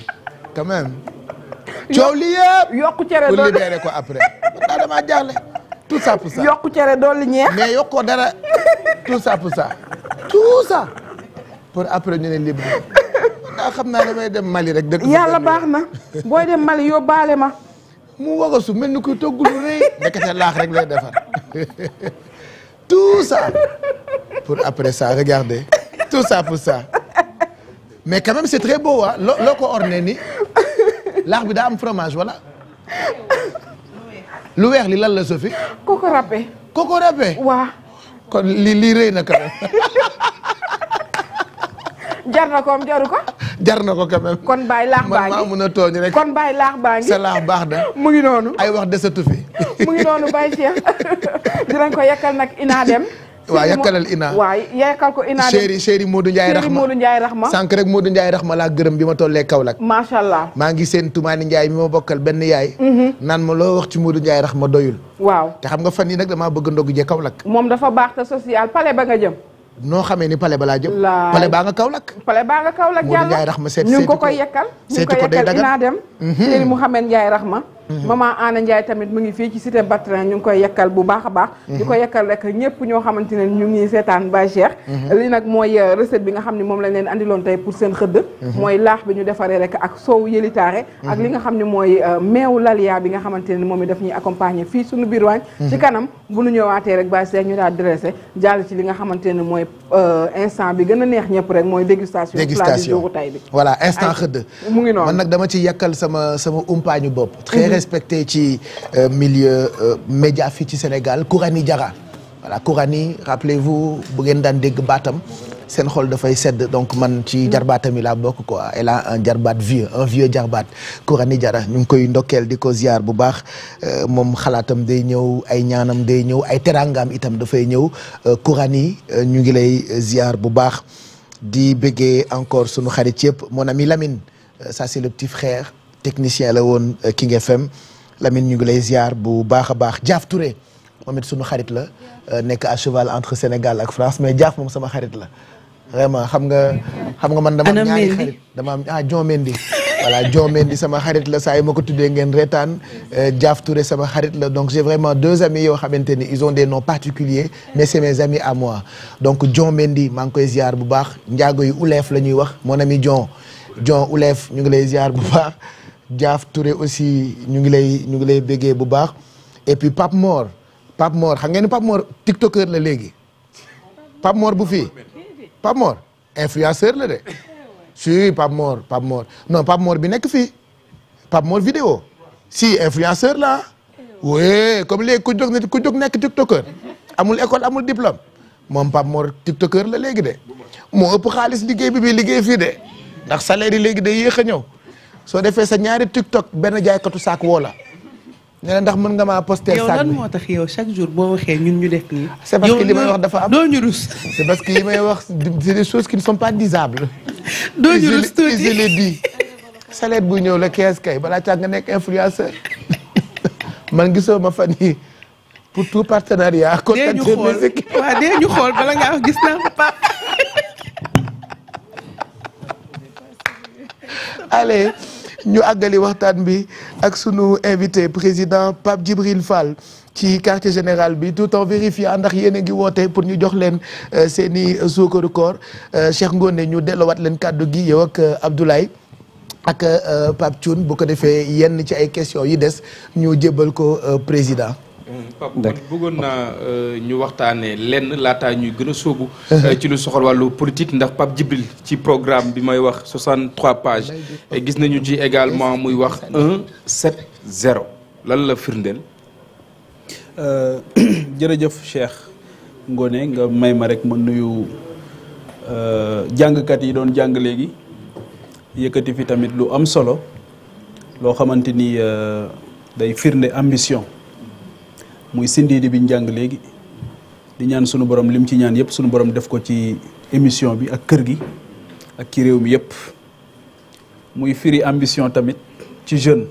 quand coow li yokk cere doon pour libérer ko après man damaa jaaxle. tout ça pour ça yokku cere dolli ñeex. mais yokkoo dara tout sa pour ça tout ça pour après ñu ne libre naa xam naa damay dem Mali rek. dëkk yàlla baax na booy dem Mali yóbbaale ma. mu wagasu mel ni kuy togg lu rëy ndekete laax rek lay defar tout ça pour après sa regardez tout ça pour ça mais quand même c'est très beau ah loo loo ko orné nii bi daa am fromage voilà. lu weex li lan la Sophie. koko râpé. koko râpé. waaw. kon li lii rëy na quand jar na koom am jaru ko. jar na ko quand même. kon bàyyi laax baa ngi man a tooñ rek. kon bàyyi laax baa sa laax baax da mu ngi noonu. ay wax desatu fi. mu ngi noonu Baye Cheikh dinañ ko yekkal nag ina dem. waaw yakkalal ina waaw yakkal ko ina chéri chéri Modou Ndiaye Rahma Modou Ndiaye Rahma sànq rek Modou Ndiaye Rahma laa gërëm bi ma tollee Kaolack macha allah maa ngi seen Tumaani Ndiaye mi ma bokkal benn yaay mhm. naan ma loo wax ci Modou Ndiaye Rahma doyul waaw te xam nga fan yi nag damaa bëgg ndogu je Kaolack moom dafa baax te social pale ba nga jëm noo xamee ni pale balaa jëm pale baa nga Kaolack pale baa nga Kaolack Modou Ndiaye Rahma seet ñu ngi ko koy yekkal seeti ko day dagal ina dem mhm. chéri Mouhamed Ndiaye Rahma Mhm. maman Anna Ndiaye tamit mu ngi fii ci site Batrin ñu ngi koy yekkal bu baax a baax mhm. di ko yakkal rek ñëpp ñoo xamante ne ñu ngi seetaan ba Cheikh mhm. li nag mooy euh, recette bi nga xam ne moom lañ leen andiloon tey pour seen xëdd mooy laax bi ñu defaree rek ak soow yëlitaare ak li nga xam ne mooy euh, meew laliya bi nga xamante ne moom i daf ñuy accompagner fii suñu biir waañ ci kanam bu ñu ñëwaatee rek ba Cheikh ñu daal dressé jàll ci li nga xamante ne mooy euh, instant bi gën a neex ñëpp rek mooy dégustation plat du jour tay bi voilà instant xëdd mu ngi noonu man nag dama ci yekkal sama sama umpaañu bopp respecté ci euh, milieu euh, média fii ci Sénégal Kourani Diarra voilà Kourani rappelez-vous bu ngeen daan dégg baatam seen xool dafay sedd donc man ci mm. jarbaatam yi laa bokk ko elle a un jarbaat vieux un vieux jarbaat Kourani Diarra ñu ngi koy ndokkeel di ko ziar bu baax euh, moom xalaatam day ñëw ay ñaanam day ñëw ay teraangaam itam dafay ñëw Kourani ñu ngi lay ziar bu baax di bëggee encore sunu xarit yëpp mon lamin Lamine ça c'est technicien la woon euh, King FM Lamine ñu ngi lay ziar bu baax a baax Diaf Touré moom it sunu xarit la euh, nekk à cheval entre Sénégal ak France mais Diaf moom sama xarit la vraiment xam nga xam nga man dama am ñaari am ah John Mendy voilà John Mendy sama xarit la saa yi ma ko tuddee ngeen reetaan Diaf euh, Touré sama xarit la donc j'ai vraiment deux amis yoo xamante ni ils ont des noms particuliers mais c'est mes amis à moi donc John Mendy maa ngi koy jiar bu baax njaago yu uleef la ñuy wax mon ami John John uleef ñu ngi lay ziar bu baax Diaf Touré aussi ñu ngi lay ñu ngi lay béggee bu baax et puis Pape Mor Pape Mor xam ngeen ne Pape Mor la léegi Pape Mor bu fii Pape Mor influenceur la de si Pape Mor Pape Mor non Pape Mor bi nekk fii Pape moor vidéo si influenceur la oui comme léegi ku jóg ku jóg nekk tiktoker amul école amul diplôme moom Pape Mor tiktoker la léegi de moo ëpp xaalis liggéey bi bi liggéey fii de ndax salaire léegi day yéex a ñëw soo defee sa ñaari tiktok benn jaaykatu saak woo la ne la ndax mën nga ma posté saak yow moo tax yow chaque jour boo waxee ñun ñu def nii. c'est parce que li may wax dafa am doo ñu rus. c'est parce que li may wax c'est des choses qui ne sont pas disables. doo ñu rus tuuti je bu ñëw la 15 kay balaa caa nga nekk influenceur man gisoo ma fan yii pour tout partenariat. dee ñu xool ñu xool bala ngaa wax gis naa ko Pape. allez. ñu àggali waxtaan bi ak sunu invité président Pape Djibril Fall ci quartier général bi tout en vérifiant ndax yéen a ngi woote pour ñu jox leen euh, seen i suukaru koor euh, Cheikh ngoone ñu delloowaat leen kàddu gi yow ak euh, Abdoulaye ak Pape Thioune bu ko defee yenn ci ay questions yi des ñu jébbal ko président. Pape man bëggoon naa euh, ñu waxtaanee lenn laataa ñuy gën a sóobu. Euh, ci lu soxal wàllu politique ndax Pape Djibril ci programme bi may wax 63 pages gis nañu ci également muy wax 1 7 0 lan la firndeel. Euh, jërëjëf Cheikh ngoone nga may ma rek ma nuyu jàngkat yi doon jàng léegi yëkkati fi tamit lu am solo loo xamante ni day firnde ambition. muy sindiidi bi ñu jàng léegi di ñaan sunu borom lim ci ñaan yëpp sunu borom def ko ci émission bi ak kër gi ak ki réew mi yëpp muy firi ambition tamit ci jeune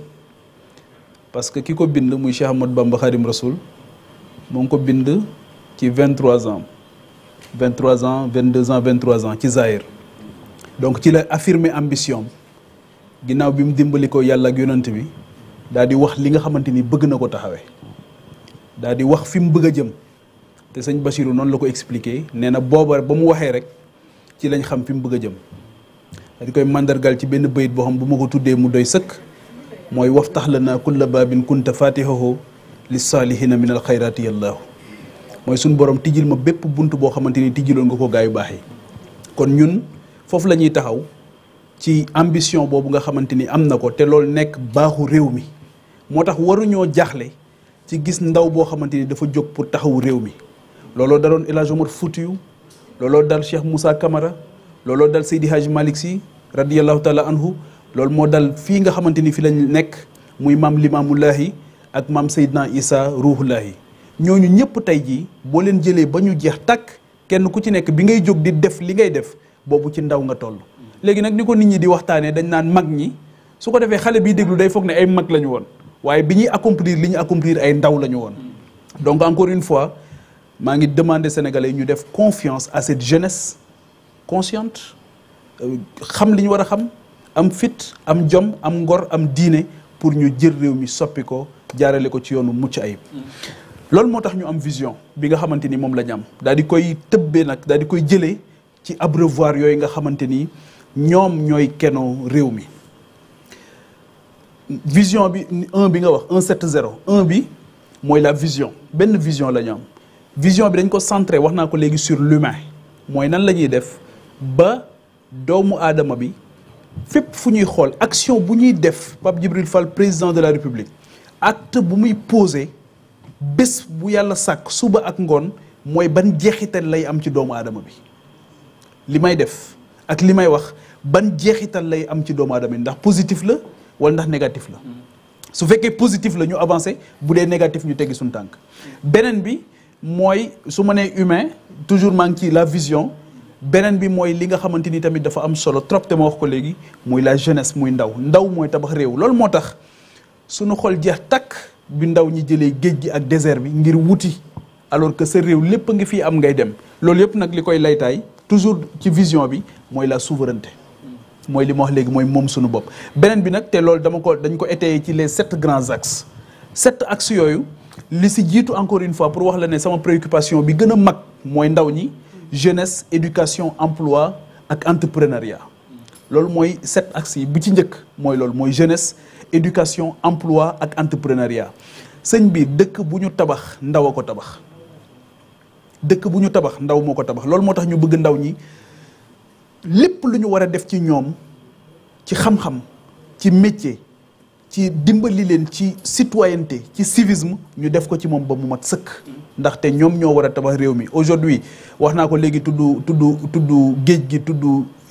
parce que ki ko bind muy Cheikh Ahmad Bamba Khadim Rasoul moo ngi ko bind ci vingt trois ans vingt vingt deux ans vingt trois ci Zaïre donc ci la affirmer ambition ginnaaw bi mu dimbali ko yàlla ak yonant bi daal di wax li nga xamante ni bëgg na ko taxawee daal di wax fi mu bëgg a jëm te sëñ Basiru noonu la ko expliqué nee na booba ba mu waxee rek ci lañ xam fi mu bëgg a jëm dañ koy màndargal ci benn bayit boo xam bu ma ko tuddee mu doy sëkk mooy wax la waftax lanaa kulla baabin kunta faatihahu lisaalihina min alxayraati yallaahu mooy suñ borom tijjil ma bépp bunt boo xamante ni tijjiloon nga ko gaa yu baax yi kon ñun foofu la ñuy taxaw ci ambition boobu nga xamante ni am na ko te loolu nekk baaxu réew mi moo tax waruñoo jaaxle ci gis ndaw boo xamante ni dafa jóg pour taxawu réew mi looloo daroon El Hadj Omar looloo dal Cheikh Moussa kamara looloo dal Seydi Hadj Malick Sy radiyallahu taala anhu loolu moo dal fii nga xamante ni fi lañu nekk muy maam Limaamullaahi ak maam Seydina Isa Ruuhullaahi ñooñu ñëpp tey jii boo leen jëlee ba ñu jeex takk kenn ku ci nekk bi ngay jóg di def li ngay def boobu ci ndaw nga toll. léegi nag ni ko nit ñi di waxtaanee dañ naan mag ñi su ko defee xale biy déglu day foog ne ay mag lañu woon. waaye bi ñuy accomplir li ñu accomplir ay ndaw la ñu woon donc encore une fois maa ngi demander sénégalais ñu def confiance à cette jeunesse consciente euh, xam li ñu war a xam am fit am jom am ngor am diine pour ñu jël réew mi soppi ko jaarale ko ci yoonu mucc ayib loolu moo tax ñu am vision bi nga xamante ni moom la ñu am daal di koy tëbbee nag daal di koy jëlee ci abreuvoir yooyu nga xamante ni ñoom ñooy kenoo réew mi vision bi un bi nga wax un sept zéro un bi mooy la vision benn vision lañu am vision bi dañ ko centré wax naa ko léegi sur l'humain mooy nan la ñuy def ba doomu aadama bi fépp fu ñuy xool action bu ñuy def Pape Djibril Fall président de la République acte bu muy posé bés bu yàlla sàkk suba ak ngoon mooy ban jeexital lay am ci doomu aadama bi li may def ak li may wax ban jeexital lay am ci doomu aadama bi ndax positif la wala ndax négatif la su fekkee positif la ñu avancé bu dee négatif ñu teggi suñu tànk beneen bi mooy su ma nee humain toujours maa ngi ci la vision beneen bi mooy li nga xamante ni tamit dafa am solo trop te ma wax ko léegi muy la jeunesse muy ndaw ndaw mooy tabax réew loolu moo tax suñu xol jeex takk bi ndaw ñi jëlee géej gi ak désert bi ngir wuti alors que sa réew lépp a ngi fi am ngay dem loolu yëpp nag li koy laytaay toujours ci vision bi mooy la souveraineté mooy li ma wax léegi mooy moom suñu bopp beneen bi nag te loolu dama ko dañ ko étayé ci les sept grands axes set axes yooyu li si jiitu encore une fois pour wax la ne sama préoccupation bi gën a mag mooy ndaw ñi jeunesse éducation emploi ak entrepreneuriat loolu mooy sept axes yi bu ci njëkk mooy loolu mooy jeunesse éducation emploi ak entrepreneuriat sëñ bi dëkk bu ñu tabax ndaw a ko tabax dëkk bu ñu tabax ndaw moo ko tabax loolu moo tax ñu bëgg ndaw ñi lépp lu ñu war a def ci ñoom ci xam-xam ci métier ci dimbali leen ci citoyenneté ci civisme ñu def ko ci moom ba mu mat sëkk ndaxte ñoom ñoo war a tabax réew mi aujourd'hui wax naa ko léegi tudd tudd tudd géej gi tudd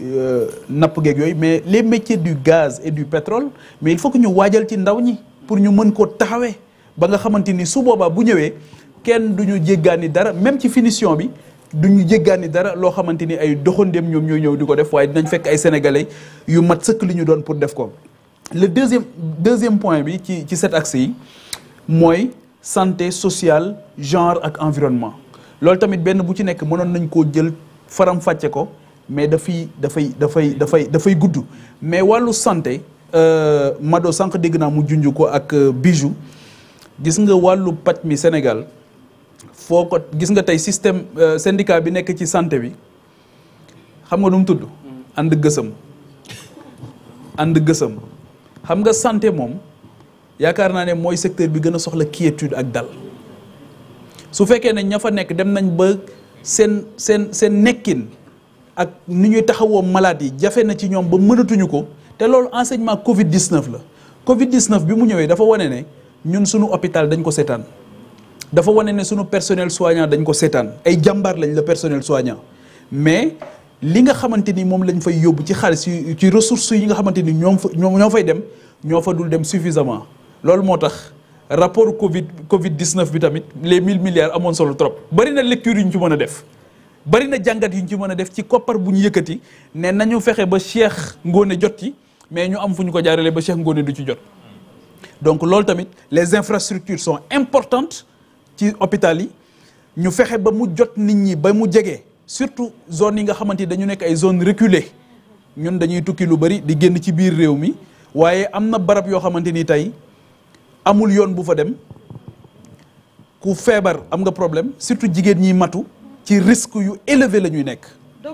euh, napp geeg yooyu mais les métiers du gaz et du pétrole mais il faut que ñu waajal ci ndaw ñi pour ñu mën koo taxawee ba nga xamante ni su boobaa bu ñëwee kenn du ñu jéggaani dara même ci finition bi du ñu jéggaani dara loo xamante ni ay doxandéem ñoom ñooy ñëw di ko def waaye dinañ fekk ay sénégalais yu mat sëkk li ñu doon pour def ko. le deuxième deuxième point bi ci ci cet axe yi mooy santé sociale genre ak environnement loolu tamit benn bu ci nekk mënoon nañ koo jël faram fàcce ko mais dafay dafay dafay dafay dafay gudd mais wàllu santé euh, Mado sànq dégg naa mu junj ko ak euh, bijou gis nga wàllu paj mi Sénégal. foo ko gis nga tey système euh, syndicat bi nekk ci santé bi xam nga nu tudd. Mm. ànd gësëm ànd gësëm xam nga santé moom yaakaar naa ne mooy secteur bi gën a soxla quiétude ak dal su fekkee ne ña fa nekk dem nañ ba seen seen seen nekkin ak ni ñuy taxawoo malade yi jafe na ci ñoom ba mënatuñu ko te loolu enseignement Covid 19 la Covid 19 bi mu ñëwee dafa wane ne ñun sunu hôpital dañ ko seetaan. dafa wane ne sunu personnel soignant dañ ko seetaan ay jàmbaar lañ la personnel soignant mais li nga xamante ni moom lañ fay yóbbu ci xaalis ci ressource yi nga xamante ni ñoom fa ñoo fay dem ñoo fa dul dem suffisamment loolu moo tax rapport Covid Covid 19 bi tamit les 1000 milliards amoon solo trop bari na lecture yu ñu ci mën a def. bari na jàngat yu ñu ci mën a def ci koppar bu ñu yëkkati ne nañu fexe ba Cheikh Ngone jot ci mais ñu am fu ñu ko jaarale ba Cheikh Ngone du ci jot donc loolu tamit les infrastructures sont importantes. ci hôpital yi ñu fexe ba mu jot nit ñi ba mu jegee surtout zone yi nga xamante ni dañu nekk ay zone réculer ñun dañuy tukki lu bari di génn ci biir réew mi waaye am na barab yoo xamante ni tey amul yoon bu fa dem ku feebar am nga problème surtout jigéen ñi matu ci risque yu élevé la ñuy nekk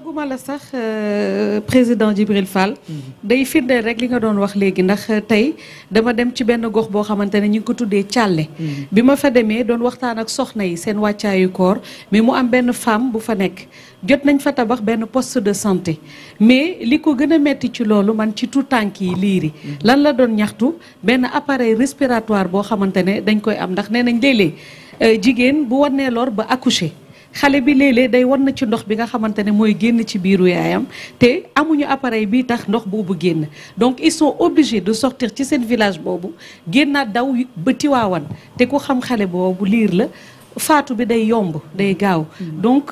dogguma la sax euh, président Djibril Fall. Mhm. day firndeel rek li nga doon wax léegi ndax euh, tey dama dem ci benn gox boo xamante ne ñu ngi ko tuddee càlle mhm. bi ma fa demee doon waxtaan ak soxna yi seen wàccaayu koor mais mu am benn femme bu fa nekk jot nañ fa tabax benn poste de santé mais li ko gën a metti ci loolu man ci tout tànk yi liiri mhm. lan la doon ñaxtu benn appareil respiratoire boo xamante ne dañ koy am ndax nee nañ léeg-léeg euh, jigéen bu wannee lor ba accoucher xale bi léeg-léeg day wan na ci ndox bi nga xamante ne mooy génn ci biiru yaayam te amuñu appareil bi tax ndox boobu génn donc ils sont obligés de sortir ci seen village boobu génnaat daw ba Tiwaawan te ku xam xale boobu liir la faatu bi day yomb day gaaw hmm. donc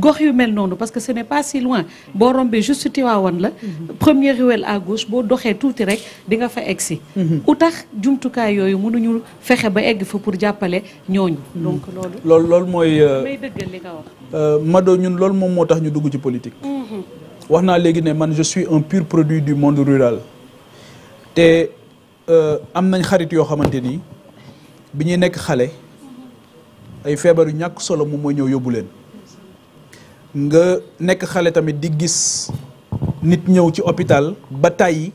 gox yu mel noonu parce que ce n'est pas si loin boo rombee juste Tiwaawan la mhm. première ruelle à gauche boo doxee tuuti rek dinga fa egg si mhm. utax jumtukaay yooyu mënuñu fexe ba egg fa pour jàppale ñooñu mhm. donc loolu loolu loolu mooy euh, may dëggal euh, Mado ñun loolu moom moo tax ñu dugg ci politique wax naa léegi ne man je suis un pur produit du monde rural te euh, am nañ xarit yoo xamante nii bi ñuy nekk xale ay feebar yu ñàkk solo moom mooy ñëw yóbbu leen nga nekk xale tamit di gis nit ñëw ci hôpital ba tàyyi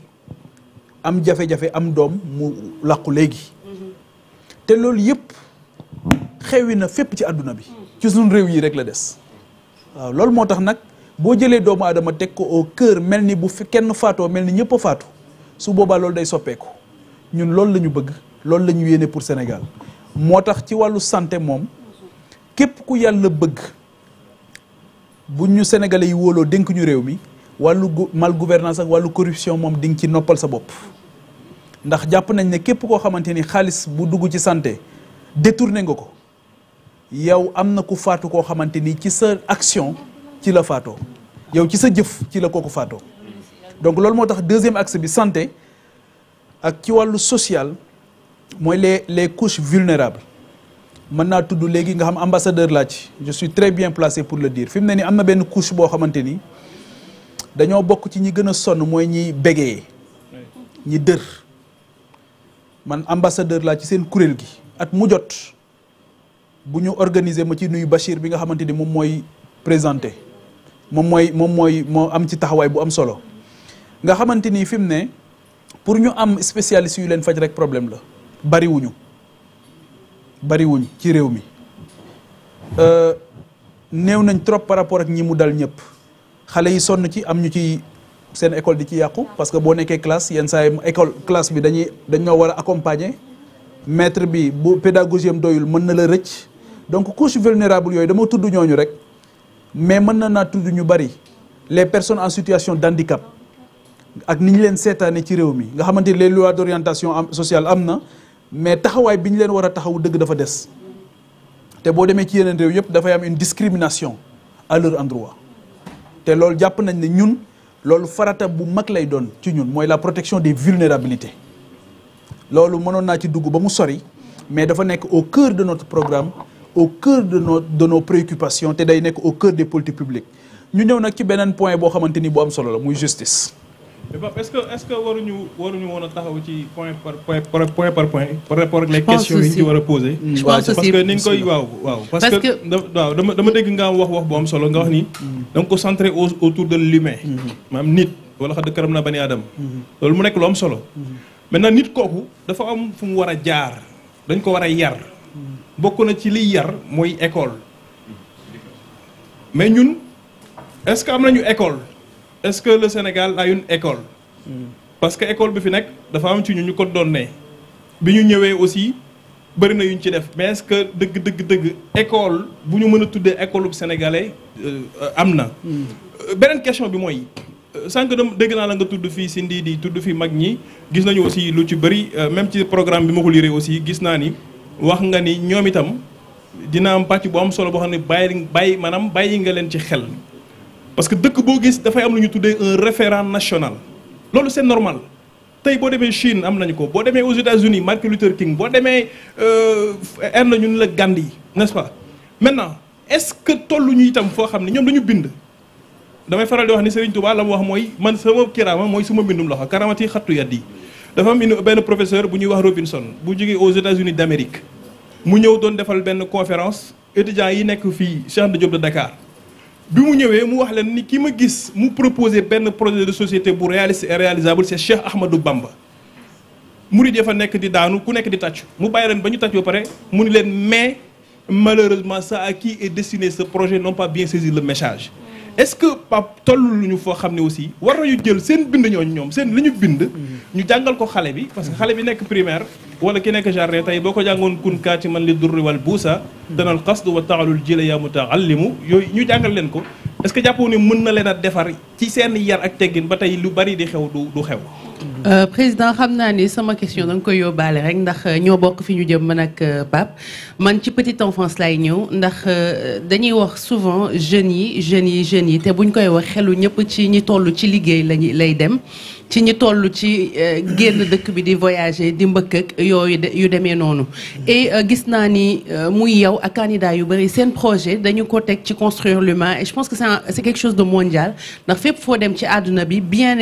am jafe-jafe am doom mu làqu léegi mm-hmm. te loolu yëpp xewi na fépp ci àdduna bi mm-hmm. ci suñu réew yi rek la des waaw loolu moo tax nag boo jëlee doomu aadama teg ko au cœur mel ni bu fi kenn faatoo mel ni ñëpp faatu su boobaa loolu day soppeeku ñun loolu lañu bëgg loolu lañu yéene pour senegal moo tax ci wàllu sante moom mm-hmm. képp ku yàlla bëgg bu ñu sénégalais yi wóoloo dénk ñu réew mi wàllu mal gouvernance ak wàllu corruption moom di ci noppal sa bopp ndax jàpp nañ ne képp koo xamante ni xaalis bu dugg ci santé détourné nga ko yow am na ku faatu koo xamante ni ci sa action ci la faatoo yow ci sa jëf ci la kooku faatoo donc loolu moo tax deuxième axe bi santé ak ci wàllu social mooy les les couches vulnérables mën naa tudd léegi nga xam ambassadeur laa ci je suis très bien placé pour le dire fi ne ni am na benn couche boo xamante ni dañoo bokk ci ñi gën a sonn mooy ñi bégee ñi dër man ambassadeur laa ci seen kuréel gi at mu jot bu ñu organiser ma ci nuyu Bachir bi nga xamante ni moom mooy présenté moom mooy moom mooy moo am ci taxawaay bu am solo nga xamante ni fi mu ne pour ñu am spécialiste yu leen faj rek problème la bariwuñu bariwuñ ci réew mi euh, new nañ trop par rapport ak ñi mu dal ñëpp xale yi sonn ci am ñu ci seen école di ci yàqu parce que boo nekkee classe yenn saa yi école classe bi dañuy dañoo war a accompagner maître bi bu pédagogie am doyul mën na la rëcc donc couche vulnérable yooyu dama tudd ñooñu rek mais mën na naa tudd ñu bari les personne en situation d'handicap ak ni ñu leen seetaanee ci réew mi nga xamante ni les lois d'orientation sociale am na mais taxawaay bi ñu leen war a taxaw dëgg dafa des te boo demee ci yeneen réew yëpp dafay am une discrimination à leur endroit te loolu jàpp nañ ne ñun loolu farata bu mag lay doon ci ñun mooy la protection des vulnérabilités loolu mënoon naa ci dugg ba mu sori mais dafa nekk au cœur de notre programme au cœur de nos de nos te day nekk au cœur des politiques publiques ñu ñëw nag ci beneen point boo xamante ni boo am solo la muy justice. mais est-ce que est-ce que waruñu waruñu woon a taxaw ci point par point par point par rapport ak les questions yi ñu ci war a poser. Mm. parce que ni nga koy waaw waaw. parce que waaw dama dama dégg nga wax wax bu am solo nga wax ni. Mm. da nga ko centré au autour de l'humain. Mm-hmm. maanaam nit wala xad karam na bani aadama. Mm-hmm. loolu mu nekk lu am solo. Mm-hmm. maintenant nit kooku dafa am fu mu war a jaar dañ ko war a yar. bokk na ci liy yar mooy école. mais ñun est-ce que am nañu école. est-ce que le Sénégal a école parce que école bi fi nekk dafa am ci ñu ñu ko donnee bi ñu ñëwee aussi bëri na yuñ ci def mais est que dëgg dëgg dëgg école bu ñu mën a tuddee école bu sénégalais euh, am na. Hmm. beneen question bi mooy euh, sànq dem dégg naa la nga tudd fii si ndii di tudd fii mag ñi gis nañu aussi lu ci bëri euh, même ci programme bi ma ko liré aussi gis naa ni wax nga ni ñoom itam dina am pàcc bu am solo boo xam ne bàyyi bàyyi maanaam bàyyi nga leen ci xel. parce que dëkk boo gis dafay am lu ñu tuddee un référent national loolu c'est normal tey boo demee Chine am nañu ko boo demee aux États-Unis Martin Luther King boo demee Inde ñu ne la Gandhi n'est-ce pas maintenant est-ce que tolluñu itam foo xam ne ñoom dañu bind damay faral di wax ni Serigne Touba la mu wax mooy man sama kiraama mooy suma mbindum loxo karamati xattu yaddi dafa am benn professeur bu ñuy wax Robinson bu jógee aux États-Unis d'Amérique mu ñëw doon defal benn conférence étudiants yi nekk fii Cheikh Anta Diop de dakaar bi mu ñëwee mu wax leen ni ki ma gis mu proposé benn projet de société bu réaliste et réalisable c'est Cheikh Ahmadou Bamba mu ya fa nekk di daanu ku nekk di tàccu mu bàyyi leen ba ñu tàcc ba pare mu ni leen mais malheureusement ça à et est destiné ce projet n'ont pas bien saisi le message est-ce que Pape tollu lu ñu foo xam ne aussi war nañu jël seen bind ñooñu ñoom seen li ñu bind. ñu jàngal ko xale bi parce que xale bi nekk primaire. wala ki nekk jardin tey boo ko jàngoon kun kaati man li durri wal buusa. danal qasdu wa taalul jila yaa mutaallimu yooyu ñu jàngal leen ko est que jàppoo ne mën na leen a defar ci seen yar ak teggin ba tey lu bari di xew du du xew. Euh, président xam naa ni sama question da koy yóbbaale rek ndax euh, ñoo bokk fi ñu jëm mën ak euh, pap man ci petite enfance lay ñëw ndax dañuy wax souvent jeunes yi jeunes yi jeunes yi te buñ koy wax xelu ñëpp ci ñi toll ci liggéey lañu lay dem ci ñi toll ci génn dëkk bi di voyager di mbëkk ak yooyu yu demee noonu. et gis naa ni muy yow ak candidat yu bëri seen projet dañu ko teg ci construire l'humain et je pense que c'est quelque chose de mondial ndax fépp foo dem ci àdduna bi bien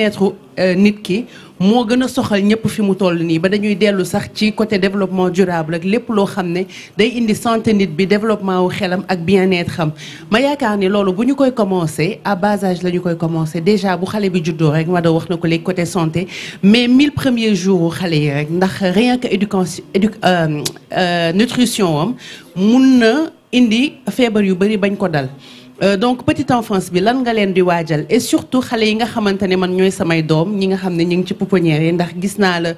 Euh, nit ki moo gën a soxal ñëpp fi mu toll nii ba dañuy dellu sax ci côté développement durable ak lépp loo xam ne day indi santé nit bi développement wu xelam ak bien-être xam ma yaakaar ni loolu bu ñu koy commencé à bas la ñu koy commencé déjà bu xale bi juddoo rek ma da wax na ko léegi côté santé mais mille premiers jours xale yi rek ndax rien que éducation édu euh, euh, nutrition am mun na indi feebar yu bëri bañ ko dal Euh, donc petite enfance bi lan nga leen di waajal et surtout xale yi nga xamante ne man ñooy samay doom ñi nga xam ne ñu ngi ci pouponnière yi ndax gis naa la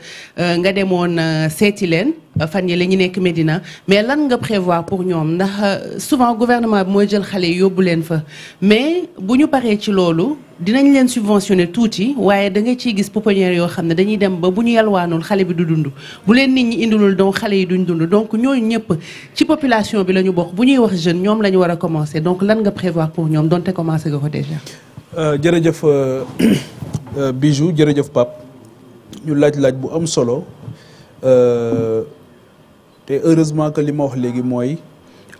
euh, nga demoon euh, seeti leen fan yi la ñu nekk Médina mais lan nga prévoir pour ñoom ndax souvent gouvernement bi mooy jël xale yi yóbbu leen fa mais bu ñu paree ci loolu. dinañ leen subventionné tuuti waaye da nga ciy gis pouponnière yoo xam ne dañuy dem ba bu ñu yalwaanul xale bi du dund bu leen nit ñi indilul donc xale yi duñ dund donc ñooñu ñëpp ci population bi la ñu bokk bu ñuy wax jeune ñoom lañu war a commencé donc lan nga prévoir pour ñoom donte commencé nga ko déjà. Euh, jërëjëf euh, euh, Bijou jërëjëf Pape ñu laaj-laaj bu am solo te heureusement que li ma wax léegi mooy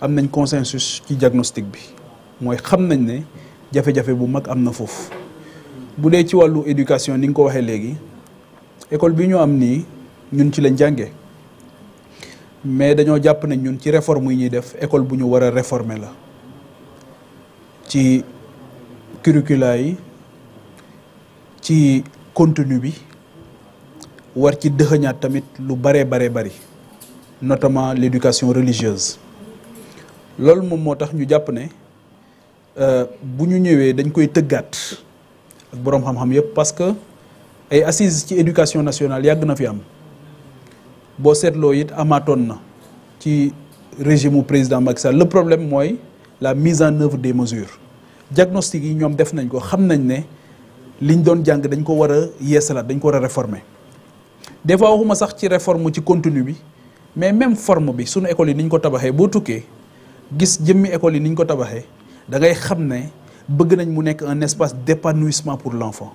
am nañ consensus ci diagnostic bi mooy xam nañ ne. jafe-jafe bu mag am na foofu bu dee ci wàllu éducation ni nga ko waxee léegi école bi ñu am nii ñun ci lañ jàngee mais dañoo jàpp ne ñun ci réforme yi ñuy def école bu ñu war a réformer la ci curricula yi ci contenu bi war ci dëxëñaat tamit lu bare bare bari notamment l'éducation religieuse loolu moom moo tax ñu jàpp ne Euh, bu ñu ñëwee dañ koy tëggaat ak boroom xam-xam yépp parce que ay assises ci éducation nationale yàgg na fi am boo seetloo it amaatoon na ci régime mu président Macky Sall problème mooy la mise en œuvre des mesures diagnostic yi ñoom def nañ ko xam nañ ne liñ doon jàng dañ ko war a yeesalaat dañ ko war a réformer des fois waxuma sax ci réforme ci contenu bi mais même forme bi sunu école yi niñ ko tabaxee boo tukkee gis jëmmi école yi niñ ko tabaxee. da ngay xam ne bëgg nañ mu nekk un espace d'épanouissement pour l'enfant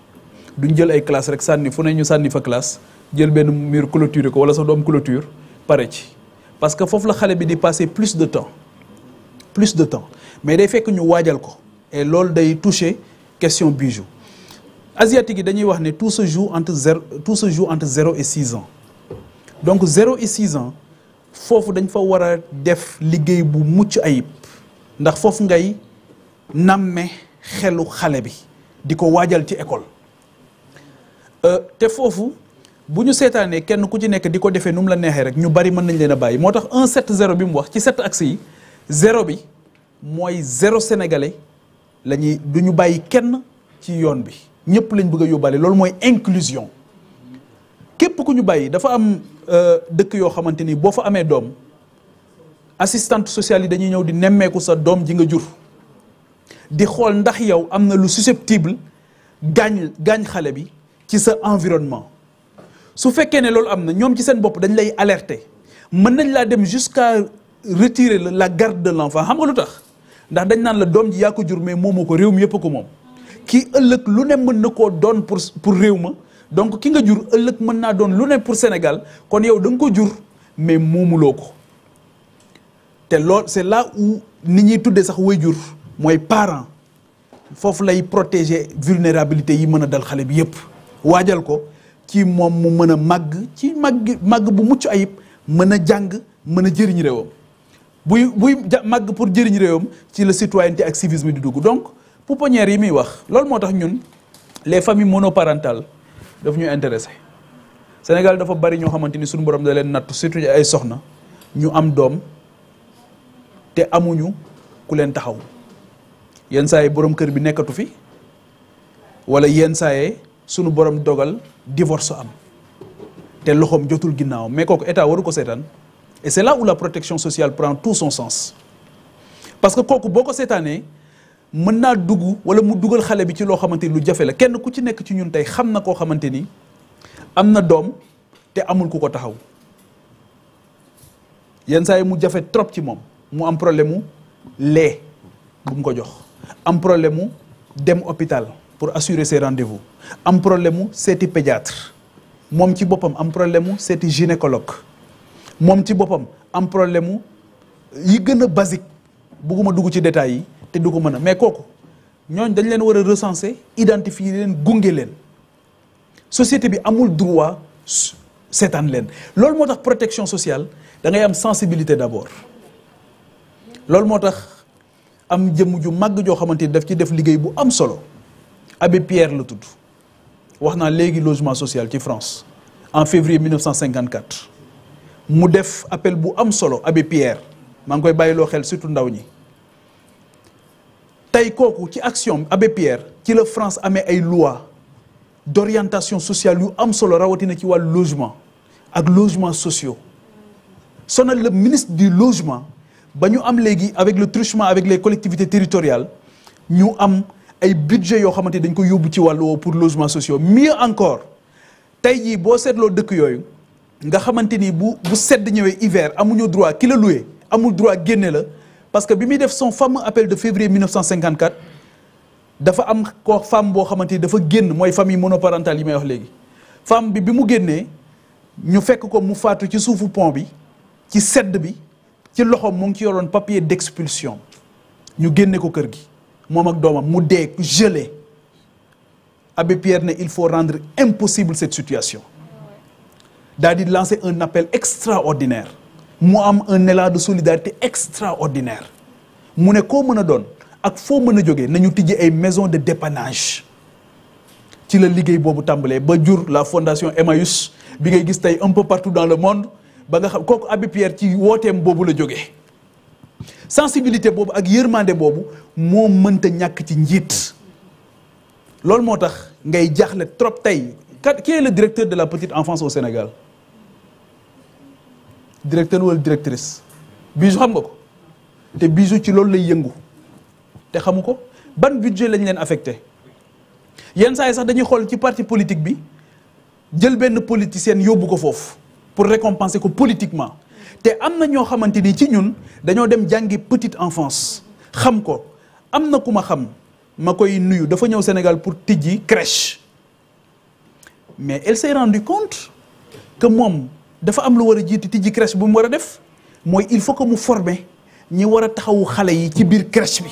duñ jël ay classe rek sànni fu ne ñu sànni fa classe jël benn mur clôture ko wala sa doom clôture pare ci parce que foofu la xale bi di passer plus de temps plus de temps mais day fekk ñu waajal ko et loolu day toucher question bijou asiatique yi dañuy wax ne tout se joue entre zéro tout se joue entre zéro et six ans donc zéro et six ans foofu dañ fa war a def liggéey bu mucc ayib ndax foofu ngay namme xelu xale bi di ko waajal ci école euh, te foofu bu ñu seetaanee kenn ku ci nekk di ko defee nu mu la neexee rek ñu bari mën nañ leen a bàyyi moo tax 1 7 0 bi mu wax ci 7 axes yi zéro bi mooy zéro sénégalais la ñuy du ñu bàyyi kenn ci yoon bi ñëpp lañ bëgg a yóbbaale loolu mooy inclusion képp ku ñu bàyyi dafa am euh, dëkk yoo xamante ni boo fa amee doom assistant sociale yi dañuy ñëw di nemmeeku sa doom ji nga jur. di xool ndax yow am na lu susceptible gaañ gaañ xale bi ci sa environnement su fekkee ne loolu am na ñoom ci seen bopp dañ lay alerter mën nañ laa dem jusqu'à retirer la garde de l'enfant xam nga lu tax ndax dañ naan la doom ji yaa ko jur mais moomu ko réew yëpp ko moom kii ëllëg lu ne mën na koo doon pour pour réew ma donc ki nga jur ëllëg mën naa doon lu ne pour Sénégal kon yow da nga ko jur mais moomuloo ko te lool c'est là où nit ñuy tuddee sax way jur mooy parent foofu lay protéger vulnérabilité yi mën a dal xale bi yépp waajal ko ci moom mu mën a màgg ci màgg màgg bu mucc ayib mën a jàng mën a jëriñ réewam buy buy màgg pour jëriñ réewam ci la citoyenneté ak civisme di dugg donc pouponnière yi muy wax loolu moo tax ñun les familles monoparentales daf ñu intéressé Sénégal dafa bari ñoo xamante ni suñu borom da leen nattu surtout ay soxna ñu am doom te amuñu ku leen taxaw yenn saa yi borom kër bi nekkatu fi wala yenn saaye sunu borom dogal divorce am te loxoom jotul ginnaaw mais kooku état waru ko seetaan et c'est là où la protection sociale prend tout son sens parce que kooku boo ko seetaanee mën naa dugg wala mu dugal xale bi ci loo xamante ni lu jafe la kenn ku ci nekk ci ñun tey xam na koo xamante ni am na doom te amul ku ko taxaw yenn saa yi mu jafe trop ci moom mu am problème mu lee bu mu ko jox am problème mu dem hôpital pour assurer ses rendez-vous am problème mu seeti pédiatre moom ci boppam am problème mu seeti gynécologue moom ci boppam am problème mu yi gën a basique bugguma dugg ci détails yi te du ko mën a mais kooku ñooñ dañ leen war a recenser identifier leen gunge leen société bi amul droit seetaan leen loolu moo tax protection sociale da ngay am sensibilité d'abord loolu moo tax am jëmm ju màgg joo xamante ni daf ci def liggéey bu am solo Abbé Pierre la tudd wax naa léegi logement sociale ci France en février 1954 mu def appel bu am solo Abbé Pierre maa ngi koy loo xel surtout ndaw ñi tey kooku ci action Abbé Pierre ci la France amee ay loi d'orientation sociale yu am solo rawatina ci wàllu logement ak logement sociaux sonal le ministre du logement ba ñu am léegi avec le truchement avec les collectivités territoriales ñu am ay budget yoo xamante dañ ko yóbbu ci wàllu woo pour logement sociaux mieux encore tey jii boo seetloo dëkk yooyu nga xamante ni bu bu sedd ñëwee hiver amuñu droit ki la amul droit génne la parce que bi muy def son fameux appel de février 1954 dafa am ko femme boo xamante ni dafa génn mooy famille monoparentale yi may wax léegi femme bi bi mu génnee ñu fekk ko mu faatu ci suufu pont bi ci sedd bi ci loxo mu ngi ci yoroon papier d'expulsion ñu génne ko kër gi moom ak doomam mu dee gelé Abbé Pierre ne il faut rendre impossible cette situation daal di lancer un appel extraordinaire mu am un élan de solidarité extraordinaire mu ne koo mën a doon ak foo mën a jóge nañu tijji ay maison de dépannage ci la liggéey boobu tàmbalee ba jur la fondation Emmaüs bi ngay gis tey un peu partout dans le monde ba nga xam kooku Abbé Pierre ci wooteem boobu la jóge sensibilité boobu ak yërmande boobu moo mënta ñàkk ci njiit loolu moo tax ngay jaaxle trop tey kat qui est directeur de la petite enfance au Sénégal directeur wala directrice Bijou xam nga ko te Bijou ci loolu lay yëngu te xamu ko ban budget lañ leen affecté yenn saay sax dañuy xool ci parti politique bi jël benn politicien yóbbu ko foofu pour récompenser ko politiquement te am na ñoo xamante ni ci ñun dañoo dem jàngi petite enfance xam ko am na ku ma xam ma koy nuyu dafa ñëw Sénégal pour tijji crèche mais elle s'est rendu compte que moom dafa am lu war a jiitu tijji crèche bu mu war a def mooy il faut que mu former ñi war a taxawu xale yi ci biir crèche bi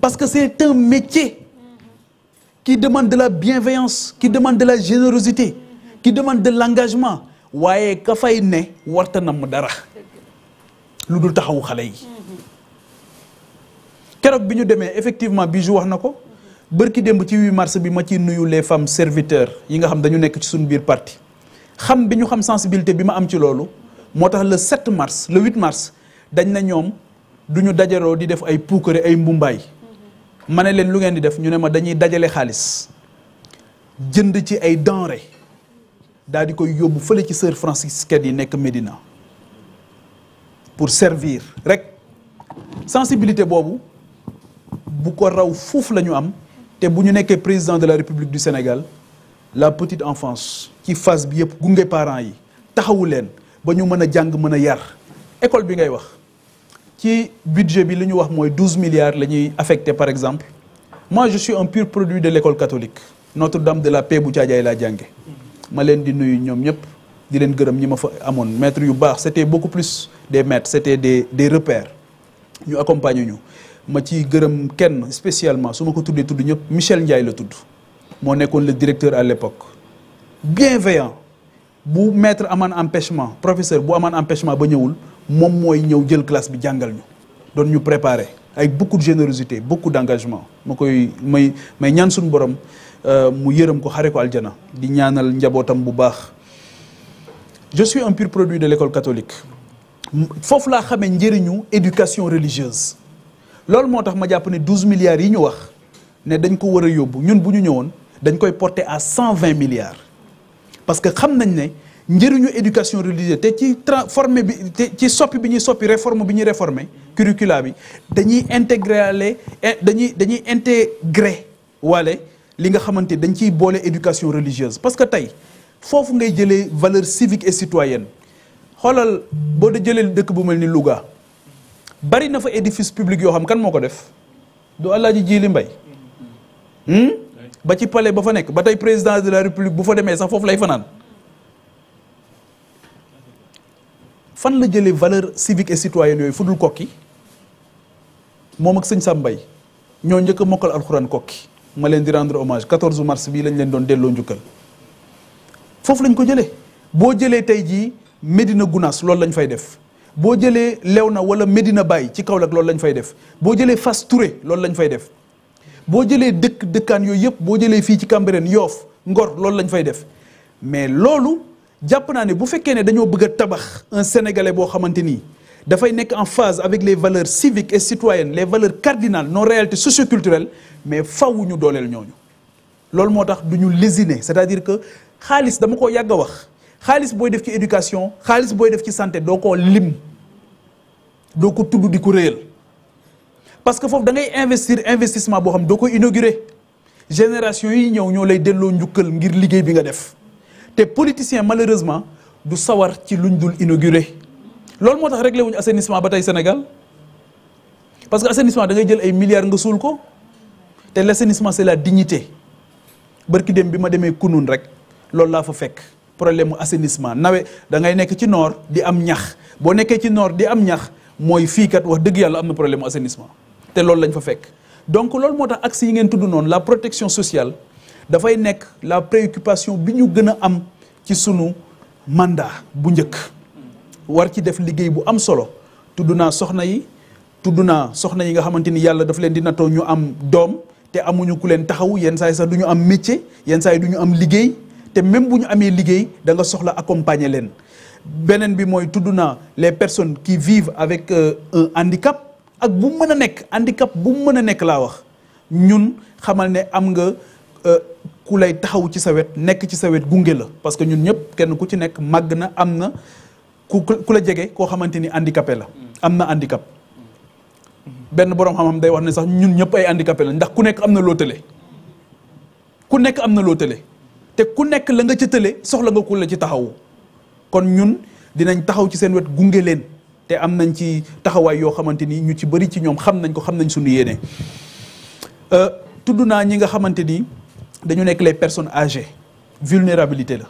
parce que c'est un métier qui demande de la bienveillance qui demande la générosité qui demande de l'engagement waaye ka fay ne warta nam dara lu dul taxawu xale yi keroog bi ñu demee effectivement bi Bijou wax na ko bërki démb ci 8 mars bi ma ciy nuyu les femmes serviteurs yi nga xam dañu nekk ci suñu biir parti xam bi ñu xam sensibilité bi ma am ci loolu moo tax le 7 mars le 8 mars dañ na ñoom du ñu dajaroo di def ay puukare ay mbumbaay ma ne leen lu ngeen di def ñu ne ma dañuy dajale xaalis jënd ci ay denrées daal di koy yóbbu fële ci sœur franciscaine yi nekk Médina pour servir rek sensibilité boobu bu ko raw foofu la ñu am te bu ñu nekkee président de la République du Sénégal la petite enfance ci phase bi yëpp gunge parents yi taxawu leen ba ñu mën a jàng mën a yar école bi ngay wax ci budget bi li ñu wax mooy douze milliards la ñuy affecté par exemple moi je suis un pur produit de l'école catholique Notre-Dame de la Paix bu Caajaay laa jànge ma leen di nuyu ñoom ñëpp di leen gërëm ñi ma fa amoon maître yu baax c'était beaucoup plus des maîtres c'était des des repères ñu accompagner ñu ma ci gërëm kenn spécialement su ma ko tuddee tudd ñëpp Michel Ndiaye la tudd moo nekkoon le directeur à l'époque bienveillant bu maître amaan empêchement professeur bu amaan empêchement ba ñëwul moom mooy ñëw jël classe bi jàngal ñu doon ñu préparer avec beaucoup de générosité beaucoup d'engagement ma koy may may ñaan suñu borom Euh, mu yërëm ko xare ko aljana di ñaanal njabootam bu baax je suis un produit de l'école catholique foofu laa xame njëriñu éducation religieuse loolu moo tax ma jàpp ne douze milliards yi ñu wax ne dañ ko war a yóbbu ñun bu ñu ñëwoon dañ koy porter à cent vingt milliards parce que xam nañ ne njëriñu éducation religieuse te ci transformé bi ci soppi bi ñuy soppi réforme bi ñuy réformer curricula bi dañuy intégrale eh, dañuy dañuy intégré wale li nga xamante dañ ciy boole éducation religieuse parce que tey foofu ngay jëlee valeur civique et citoyenne xoolal boo da jëlee dëkk bu mel ni Louga bari na fa édifice public yoo xam kan moo ko def du Alaaji Jili Mbay hmm? ba ci palais ba fa nekk ba tey président de la république bu fa demee sax foofu lay fanaan fan la jëlee valeur civique et citoyenne yooyu dul kokki moom ak sëñ Sàmbay ñoo njëkk a mokkal alxuraan kokki ma leen di rendre hommage 14 mars bi lañ leen doon delloo njukkal foofu lañ ko jële boo jëlee tey jii Médina Gounass loolu lañ fay def boo jëlee Léona wala Médina Baye ci Kaolack loolu lañu fay def boo jëlee Fass Touré loolu lañ fay def boo jëlee dëkk dëkkaan yooyu yëpp boo jëlee fii ci Cambérène yoof Ngor loolu lañu fay def mais loolu jàpp naa ne bu fekkee ne dañoo bëgg a tabax un sénégalais boo xamante nii dafay nekk en phase avec les valeurs civiques et citoyennes les valeurs cardinales nos réalités socioculturelles mais faw ñu dooleel ñooñu loolu moo tax du ñu lésiner c'est-à-dire que xaalis dama ko yàgg a wax xaalis booy def ci éducation xaalis booy def ci santé doo ko lim doo ko tudd di ko réyal parce que foofu da ngay investir investissement boo xam doo ko inaugurer génération yi ñëw ñoo lay delloo njukkal ngir liggéey bi nga def te politicien malheureusement du sawar ci luñ dul inaugurer loolu moo tax réglé wuñu assainissement ba tey Sénégal parce que assainissement da ngay jël ay milliards nga suul ko te l' assainissement c' est la dignité barki dem bi ma demee kunun rek loolu laa fa fekk problème mu assainissement nawe dangay nekk ci noor di am ñax boo nekkee ci noor di am ñax mooy fii kat wax dëgg yàlla am na problème mu te loolu lañ fa fekk donc loolu moo tax axe yi ngeen tudd noonu la protection sociale dafay nekk la préoccupation bi ñu gën a am ci sunu mandat bu njëkk war ci def liggéey bu am solo tudd naa soxna yi tudd naa soxna yi nga xamante ni yàlla daf leen dina nattoo ñu am doom te amuñu ku leen taxaw yenn saa yi sax du ñu am métier yenn saa yi du ñu am liggéey te même bu ñu amee liggéey danga soxla accompagner leen beneen bi mooy tudd naa les personnes qui vive avec euh, un handicap ak bu mën a nekk handicap bu mën a nekk laa wax ñun xamal ne am nga euh, ku lay taxaw ci sa wet nekk ci sa wet gunge la parce que ñun ñëpp kenn ku ci nekk màgg na am na ku ku la jege koo xamante ni handicapé la am na handicap benn boroom xam-xam day wax ne sax ñun ñëpp ay handicapé la ndax ku nekk am na loo tële ku nekk am na loo tële te ku nekk la nga ca tële soxla nga ku la ci taxawu kon ñun dinañ taxaw ci seen wet gunge leen te am nañ ci taxawaay yoo xamante ni ñu ci bëri ci ñoom xam nañ ko xam nañ suñu yéene euh, tudd naa ñi nga xamante ni dañu nekk les personnes âgées vulnérabilité la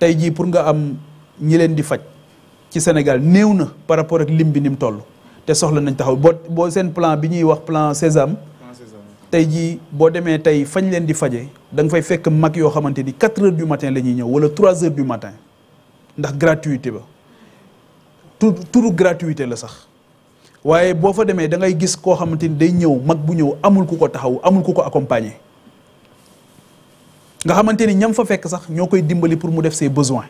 tey jii pour nga am ñi leen di faj ci Sénégal néew na par rapport ak lim bi ni mu toll te soxla nañ taxaw boo boo seen plan bi ñuy wax plan Sésame tey jii boo demee tey fañ leen di faje danga fay fekk mag yoo xamante ni quatre heures du matin la ñuy ñëw wala trois heures du matin ndax gratuité ba tu turu gratuité la sax waaye boo fa demee da ngay gis koo xamante ni day ñëw mag bu ñëw amul ku ko taxaw amul ku ko accompagner nga xamante ni ñam fa fekk sax ñoo koy dimbali pour mu def ses besoins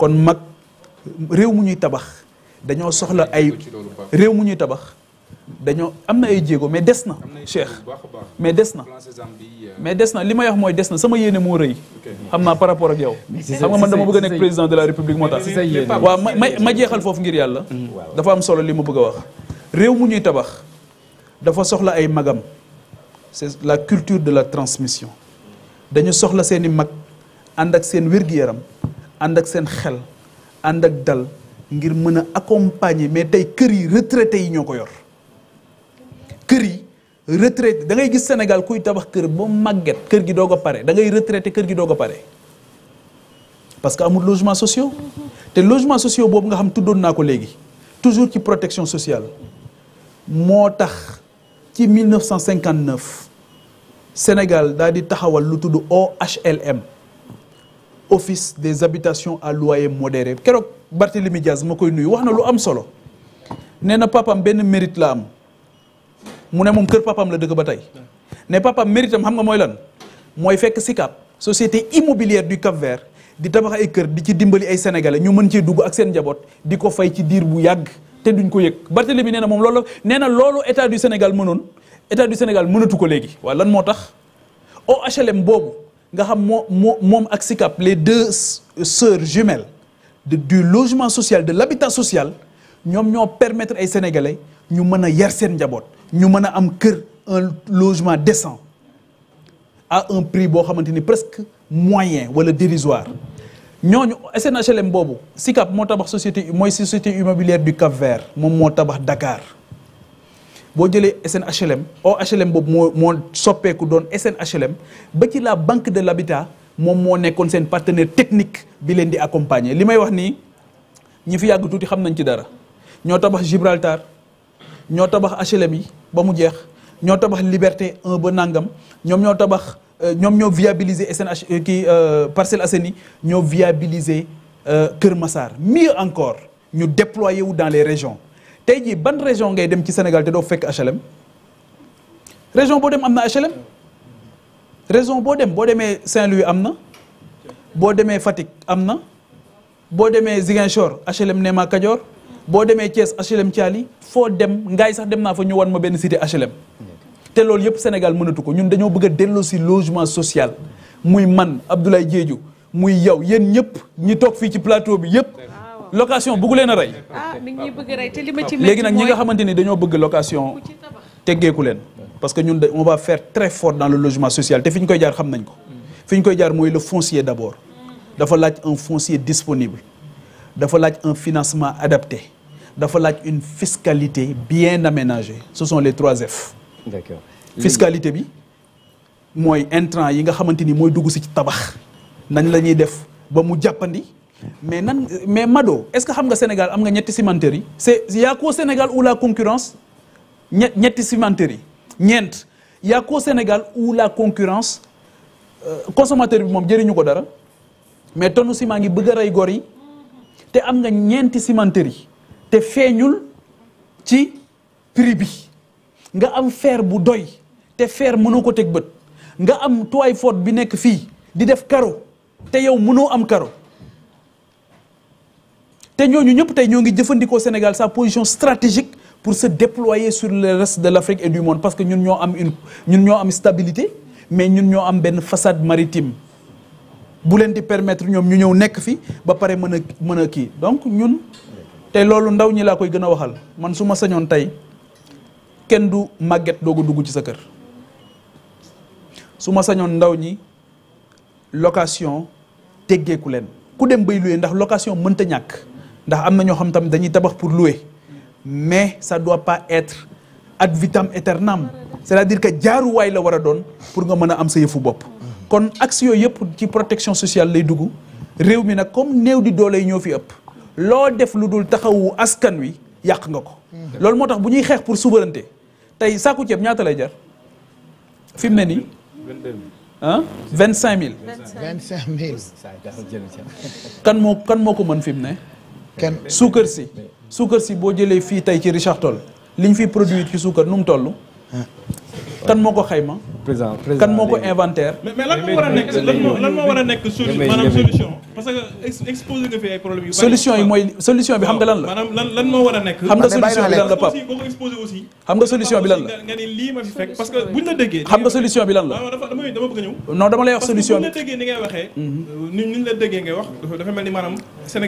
kon mag réew mu ñuy tabax dañoo soxla ay réew mu ñuy tabax dañoo am na ay jéego mais des na Cheikh mais des na euh, mais des na li may wax mooy des na sama yéene moo rëy xam naa par rapport ak yow xam nga man dama bëgg a nekk président de la république moo tax waaw ma ma jeexal foofu ngir yàlla mm. dafa am solo li ma bëgg a wax réew mu ñuy tabax dafa soxla ay magam c'est la culture de la transmission dañu soxla seeni mag ànd ak seen wér-gi-yaram ànd ak seen xel ànd ak dal ngir mën a accompagner mais tey kër yi retraités yi ñoo ko yor kër yi retraité da ngay gis Sénégal kuy tabax kër ba màgget kër gi doo ko pare da ngay retraité kër gi doo ko pare parce que amul logement sociaux te logement sociaux boobu nga xam tuddoon naa ko léegi toujours ci protection sociale moo tax ci 1959 Sénégal daal di taxawal lu tudd OHLM. office des habitations à loyer modéré keroog Barthélémy Diaz ma koy nuyu wax na lu am solo nee na papam benn mérite la am mu ne moom kër papam la dëkk ba tey ne papam mérite am xam nga mooy lan mooy fekk SICAP société immobilière du Cap-Vert di tabax ay kër di ci dimbali ay sénégalais ñu mën cee dugg ak seen njaboot di ko fay ci diir bu yàgg te duñ ko yëg Barthélémy nee na moom loolu nee na loolu état du Sénégal mënoon état du Sénégal mënatu ko léegi waaw moo tax OHLM boobu. nga xam moo moo moom ak SICAP les deux seur jumelles de du logement social de l'habitat social ñoom ñoo permettre ay sénégalais ñu mën a yar seen njaboot ñu mën a am kër un logement décent à un prix boo xamante ni presque moyen wala dérisoire ñooñu SNHLM boobu SICAP moo tabax société mooy société immobilière du Cap-Vert moom moo tabax dakaar boo jëlee SNHLM OHLM boobu moo moo soppeeku doon SNHLM ba ci la banque de l'habitat moom moo nekkoon seen partenaire technique bi leen di accompagner li may wax nii ñi fi yàgg tuuti xam nañ ci dara ñoo tabax Gibraltar ñoo tabax HLM yi ba mu jeex ñoo tabax Liberté 1 ba nangam ñoom ñoo tabax euh, ñoom ñoo viabiliser SNH euh, kii euh, Parcelles Assainies ñoo viabiliser Kër Massar mieux encore ñu déployer wu dans les régions tey jii ban région ngay dem ci Sénégal te doo fekk HLM région boo dem am na HLM région boo dem boo demee Saint-Louis am na boo demee Fatick am na boo demee Ziguinchor HLM Néma Kajoor boo demee Thiès HLM Thiali foo dem ngaay sax dem naa fa ñu wan ma benn cité HLM te loolu yëpp Sénégal mënatu ko ñun dañoo bëgg a delloo si logement social muy man Abdoulaye Diédhiou muy yow yéen ñëpp ñi toog fii ci plateau bi yëpp location bëggu leen a rey. Ah, a ci léegi nag ñi nga xamante ni dañoo bëgg location teggeeku leen parce que ñun de on va faire très fort dans le logement social te fi ñu koy jaar xam nañ ko. fi ñu koy jaar mooy le foncier d'abord dafa laaj un foncier disponible dafa laaj un financement adapté dafa laaj une fiscalité bien aménagée ce sont les trois F. d'accord fiscalité bi mooy intrant yi nga xamante ni mooy dugg si ci tabax nañ la ñuy def ba mu jàppandi. mais nan mais Mado est-ce que xam nga Sénégal am nga ñetti cimenterie yi c'est y'a Sénégal où la concurrence ñet ñetti cimenterie yi ñeent y'a Sénégal où la concurrence euh, consommateur bi moom jëriñu ko dara mais tonnu ciment ngi bëgg rey gor yi te am nga ñeenti cimenterie yi te feeñul ci prix bi nga am fer bu doy te fer mënoo ko teg bët nga am toile forte bi nekk fii di def carreau te yow mënoo am carreau te ñooñu ñëpp tey ñoo ngi jëfandikoo Sénégal sa position stratégique pour se déployer sur le reste de l'Afrique et du monde parce que ñun ñoo am une ñun ñoo am stabilité mais ñun ñoo am benn façade maritime bu leen di permettre ñoom ñu ñëw nekk fii ba pare mën a mën a kii donc ñun te loolu ndaw ñi laa koy gën a waxal man su ma sañoon tey kenn du màgget doo ko dugg ci sa kër suma sañoon ndaw ñi location teggeeku leen ku dem bay luye ndax location mënta ñàkk ndax am na ñoo xam tam dañuy tabax pour louer mais ça doit pas être ad vitam aeternam c'est-à-dire que jaaruwaay la war a doon pour nga mën a am sa yëfu bopp. kon axe yooyu yëpp ci protection sociale lay dugg réew mi nag comme néew di doole yi ñoo fi ëpp loo def lu dul taxawu askan wi yàq nga ko. loolu moo tax bu ñuy xeex pour souveraineté tey saaku ceeb ñaata lay jar fi mu ne nii. ah vingt cinq mille. vingt cinq mille. kan moo kan moo ko mën fi ne. kenn suukar si suukar si boo jëlee fii tey ci Richard Toll liñ fi produit ci suukar nu mu toll ah. kan moo ko xayma président président kan moo ko inventaire mais lan moo war a nekk lan moo war a nekk solution solution parce que exposé nga fi ay problèmes solution bi lan la maanaam lan lan moo a solution bi lan la Pape boo ko exposé solution bi lan la nga ni lii ma fi fekk parce que buñ la déggee xam solution bi lan la dama dama a lay wax solution bi la ni ngay waxee mhm. euh, ni ñu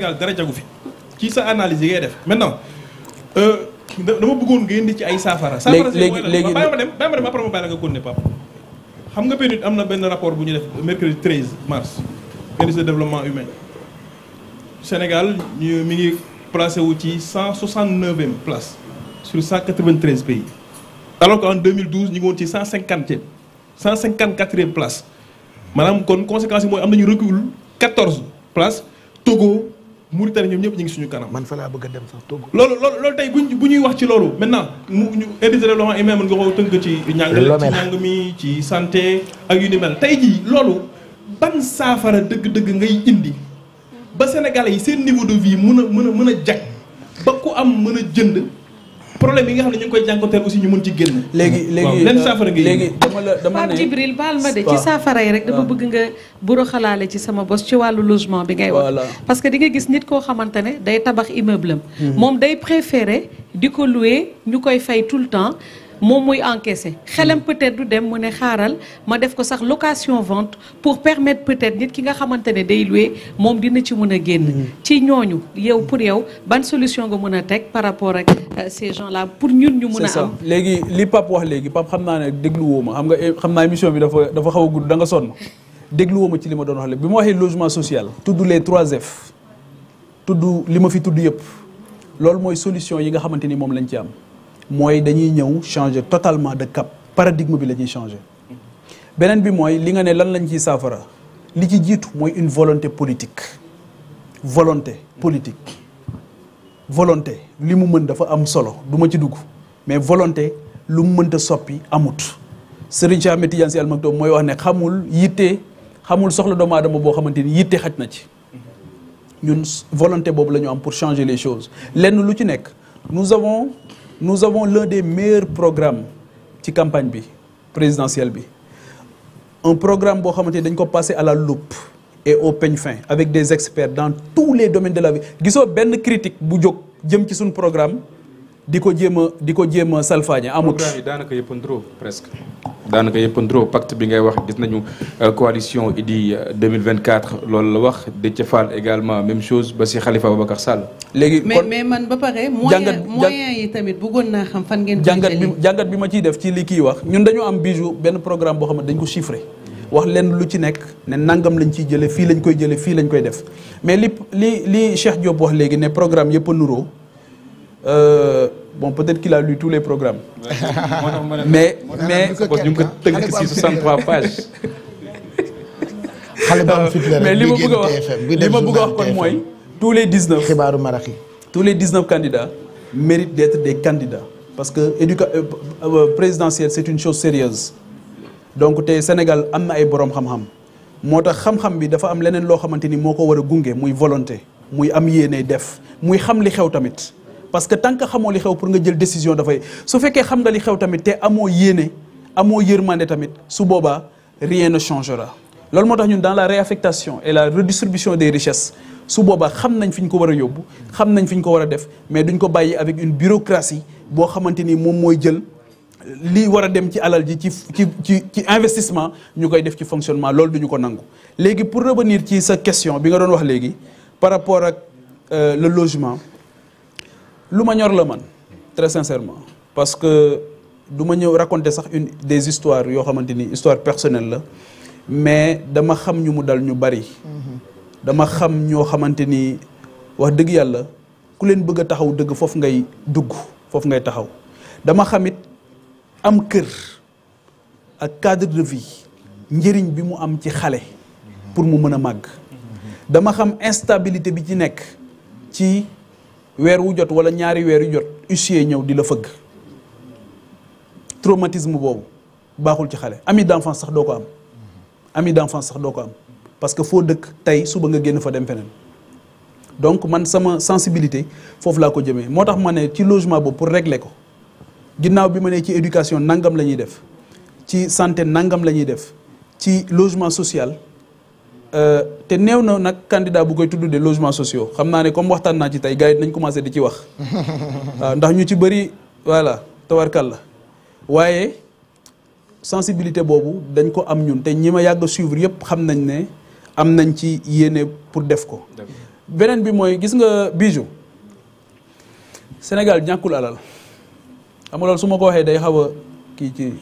la déggee ci sa analyse yi ngay def maintenant euh, dama bëggoon nga indi ci ay saafara. saafara léegi léegi bàyyi ma dem bàyyi ma dem après ma bàyyi la nga continuer Pape. xam nga PNUD am na benn rapport bu ñu def mercredi 13 mars indice de développement humain Sénégal mi ngi placé wu ci 169e place sur 193 pays alors que en 2012 ñu ngi woon ci 150e 154e place maanaam kon conséquence mooy am nañu recul 14 places Togo. Mauritanie ñoom ñëpp ñu ngi suñu kanam. man fa laa bëgg a dem sax Togo. loolu loolu loolu tey buñ bu ñuy wax ci loolu maintenant mu ñu indi développement humain mën nga ko tënk ci. njàngale ci njàng ak yu ni mel tey jii loolu ban saafara dëgg-dëgg ngay indi ba Sénégalais yi seen niveau de vie mun a mën a mën a jag ba ku am mën a jënd. problème yi nga xam ne ñu ngi koy jànkuwanteel aussi ñu mun ci génn. léegi léegi lenn saafara gi léegi dama la dama ne Jibril baal ma de ci saafara yi rek dama bëgg nga buru xalaale ci sama bos ci wàllu logement bi ngay wax parce que di nga gis nit koo xamante ne day tabax immeuble am hmm. moom day préféré di ko louer ñu koy fay tout le temps moom muy encaissé xelam hmm. peut-être du dem mu ne xaaral ma def ko sax location vente pour permettre peut-être nit ki nga xamante ne day loué moom dina ci mën a génn. Hmm. ci ñooñu yow pour yow ban solution nga mën a teg par rapport ak euh, ces gens là pour ñun ñu mën a am léegi li pap wax léegi Pape xam naa ne dégluwoo ma xam nga eh, xam naa émission bi dafa dafa xaw a gudd danga nga sonn dégluwoo ma ci li ma doon wax léegi bi ma waxee logement social. tudd les 3F tudd li ma fi tudd yëpp loolu mooy solution yi nga xamante ni moom lañ ci am. mooy dañuy ñëw changer totalement de cap paradigme bi la ñuy changer beneen bi mooy li nga ne lan lañ ci saafara li ci jiitu mooy une volonté politique volonté politique volonté li mu mën dafa am solo duma ci dugg mais volonté lu mu mënta soppi amut Serigne Cheikh Ahmed doom mooy wax ne xamul yitte xamul soxla doomu aadama boo xamante ni yitte xaj na ci ñun volonté boobu la ñu am pour changer les choses lenn lu ci nekk nous avons l'un des meilleurs programmes ci campagne bi présidentielle bi un programme boo xamante ni dañ ko passé à la loupe et au peigne fin avec des experts dans tous les domaines de la vie gisoo benn critique bu jóg jëm ci suñu programme di ko jéem a di ko jéem a salfaañe amut programme yi daanaka yëpp ndroo presque daanaka yëpp ndroo pacte bi ngay wax gis nañu euh, coalition Idy 2024 euh, loolu la wax Déthié Fall également même chose ba si xalifa ba Babacar Sall. léegi mais mais man ba pare. jàngat moyen yi tamit bëggoon naa xam fan ngeen. jàngat bi jàngat bi ma ciy def ci li kii wax ñun dañu am bijou benn programme boo xam ne dañ ko chiffré. wax leen lu ci nekk ne nangam lañ ciy jëlee fii lañ koy jëlee fii lañ koy def mais li li li Cheikh Diop wax léegi ne programme yëpp nuroo Euh, bon peut-être qu'il a lu tous les programmes. mais mais euh, mais li ma bëgg a wax li ma bëgg wax kon mooy. tous les 19 xibaaru marax yi tous les 19 candidats méritent d'être des candidats. parce que éduca euh, euh, présidentielle c'est une chose sérieuse donc te Sénégal am na ay boroom xam-xam moo tax xam-xam bi dafa am leneen loo xamante ni moo ko war a gunge muy volonté muy am yéene def muy xam li xew tamit. parce que tant que xamoo li xew pour nga jël décision dafay su fekkee xam nga li xew tamit te amoo yéene amoo yërmande tamit su boobaa rien ne changera. loolu moo tax ñun dans la réaffectation et la redistribution des richesses su boobaa xam nañ fi ñu ko war a yóbbu xam nañ fi ñu ko war a def mais duñ ko bàyyi avec une bureaucratie boo xamante ni moom mooy jël. li war a dem ci alal ji ci ci ci ci investissement ñu koy def ci fonctionnement loolu duñu ko nangu léegi pour revenir ci sa question bi nga doon wax léegi par rapport ak euh, le logement lu ma ñor la man très sincèrement parce que du ma ñëw raconter sax une des histoires yoo xamante ni histoire personnelle la mais dama xam ñu mu dal ñu bari. Mm-hmm. dama xam ñoo xamante ni wax dëgg yàlla ku leen bëgg a taxaw dëgg foofu ngay dugg foofu ngay taxaw dama xamit am kër ak cadre de vie njëriñ bi mu am ci xale pour mu mën a màgg mm-hmm. dama xam instabilité bi ci nekk ci weer wu jot wala ñaari weer yu jot huissier ñëw di la fëgg traumatisme boobu baaxul ci xale amit d'enfance sax doo ko am ami d'enfance sax doo ko am parce que foo dëkk tey suba nga génn fa dem feneen donc man sama sensibilité foofu laa ko jëmee moo tax ma ne ci logement boobu pour régler ko ginnaaw bi ma ne ci éducation nangam la ñuy def ci santé nangam la ñuy def ci logement social Euh, te néew na nag candidat bu koy tudd de logements sociaux xam naa ne comme waxtaan naa ci tey gars nañ commencé di ci wax waaw ndax ñu ci bari voilà tawarkal la waaye sensibilité boobu dañ ko am ñun te ñi ma yàgg a suivre yëpp xam nañ ne am nañ ci yéene pour def ko beneen bi mooy gis nga bijou Sénégal ñàkkul alal xam loolu su ma ko waxee day xaw a kii ci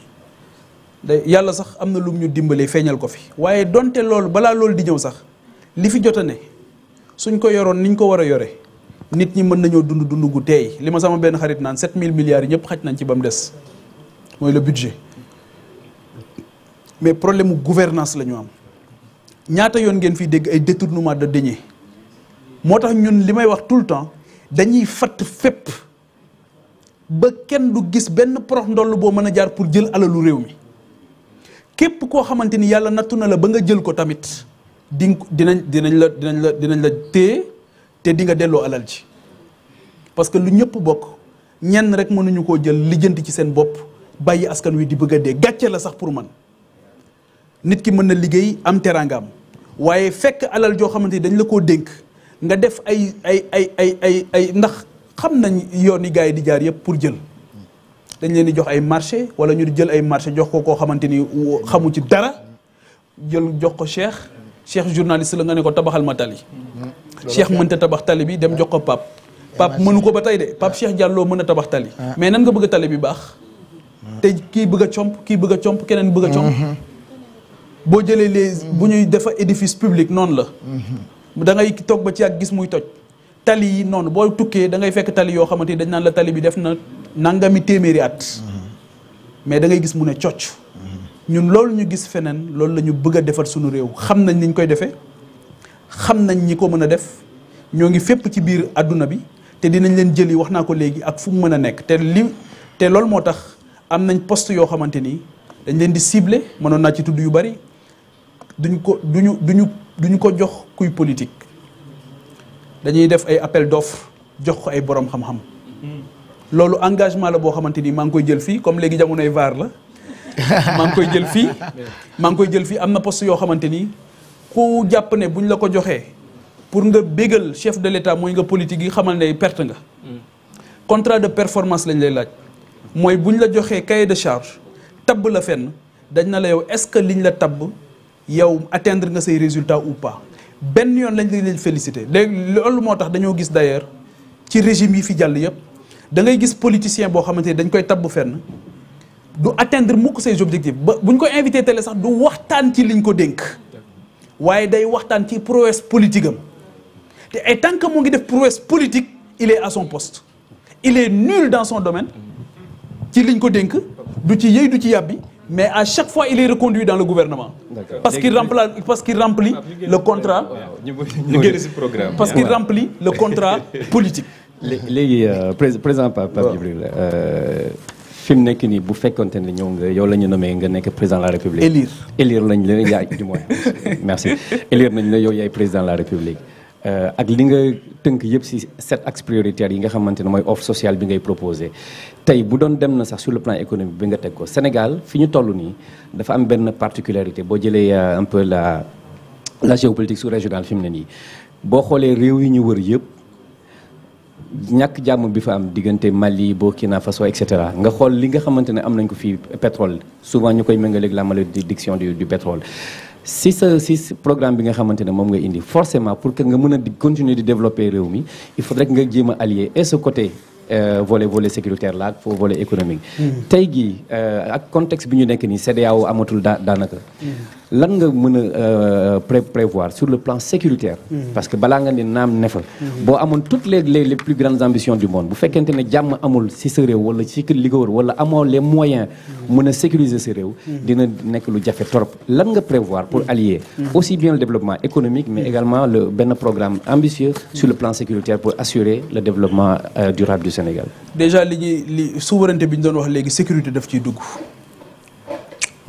day yàlla sax am na lum ñu dimbalee feeñal ko fi waaye donte loolu balaa loolu di ñëw sax li fi jota ne suñ ko yoroon niñ ko war a yore nit ñi mën nañoo dund dund gu teey li ma sama benn xarit naan 7000 milliards yi ñëpp xaj nañ ci ba des mooy le budget mais problème mu gouvernance la am ñaata yoon ngeen fiy dégg ay détournement de deniers moo tax ñun li may wax tout le temps dañuy fatt fépp ba kenn du gis benn prox ndoll boo mën a jaar pour jël alalu réew mi képp koo xamante ni yàlla nattu na la ba nga jël ko tamit di dinañ dinañ la dinañ la dinañ la téye te di nga delloo alal ji parce que lu ñëpp bokk ñenn rek mënuñu koo jël lijjanti ci seen bopp bàyyi askan wi di bëgg a dee gàcce la sax pour man nit ki mën na liggéey am teraangaam waaye fekk alal joo xamante ni dañ la koo dénk nga def ay ay ay ay ay ay ndax xam nañ yoon yi gars di jaar yëpp pour jël dañ leen di jox ay marché wala ñu jël ay marché jox ko koo xamante ni xamu ci dara jël jox ko cheikh cheikh journaliste la nga ne ko tabaxal ma tali cheikh mënta tabax tali bi dem jox ko pap pap mënu ko ba tey de pap cheikh Diallo mën a tabax tali ah. mais nan nga bëgg tali bi baax ah. te ki bëgg a comp kii bëgg a comp keneen bëgga a comp mhm. boo jëlee les bu ñuy defa édifice public noonu la mhm. da ngay toog ba ci ak gis muy toj tali yi noonu boo tukkee da ngay fekk tali yoo xamante ni dañ naan la tali bi def na nangami téeméeri at. mais da ngay gis mu ne cocc. ñun loolu ñu gis feneen loolu lañu ñu bëgg a defar suñu réew xam nañ ni ñu koy defee xam nañ ñi ko mën a def ñoo ngi fépp ci biir àdduna bi te dinañ leen jëli wax naa ko léegi ak fu mu mën a nekk te li te loolu moo tax am nañ post yoo xamante ni dañ leen di ciblé mënoon naa ci tudd yu bari duñ ko duñu duñu duñu ko jox kuy politique dañuy def ay appel d'offre jox ko ay boroom xam-xam. loolu engagement la boo xamante ni maa ngi koy jël fii comme léegi jamonoy vaar la maa koy jël fii maa ngi koy jël fii am na poste yoo xamante ni ku jàpp ne buñ la ko joxee pour nga bégal chef de l'état mooy nga politique yi xamal ne perte nga contrat de performance lañ lay laaj mooy buñ la joxee cahier de charge tabb la fenn dañ na la yow est-ce que liñ la tabb yow atteindre nga say résultat ou pas benn yoon lañ leen félicité léegi loolu moo tax dañoo gis d'ailleurs ci régime yi fi jàll yépp da ngay gis politicien boo xamante ni dañ koy tabb fenn du atteindre mukk ses objectifs ba bu ñu ko invité télé sax du waxtaan ci liñ ko dénk waaye day waxtaan ci prouesse politique am te et tant que mu ngi def prouesse politique il est à son poste il est nul dans son domaine ci liñ ko dénk du ci yëy du ci yàbbi mais à chaque fois il est reconduit dans le gouvernement. parce qu'il remplit ah, parce qu'il remplit le contrat. parce qu'il remplit le contrat politique. léegi euh, président Pape Pape Djibril euh, fi mu nekk nii bu fekkonte ne ñëw nga euh, yow la ñu nommé nga nekk président de la république. élire élire nañ la yaay du moins merci nañ la yow yaay président de la république. ak li nga tënk yëpp si sept axes prioritaires yi nga xamante ne mooy offre sociale bi ngay proposé tey bu doon dem na sax sur le plan économie bi nga teg ko Sénégal fi ñu toll nii dafa am benn particularité boo jëlee un peu la la géopolitique su régionale fi mu ne nii boo xoolee réew yi ñu wër yëpp. ñàkk jàmm bi fa am diggante Mali Burkina façon et cetera nga xool li nga xamante ne am nañ ko fii pétrole souvent ñu koy méngaleeg la malédiction du du pétrole. si sa si programme bi nga xamante ne moom nga indi forcément pour que nga mën a di continuer di développer réew mi il faut rek nga jéem a allier et ce côté. Euh, vole volet sécuritaire la ak foo volet économique. Mm. tey jii euh, ak contexte bi ñu nekk nii CEDEAO amatul daa daanaka. Mm. lan nga mën a euh, pré prévoir sur le plan sécuritaire. Mhm. parce que balaa nga ne naam ne mhm. boo amoon toutes les les les plus grandes ambitions du monde bu fekkente ne jàmm amul si sa réew wala si kër li ko wër wala amoo les moyens. Mhm. mën a sécuriser sa réew. dina nekk lu jafe torop lan nga prévoir pour allier. aussi bien le développement économique mais également le benn programme ambitieux sur le plan sécuritaire pour assurer le développement euh, durable du Sénégal. déjà li ñuy li souveraineté bi ñu doon wax léegi sécurité daf ciy dugg.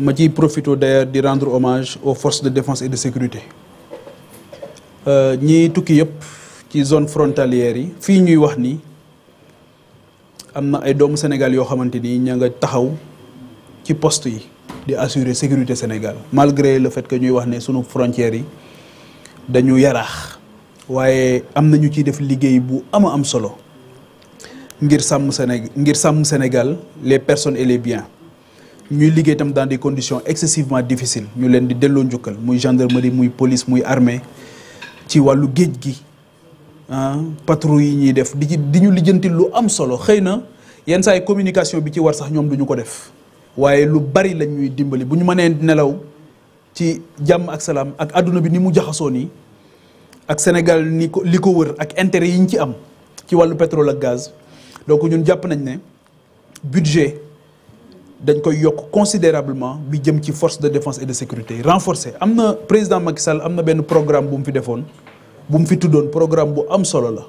ma ciy profité d'ailleurs di rendre hommage au force de défense et de sécurité euh, ñi tukki yëpp ci zone frontalière yi fii ñuy wax ni am na ay doomu Sénégal yoo xamante ni ña nga taxaw ci post yi di assurer sécurité Sénégal malgré le fait que ñuy wax ne sunu frontières yi dañu yaraax waaye am na ñu ciy def liggéey bu ama am solo ngir sàmm Sénégal ngir sàmm Sénégal les personnes et les biens ñuy liggéey itam dans des conditions excessivement difficiles ñu leen di delloo njukkal muy gendarmerie muy police muy armée ci wàllu géej gi ah patrouille yi ñuy def di ci di ñu lijjanti lu am solo xëy na yenn saa yi communication bi ci war sax ñoom du ñu ko def waaye lu bari lañ ñuy dimbali bu ñu mënee nelaw ci jàmm ak salaam ak àdduna bi ni mu jaxasoo nii ak Sénégal ni ko li ko wër ak intérêt yi ñu ci am ci wàllu pétrole ak gaz donc ñun jàpp nañ ne budget dañ koy yokk considérablement bi jëm ci force de défense et de sécurité renforcer am na président Macky Sall am na benn programme bu mu fi defoon bu mu fi tuddoon programme bu am solo la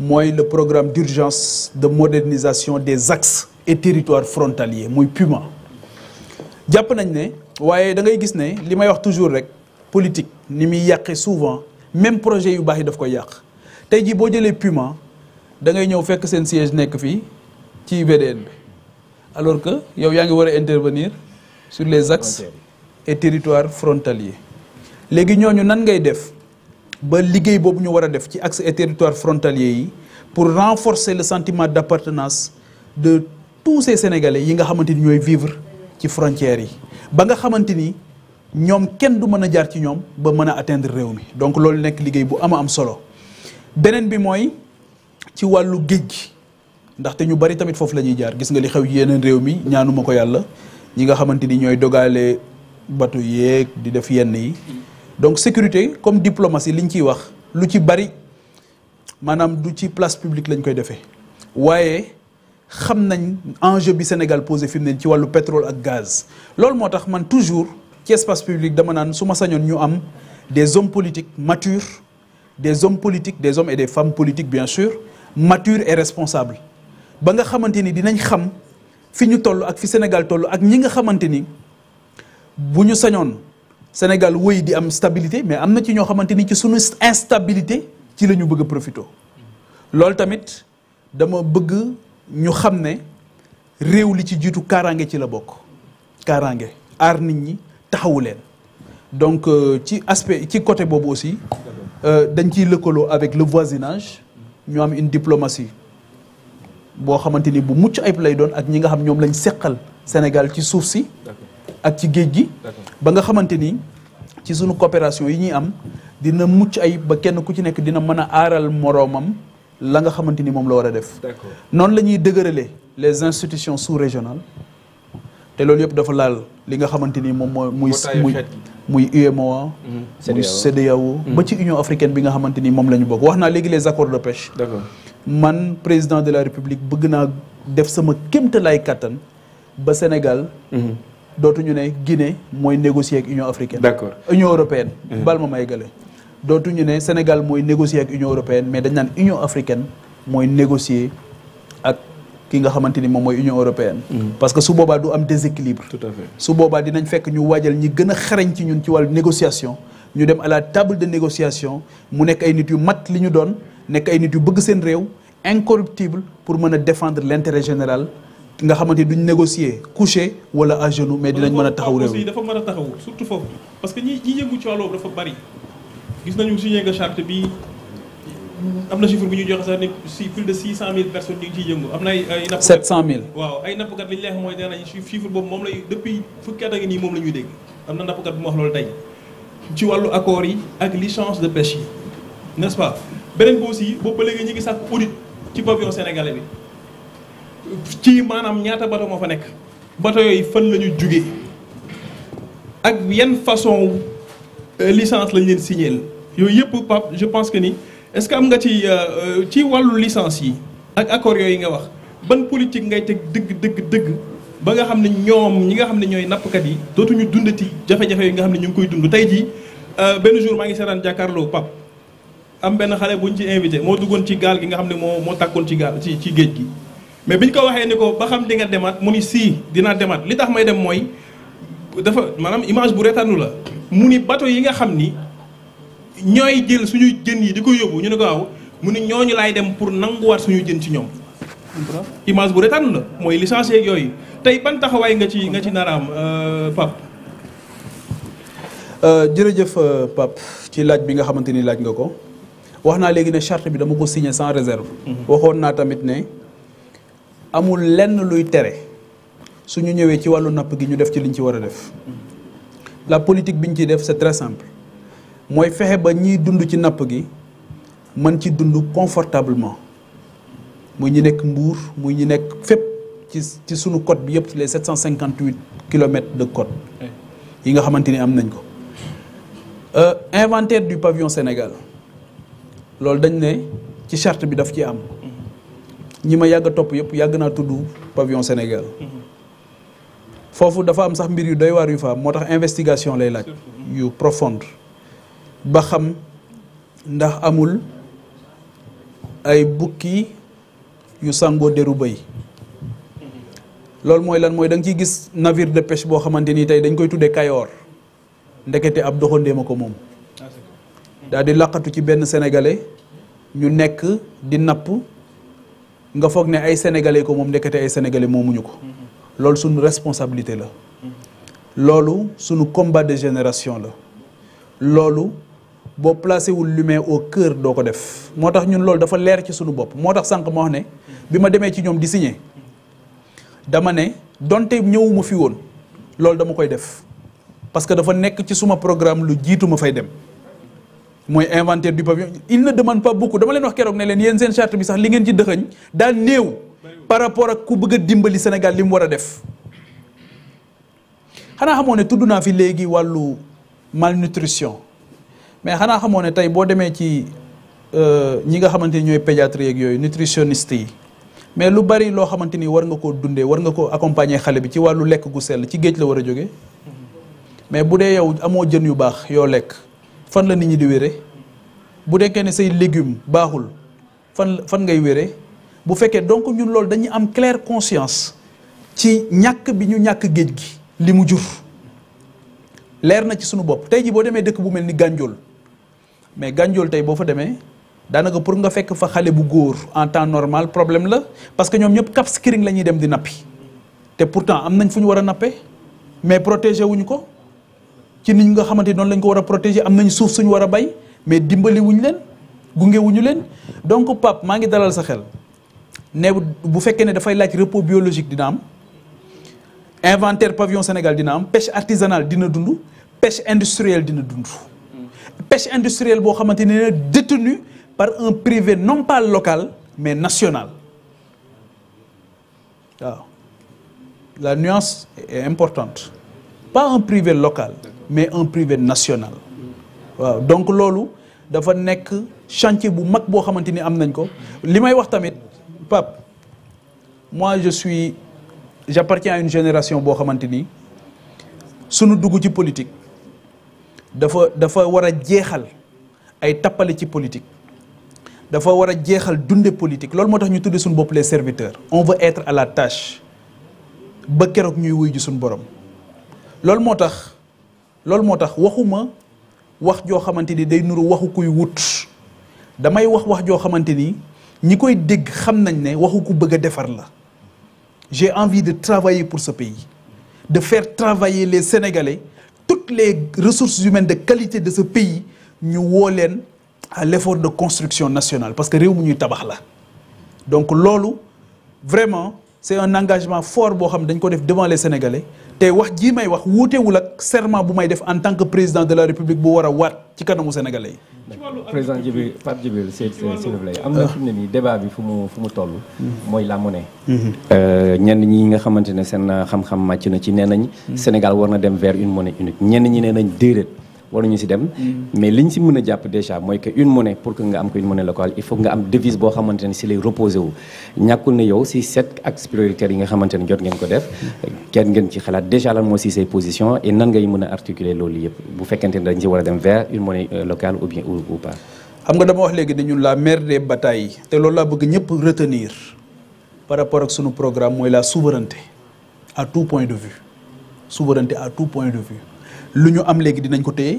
mooy le programme d'urgence de modernisation des axes et territoires frontaliers muy PUMA jàpp nañ ne waaye da ngay gis ne li may wax toujours rek politique ni muy yàqee souvent même projet yu baax yi daf koy yàq tey jii boo jëlee PUMA da ngay ñëw fekk seen siège nekk fii ci VDN bi alors que yow yaa ngi war a intervenir sur les axes et territoires frontaliers léegi ñooñu nan ngay def ba liggéey boobu ñu war a def ci axes et territoires frontaliers yi pour renforcer le sentiment d'appartenance de tous ces yi nga xamante ni ñooy vivre ci frontières yi ba nga xamante ni ñoom kenn du mën a jaar ci ñoom ba mën a atteindre réew mi donc loolu nekk liggéey bu ama am solo beneen bi mooy ci wàllu géej gi ndaxte ñu bari tamit foofu la ñuy jaar gis nga li xew yeneen réew mi ñaanuma ko yàlla ñi nga xamante ni ñooy dogale bato yeeg di def yenn yi donc sécurité comme diplomatie liñ ciy wax lu ci bari maanaam du ci place publique lañ koy defee waaye xam nañ enjeu bi Sénégal posé fi mu ne ci wàllu pétrole ak gaz loolu moo tax man toujours ci espace public dama naan su ma sañoon ñu am des hommes politiques matures des hommes politiques des hommes et des femmes bien sûr matures et ba nga xamante ni dinañ xam fi ñu toll ak fi Sénégal toll ak ñi nga xamante ni bu ñu sañoon Sénégal wëy di am stabilité mais am na ci ñoo xamante ni ci sunu instabilité ci lañu bëgg a profité loolu tamit dama bëgg ñu xam ne réew li ci jiitu kaaraange ci la bokk kaaraange aar nit ñi taxawu leen donc euh, ci aspect ci côté boobu aussi euh, dañ ciy lëkkaloo avec le voisinage ñu am une diplomatie boo xamante ni bu mucc ayib lay doon ak ñi nga xam ñoom lañ seqal Sénégal ci suuf si ak ci géej gi ba nga xamante ni ci sunu coopération yi ñuy am dina mucc ayib ba kenn ku ci nekk dina mën a aaral moroomam la nga xamante ni moom la war a def noonu la ñuy dëgërale les institutions sous-régionales te loolu yëpp dafa laal li nga xamante ni moom mooy muy muy muy UEMOA mm-hmm. muy CEDEAO ba ci Union africaine bi nga xamante ni moom la ñu bokk wax naa léegi les accords de pêche d'accord man président de la république bëgg naa def sama kéemtalaay kàttan ba Sénégal. Mhm. dootuñu ne Guinée mooy négocier ak Union africaine. d'accord Union européenne. Mhm. bal ma may gale dootuñu ne Sénégal mooy négocier ak Union européenne mais dañ naan Union africaine mooy négocier ak ki nga xamante ni moom mooy Union européenne. Mhm. parce que su boobaa du am déséquilibre. tout à fait su boobaa dinañ fekk ñu waajal ñi gën a xarañ ci ñun ci wàllu négociation ñu dem à la table de négociation mu nekk ay nit yu mat li ñu doon. nekk ay nit yu bëgg seen réew incorruptible pour mën a défendre l' intérêt général nga xamante duñ négocier couché wala à genoux mais dinañ mën a taxaw réew mi dafa mën a taxaw surtout foofu parce que ñi ñi yëngu ci wàllu dafa bari gis nañu signé nga charte bi am na bu ñuy joxe sax ne si plus de 600000 personnes ñu ngi ciy yëngu na ay ay nappkat 700000 waaw ay nappkat li ñu leex mooy nee nañ chiffre boobu moom lay a ngi nii moom dégg am na nappkat bu mu wax loolu tey ci wàllu accord yi ak licence de pêche yi nest pas beneen boos yi boobu ba léegi ñu ngi sàkk audit ci pavillon sénégalais bi ci maanaam ñaata bato moo fa nekk bato yooyu fan la ñu jugee ak yenn façon euh, licence lañ leen signéel yooyu yëpp Pape je pense que ni est-ce que am nga ci euh, euh, ci wàllu licence yi ak accords yooyu nga wax ban politique ngay teg dëgg dëgg dëgg ba nga xam ne ñoom ñi nga xam ne ñooy nappkat yi dootuñu dundati jafe-jafe yi nga xam ne ñu ngi koy dund tey jii benn jour maa ngi seetaan jàkkaarloo Pape am benn xale bu ñu ci invité moo duggoon ci gaal gi nga xam ne moo moo tàkkoon ci gaal ci ci géej gi mais bi ñu ko waxee ni ko ba xam di nga demaat mu ni sii dinaa demaat li tax may dem mooy dafa maanaam image bu reetaanu la mu ni bateau yi nga xam ni ñooy jël suñu jën yi di ko yóbbu ñu ne ko waaw mu ñooñu laay dem pour nanguwaat suñu jën ci ñoom image bu reetaanu la mooy licencié yeeg yooyu tey ban taxawaay nga ci nga ci naraam euh, Pape euh, jërëjëf euh, Pape ci laaj bi nga xamante ni laaj nga ko wax naa léegi ne charte bi dama ko signé sans réserve. waxoon naa tamit ne amul lenn luy tere su ñu ñëwee ci wàllu napp gi ñu def ci liñ ci war a def. la politique bi ñu ciy def c'est très simple mooy fexe ba ñiy dund ci napp gi mën ci dund confortablement muy ñu nekk Mbour muy ñu nekk fépp ci ci sunu côte bi yëpp les 758 kilomètres de code yi nga xamante ni am nañ ko. Euh, inventaire du pavillon Sénégal. loolu dañ ne ci charte bi daf ci am ñi ma yàgg topp yëpp yàgg naa tudd pavillon Sénégal foofu dafa am sax mbir yu day waar yu fa am moo tax investigation lay laaj yu profonde ba xam ndax amul ay bukki yu sàngoo deru bëy loolu mooy lan mooy da nga ciy gis navire de pêche boo xamante ni tey dañ koy tuddee Kayoor ndekete ab doxandéem a ko moom daal di laqatu ci benn sénégalais ñu nekk di napp nga foog ne ay sénégalais ko moom ndekete ay sénégalais moomuñu ko loolu suñu responsabilité la loolu suñu combat de génération la loolu boo placé wul l'humain au cœur doo ko def moo tax ñun loolu dafa leer ci suñu bopp moo tax sànq ma wax ne bi ma demee ci ñoom di signé dama ne donte ñëwuma fi woon loolu dama koy def parce que dafa nekk ci suma programme lu jiitu ma fay dem mooy inventaire du pavillon il ne demande pas beaucoup dama leen wax keroog ne leen yéen seen charte bi sax li ngeen ci dëxëñ daal néew par rapport ak ku bëgg a dimbali Sénégal li war a def xanaa xamoon ne tudd naa fi léegi wàllu malnutrition mais xanaa xamoon ne tey boo demee ci euh, ñi nga xamante ni ñooy pédiatre yeeg yooyu nutritionniste yi mais lu bari loo xamante ni war nga koo dundee war nga ko accompagner xale bi ci wàllu lekk gu sell ci géej la war a jóge mais bu dee yow amoo jën yu yoo lekk. fan la nit ñi di wére bu dekkee ne say légumes baaxul fan fan ngay wéree bu fekkee donc ñun loolu dañuy am claire conscience ci ñàkk bi ñu ñàkk géej gi li mu jur leer na ci suñu bopp tey ji boo demee dëkk bu mel ni gànjool mais gànjool tey boo fa demee daanaka pour nga fekk fa xale bu góor en temps normal problème la parce que ñoom ñëpp Cap Skirring la ñuy dem di nappi te pourtant am nañ fu ñu war a nappe mais protégé wuñu ko ci nit ñu nga xamante noonu lañ ko war a protéger am nañ suuf suñ war a bay mais dimbali wuñ leen gunge leen donc Pape maa ngi dalal sa xel ne bu fekkee ne dafay laaj repos biologique dina am inventaire pavillon Sénégal dina am pêche artisanale dina dund pêche industrielle dina dund. pêche industrielle boo xamante ne détenue par un privé non pas local mais national waaw la nuance est importante. pas un privé local mais un privé national waaw donc loolu dafa nekk chantier bu mag boo xamante ni am nañ ko li may wax tamit Pape moi je suis j'appartiens à une génération boo xamante ni sunu dugg ci politique dafa dafa war a jeexal ay tappale ci politique dafa war a jeexal dunde politique loolu moo tax ñu tudde suñu bopp les serviteurs on va être à la tâche ba keroog ñuy wuy ji suñu borom loolu moo tax loolu moo tax waxuma wax joo xamante ni day nuru waxu kuy wut damay wax wax joo xamante ni ñi koy dégg xam nañ ne waxu ku bëgg defar la j'ai envie de travailler pour ce pays de faire travailler les Sénégalais toutes les ressources humaines de qualité de ce pays ñu woo leen à l'effort de construction nationale parce que réew mu ñuy tabax la donc loolu vraiment c'est un engagement fort boo xam dañ ko def devant les Sénégalais te wax jii may wax wuutewul ak serment bu may def en tant que président de la république bu war a waat ci kanamu sénégalais yi. président Djibril Pape Djibril si ah. am na fi ne nii débat bi fu mu fu mu toll. Mm-hmm. mooy la monnaie. Mm-hmm. Euh, ñenn ñi nga xamante ne seen euh, xam-xam màcc na ci nee nañ. Mm-hmm. Sénégal war na dem vers une monnaie unique ñenn ñi nee nañ déedéet. waruñu si dem. Mm. mais liñ si mën a jàpp déjà mooy que une monnaie pour que nga am ko une monnaie locale il faut nga am devise boo xamante ne si lay reposé wu. ñàkkul ne yow si sept axes prioritaires yi nga xamante ne jot ngeen ko def kenn ngeen ci xalaat déjà lan moo si say position et nan ngay loolu yëpp bu fekkente ne dañ si war a dem vers une monnaie euh, locale ou bien ou pas. xam nga dama wax léegi ne ñun la mère des batailles te loolu laa bëgg ñëpp retenir par rapport ak sunu programme mooy la souveraineté à tout point de vue souveraineté à tout point de vue. lu ñu am léegi dinañ ko téye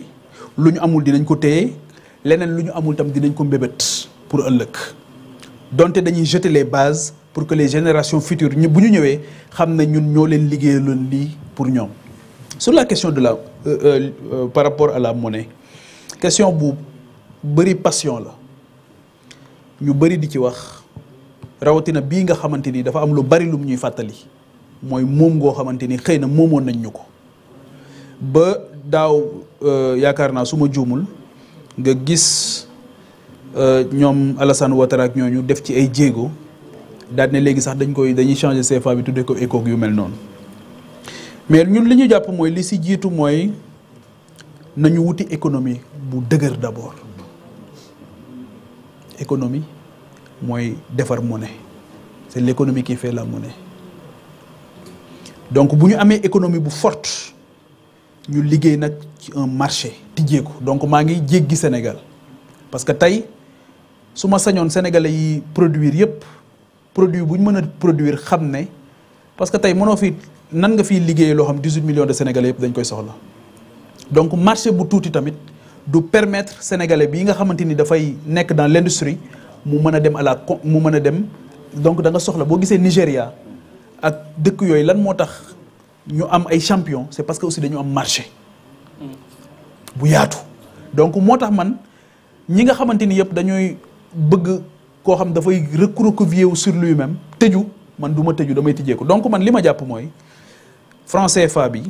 lu ñu amul dinañ ko téye leneen lu ñu amul tam dinañ ko mbébét pour ëllëg donte dañuy jeter les bases pour que les générations futures ñu bu ñu ñëwee xam na ñun ñoo leen liggéeyaloon lii pour ñoom. sur la question de la euh, euh, euh par rapport à la monnaie question bu bëri passion la ñu bëri di ci wax rawatina bii nga xamante ni dafa am lu bari lum ñuy fàttali mooy moom goo xamante ni xëy na moomoon nañ ñu ko. ba daaw euh, yaakaar naa suma juumul nga gis euh, ñoom Alassane Ouattara ak ñooñu def ci ay jéego daal léegi sax dañ koy dañuy changer CFA bi de ko ECO yu mel noonu mais ñun li ñu jàpp mooy li si jiitu mooy nañu wuti économie bu dëgër d'abord économie mooy defar mone c'est l'économie qui fait la monnaie donc bu ñu amee économie bu fort ñu liggéey nag ci un marché tijjee ko donc maa ngi jéggi Sénégal parce que tey su ma sañoon sénégalais yi produire yëpp produit bu ñu mën a produire xam ne parce que tey mënoo fi nan nga fiy liggéeyee loo xam 18 millions de sénégalais yëpp dañ koy soxla donc marché bu tuuti tamit du permettre sénégalais bi nga xamante ni dafay nekk dans l'industrie mu mën a dem à la mu mën a dem donc danga soxla boo gisee Nigéria ak dëkk yooyu lan moo tax. ñu am ay champion c'est parce que aussi dañu am marché bu yaatu donc moo tax man ñi nga xamante ni yëpp dañuy bëgg koo xam dafay recroqueviller wu sur lui-même tëju man du ma tëju damay tijjee ko donc man li ma jàpp mooy français CFA bi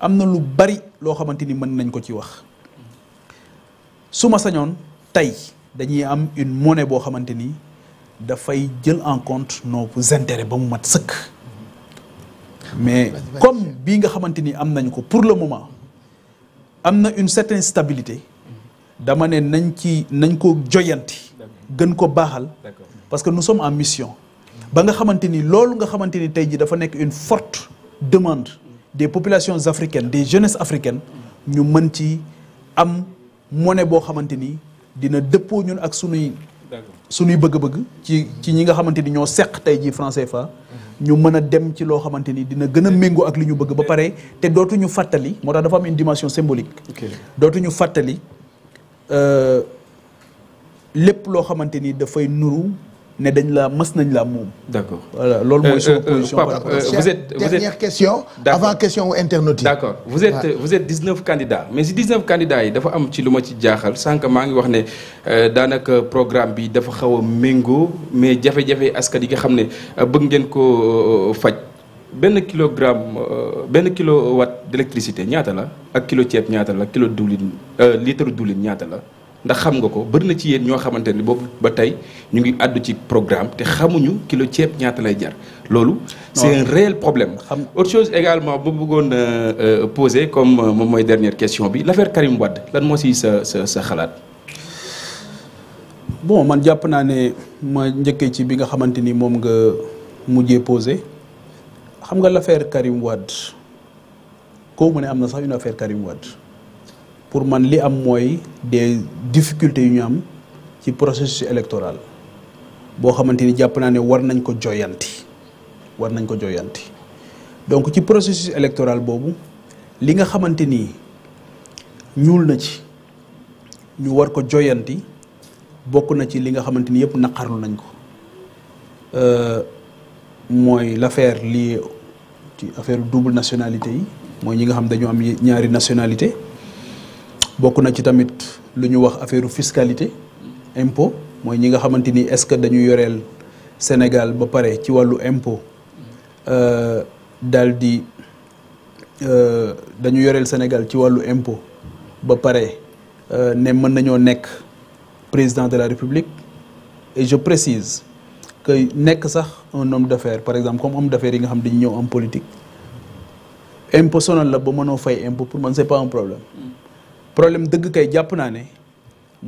am na lu bari loo xamante ni mën nañ ko ci wax su ma sañoon tey dañuy am une monnaie boo xamante ni dafay jël en compte nos intérêts ba mu mat sëkk mais comme bii nga xamante ni am nañ ko pour le moment am na une certaine stabilité dama ne nañ ci nañ ko joyanti gën ko baaxal parce que nu sommes en mission ba nga xamante ni loolu nga xamante ni tey jii dafa nekk une forte demande des populations africaines des jeunes africaines ñu mën ci am monnaie boo xamante ni dina dëppoo ñun ak sunuy su suñuy bëgg-bëgg ci ci ñi nga xamante ni ñoo seq tey jii franc fa ñu mën a dem ci loo xamante ni dina gën a méngoo ak li ñu bëgg ba pare te dootuñu fàttali moo tax dafa am une dimension symbolique dootuñu fàttali euh, lépp loo xamante ni dafay nuru ne dañ la mas nañ la moom. d'accord voilà loolu mooy euh, sama euh, euh, position. vous êtes vous êtes dernière question. avant question internaute yi. d'accord vous êtes vous êtes 19 candidats mais si 19 candidats yi dafa am ci lu ma ci jaaxal sànq maa ngi wax ne daanaka programme bi dafa xaw a méngoo mais jafe-jafe askan yi nga xam ne bëgg ngeen ko faj benn kilo kilogramme benn kilo kilowatt d'électricité ñaata la ak kilo ceeb ñaata la kilo diwlin litre diwlin ñaata la. ndax xam nga ko bari na ci yéen ñoo xamante ni boobu ba tey ñu ngi àddu ci programme te xamuñu kilo ceeb ñaata lay jar loolu. c'est réel problème. xam autre chose également bu bëggoon euh, euh, poser comme euh, moom mooy dernière question bi l'affaire Karim Wade lan moo si sa sa sa xalaat. bon man jàpp naa ne ma njëkkee ci bi nga xamante ni moom nga mujjee posé xam nga l'affaire Karim Wade koo mu ne am na sax une affaire Karim Wade. pour man li am mooy des difficultés yu ñu am ci processus électoral boo xamante ni jàpp naa ne war nañ ko joyanti war nañ ko joyanti donc ci processus électoral boobu li nga xamante ni ñuul na ci ñu war ko joyanti bokk na ci li nga xamante ni yëpp naqarlu nañ ko euh, mooy lafaire lii ci affaire double nationalité yi mooy ñi nga xam dañoo am ñaari nationalité bokk na ci tamit lu ñu wax affaire fiscalité impo mooy ñi nga xamante ni est-ce que dañu yoreel Sénégal ba pare ci wàllu impôt euh, daal di euh, dañu yoreel Sénégal ci wàllu impôt ba pare euh, ne mën nañoo nekk président de la République et je précise que nekk sax un homme d'affaires par exemple comme homme d'affaires yi nga xam dañu ñëw en politique impôt sonal la ba mënoo fay impôt pour man c'est pas un problème problème dëgg kay jàpp naa ne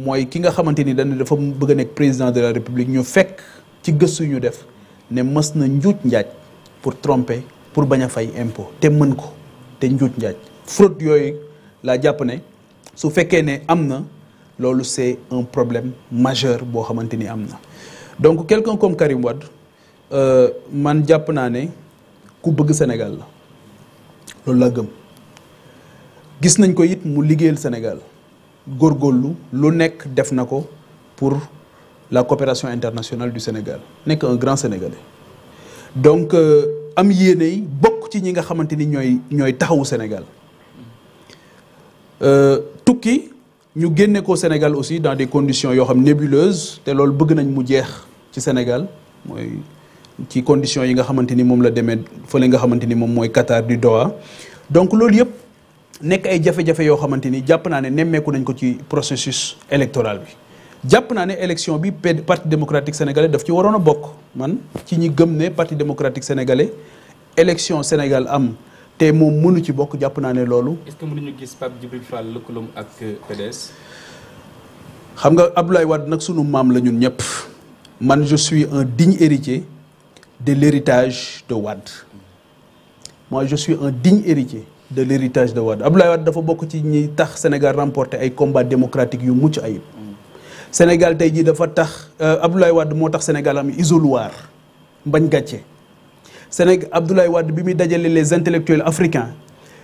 mooy ki nga xamante ni dañ dafa bëgg a nekk président de la république ñu fekk ci gëstu ñu def ne mës na njuuj njaaj pour tromper pour bañ a fay impôt te mën ko te njuuj njaaj fraude yooyu laa jàpp ne su fekkee ne am na loolu c'est un problème majeur boo xamante ni am na donc quelqu'un comme Karim Wade euh, man jàpp naa ne ku bëgg Sénégal la loolu laa gëm gis nañ ko it mu liggéeyal Sénégal góorlu lu nekk def na ko pour la coopération internationale du Sénégal nekk un grand Sénégalais donc euh, am yéene bokk ci ñi nga xamante ni ñooy ñooy taxawu Sénégal euh, tukki ñu génnee ko Sénégal aussi dans des conditions yoo xam nébuleuses te loolu bëgg nañ mu jeex ci Sénégal mooy ci conditions yi nga xamante ni moom la demee fële nga xamante ni moom mooy Qatar di Doha donc loolu yëpp. nekk ay jafe-jafe yoo xamante ni jàpp naa ne nemmeeku nañ ko ci processus électoral bi jàpp naa ne élection bi parti démocratique sénégalais daf ci waroon a bokk man ci ñi gëm ne parti démocratique sénégalais élection Sénégal am te moom mënu ci bokk jàpp naa ne loolu. est-ce que mënuñu gis Pape Djibril Fall lëkkaloom ak PDS. xam nga Abdoulaye Wade nag sunu maam la ñun ñëpp man je suis un digne héritier de l'héritage de Wade un digne héritier de l'héritage de Wade Abdoulaye Wade dafa bokk ci ñiy tax Sénégal remporter ay combats démocratiques yu mucc ayib Sénégal tey jii dafa tax euh, Abdoulaye Wade moo tax Sénégal am isoloir mbañ gàcce Sénégal Abdoulaye Wade bi muy dajale les intellectuels africains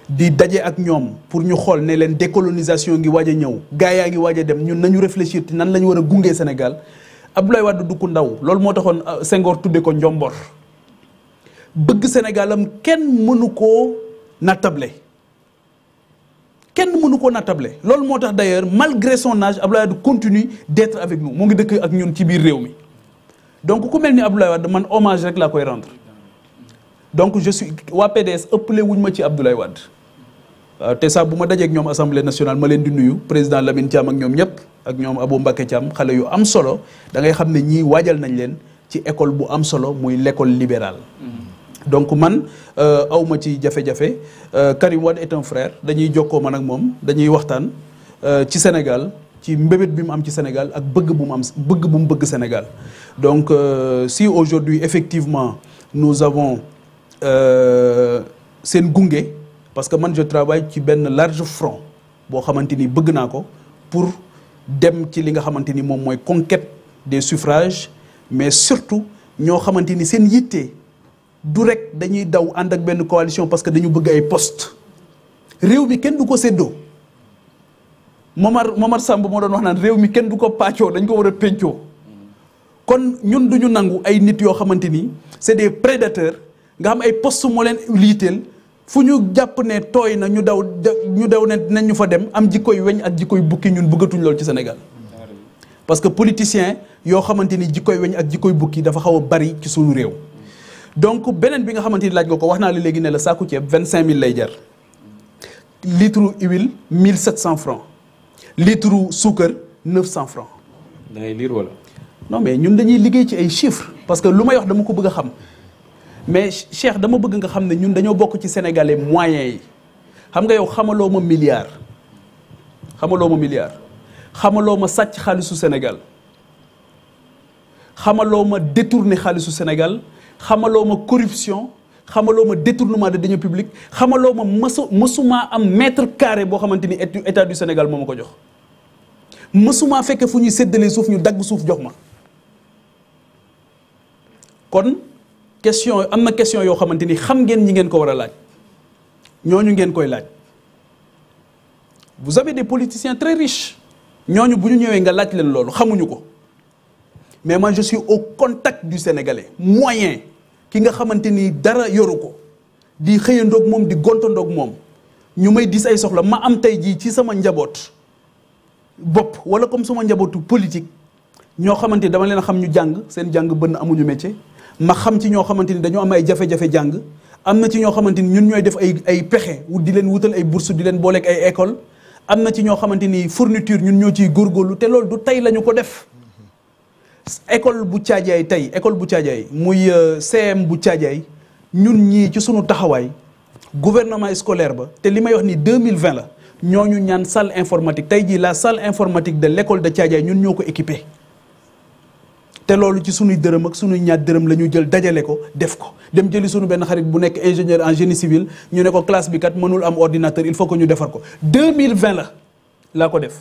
di daje ak ñoom pour ñu xool ne leen décolonisation ngi waaj a ñëw gaa yaa ngi waaj a dem ñun nañu réfléchir nan la war a gungee Sénégal Abdoulaye Wade du ndaw loolu moo taxoon euh, Senghor tudde ko Njombor bëgg Sénégal kenn mënu ko nattable kenn mënu ko nattable loolu moo tax d'ailleurs malgré son âge Abdoulaye Wade continue d'être avec nous mu ngi dëkk ak ñun ci biir réew mi donc ku mel ni Abdoulaye Wade man hommage rek la koy rendre donc je suis waa PDS ëppale wuñ ma ci Abdoulaye Wade waaw te sax bu ma dajeeg ñoom assemblée nationale ma leen di nuyu président Lamine Thiam ak ñoom ñëpp ak ñoom Abou Mbacké Thiam xale yu am solo da ngay xam ne ñii waajal nañ leen ci école bu am solo muy l'école libérale. donc man euh, aw ma ci jafe-jafe euh, Karim Wade est un frère dañuy jokkoo man ak moom dañuy waxtaan euh, ci Sénégal ci mbébét bi mu am ci Sénégal ak bëgg bu mu bëgg bu bëgg Sénégal donc si aujourd'hui effectivement nous avons seen gunge parce que man je travaille ci benn large front boo xamante ni bëgg naa ko pour dem ci li nga xamante ni moom mooy conquête des suffrages mais surtout ñoo xamante ni seen yitte. du rek dañuy daw ànd ak benn coalition parce que dañu bëgg ay poste réew mi kenn du ko séddoo Momar Momar Samb moo doon wax naan réew mi kenn du ko pàccoo dañ ko war a péncoo kon ñun duñu nangu ay nit yoo xamante ni c'est des prédateurs nga xam ay poste moo leen liiteel fu ñu jàpp ne tooy na ñu daw ñu daw ne nañ ñu fa dem am jikkoy weñ ak jikkoy bukki ñun bëggatuñ loolu ci Sénégal parce que politicien yoo xamante ni jikkoy weñ ak jikkoy bukki dafa xaw a bari ci suñu réew donc beneen bi nga xamante ni laaj nga ko wax naa la léegi ne la saaku ceeb vingt cinq mille lay jar litre huile mille sept cent francs litre suukar neuf cent francs da ngay lire wala. non mais ñun dañuy liggéey ci ay chiffres parce que lu may wax dama ko bëgg a xam mais Cheikh dama bëgg nga xam ne ñun dañoo bokk ci sénégalais moyen yi xam nga yow xamaloo ma milliard xamaloo ma milliard xamaloo ma sàcc xaalisu Sénégal xamaloo ma détourné xaalisu Sénégal. xamaloo ma corruption xamaloo ma détournement de deniers publics xamaloo ma mësu mësumaa am mètre carré boo xamante ni état du Sénégal moom ma ko jox mësumaa fekk fu ñuy séddalee suuf ñu dagg suuf jox ma kon question am na question yoo xamante ni xam ngeen ñi ngeen ko war a laaj ñooñu ngeen koy laaj vous avez des politiciens très riches ñooñu bu ñu ñëwee nga laaj leen loolu xamuñu ko mais moi je suis au contact du sénégalais moyen ki nga xamante ni dara yoru ko di xëyandoog moom di gontandoog moom ñu may dis ay soxla ma am tey jii ci sama njaboot bopp wala comme suma njabootu politique ñoo xamante ni dama leen xam ñu jàng seen jàng bënn amuñu métier ma xam ci ñoo xamante ni dañoo am ay jafe-jafe jàng am na ci ñoo xamante ni ñun ñooy def ay ay pexe di leen wutal ay bourse di leen booleeg ay école am na ci ñoo xamante ni fourniture ñun ñoo ciy góorgóorlu te du tey lañu ko def école bu Thiadiaye tey école bu Thiadiaye muy euh, CM bu Thiadiaye ñun ñii ci sunu taxawaay gouvernement scolaire ba te li may wax nii deux mille 2020 la ñooñu ñaan salle informatique tey jii la salle informatique de l' école de Thiadiaye ñun ñoo ko équipé te loolu ci sunuy dërëm ak sunuy ñaat dërëm la ñu jël dajale ko def ko dem jëli sunu benn xarit bu nekk ingénieur en génie civil ñu ne ko classe bi kat mënul am ordinateur il faut que ñu defar ko 2020 la laa ko def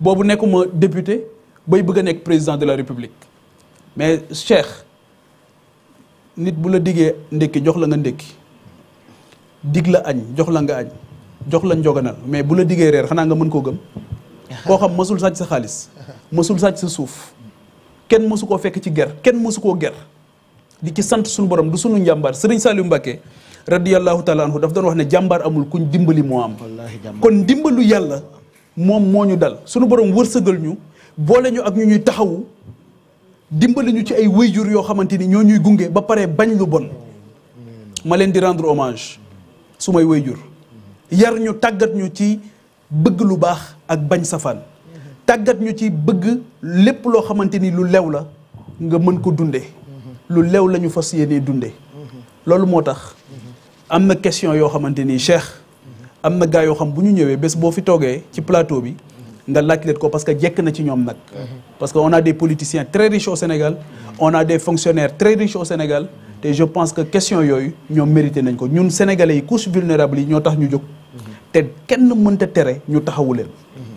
boobu nekkuma député. bay bëgg a nekk président de la république mais Cheikh nit bu la diggee ndékki jox la nga ndékki digg la añ jox la nga añ jox la njoganal mais bu la diggee reer xanaa nga mën koo gëm koo xam mësul sàcc sa xaalis mësul sàcc sa suuf kenn mësu koo fekk ci ger kenn mësu koo ger di ci sant sunu borom du suñu njàmbaar Sëriñ Saliou Mbacké radiyallahu taala anhu daf doon wax ne jàmbaar amul kuñ dimbali moo am kon dimbalu yàlla moom moo ñu dal sunu borom wërsëgal ñu boole ñu ak ñu ñuy taxawu dimbali ñu ci ay wéyjur yoo xamante ni ñoo ñuy gunge ba pare bañ lu bon ma leen di rendre hommage su may wéyjur yar ñu tàggat ñu ci bëgg lu baax ak bañ safaan tàggat ñu ci bëgg lépp loo xamante ni lu lew la nga mën ko dunde lu lew la ñu fas yéenee dunde loolu moo tax am na question yoo xamante ni Cheikh am na gaa yoo xam bu ñu ñëwee bés boo fi toogee ci plateau bi nga laaj leen ko parce que jekk na ci ñoom nag parce que on a des politiciens très riches au Sénégal on a des fonctionnaires très riches au Sénégal te je pense que question yooyu ñoom mérité nañ ko ñun sénégalais yi couche vulnérable yi ñoo tax ñu jóg te kenn mënta tere ñu taxawu leen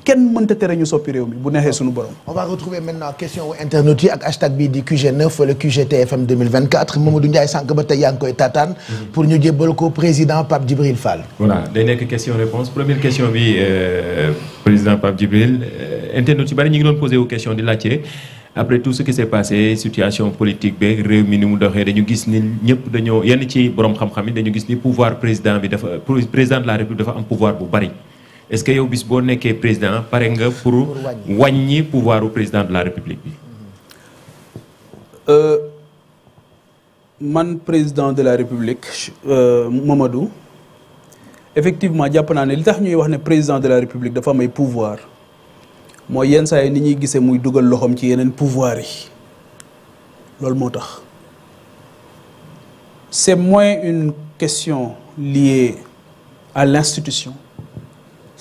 kenn mënta tere ñu soppi réew mi bu neexee suñu borom. on va retrouver maintenant question wu internautes yi ak hashtag bii di QG9 wala QGTFM 2024 Mamadou Ndiaye sànq ba tey yaa ngi koy taataan. pour ñu jébbal ko président Pape Djibril Fall. voilà day question réponse première question bi euh, président Pape Djibril euh, internautes bari ñu ngi doon posé wu question di laajte. après tout ce qui s'est passé situation politique bi réew mi ni mu doxee dañu gis ni ñëpp dañoo yenn ci borom xam-xam yi dañu gis ni pouvoir président bi dafa président de la république dafa am pouvoir bu bari. est-ce que yow bis boo nekkee président pare nga pour wàññi pouvoir président de la république euh, man président de la république euh, Mamadou effectivement jàpp naa ne li tax ñuy wax ne président de la république dafa am ay pouvoir mooy yenn saa yi ni ñuy gisee muy dugal loxoom ci yeneen pouvoir yi loolu moo tax c'est moins une question liée à l'institution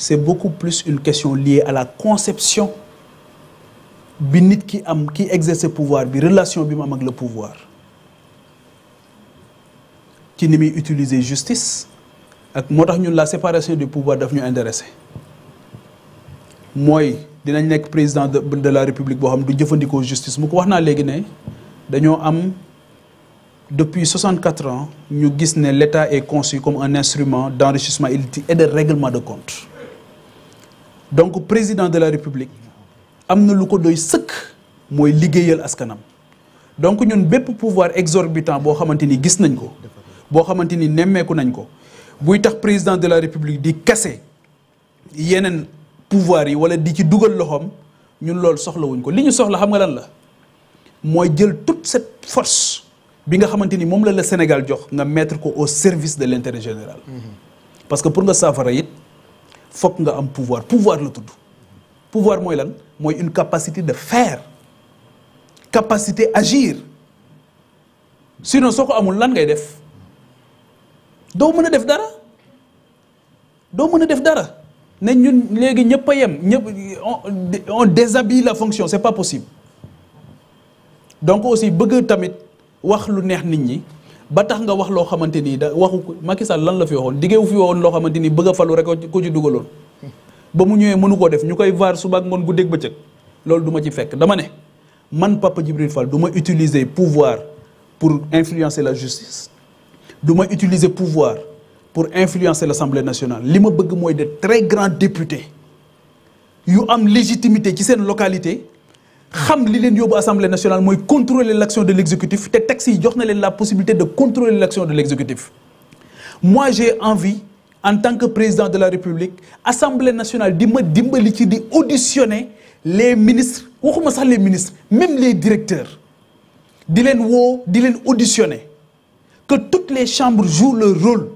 c'est beaucoup plus une question liée à la conception bi nit ki am ki exerce pouvoir bi relation bi mu am la pouvoir ci ni muy utiliser justice ak moo tax ñun la séparation du pouvoir daf ñu intéressé mooy dinañ nekk président de de la république boo xam du jëfandikoo justice mu ko wax naa léegi ne dañoo am depuis 64 ans ñu gis ne l'état est conçu comme un instrument d'enrichissement illicite et de règlement de compte donc président de la république am na lu ko doy sëkk mooy liggéeyal askanam donc ñun bépp pouvoir exorbitant boo xamante ni gis nañ ko boo xamante ni nemmeeku nañ ko buy tax président de la république di kase yeneen pouvoir yi wala di ci dugal loxoom ñun loolu soxlawuñ ko li ñu soxla xam nga lan la mooy jël toute cette force bi nga xamante ni moom la la Sénégal jox nga mettre ko au service de l'intérêt général mm-hmm. parce que pour nga saafara it fokk nga am pouvoir pouvoir la tudd pouvoir mooy lan mooy une capacité de faire capacité agir sinon soo ko amul lan ngay def doo mën a def dara doo mën a def dara ne ñun léegi ñëpp a yem ñëpp on déshabille la fonction c'est pas possible donc aussi bëgg tamit wax lu neex nit ñi ba tax nga wax loo xamante ni da waxu Macky Sall lan la fi waxoon diggeewu fi waxoon loo xamante ni bëgg a falu rek ko ci dugaloon ba mu ñëwee mënu koo def ñu koy vaar suba ak ngoon guddeeg bëccëg loolu duma ci fekk dama ne man Papa Djibril Fall du ma utiliser pouvoir pour influencer la justice du ma utiliser pouvoir pour influencer l'Assemblée nationale li ma bëgg mooy de très grands députés yu am légitimité ci seen localité xam li leen yóbbu assemblée nationale mooy contrôler l' action de l' te texte yi jox na leen la possibilité de contrôler l' action de l' exécutif moi j'ai envie en tant que président de la république assemblée nationale di ma dimbali ci di auditionner les ministre waxuma sax les ministres même les directeurs di leen woo di leen auditionner que toutes les chambres jouent le rôle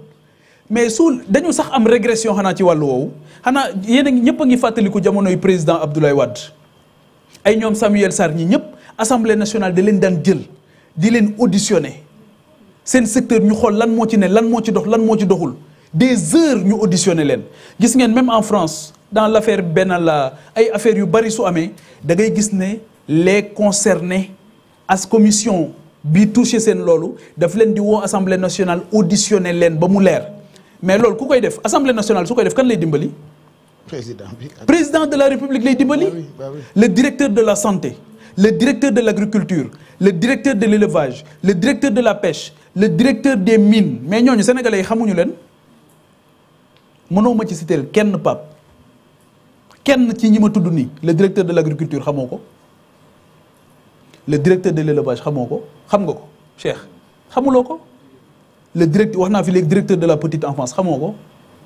mais su dañu sax am régression xanaa ci wàllu woowu xanaa yéen a ngi ñëpp a ngi fàttaliku jamonoy président Abdoulaye Wade. ay ñoom Samuel Sarr ñi ñëpp assemblée nationale da leen daan jël di leen auditionné seen secteur ñu xool lan moo ci ne lan moo ci dox lan moo ci doxul des heures ñu auditionné leen gis ngeen même en France dans l' affaire Benalla ay affaires yu bari su amee da ngay gis ne les concernés as commission bi touché seen loolu daf leen di woo assemblée nationale auditionné leen ba mu leer mais loolu ku koy def assemblée nationale su koy def kan lay dimbali. président bi président de la république lay dimbali. le directeur de la santé le directeur de l' agriculture le directeur de l' élevage le directeur de la pêche le directeur de mines mais ñooñu sénégalais yi xamuñu leen mënoo ma ci citer kenn pap kenn ci ñi ma tudd nii le directeur de l' agriculture xamoo ko le directeur de lélevage xamoo ko xam nga ko Cheikh xamuloo ko le direct wax naa fi léegi directeur de la petite enfance xamoo ko.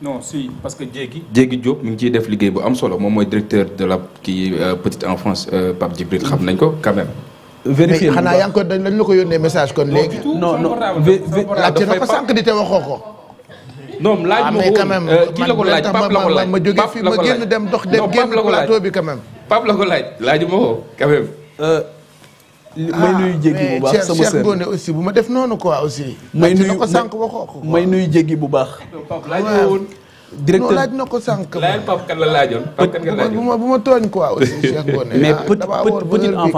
non si parce que Diégui. Diégui Diop mi ngi ciy def liggéey bu am solo moom mooy directeur de la kii euh, petite enfance euh, Pape Djibril xam nañ ko quand même. vérifier xanaa yaa ngi ko dañ la ko yónnee message kon léegi. non non laajte na ko sànq di te waxoo ah, ko. non euh, laaj ma quand même man ma jógee fii ma génn dem dox dem génn plateau bi quand même. Pape la ko laaj laaj moo woo quand Ah, may nuyu jéggi bu baax sama sœur Gone bu ma def noonu quoi aussi. may nuyu sànq waxoo ko may nuyu jéggi bu baax. directeur laaj na ko sànq. laajal Pape kan la laajoon Pape kan nga laajoon bu ma bu ma tooñ quoi aussi Cheikh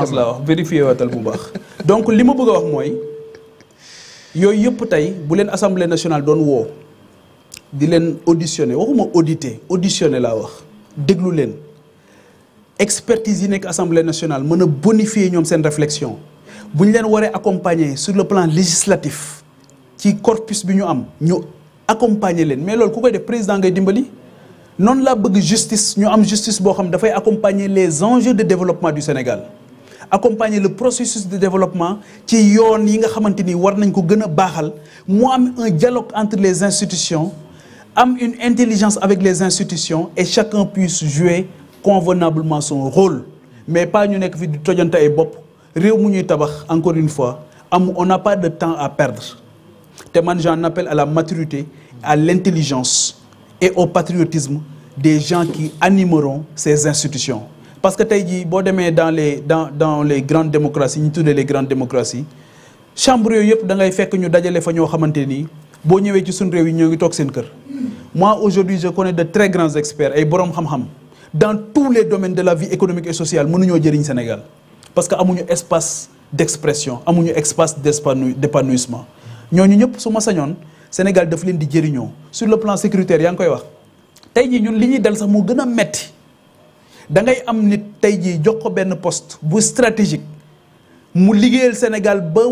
ah, la wax vérifié watal bu baax. donc li ma bëgg a wax mooy yooyu yëpp tey bu leen assemblée nationale doon woo di leen auditionné waxuma audité auditionné laa wax déglu leen. expertise yi nekk assemblée nationale mën a bonifier ñoom seen réflexion bu ñu leen waree accompagner sur le plan législatif ci corpus bi ñu am ñu accompagner leen mais loolu ku koy def président ngay dimbali noonu la bëgg justice ñu am justice boo xam dafay accompagner les enjeux de développement du Sénégal accompagner le processus de développement ci yoon yi nga xamante ni war nañ ko gën a baaxal mu am un dialogue entre les institutions am une intelligence avec les institutions et chacun puisse jouer convenablement son rôle mais pas ñu nekk fi di tojante ay bopp réew mu ñuy tabax encore une fois am on n'a pas de temps à perdre te man j'en appelle à la maturité à l'intelligence et au patriotisme des gens qui animeront ces institutions parce que tey jii boo demee dans les dans dans les grandes démocraties ñu tuddee les grandes démocraties chambre yooyu yëpp da ngay fekk ñu dajale fa ñoo xamante nii boo ñëwee ci suñu réew yi ñoo ngi toog seen kër moi aujourd'hui je connais de très grands experts ay boroom xam dans tous les domaines de la vie économique et sociale mënuñoo jëriñ Sénégal parce que amuñu espace d'expression amuñu espace d'épanouissement ñooñu ñëpp su ma sañoon Sénégal daf leen di jëriñoo sur le plan sécuritaire yaa ngi koy wax tey jii ñun li ñuy dal sax moo gën a metti dangay am nit tey jii jox ko benn poste bu stratégique mu liggéeyal Sénégal ba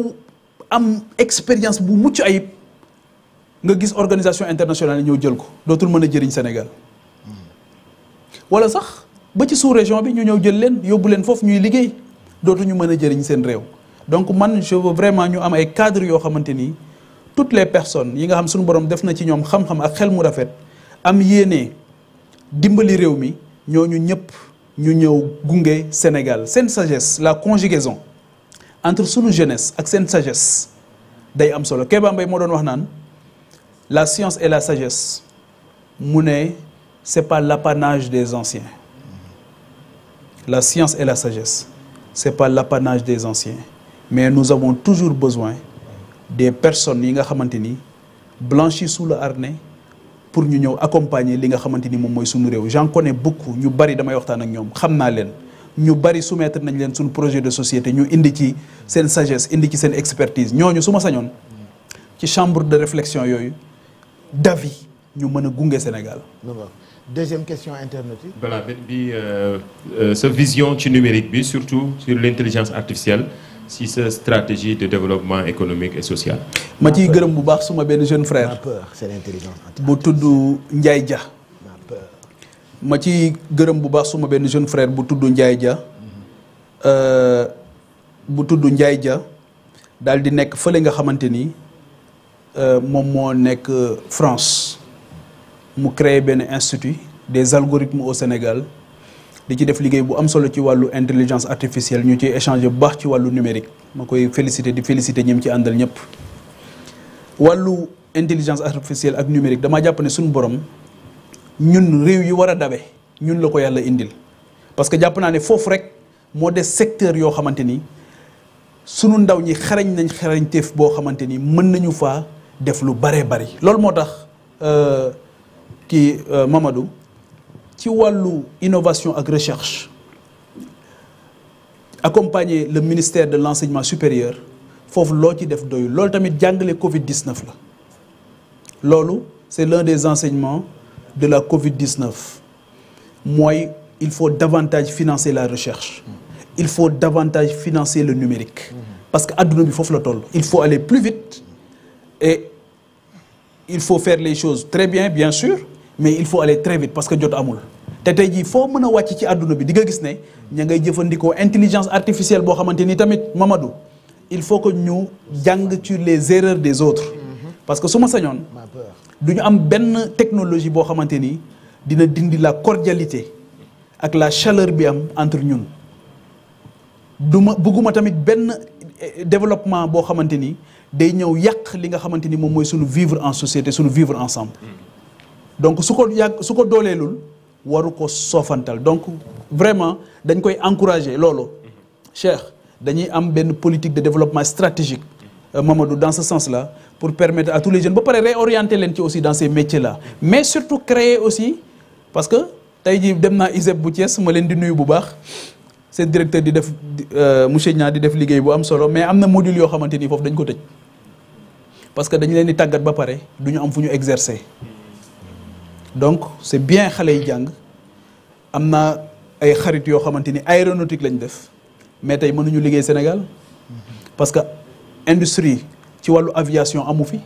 am expérience bu mucc ayib nga gis organisation internationale ñëw jël ko dootul mën a jëriñ Sénégal wala sax ba ci sous région bi ñu ñëw jël leen yóbbu leen foofu ñuy liggéey dootuñu mën a jëriñ seen réew donc man je veux vraiment ñu am ay cadre yoo xamante ni toutes les personnes yi nga xam suñu borom def na ci ñoom xam-xam ak xel mu rafet am yéene dimbali réew mi ñooñu ñëpp ñu ñëw gunge Sénégal seen sages la conjugaison entre sunu jeunesse ak seen sages day am solo Kéba Mbaye moo doon wax naan la science et la sages mu ne c'est pas l'apanage des anciens. La science et la sagesse, c'est pas l'apanage des anciens. Mais nous avons toujours besoin des personnes yi nga xamante ni blanchies sous le harnais pour ñu ñëw accompagner li nga xamante ni moom mooy suñu réew j'en connais beaucoup ñu bari damay waxtaan ak ñoom xam naa leen ñu bari soumettre nañ leen suñu projet de société ñu indi ci seen sagesse indi ci seen expertise ñooñu su ma sañoon ci chambre de réflexion yooyu d'avis ñu mën a gunge Sénégal deuxième question internet yi. voilà euh, euh, sa vision ci numérique bi surtout sur l'intelligence artificielle si sa stratégie de développement économique et social. ma ciy gërëm bu baax suma benn jeune frère. ma peur c'est l'intelligence bu tudd Ndiaye ja ma peur ciy gërëm bu baax suma benn jeune frère bu tudd Ndiaye Dia. Mm-hmm. Euh, bu tudd Ndiaye Dia daal di nekk fële nga xamante ni moom moo nekk France. mu créer benn institut des algorithmes au Sénégal di ci def liggéey bu am solo ci wàllu intelligence artificielle ñu ciy échanger bu baax ci wàllu numérique ma koy félicité di félicité ñim ci àndal ñëpp wàllu intelligence artificielle ak numérique dama jàpp ne suñu borom ñun réew yi war a dabe ñun la ko yàlla indil parce que jàpp naa ne foofu rek moo des secteurs yoo xamante ni sunu ndaw ñi xarañ nañ xarañteef boo xamante ni mën nañu faa def lu baree bari loolu moo tax euh, kii euh, Mamadou ci wàllu innovation ak recherche accompagner le ministère de l'enseignement supérieur foofu loo ci def doyul loolu tamit jàngale Covid 19 la loolu c'est l'un des enseignements de la Covid 19 mooy il faut davantage financer la recherche il faut davantage financer le numérique parce que adduna bi foofu la toll il faut aller plus vite et il faut faire les choses très bien bien sûr mais il faut aller très vite parce que jot amul te tey jii foo mën a wàcc ci àdduna bi di nga gis ne ña ngay jëfandikoo intelligence artificielle boo xamante ni tamit Mamadou il faut que ñu jàng ci les erreurs des autres mm-hmm. parce que su ma sañoon du ñu am benn technologie boo xamante ni dina dindi la cordialité ak la chaleur bi am entre ñun du ma bëgguma tamit benn eh, développement boo xamante ni day ñëw yàq li nga xamante ni moom mooy suñu vivre en société suñu vivre ensemble mm. donc su ko yàgg su ko dooleelul waru ko soofantal donc vraiment dañ koy encourager loolu. Cheikh dañuy am benn politique de développement stratégique. Euh, Mamadou dans ce sens la pour permettre à tous les jeunes ba pare réorienter leen ci aussi dans ces la là mais surtout créer aussi parce que tey jii dem naa ISEP bu Thiès ma leen di nuyu bu baax seen directeur di def euh, monsieur Niang di def liggéey bu am solo mais am na module yoo xamante ni foofu dañ ko tëj parce que dañu leen di tàggat ba pare du am fu ñu exercer. donc c'est bien xale yi jàng am na ay xarit yoo xamante ni aéronautique lañu def mais tey mënuñu liggéey Sénégal parce que industrie ci wàllu aviation amu fi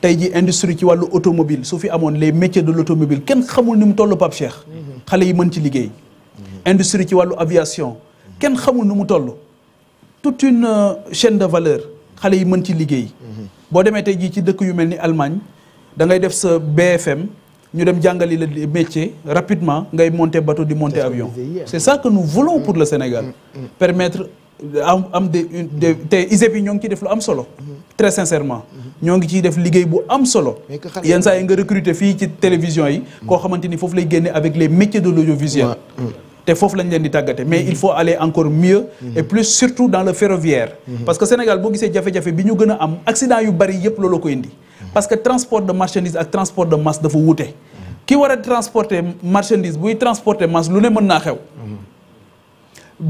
tey ji industrie ci wàllu automobile su fi amoon les métiers de l'automobile kenn xamul ni mu toll Pape Cheikh xale yi mën ci liggéey industrie ci wàllu aviation kenn xamul ni mu toll tout une euh, chaîne de valeur xale yi mën ci liggéey boo demee tey jii ci dëkk yu mel ni Allemagne da def sa BFM ñu dem jàngali la métier rapidement ngay monter bateau di monter avion c'est ça que nous voulons pour le Sénégal mm, mm, mm. permettre am am de te ISEP yi ñoo ngi ciy def lu am solo très sincèrement mm-hmm. ñoo ngi ciy def liggéey bu am solo yenn saa yi nga recruter fii ci télévision yi koo xamante ni foofu lay génne avec les métiers de l'audiovisuel te foofu lañ leen di tàggate mais mm-hmm. il faut aller encore mieux mm-hmm. et plus surtout dans le ferroviaire parce que Sénégal boo gisee jafe bi ñu gën am accident yu bari yëpp loolu ko indi parce que transport de marchandise ak transport de masse dafa wuute ki war a transporter marchandise buy transporter masse lu ne mën naa xew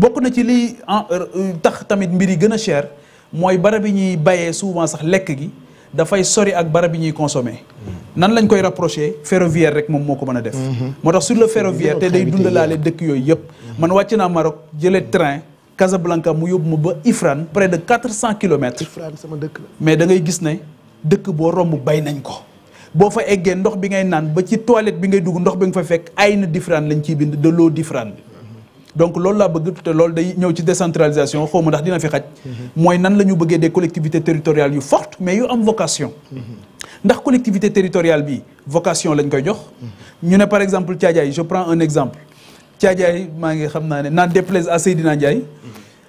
bokk na ci liy ah, euh, tax tamit mbir yi gën a cher mooy barab yi ñuy bayee souvent sax lekk gi dafay sori ak barab yi ñuy consommer nan lañ koy rapproché ferroviaire rek moom moo ko mën def moo tax sur le ferroviaire te day dundalaale dëkk yooyu yëpp man wàcc naa Maroc jëlee train Casablanca mu yóbbu ma ba Ifrane près de quatre cent kilomètres Ifrane sama dëkk mais da gis ne dëkk boo romb bay nañ ko boo fa eggee ndox bi ngay naan ba ci toilette bi ngay dugg ndox bi nga fa fekk ay na différent lañ ciy bind de l'eau différente donc loolu laa bëgg te loolu day ñëw ci décentralisation xaw ndax dina fi xaj. mooy nan la ñu bëggee de collectivité territoriales yu fort mais yu am vocation. ndax collectivité territoriale bi vocation lañ koy jox. ñu ne par exemple Thiadiaye je prends un exemple Thiadiaye maa ngi xam naa ne naan déplaise à Seydina Ndiaye.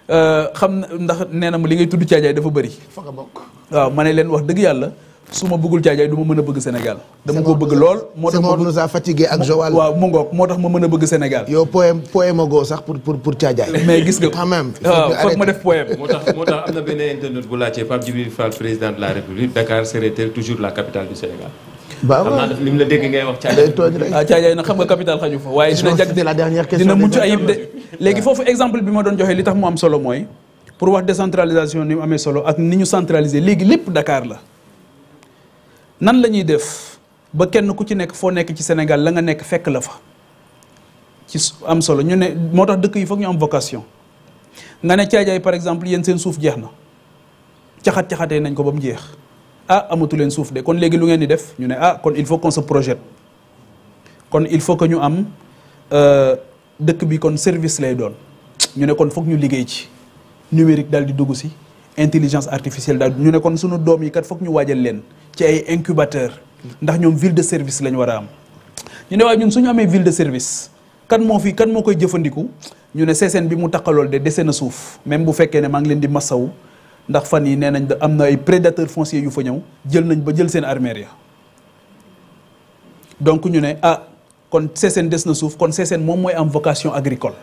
Euh, xam na ndax nee na ma li ngay tudd caajaay dafa bëri. fa bokk waaw ma ne leen wax dëgg yàlla su ma bëggul caajaay du ma mën a bëgg Sénégal. dama ko bëgg lool moo tax ma nous a fatigué ak Joal. moo tax ma mën a bëgg Sénégal. yow poème poème agoo sax pour pour pour caajaay. mais gis nga quand même. waaw ma def poème. moo tax moo tax am na benn internet bu laajtee Pape Djibril Fall président de la République Dakar serait toujours la capitale du Sénégal. ba xam li mu la dégg ngay wax caajaay tooñ rek caajaay ah, nag xam nga capital xaju fa waaye dina jag la dernière question dina mucc ayib de léegi foofu exemple bi ma doon joxe li tax mu am solo mooy pour wax décentralisation ni mu amee solo ak ni ñu centraliser léegi lépp Dakar la nan la def ba kenn ku ci nekk foo nekk ci Sénégal la nga nekk fekk la fa ci am solo ñu ne moo tax dëkk yi foog ñu am vocation nga ne caajaay par exemple yéen seen suuf jeex na caxat-caxatee nañ ko ba mu jeex ah amatu leen suuf de kon léegi lu ngeen di def ñu ne ah kon il faut qu'on se projette kon il faut que ñu am euh, dëkk bi kon service lay doon ñu ne kon foog ñu liggéey ci numérique dal di dugg si intelligence artificielle daal ñu ne kon sunu doom yi kat foog ñu waajal leen ci ay incubateur ndax ñoom ville de service lañ war a am ñu ne waaye ñun suñu amee ville de service kan moo fi kan moo koy jëfandiku ñu ne CCN bi mu taqalool de dese na suuf même bu fekkee ne maa ngi leen di masawu ndax fan yi nee nañ am na ay prédateurs fonciers yu fa ñëw jël nañ ba jël seen armère ya donc ñu ne ah kon Sessène des na suuf kon Sessène moom mooy am vocation agricole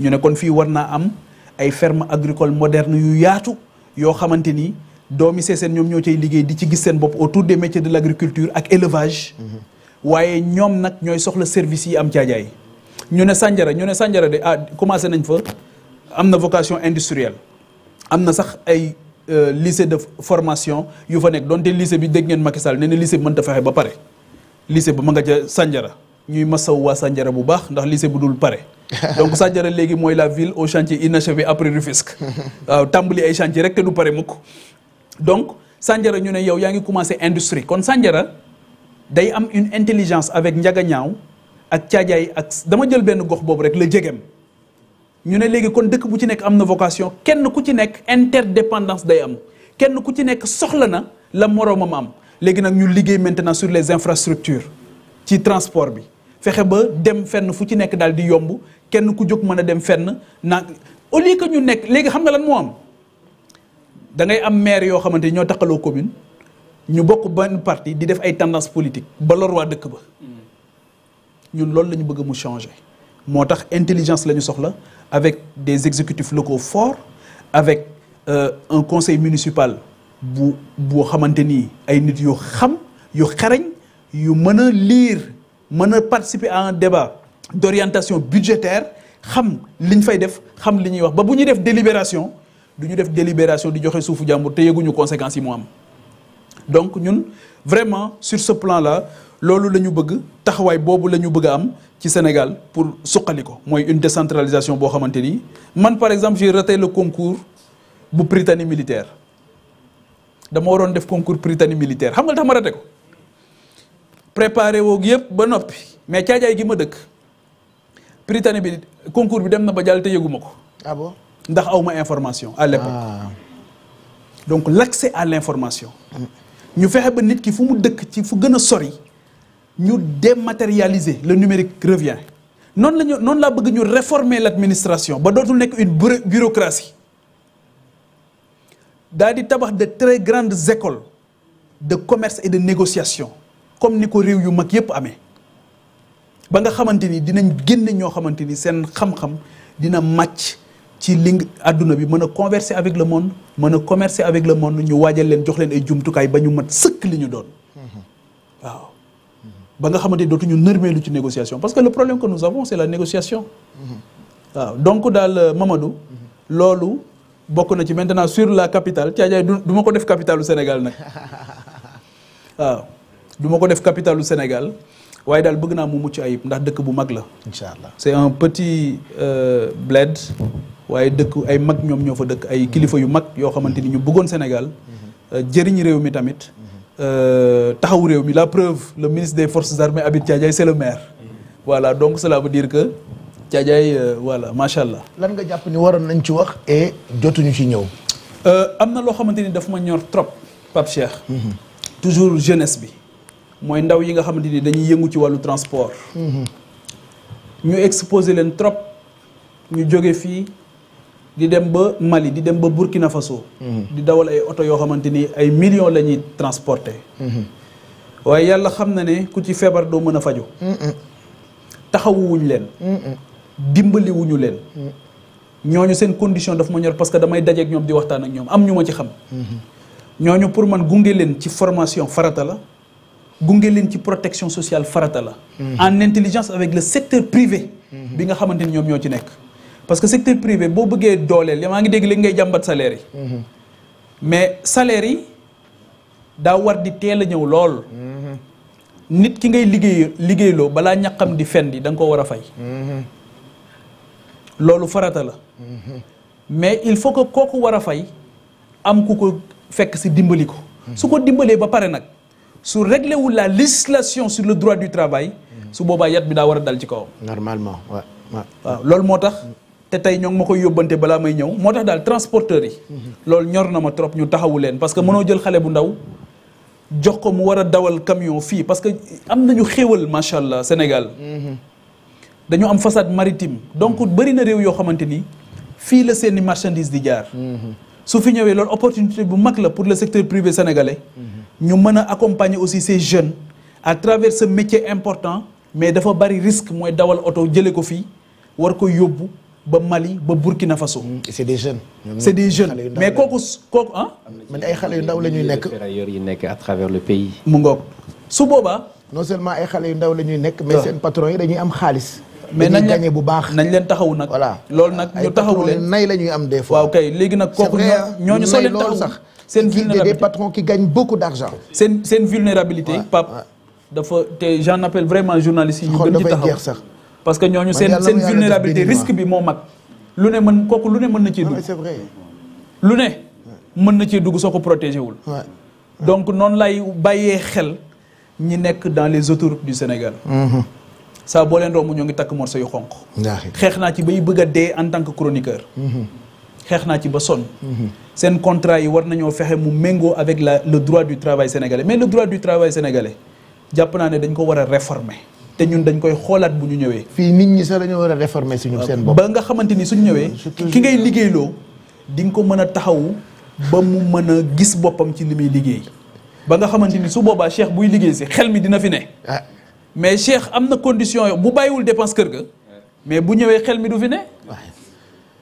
ñu ne kon fii war naa am ay ferme agricole moderne yu yaatu yoo xamante nii doomi Sessène ñoom ñoo cay liggéey di ci gis seen bopp autour des métiers de l'agriculture ak élevage mm-hmm. waaye ñoom nag ñooy soxla services yi am caajaay ñu ne Sandiara ñu ne Sandiara de ah commencé nañ fa am na vocation industrielle am na sax ay euh, lycée de formation yu fa nekk donte lycée bi dégg ngeen Macky Sall nee na lycée bi mënta fexe ba pare lycée bu ma nga ca Sandiara ñuy masaw waa Sandiara bu baax ndax lycée bu dul pare donc Sandiara léegi mooy la ville au chantier inachevé après Rufisque waaw tàmbali ay chantier rek te du pare mukk donc Sandiara ñu ne yow yaa ngi commencé industrie kon Sandiara day am une intelligence avec ñaaw ak Thiadiaye ak dama jël benn gox boobu rek la jegem ñu ne léegi kon dëkk bu ci nekk am na vocation kenn ku ci nekk interdépendance day am kenn ku ci nekk soxla na la moroomam am léegi nag ñu liggéey maintenant sur les infrastructures ci transport bi fexe ba dem fenn fu ci nekk daal di yomb kenn ku jóg mën a dem fenn na au lieu que ñu nekk léegi xam nga lan moo am da ngay am maire yoo xamante ni ñoo taqaloo commune ñu bokk benn parti di def ay tendance politique ba lor waa dëkk ba mm. ñun loolu lañu bëgg mu changer. moo tax intelligence la ñu soxla avec des exécutifs locaux forts avec euh, un conseil municipal bu boo xamante ni ay nit yu xam yu xareñ yu mën a liir mën a participer à un débat d'orientation budgétaire xam li ñu fay def xam li ñuy wax ba bu ñuy def délibération du ñu def délibération di joxe suufu jàmbur te yëguñu conséquences yi mu am donc ñun vraiment sur ce plan la loolu la ñu bëgg taxawaay boobu la ñu bëgg a am ci Sénégal pour suqali ko mooy une décentralisation boo xamante ni man par exemple j'ai raté le concours bu Prytanée militaire dama waroon def concours Prytanée militaire xam nga tax ma raté ko préparé woog yëpp ba noppi mais caajaay gi ma dëkk Prytanée bi concours bi dem na ba jàll te yëguma ko. ah ndax aw ma information. à l'époque ah. donc l'accès à l'information. Mm. ñu fexe ba nit ki fu mu dëkk ci fu gën a sori. ñu dématérialiser le numérique revient noonu la ñu noonu laa bëgg ñu réformer l'administration ba dootul nekk une bureaucratie daal di tabax de très grandes écoles de commerce et de négociation comme ni ko réew yu mag yépp amee ba nga xamante ni dinañ génne ñoo xamante ni seen xam-xam dina màcc ci li àdduna bi mën a converser avec le monde mën a commercer avec le monde ñu waajal leen jox leen ay jumtukaay ba ñu mat sëkk li ñu doon mhm. ba nga xamante ni dootuñu nërmeelu ci négociation parce que le problème que nous avons c'est la négociation. waaw donc daal euh, Mamadou. loolu bokk na ci maintenant sur la capitale Thiadiaye du du ma ko def capitalu Sénégal nag du ma ko def capitalu Sénégal waaye daal bëgg naa mu mucc ayib ndax dëkk bu mag la. incha allah c'est un petit euh, bled. waaye dëkk ay mag ñoom ñoo fa dëkk ay kilifa yu mag yoo xamante ni ñu bëggoon Sénégal. Mm-hmm. Euh, jëriñ réew mi tamit. Mm-hmm. Euh, taxawu réew mi la preuve le ministre des forces armées Habib Thiadiaye c'est le voilà donc cela veut dire que Thiadiaye euh, voilà macha allah. lan nga jàpp ni waroon nañ ci wax et jotuñu ci ñëw. Euh, am na loo xamante ni daf ma ñor trop Pape Cheikh. toujours jeunesse bi mooy ndaw yi nga xamante ni dañuy yëngu ci wàllu transport. Mhm. ñu exposé leen trop ñu jóge fii. di dem ba Mali di dem ba Burkina Faso. Mhm. di dawal ay oto yoo xamante ni ay millions la ñuy transporter. Mhm. waaye yàlla xam na ne ku ci feebar doo mën a faju mhm. wuñ leen. dimbaliwuñu leen. ñoo ñooñu seen condition daf ma ñor parce que damay dajeek ñoom di waxtaan ak ñoom am ñu ma ci xam. ñu pour man gunge leen ci formation farata la gunge leen ci protection sociale farata la. en intelligence avec le secteur privé. bi nga xamante ni ñoom ñoo ci nekk. parce que secteur privé boo bëggee dooleel yaa ngi dégg léegi ngay jàmbat salaire yi. Mhm. mais salaire yi daa war di teel a ñëw lool. Mhm. nit ki ngay liggéey liggéeyloo balaa ñaqam di fen di da nga ko war a fay. Mhm. loolu farata la. mais il faut que kooku war a fay am ku ko fekk si dimbali ko. su ko dimbalee ba pare nag su réglé wul la législation sur le droit du travail. su boobaa yat bi daa war a dal ci kawam. normalement waaw loolu moo tax. Mm. te tey ñoo ngi ma koy yóbbante balaa may ñëw moo tax daal transporteur yi. loolu ñor na ma trop ñu taxawu leen parce que mënoo jël xale bu ndaw jox ko mu war a dawal camion fii parce que am nañu xéewal macha allah Sénégal. dañu am façade maritime donc bëri na réew yoo xamante ni fii la seeni marchandise di jaar. su fi ñëwee loolu opportunité bu mag la pour le secteur privé sénégalais. ñu mën a accompagner aussi ces jeunes à travers ce métier important mais dafa bari risque mooy dawal oto jëlee ko fii war koy yóbbu. ba Mali ba Burkina Faso. Mm, c'est des jeunes. c'est des jeunes mais kooku kooku ah. man ay xale yu ndaw la ñuy nekk. yi nekk à travers le pays. mu ngoog su boobaa. non seulement ay xale yu ndaw la ñuy nekk. mais ah. seen patron yi dañuy am xaalis. mais nañ leen bu baax nañ leen taxawu nag. voilà loolu nag ñu taxawu leen nay la ñuy am des fois. waaw kay léegi nag kooku ñooñu soo leen taxawu sax seen vulnérabilité des patrons qui gagnent beaucoup d'argent. seen seen vulnérabilité. Pape dafa te j'en appelle vraiment journaliste yi ñu gën ci taxaw sax parce que ñooñu seen seen vulnérabilité risque bi moo mag lu ne mën kooku lu ne mën na cee dugg vrai lu ne mën na cee dugg soo ko protégé wul donc noonu lay bàyyee xel ñi nekk dans les autoroutes du Sénégal mm-hmm. saa boo leen romb ñoo ngi takk morceau yu xonq xeex naa ci bay bëgg a dee en tant que chroniqueur mm-hmm. xeex naa ci ba sonn mm-hmm. seen contrat yi war nañoo fexe mu méngoo avec la le droit du travail sénégalais mais le droit du travail sénégalais jàpp naa ne dañ ko war a réformer te ñun dañ koy xoolaat bu ñu ñëwee. fii nit ñi sax dañoo war a réformer suñu seen bopp. ba nga xamante ni suñu ñëwee. ki ngay liggéeyloo di nga ko mën a taxawu ba mu mën a gis boppam ci li muy liggéey ba nga xamante ni su boobaa Cheikh buy liggéey si xel mi dina fi ne. Ah. mais Cheikh am na condition yo bu bàyyiwul dépense kër ga. mais bu ñëwee xel mi du fi ne.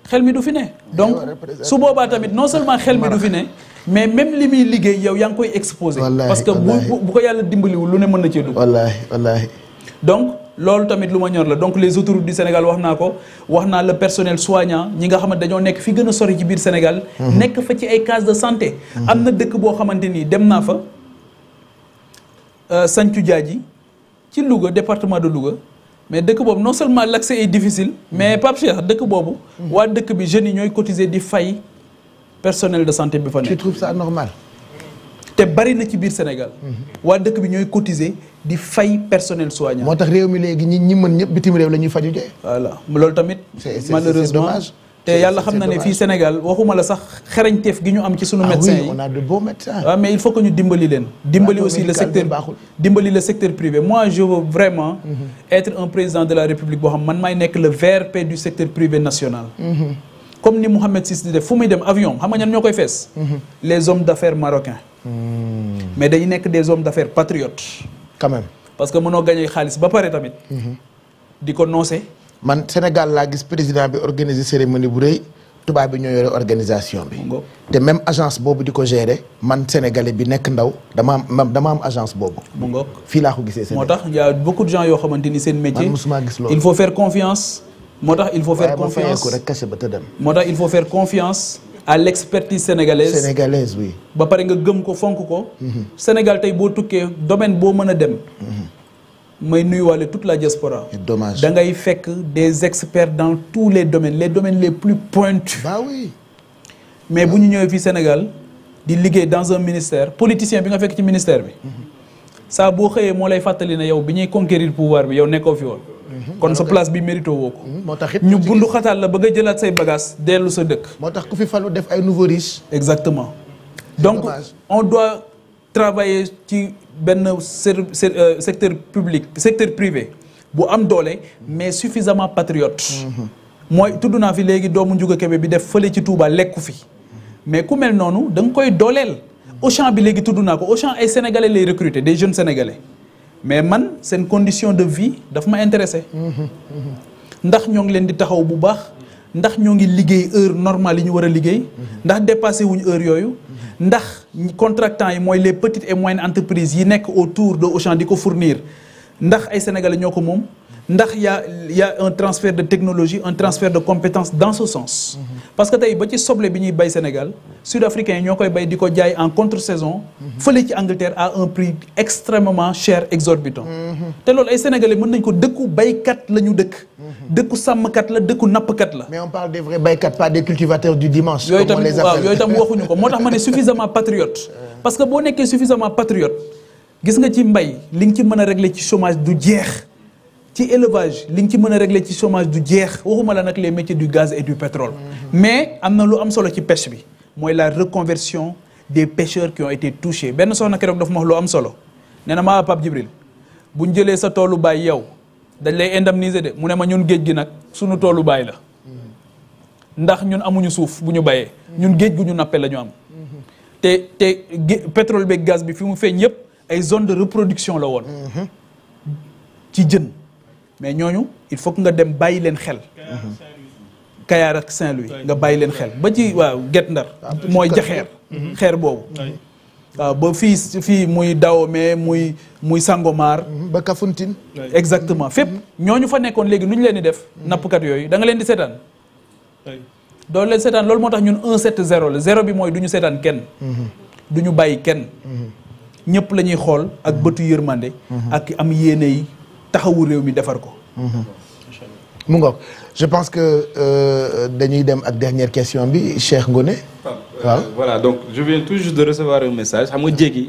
xel mi du fi ne. donc su boobaa tamit non seulement xel mi du fi ne. mais même li muy liggéey yow yaa ngi koy exposé. parce que bu bu ko yàlla dimbaliwul lu ne mën na cee dugg. wallaahi wallaahi. donc loolu tamit lu ma ñor la donc les autoroutes du Sénégal wax naa ko wax naa le personnel soignant ñi nga xamante dañoo nekk fi gën a sori ci biir Sénégal. Mhm. nekk fa ci ay cases de santé. Mhm. am na dëkk boo xamante nii dem naa fa euh, Santhiou Diadji ci Louga département de Louga. mais dëkk boobu non seulement l' accès est difficile mais mhm. Pape Cheikh dëkk boobu. waa dëkk bi jeunes yi ñooy cotiser di fay personnel de santé bi fa nekk. tu trouves te bari na ci biir Sénégal. Mhm. waa dëkk bi ñooy cotiser di fay personnel soignant. moo tax réew mi léegi ñi ñi mën ñëpp bitim réew la ñuy faju loolu tamit. malheureusement te yàlla xam na ne fii Sénégal waxuma la sax xereñteef gi ñu am ci sunu ah médecin yi on a ah, mais il faut que ñu dimbali leen. dimbali aussi le secteur dimbali le secteur privé moi je veux vraiment. Mhm. être un président de la République boo xam man maay nekk le VRP du secteur privé national. Mhm. comme ni Mouhamed Sissi di def fu muy mais dañ nekk des hommes d'affaires patriotes. quand même parce que mënoo gagné xaalis ba pare tamit. Mhm. di ko noose. man Sénégal laa gis président bi organiser cérémonie bu rëy tubaab bi ñoo yore organisation bi. te même agence boobu di ko gérer man sénégalais bi nekk ndaw dama am dama am agence boobu. mu ngoog fii laa ko gisee Sénégal. moo tax y a beaucoup yoo xamante ni seen métier. man mosuma gis loolu il faut faire confiance. moo tax il faut faire ba confiance. à l'expertise sénégalaise sénégalaise oui. ba pare nga gëm ko fonk ko. Mhm. Sénégal tey boo tukkee domaine boo mën a dem. Mhm. may nuyuwaale toute la diaspora. dommage da ngay fekk des experts dans tous les domaines les domaines les plus pointus. bah mais bu ñu ñëwee fii Sénégal di liggéey dans un ministère politicien bi nga fekk ci ministère bi. Mhm. saa boo xëyee moo lay fàttali ne yow bi ñuy conquérir pouvoir bi yow nekkoo fi woon. Mhm. kon sa place bi mérito woo ko. Mhm. moo tax it ñu bundu xataal la ba nga jëlaat say bagages dellu sa dëkk. moo tax ku fi falu def ay nouveaux riches. exactement donc on doit travailler ci benn euh, secteur public secteur privé bu am doole mais suffisamment patriote. Mhm. mooy tudd naa fi léegi doomu Ndiouga Kébé bi def fële ci Touba lekku fi mais ku mel noonu da koy dooleel. Auchan bi léegi tudd naa ko Auchan ay sénégalais lay recruter des jeunes sénégalais. mais man seen condition de vie dafa ma intéressé ndax ñoo ngi leen di taxaw bu baax ndax ñoo ngi liggéey heure normal yi ñu war a liggéey ndax dépassé wuñ heure yooyu ndax contractants yi mooy les petites et moyennes entreprises yi nekk autour de Auchan di ko fournir ndax ay sénégalais ñoo ko moom ndax yaa y un transfert de technologie un transfert de compétence dans ce sens. parce que tey ba ci soble bi ñuy bay Sénégal sud-africain ñoo koy bay di ko jaay en contre saison. fële ci Angleterre à un prix extrêmement cher exorbitant. te loolu ay sénégalais mën nañ ko dëkku baykat la dëkk. dëkku sàmmkat la dëkku nappkat la. mais on parle des vrais baykat pas des cultivateurs du dimanche. comme on les appelle yooyu waaw yooyu tam waxuñu ko moo tax ma ne suffisamment patriote. Euh. parce que boo nekkee suffisamment patriote. gis nga ci mbay li nga ci mën a régler ci chômage du jeex ci élevage li nga ci mën a régler ci chômage du jeex waxuma la nag les métiers du gaz et du pétrole. Mm-hmm. mais am na lu am solo ci pêche bi mooy la reconversion des pêcheurs qui ont été benn soxna keroog dafa ma wax am solo nee na maa ah, Pape Djibril bu ñu jëlee sa toolu baay yow dañ lay indemniser de mu ne ma ñun géej gi nag suñu toolu baay la mm-hmm. ndax ñun amuñu suuf bu ñu bayee ñun géej gu ñu nappe la ñu am mm-hmm. te te pétrole beeg gaz bi fi mu feeñ yëpp. ay zone de reproduction la woon. ci jën mais ñooñu il faut que nga dem bàyyi leen xel. Kayar ak Saint-Louis nga bàyyi leen xel ba ci waaw Guet Ndar ah, mooy jaxeer mhm. xeer boobu. waaw ba fii fii muy Dahomey muy muy Sangomar. Mhm, ba Kafountine. exactement fépp ñooñu fa nekkoon léegi nu ñu leen di def. Mhm. nappkat yooyu da nga leen di seetaan. doo leen seetaan loolu moo tax ñun un 7 0 la 0 bi mooy duñu seetaan kenn. du ñu bàyyi kenn. ñëpp la ñuy xool ak bëtu yërmande. ak am yéene taxawu réew mi defar ko. mu ngoog je pense que euh, dañuy dem ak dernière question bi Cheikh Ngoné. waaw euh, voilà donc je viens tout juste de recevoir un message xam nga jéegi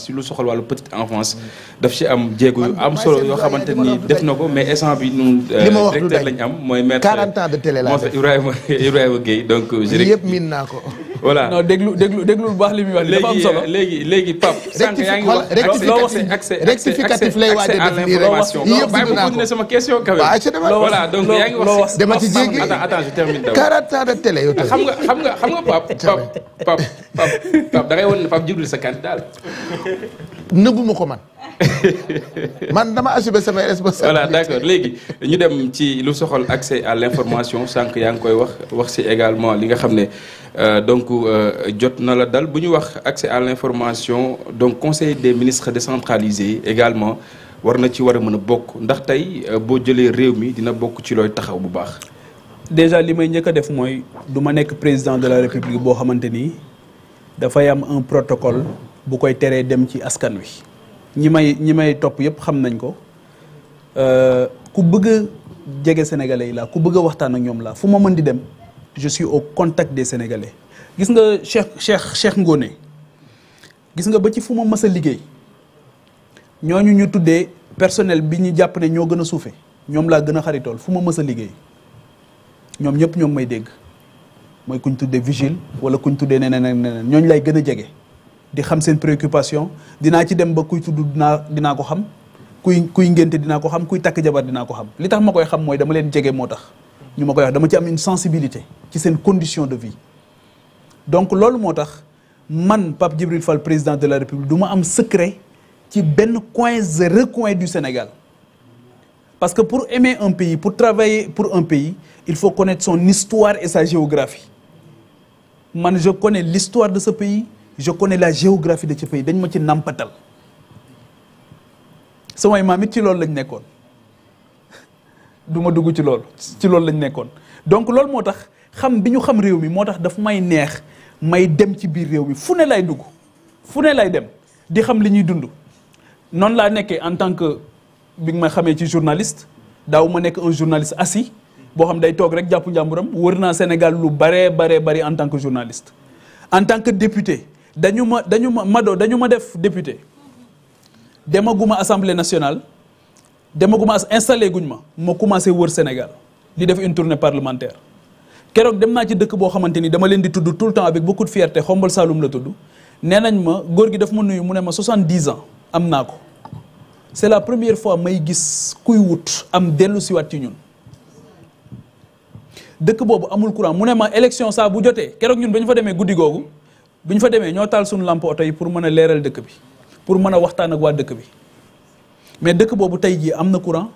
si lu soxal wàllu petite enfance daf ci am jéego yu am solo yoo xamante nii def na ko mais instant bi ñun euh, directeur lañ am mooy maître 40 ans de télé laa def Ibrahima Ibrahima Guèye donc. yëpp miin naa ko. voilà non déglu déglu déglu bu baax li muy wax dafa am solo léegi léegi Pape sànq yaa ngi wax loo wax accès rectificatif lay waaj a def nii rek yëpp bàyyi ma continuer sama question quand même voilà donc yaa ngi wax dama ci jéggi attends attends je termine d'abord 40 ans de télé yow xam nga xam nga xam nga Pape Pape Pape Pape da ngay woon ne Pape Djibril sa candidat la nëbbu ma ko man man dama assumer samay responsabilités voilà d'accord léegi ñu dem ci lu soxal accès à l'information sànq yaa ngi koy wax wax si également li nga xam ne euh, donc Euh, jot na la dal bu ñu wax accès à l'information donc conseil des ministres décentralisé également war na ci war a mën a bokk ndax tey euh, boo jëlee réew mi dina bokk ci looy taxaw bu baax. déjà li may njëkk a def mooy du ma nekk président de la république boo xamante ni dafay am un protocole bu koy teree dem ci askan wi. ñi may ñi may topp yëpp xam nañ ko euh, ku bëgg a jege sénégalais yi laa ku bëgg a waxtaan ak ñoom laa fu ma mën di dem je au contact des sénégalais. gis nga Cheikh Cheikh Cheikh Ngone gis nga ba ci fu ma mës a liggéey ñooñu ñu tuddee personnel bi ñu jàpp ne ñoo gën a suufe ñoom laa gën a xaritool fu ma mës a liggéey ñoom ñëpp ñoom may dégg mooy kuñ tuddee vigile wala kuñ tuddee neneen ak neneen ñooñu lay gën a jege di xam seen préoccupation dinaa ci dem ba kuy tudd dinaa dinaa ko xam kuy kuy ngénte dinaa ko xam kuy takk jabar dinaa ko xam li tax ma koy xam mooy dama leen jege moo tax ñu ma koy wax dama ci am une sensibilité ci seen condition de vie donc loolu moo tax man Pape Djibril Fall président de la République du ma am secret ci benn coin recoin du Sénégal parce que pour aimer un pays pour travailler pour un pays il faut connaître son histoire et sa géographie man je connais l'histoire de ce pays je connais la géographie de ce pays dañ ma ci nampatal samay maam it ci loolu lañ nekkoon duma dugg ci loolu ci loolu lañ nekkoon donc loolu moo tax xam bi ñu xam réew mi moo tax dafa may neex may dem ci biir réew mi fu ne lay dugg fu ne lay dem di xam li ñuy dund noonu laa nekkee en tant que bi nga ma xamee ci journaliste daaw ma nekk un journaliste assis boo xam day toog rek jàpp njàmburam wër naa Sénégal lu baree baree bari en tant que journaliste en tant que député dañu ma dañu ma madoo dañu ma def député demaguma assemblée nationale demaguma installé guñ ma ma commencé wër Sénégal di def une tournée parlementaire keroog dem naa ci dëkk boo xamante ni dama leen di tudd tout le temps avec beaucoup de fierté xombal Saloum la tudd nee nañ ma góor gi daf ma nuyu mu ne ma 70 ans am naa ko c'est la première fois may gis kuy wut am dellu siwaat yi ñun dëkk boobu amul courant mu ne ma élection saa bu jotee keroog ñun ba ñu fa demee guddi googu bi ñu fa demee ñoo taal suñu lamp oto yi pour mën a leeral dëkk bi pour mën a waxtaan ak waa dëkk bi mais dëkk boobu tey jii am na courant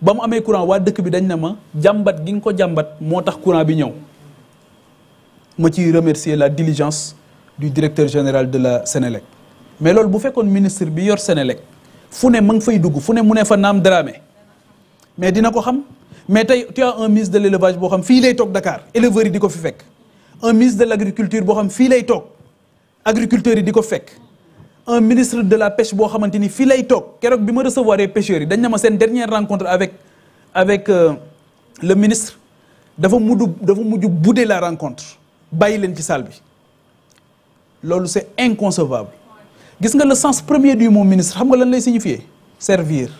ba mu amee courant waa dëkk bi dañ na ma jàmbat gi nga ko jàmbat moo tax courant bi ñëw ma ciy remercier la diligence du directeur général de la Sénélec mais loolu bu fekkoon ministre bi yor Sénélec fu ne ma ngi fay dugg fu ne mu ne fa naam Dramé mais dina ko xam mais tey tu as un ministre de l'élevage boo xam fii lay toog Dakar éleveurs yi di ko fi fekk un ministre de l'agriculture boo xam fii lay toog agriculteurs yi di ko fekk un ministre de la pêche boo xamante ni fii lay toog keroog bi ma recevoir les pêcheurs yi dañ na ma seen dernière rencontre avec avec euh, le ministre dafa mujj dafa mujj bouder la rencontre bàyyi leen ci salle bi loolu c'est inconcevable gis nga le sens premier du moom ministre xam nga lan lay signifier servir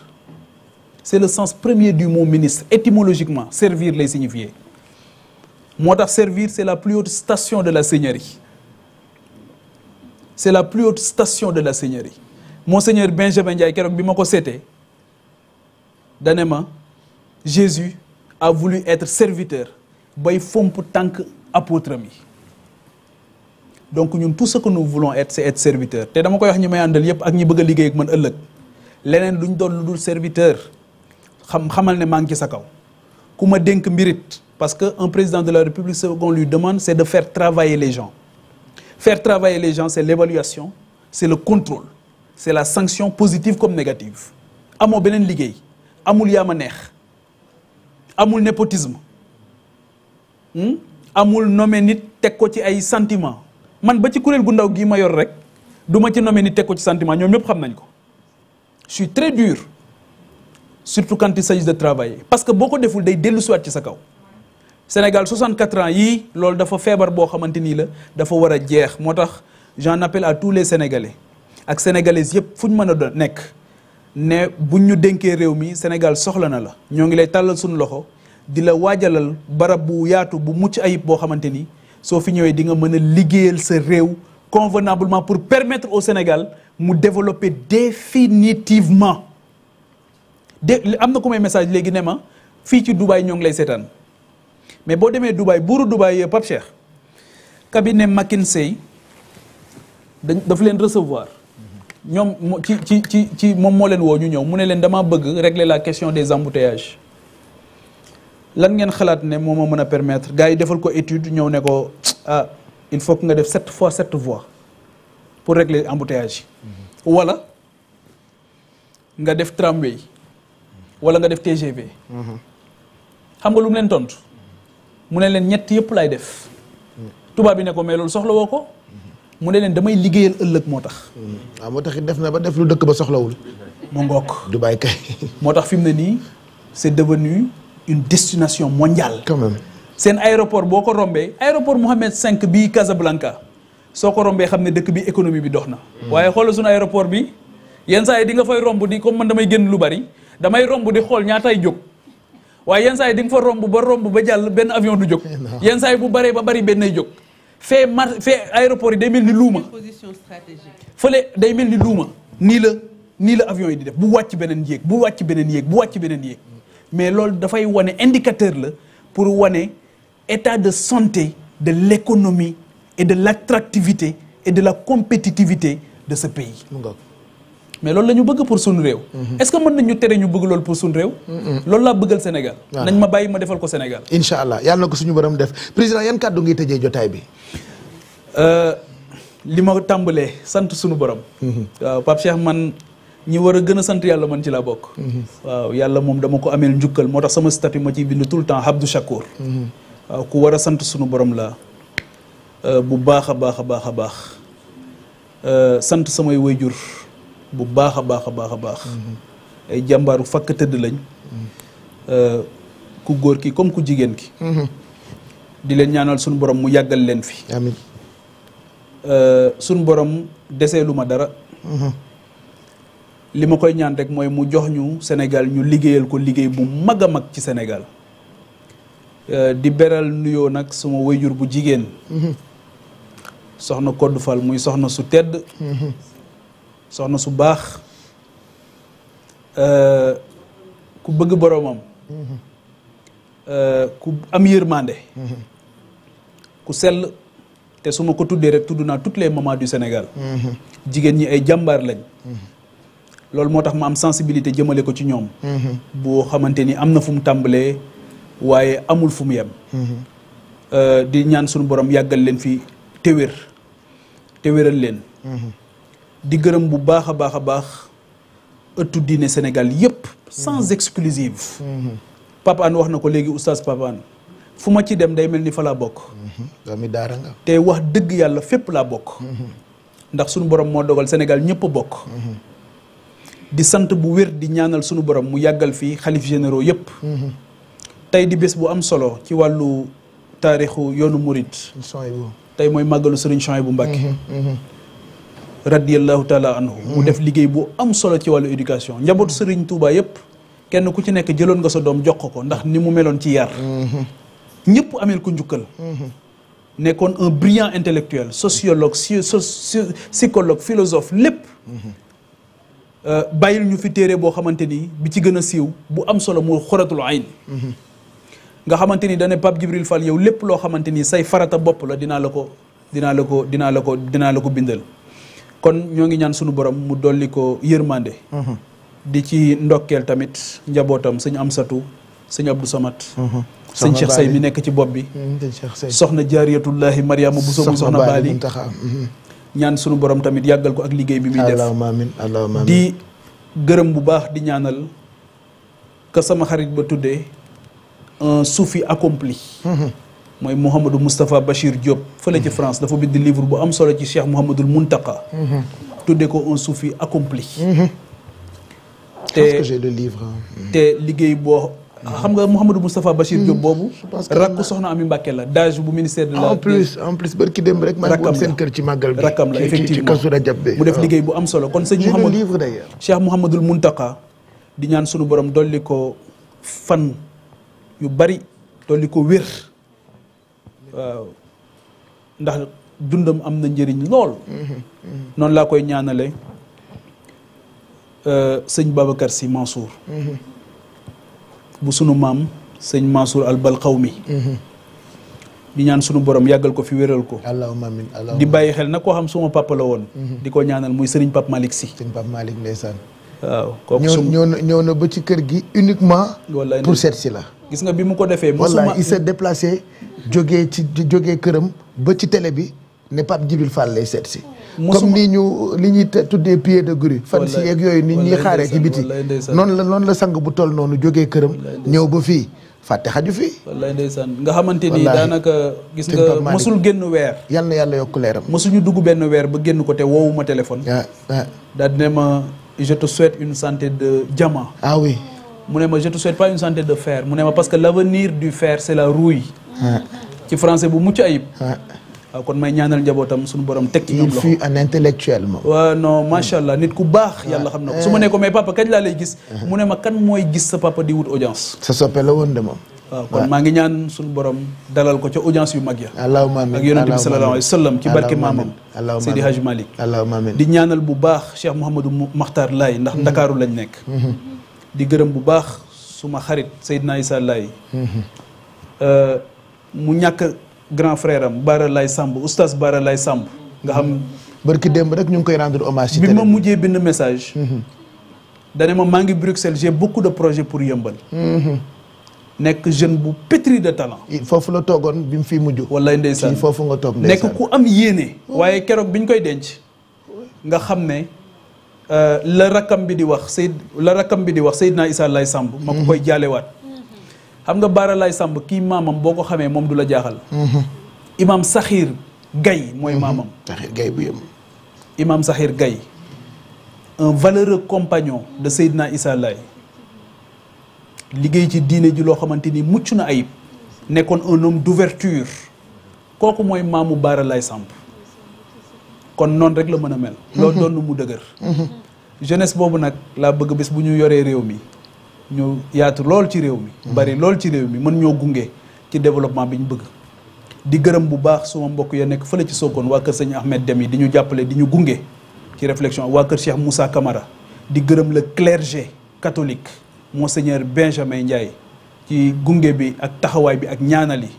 c'est le sens premier du mot ministre étymologiquement servir lay signifier moo tax servir c'est la plus haute station de la seigneurie c'est la plus haute station de la seigneurie monseigneur Benjamin Ndiaye keroog bi ma ko seetee dane ma Jésus a voulu être serviteur bay fomp tànk apôtre mi donc ñun tout ce que nous voulons être serviteur te dama koy wax ñi may àndal yépp ak ñi bëgg a liggéey ak man ëllëg leneen luñ doon lu dul serviteur xam xamal ne maa ngi ci sa kaw ku ma dénk mbirit parce que un président de la République ce qu'on lui demande c'est de faire travailler les gens Faire travailler les gens, c'est l'évaluation, c'est le contrôle, c'est la sanction positive comme négative. amoo beneen liggéey amul yaa ma neex amul népotisme hmm? amul nommé nit teg ko ci ay sentiment man ba ci kuréel gu ndaw gii ma yor rek du ma ci nommé nit teg ko ci sentiment ñoom ñëpp xam nañ ko je suis très dur surtout quand il s'agit de travailler parce que boo ko deful day dellu siwaat ci sa kaw Sénégal 64 ans yii loolu dafa feebar boo xamante nii la dafa war a jeex moo tax j'en appelle à tous les Sénégalais ak sénégalaises yëpp fu ñu mën a doon nekk ne buñ ñu dénkee réew mi Sénégal soxla na la ñoo ngi lay tàllal suñu loxo di la waajalal barab bu yaatu bu mucc ayib boo xamante ni soo fi ñëwee di nga mën a liggéeyal sa réew convenablement pour permettre au Sénégal mu développer définitivement de am na ko may message léegi ne ma fii ci Dubaï ñoo ngi lay seetaan. mais boo demee Dubaay buuru Dubaay Pape Cheikh cabinet McKinsey dañ daf leen recevoir ñoom ci ci ci ci moom moo leen woo ñu ñëw mu ne leen dama bëgg régler la question des embouteillages lan ngeen xalaat ne moo ma mën a permettre gars yi defal ko étude ñëw ne ko ah il faut que nga def sept fois sept voies pour régler embouteillage yi mm-hmm. wala nga def tramway wala nga def TGV mm-hmm. xam nga lu mu leen tontu mu ne leen ñett yëpp laay def tubaab bi ne ko mais loolu soxla woo ko mu ne leen damay liggéeyal ëllëg moo tax waaw hmm. ah, moo tax def na ba def lu dëkk ba soxlawul mu ngook Dubaay kay moo tax fi mu ne nii c'est devenu une destination mondiale quand même seen aéroport boo ko rombee aéroport Mohammed V bii Casablanca soo ko rombee xam ne dëkk bi économie bi dox na hmm. waaye xoolal suñu aéroport bi yenn saa yi di nga fay romb di comme man damay génn lu bari damay romb di xool ñaataay jóg waaye yenn saa yi di nga fa romb ba ba jàll benn avion du jóg yenn saa yi bu baree ba bari benn ay jóg fee mar fee aéroport yi day mel ni luuma position stratégique fële day mel ni luuma nii la nii la avion yi di def bu wàcc beneen yéeg bu wàcc beneen yéeg bu wàcc beneen yéeg mais loolu dafay wane indicateur la pour wane état de santé de l'économie et de l'attractivité et de la compétitivité de ce pays mais loolu la ñu bëgg pour suñu réew mhm. est-ce que mën nañ tere ñu bëgg loolu pour suñu réew mhm. laa bëggal Sénégal nañ ma bàyyi ma defal ko Sénégal incha allah yàlla na ko suñu borom def président yan kàddu ngay tëjee jotaay bi euh, li ma tàmbalee sant suñu borom mhm. waaw Pape Cheikh man ñi war a gën a sant yàlla man ci laa bokk waaw yàlla moom dama ko ameel njukkal moo tax sama statut ma ciy bind tout le temps Abdou Chakour waaw ku war a sant suñu borom la euh, bu baax a baax a baax a baax euh, sant samay wayjur bu baax a baax a baax a baax. ay jàmbaaru fakk tëdd lañ. ku góor ki comme ku jigéen ki. di leen ñaanal suñu borom mu yàggal leen fi. amiin boroom euh, borom desee lu ma dara. Mhm. li ma koy ñaan rek mooy mu jox ñu senegal ñu liggéeyal ko liggéey bu mag a mag ci senegal euh, di beral nuyoo nag suma wayjur bu jigéen. Mhm. soxna Codou muy soxna su tedd. Mhm. soxna su baax euh, ku bëgg boroomam euh, ku am yërmande ku sell te su ma ko tuddee rek tudd naa toutes les mamans du Sénégal jigéen ñi ay jàmbaar lañ loolu moo tax ma am sensibilité jëmale ko ci ñoom boo xamante ni am na fu mu tàmbalee waaye amul fu mu yem euh, di ñaan sunu borom yàggal leen fi téwér téwéral leen di gërëm bu baax a baax a baax ëttu diine Sénégal yépp sans mhm. exclusive mhm. Pape wax na ko léegi oustaz Pape fu ma ci dem day mel ni fa laa bokk mhm. doomi te wax dëgg yàlla fépp laa bokk ndax sunu borom moo dogal Sénégal ñëpp bokk di sant bu wér di ñaanal sunu borom mu yàggal fii xalif généro yépp tey di bés bu am solo ci wàllu taarixu yoonu murit tey mooy màggalu Serigne bu Mbacké radiyallahu taala mu def liggéey bu am solo ci wàllu éducation njabootu sëriñ Touba yépp kenn ku ci nekk jëloon nga sa doom jox ko ndax ni mu meloon ci yar ñëpp ameel ku njukkal nekkoon un brillant intellectuel sociologue psychologue philosophe lépp euh, bàyyil ñu fi téere boo xamante ni bi ci gën a siiw bu am solo mu xoratul ayn nga xamante ni dane Pape Djibril Fall yow lépp loo xamante ni say farata bopp la dinaa la ko dinaa la ko dinaa la ko dinaa la ko bindal kon ñoo ngi ñaan sunu borom mu dolli ko yërmande. Mhm. di ci ndokkeel tamit njabootam sëñ Amsatu sëñ Abdou Samat. Mhm. sëñ Cheikh Say mi nekk ci bopp bi. Mhm, soxna jaariyatullahi Mariama bu sobu soxna Baali ñaan sunu borom tamit yàggal ko ak liggéey bi muy def allahumma amiin allahumma amiin di gërëm bu baax di ñaanal ka sama xarit ba tuddee un accompli. mooy Mouhamadou Moustapha Bachir Diop. fële ci France dafa bind livre bu am solo ci Cheikh Mouhamadul Muntaka. tuddee ko un soufi accompli. te j'ai le te liggéey boo. xam nga Mouhamadou Moustapha Bachir Diop hmm. boobu. rakk soxna Ami Mbàkke la daje bu ministère de la. en plus en rakkam la effectivement ci ci mu def liggéey bu am solo kon sëñ. Mouhamadou livre d'ailleurs Cheikh Mouhamadul Muntaka di ñaan sunu borom dolli ko fan yu bari dolli ko wér. waaw ndax dundam am na njëriñ lool. noonu laa koy ñaanale euh, sëñ Babacar Sy Mansour. bu sunu maam sëñ Mansour albal xawmi di ñaan sunu borom yàggal ko fi wéral ko. allahumma amiin di bàyyi xel nag koo xam suma papa la woon. Mhm. di ko ñaanal muy sëriñ Pape Malick Sy. sëñ Pape Malick ndeysaan. waaw kooku su ñëw na ñëw na ba ci kër gi uniquement. pour seet si la. gis nga bi mu ko defee. mosuma voilà il s'est déplacé jógee ci jógee këram ba ci télé bi ne Pape Djibril Fall lay seet si. comme ni ñu li ñuy tuddee pied de grue. fan si yeeg yooyu nit ñuy xaaree ci biti. noonu la noonu la sang bu toll noonu jógee këram. ñëw ba fii fàtte xaju fii. wallaay ndeysaan nga xamante ni daanaka. gis nga mosul génn weer. yal na yàlla yokk leeram. mosuñu dugg benn weer ba génn ko te woowu ma téléphone. waaw je te souhaite une santé de diamant. ah oui. mu ne ma je te souhaite pas une santé de fer mu ne ma parce que l'avenir du fer c'est la rouille. Ah. ci français bu mucc ayib. waaw ah. ah, kon may ñaanal njabootam suñu borom teg ci ñoom loxo. il fut un allah nit ku baax. yalla xam na su ma ne ko mais papa kañ laa lay gis. mu ne ma kan mooy gis sa papa di wut audience. sa soppe la woon de moom. waaw kon maa ngi ñaan suñu borom dalal ko ca audience yu mag ya allahumma amin ak yonente bi sallallahu alayhi wa sallam ci barke maamam Seydi Hadj Malick allahumma amin di ñaanal bu baax Cheikh Mouhamadou Makhtar Laye ndax mm-hmm. ndakaaru lañ nekk mm-hmm. di gërëm bu baax suma xarit Seydina Issa Laye mm-hmm. euh, mu ñàkk grand frère am laay Laye Samb oustaz Baara Laye Samb nga xam barki démb rek ñu ngi koy rendre hommage bi ma mujjee bind message dane ma maa ngi Bruxelles j'ai beaucoup de projet pour yëmbal nekk jeune bu pétri de talent. foofu la toogoon bi mu fi mujj. wallaay ndeysaan foofu nga toog ndeysaan nekk ku am yéene. Oh. waaye keroog bi ñu koy denc. nga xam ne euh, la rakam bi di wax Seyd la rakam bi di wax Seydina Issa Lay Samb. ma ko mm-hmm. koy jaalewaat. Mm-hmm. xam nga Baara Lay Samb kii maamam boo ko xamee moom du la jaaxal. Mm-hmm. imaam Saxiir Gay mooy maamam. Saxiir Gay imaam Saxiir Gay un valeur compagnon de Seydina Issa Lay. liggéey ci diine ji loo xamante ni mucc na ayib nekkoon un homme d'ouverture kooku mooy maamu Baara Laay Samb kon noonu rek la mën a mel. loo mhm. doon mu dëgër. Mhm. jeunesse boobu nag laa bëgg bés bu ñu yoree réew mi ñu yaatu lool ci réew mi. Mhm. bari lool ci réew mi mën ñoo gunge ci développement bi ñu bëgg. di gërëm bu baax suma mbokk ya nekk fële ci Sokone waa kër sëñ Ahmed Dem yi di ñu jàppale di ñu gunge ci réflexion waa kër Cheikh Moussa Camara di gërëm le clergé catholique. monseigneur Benjamin Ndiaye ci gunge bi ak taxawaay bi ak ñaanal yi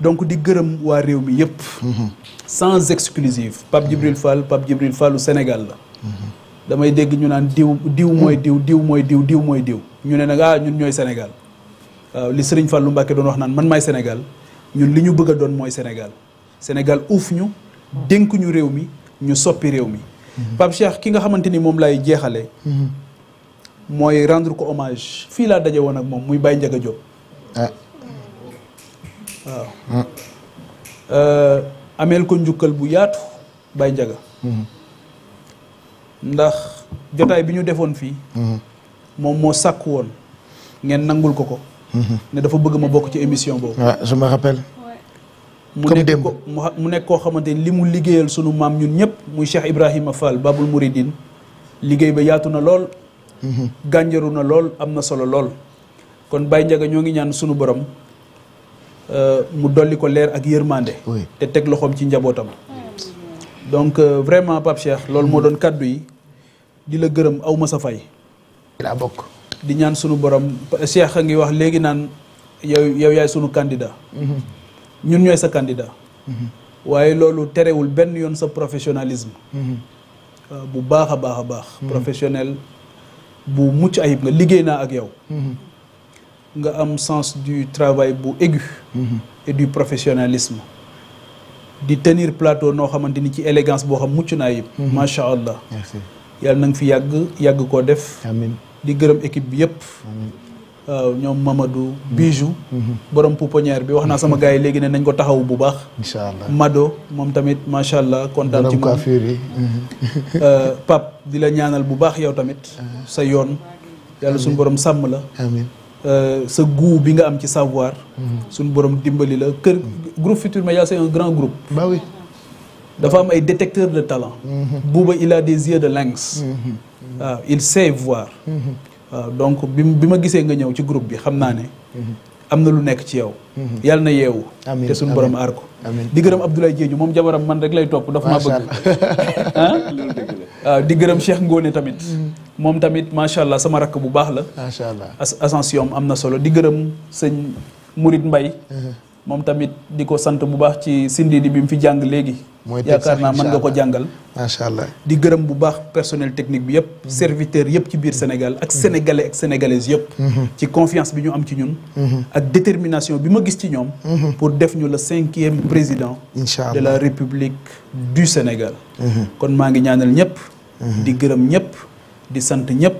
donc di gërëm waa réew mi yëpp. Mhm. sans exclusive Pape mhm. Djibril Fall Pape Djibril Fallu Sénégal la. Mhm. damay dégg ñu naan diw diw mooy diw diw mooy diw diw mooy diw ñu ne nag ah ñun ñooy Sénégal waaw li Serigne Fallou Mbacké doon wax naan man maay Sénégal ñun li ñu bëgg a doon mooy Sénégal Sénégal uuf ñu dénkuñu réew mi ñu soppi réew mi. Pape Cheikh ki nga xamante ni moom lay jeexale mooy rendre ko hommage fii laa daje woon ak moom muy Baye Ndiaga Diop eh. hmm. euh, ameel ko njukkal bu yaatu Baye Ndiaga hmm. ndax jotaay bi ñu defoon fii hmm. moom moo sàkk woon ngeen nangul ko ko ne dafa bëgg ma bokk ci émission boobu waaw je me rappelle mu nekk ko mu nekk koo xamante ni li mu liggéeyal sunu maam ñun ñëpp muy Cheikh Ibrahima Fall Babul Mouridine liggéey bi yaatu na lool gànjaru na lool am na solo lool kon Baye Ndiaga ñoo ngi ñaan sunu borom euh, mu dolli ko leer ak yërmande te teg loxoom ci njabootam donc euh, vraiment Pape Cheikh loolu moo doon kàddu yi di la gërëm aw ma sa fay laa bokk di ñaan sunu borom Cheikh a ngi wax léegi naan yow yow yaay sunu candidat mhm. ñun ñooy sa candidat mhm. waaye loolu terewul benn yoon sa professionnalisme mhm. euh, bu baax a baax a baax professionnel bu mucc ayib nga liggéey naa ak yow. Mhm. nga am sens du travail bu aigu. Mhm. et du professionnalisme. di tenir plateau noo xamante ni ci élégance boo xam mucc naa ayib. Mhm. macha allah. yàlla na nga fi yàgg yàgg koo def. di gërëm équipe bi yëpp. Euh, ñoom Mamadou Bijou borom pouponnière bi wax naa sama gars yi léegi ne nañ ko taxaw bu baax incha allah Mado moom tamit macha allah kontaan ci moom coiffure yi euh, Pape di la ñaanal bu baax yow tamit euh. sa yoon yàlla suñ borom sàmm la sa goût bi nga am ci savoir mhm. suñu borom dimbali la kër mhm. groupe Futurs Médias c'est un grand groupe dafa am ay détecteurs de talent mhm. Bouba il a des yeux de lynx waaw ah, il sait voir waaw donc bi bi ma gisee nga ñëw ci groupe bi xam naa ne mm-hmm. am na lu nekk ci yow mm-hmm. yàlla na yeewu te suñu borom aar ko di gërëm Abdoulaye Diédhiou moom jabaram man rek lay topp dafa maa bëgg ah di gërëm Cheikh Ngone tamit mm-hmm. moom tamit macha allah sama rakk bu baax la macha allah ascension am na solo di gërëm sëñ Mouride Mbaye moom tamit di ko sant bu baax ci sindi bi mu fi jàng léegi yaakaar naa mën nga ko jàngal macha allah di gërëm bu baax personnel technique bi yëpp mm-hmm. serviteur yëpp ci biir Sénégal ak mm-hmm. sénégalais ak sénégalaises yëpp mm-hmm. ci confiance bi ñu am ci ñun ak détermination bi ma gis ci ñoom pour def ñu le cinquième président incha allah de la République du Sénégal kon maa ngi ñaanal ñëpp di gërëm ñëpp di sant ñëpp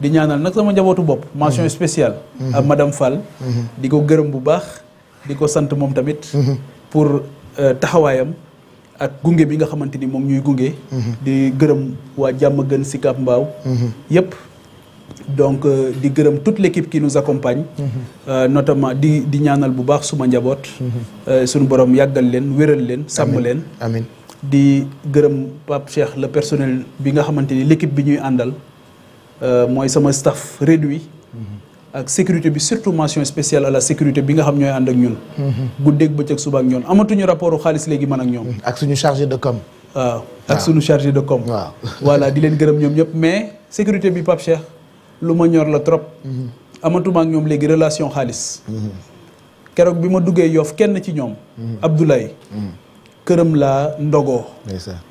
di ñaanal nag sama njabootu bopp mention spéciale ak madame Fall di ko gërëm bu baax di ko sant moom tamit pour euh, taxawaayam ak gunge bi nga xamante ni moom ñuy gunge. Mhm. di gërëm waa jàmm gën Sicap Mbao mhm. yëpp donc euh, di gërëm toute l'équipe qui nous accompagne. Mhm. Euh, notamment di di ñaanal bu baax suma njaboot. Euh, suñu borom yàggal leen wéral leen sàmm leen. amiin di gërëm Pape Cheikh le personnel bi nga xamante ni l'équipe bi ñuy àndal mooy sama staff réduit. ak sécurité bi surtout mention spéciale à la sécurité bi nga xam ñooy ànd ak ñun. guddeeg bëccëg suba ak ñoom amatuñu rapport xaalis léegi man ak ñoom. ak suñu chargé de com. waaw ak suñu chargé de com. waaw voilà di leen gërëm ñoom ñëpp mais sécurité bi Pape Cheikh lu ma ñor la trop. Mm-hmm. amatuma ak ñoom léegi relation xaalis. Mm-hmm. keroog bi ma duggee Yoff kenn ci ñoom. Mm-hmm. Abdoulaye. këram laa ndogoo.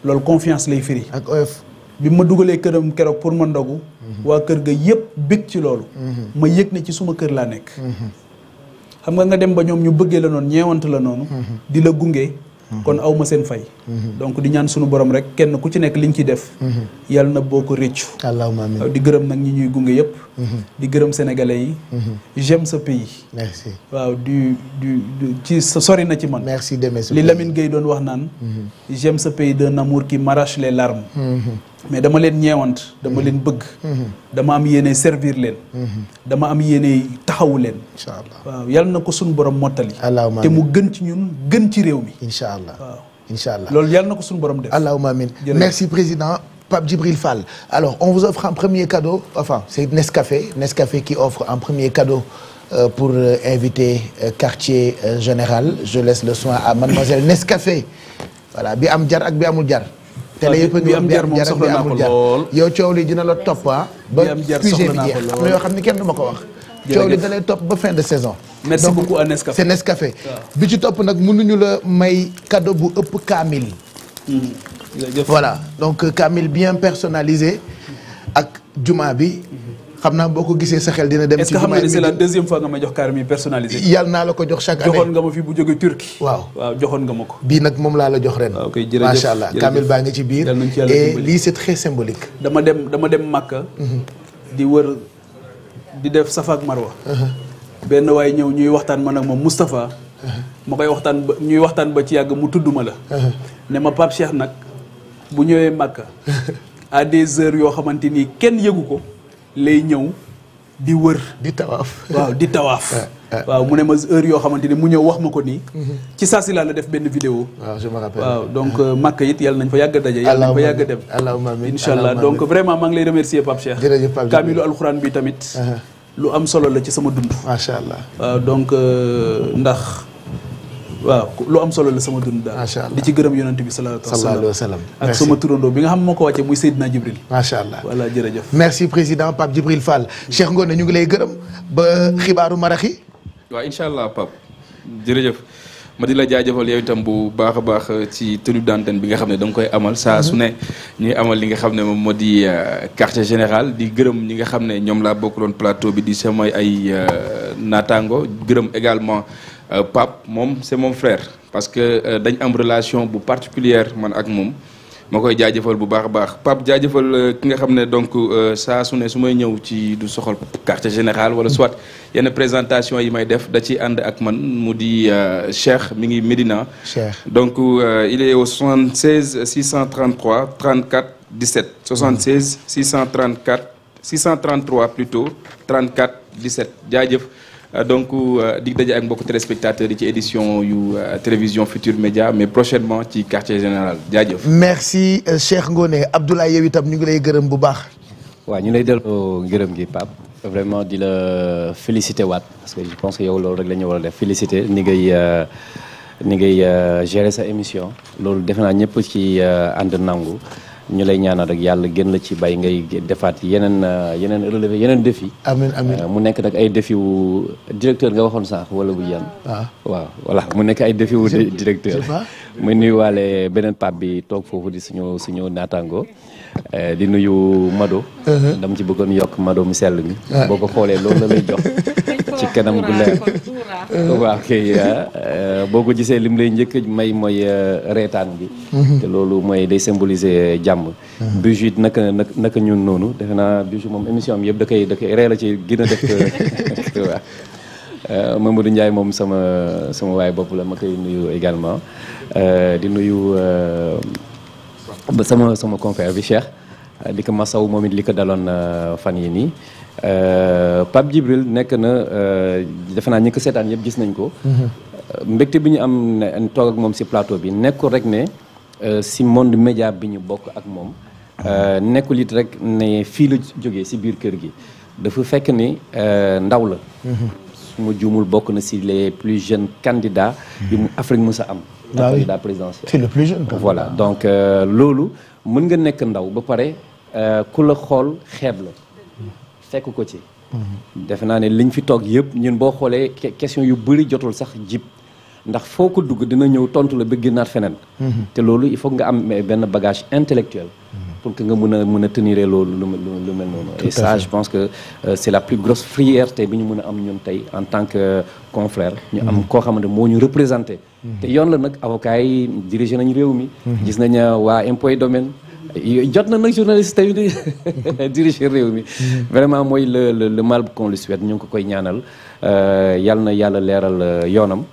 loolu confiance lay firi. ak oyof bi ma dugalee këram keroog pour ma ndogu. waa kër ga yëpp bég ci loolu ma yëg na ci suma kër laa nekk xam nga nga dem ba ñoom ñu bëggee la noonu ñeewant la noonu di la gunge kon aw ma seen fay donc di ñaan suñu borom rek kenn ku ci nekk liñ ci def yàlla na boo ko réccu allahumma amiin di gërëm nag ñi ñuy gunge yëpp di gërëm sénégale yi j'aime ce pays merci waaw du du ci sori na ci man merci Démé li Lamine Gueye doon wax naan j'aime ce pays d'un amour ki m'arrache les larmes mais dama leen ñeewant dama mm-hmm. leen bëgg mm-hmm. dama am yéene servir leen mm-hmm. dama am yéene taxawu leen incha yal na ko suñu borom mottali te mu gën ci ñun gën ci réew mi incha allah waaw incha allah yal na ko suñu borom def allahumma amin merci président Pape Djibril Fall alors on vous offre un premier cadeau enfin c'est nes Nescafé qui offre un premier cadeau euh, pour euh, inviter euh, quartier euh, général je laisse le soin à mademoiselle Nescafé voilà bi am jar ak bi amul jar télé yëpp a ngi bi am jar yow coow li dina la topp ah, ba sujet bi jeex am yoo xam ni kenn du ma ko wax coow li da topp ba fin de saison merci donc, beaucoup à Nescafé c'est Nescafé bi ci topp nag mënuñu la may cadeau bu ëpp kaamil hmm. voilà donc kaamil bien personnalisé ak juma bi xam naa boo ko gisee sa xel dina dem. ci est xam nga ne c'est la deuxième fois nga ma jox kaar mi personnalisé. yàlla naa la ko jox chaque année joxoon nga ma fi bu jógee Turquie. waaw joxoon nga ma ko. bii nag moom laa la jox ren. Ah, ok jërëjëf macha allah kaamil baa ngi ci biir. et lii c'est très symbolique. dama dem dama dem Makka. Mhm. di wër di def Safa ak Marwa. Mhm. benn waay ñëw ñuy waxtaan ma ak moom Moustapha. Mhm. ma koy waxtaan ba ñuy waxtaan ba ci yàgg mu tudd ma la. ne ma Pape Cheikh nag bu ñëwee Makka à des heures yoo xamante ni kenn yëgu ko lay ñëw di wër. di tawaaf waaw di tawaaf. Ah, ah, ah. waaw mu ne ma heure yoo xamante ni mu ñëw wax ma ko nii. Mhm. ci saa si laa la def benn vidéo. waaw donc màkk it yàlla nañ fa yàgg daje. yàlla nañ fa yàgg dem allahumma amiin incha allah donc vraiment maa ngi lay remercier Pape Cheikh. jërëjëf Pape kaamilu alxuraan bi tamit. lu am solo la ci sama dund. macha allah waaw donc euh, ndax. waaw lu am solo la sama dund daal macha ci gërëm yonent bi sallallahu alayhi wa sama turandoo bi nga xam moo ko wàcce muy Seydina Jibril macha allah voilà jërëjëf merci président Pape Djibril Fall Cheikh ne ñu ngi lay gërëm ba xibaaru maraxi waaw incha allah Pape jërëjëf ma di la jaajëfal yow itam bu baax a baax ci tenue d'antenne bi nga xam ne da koy amal saa su ne mhm. ñuy amal li nga xam ne moom moo di euh, quartier général di gërëm ñi nga xam ne ñoom laa bokk bokkaloon plateau bi di samay ay euh, naataango gërëm également Euh, Pape moom c'est mon frère parce que euh, dañ am relation bu particulière man ak moom ma koy jaajëfal bu baax a baax Pape jaajëfal euh, ki nga xam ne donc saa su ne su may ñëw ci du soxal quartier général wala soit yenn présentation yi may def da ci ànd ak man mu di Cheikh mi ngi Médina Cheikh donc il est au 76 633 34 17 76 634 633 plutôt 34 17 jaajëf Euh, donc euh, dig daje ak mbokku téléspectateurs yi ci édition yu euh, télévision Futur Média mais prochainement ci quartier général jaajëf. merci Cheikh ngoone Abdoulaye yow itam ñu ngi lay gërëm bu baax. waa ñu lay delloo gërëm gi Pape vraiment di la féliciter waat parce que je pense que yow loolu rek la ñu war a def féliciter ni ngay ni ngay gérer sa émission loolu defe naa ñëpp ci ànd nangu. ñu lay ñaanal rek yàlla génn la ci bay ngay defaat yeneen euh, yeneen relevé yeneen défi amiin amiin euh, mu nekk nag ay défi wu directeur nga waxoon sànq wala bu yan ah. waaw voilà mu nekk ay défi wu directeur muy nuyuwaale beneen pape bi toog foofu di suñu suñu naataango euh, di nuyu Mado uh-huh. dama ci bëggoon yokk Mado mu sell mi ah. boo ko xoolee loolu la lay jox ci kanam gu leer waaw kay euh, boo ko gisee lim lay njëkka may mooy euh, reetaan bi mhm. te loolu mooy day symboliser euh, jàmm mhm. Brigitte naka naka ñun noonu defe naa Brigitte moom émission am yëpp da koy da ree la ci gën a def waaw Mamadou Ndiaye moom sama sama waay bopp la ma koy nuyu également di nuyu ba sama sama confrère bi Cheikh di ko masaw moom it li ko daloon fan yi nii Euh, Pape Djibril nekk na euh, defe naa ñi ko seetaan yëpp gis nañ ko. Mhm. mbégte bi ñu am ne ak moom si plateau bi nekkul rek ne euh, si monde média bi ñu bokk ak moom. nekkul it rek ne fii la jógee si biir kër gi dafa fekk ni ndaw la. Mhm. su ma juumul bokk na si les plus jeunes candidats. yu mu mhm. Afrique mu sa am. waaw ah candidat présidentiel c'est plus jeune. voilà donc loolu mën nga nekk ndaw ba pare ku la xool xeeb la. fekk ko ci. Mhm. defe naa ne liñ fi toog yëpp ñun boo xoolee question yu bëri jotul sax jib ndax foo ko dugg dina ñëw tontu la bëgg naat feneen. Mhm. te loolu il faut nga am benn bagage intellectuel. Mhm. pour que nga mën a mën a tenir loolu lu lu mel noonu. et ça je pense que euh, c' la plus grosse fierté bi ñu mën a am ñun tey en tant que euh, confrère. ñu am koo xamante moo ñu représenté. te yoon la nag avocat yi nañu réew mi. gis nañ euh, waa impôt domaine. jot na nag journaliste tamit di réew mi vraiment mooy le le mal qu'on lui souhaite ñu ngi ko koy ñaanal euh, yal na yàlla leeral euh, yoonam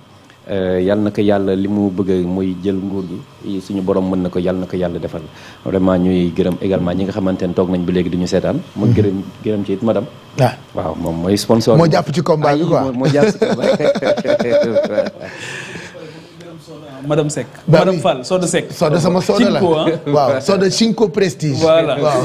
euh, yal na ko yàlla li mu bëgg muy jël nguur gi suñu borom mën na ko yal na ko yàlla defal vraiment ñuy gërëm également ñi nga xamante ne toog nañ ba léegi duñu seetaan. ma mhm. gërëm gërëm ci it madame. Ah. waaw moom mooy sponsor. moo jàpp ci combat bi quoi moo madame Seck. Bah, madame oui. Fall Soda Seck. Soda sama Soda la waaw Soda Cinco Prestige. voilà waaw.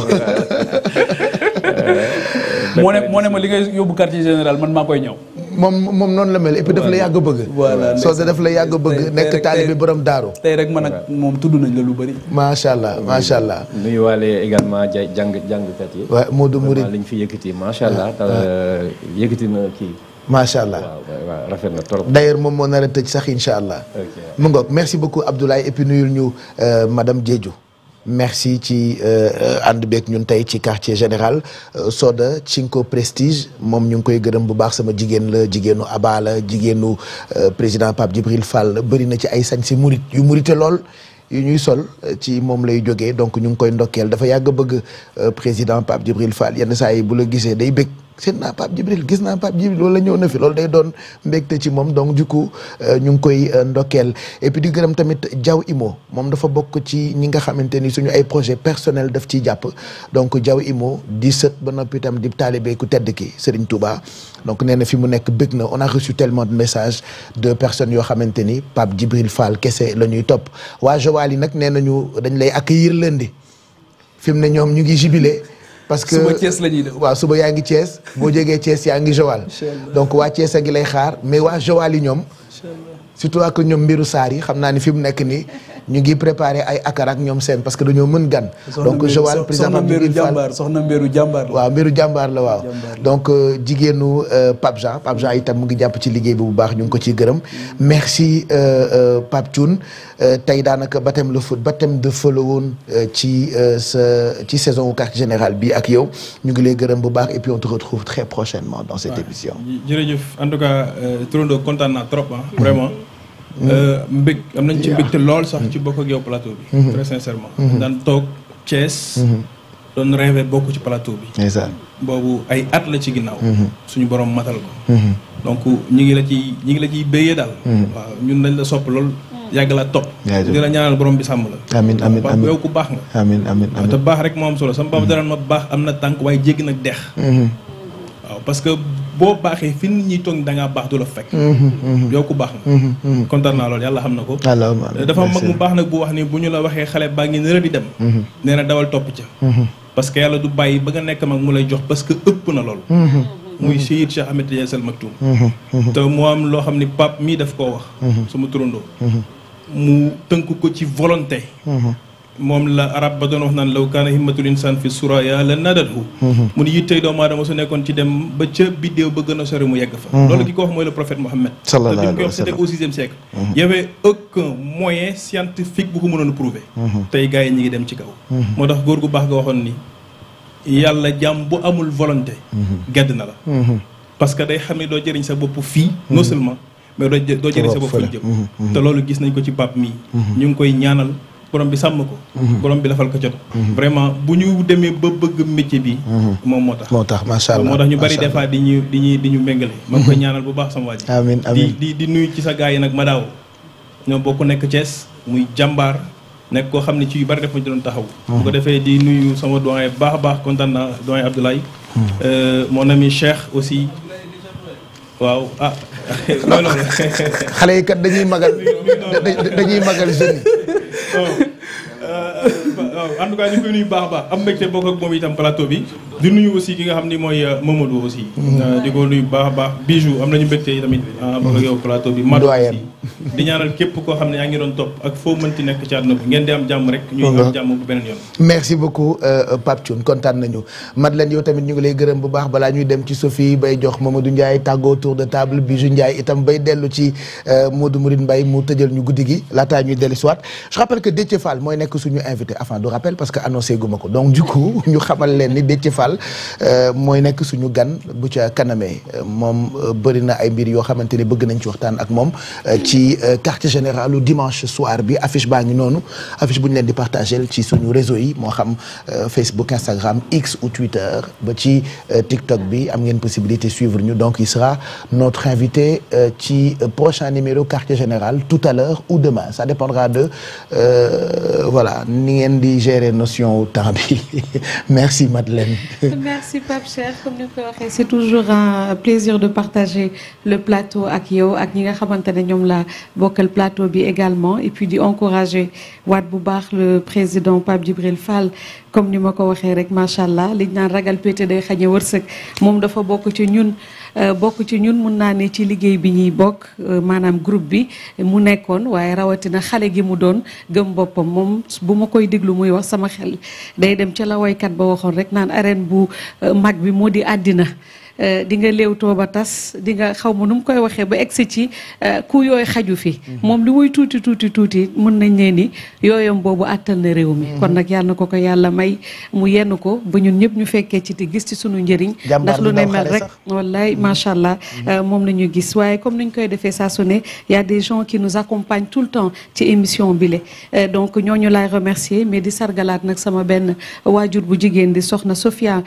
moo ne moo ne ma li ngay yóbbu quartier général man maa koy ñëw. moom moom noonu la mel et puis daf la yàgg bëgg. voilà Soda daf la yàgg bëgg nekk taalibe borom daaru. tey rek man ak moom tudd nañ la lu bari macha allah macha allah. nuyuwaale également jàng jàngkat yi. waaw Modou Mouride vraiment li ñu fi yëkkati macha allah euh, yëkkati na kii. macha allah waaw rafet na trop. d'ailleurs moom moo na a tëj sax incha allah. mu ngoog merci beaucoup Abdoulaye et puis nuyul ñu euh, madam Diédhiou. merci ci euh, ànd beeg ñun tey ci quartier général euh, Soda Cinco Prestige moom ñu ngi koy gërëm bu baax sama jigéen la jigéenu Aba jigéenu président Pape Djibril Fall bëri na ci ay sañ si murit yu murite lool yu ñuy sol ci moom lay jógee donc ñu ngi koy ndokkeel dafa yàgg bëgg président Pape Djibril Fall yenn saa yi bu la gisee day bëgg. seet naa Pape Djibril gis naa Pape Djibril loolu la ñëw na fi loolu day doon mbégte ci moom donc du coup euh, ñu ngi koy euh, ndokkeel et di gërëm tamit Diaw Imo moom dafa bokk ci ñi nga xamante ni suñu ay projet personnel def ciy jàpp donc jaw Imo di sët ba noppi itam di taalibe ku tedd ki Serigne Touba donc nee na fi mu nekk bëgg na on a reçu tellement de message de personnes yoo xamante ni Pape Djibril Fall kese la ñuy topp waa Joal yi nag nee nañu dañ lay accueillir lundi fi mu ne ñoom ñu ngi jubilé parce que suba Thiès la ñuy def waaw suba yaa ngi Thiès boo jógee Thiès yaa ngi Joal donc waa Thiès a ngi lay xaar mais waa Joal yi ñoom surtout ak ñoom mbiru saar yi xam naa ni fi mu nekk nii ñu ngi préparé ay akar ak ñoom seen parce que dañoo mën gan. donc Joal président Mbiru Jàmbaar soxna Jàmbaar la waaw. donc euh, jigéenu euh, Pape Jean Pape Jean itam mu ngi jàpp ci liggéey bi bu baax ñu ngi ko ci gërëm. merci euh, Pape Thioune tey daanaka baptême le foot baptême de feu woon ci sa ci saison quartier général bi ak yow ñu ngi lay gërëm bu baax et puis on te retrouve très prochainement dans cette émission. Euh, mbég am nañ ci mbégte lool sax ci bokk ak yow plateau bi. Mm-hmm. très sincèrement. Mm-hmm. daan toog Thiès. Mm-hmm. doon rêvé bokk ci plateau bi. boobu ay at la ci ginnaaw. suñu borom matal ko. donc ñu ngi la ci ñu ngi la ciy béyee daal. waaw ñun dañ la sopp lool. Mm. yàgg la topp. di la ñaanal borom bi sàmm la. amiin amiin amiin yow ku baax nga. amiin amiin amiin te baax rek moo am solo sama baax dara ma baax am na tànk waaye jéggi nag dex. waaw parce boo baaxee fi nit ñi toog da ngaa baax du la fekk. Mhm, mhm. yow ku baax nga. Mhm, kontaan naa loolu yàlla xam na ko. dafa mag mu baax nag bu wax ni bu ñu la waxee xale baa ngi nër di dem. nee dawal topp ca. parce que yàlla du bàyyi ba nga nekk mag mu lay jox parce que ëpp na loolu. muy Seyid Cheikh Ahmed Tidiane Sall Maktoum. te mu am loo xam ni pape mii daf koo wax. sama turandoo. mu tënk ko ci volonté. moom la arab ba doon wax naan law kaana himmatul insaan fi suraya la nadathu mhm. mu ni yittey doomu aadama su nekkoon ci dem ba ca biddéew ba gën a sori mu yegg fa mhm. loolu ki ko wax mooy le prophète Mohammed sallallahu alayhi wa mhm. yi ñi ngi dem ci kaw moo tax góor gu baax nga waxoon ni yàlla jàmm bu amul volonté gedd na la parce que day xam ne doo jëriñ sa bopp fii non seulement mais doo doo jëriñ sa bopp fële jëm te loolu gis nañ ko ci bab mii ñu ngi koy ñaanal borom bi sàmm ko. Mhm. borom bi lafal ko jot. Mhm. vraiment bu ñu demee ba bëgg métier bi. Mhm. moom moo tax moo tax macha allah moo tax ñu bari des fois di ñu di ñu di ñu méngale. koy ñaanal bu baax sama waa di di nuyu ci sa gars yi nag Madaw. ñoom bokk nekk Thiès muy jàmbaar nekk koo xam ne ci yu bari def ma ci doon taxaw. bu ko defee di nuyu sama doyen baax a baax kontaan naa doyen Abdoulaye. Euh, na ami Cheikh aussi. waaw ah. xale yi kat dañuy magal dañuy Oh. waaw en tout cas ñu ngi koy nuyu baax baax am mbégte bokk moom itam plateau bi di nuyu aussi ki nga xam ni mooy euh, Mamadou aussi mm-hmm. euh, di ko nuyu baax baax bijou am nañu mbégte yi tamit ah, bokk ak mm-hmm. képp koo xam ne yaa ngi doon topp ak foo mënti nekk ci àdduna bi ngeen di am jàmm rek ñuy mm-hmm. euh, tamit ñu ngi lay gërëm bu baax balaa ñuy dem ci Sophie bay jox Mamadou Ndiaye tàggoo tour de table bijou Ndiaye itam bay dellu ci Modou Mourine Mbaye mu tëjal ñu guddi gi laataa ñuy dellu siwaat je rappelle que Déthié Fall mooy nekk suñu invité avant rappelle parce que annoncé guma ko donc du coup ñu xamal leen ni Déthié Fall euh, mooy nekk suñu gan bu ca kaname moom euh, bëri na ay mbir yoo xamante ni bëgg nañ ci waxtaan ak moom euh, ci quartier général dimanche soir bi affiche baa ngi noonu affiche bu ñu leen di partagel ci suñu réseau yi moo xam Facebook Instagram X ou Twitter ba ci TikTok bi am ngeen possibilité suivre ñu donc il sera notre invité ci prochain numéro quartier général tout à l'heure ou demain ça dépendra gérer notion wu merci Madeleine. merci Pape Cheikh comme ni ko c'est toujours un plaisir de partager le plateau ak yow ak ñi nga xamante ne ñoom la bokkal plateau bi également et puis di encourager waat bu baax le président Pape Djibril Fall. comme ni ma ko waxee rek macha allah liñ naan ragal pété day xañe wërsëg moom dafa Euh, bokk ci ñun mun naa ne ci liggéey bi ñuy bokk euh, maanaam groupe bi mu nekkoon waaye rawatina xale gi mu doon gëm boppam moom bu ma koy déglu muy wax sama xel day dem ca la woykat ba waxoon rek naan arène bu euh, mag bi moo di àddina Eh, di nga léewtoo ba tas di nga xaw ma nu mu koy waxee ba egsi ci eh, ku yooy xaju fi mhm. moom li muy tuuti tuuti tuuti mën nañ nee ni yooyam boobu àttal na réew mi mhm. kon nag yàlla na ko ko yàlla may mu yenn ko ba ñun ñëpp ñu fekkee ci te gis ci sunu njëriñ ndax lu ne mel rek wallaay mhm. macha allah eh, moom la ñu gis waaye comme ni ñu koy defee saa su ne y des gens qui nous accompagnent tout le temps ci émission bile donc ñooñu laay remercier mais di sargalaat nag sama benn waajur bu jigéen di soxna Sophia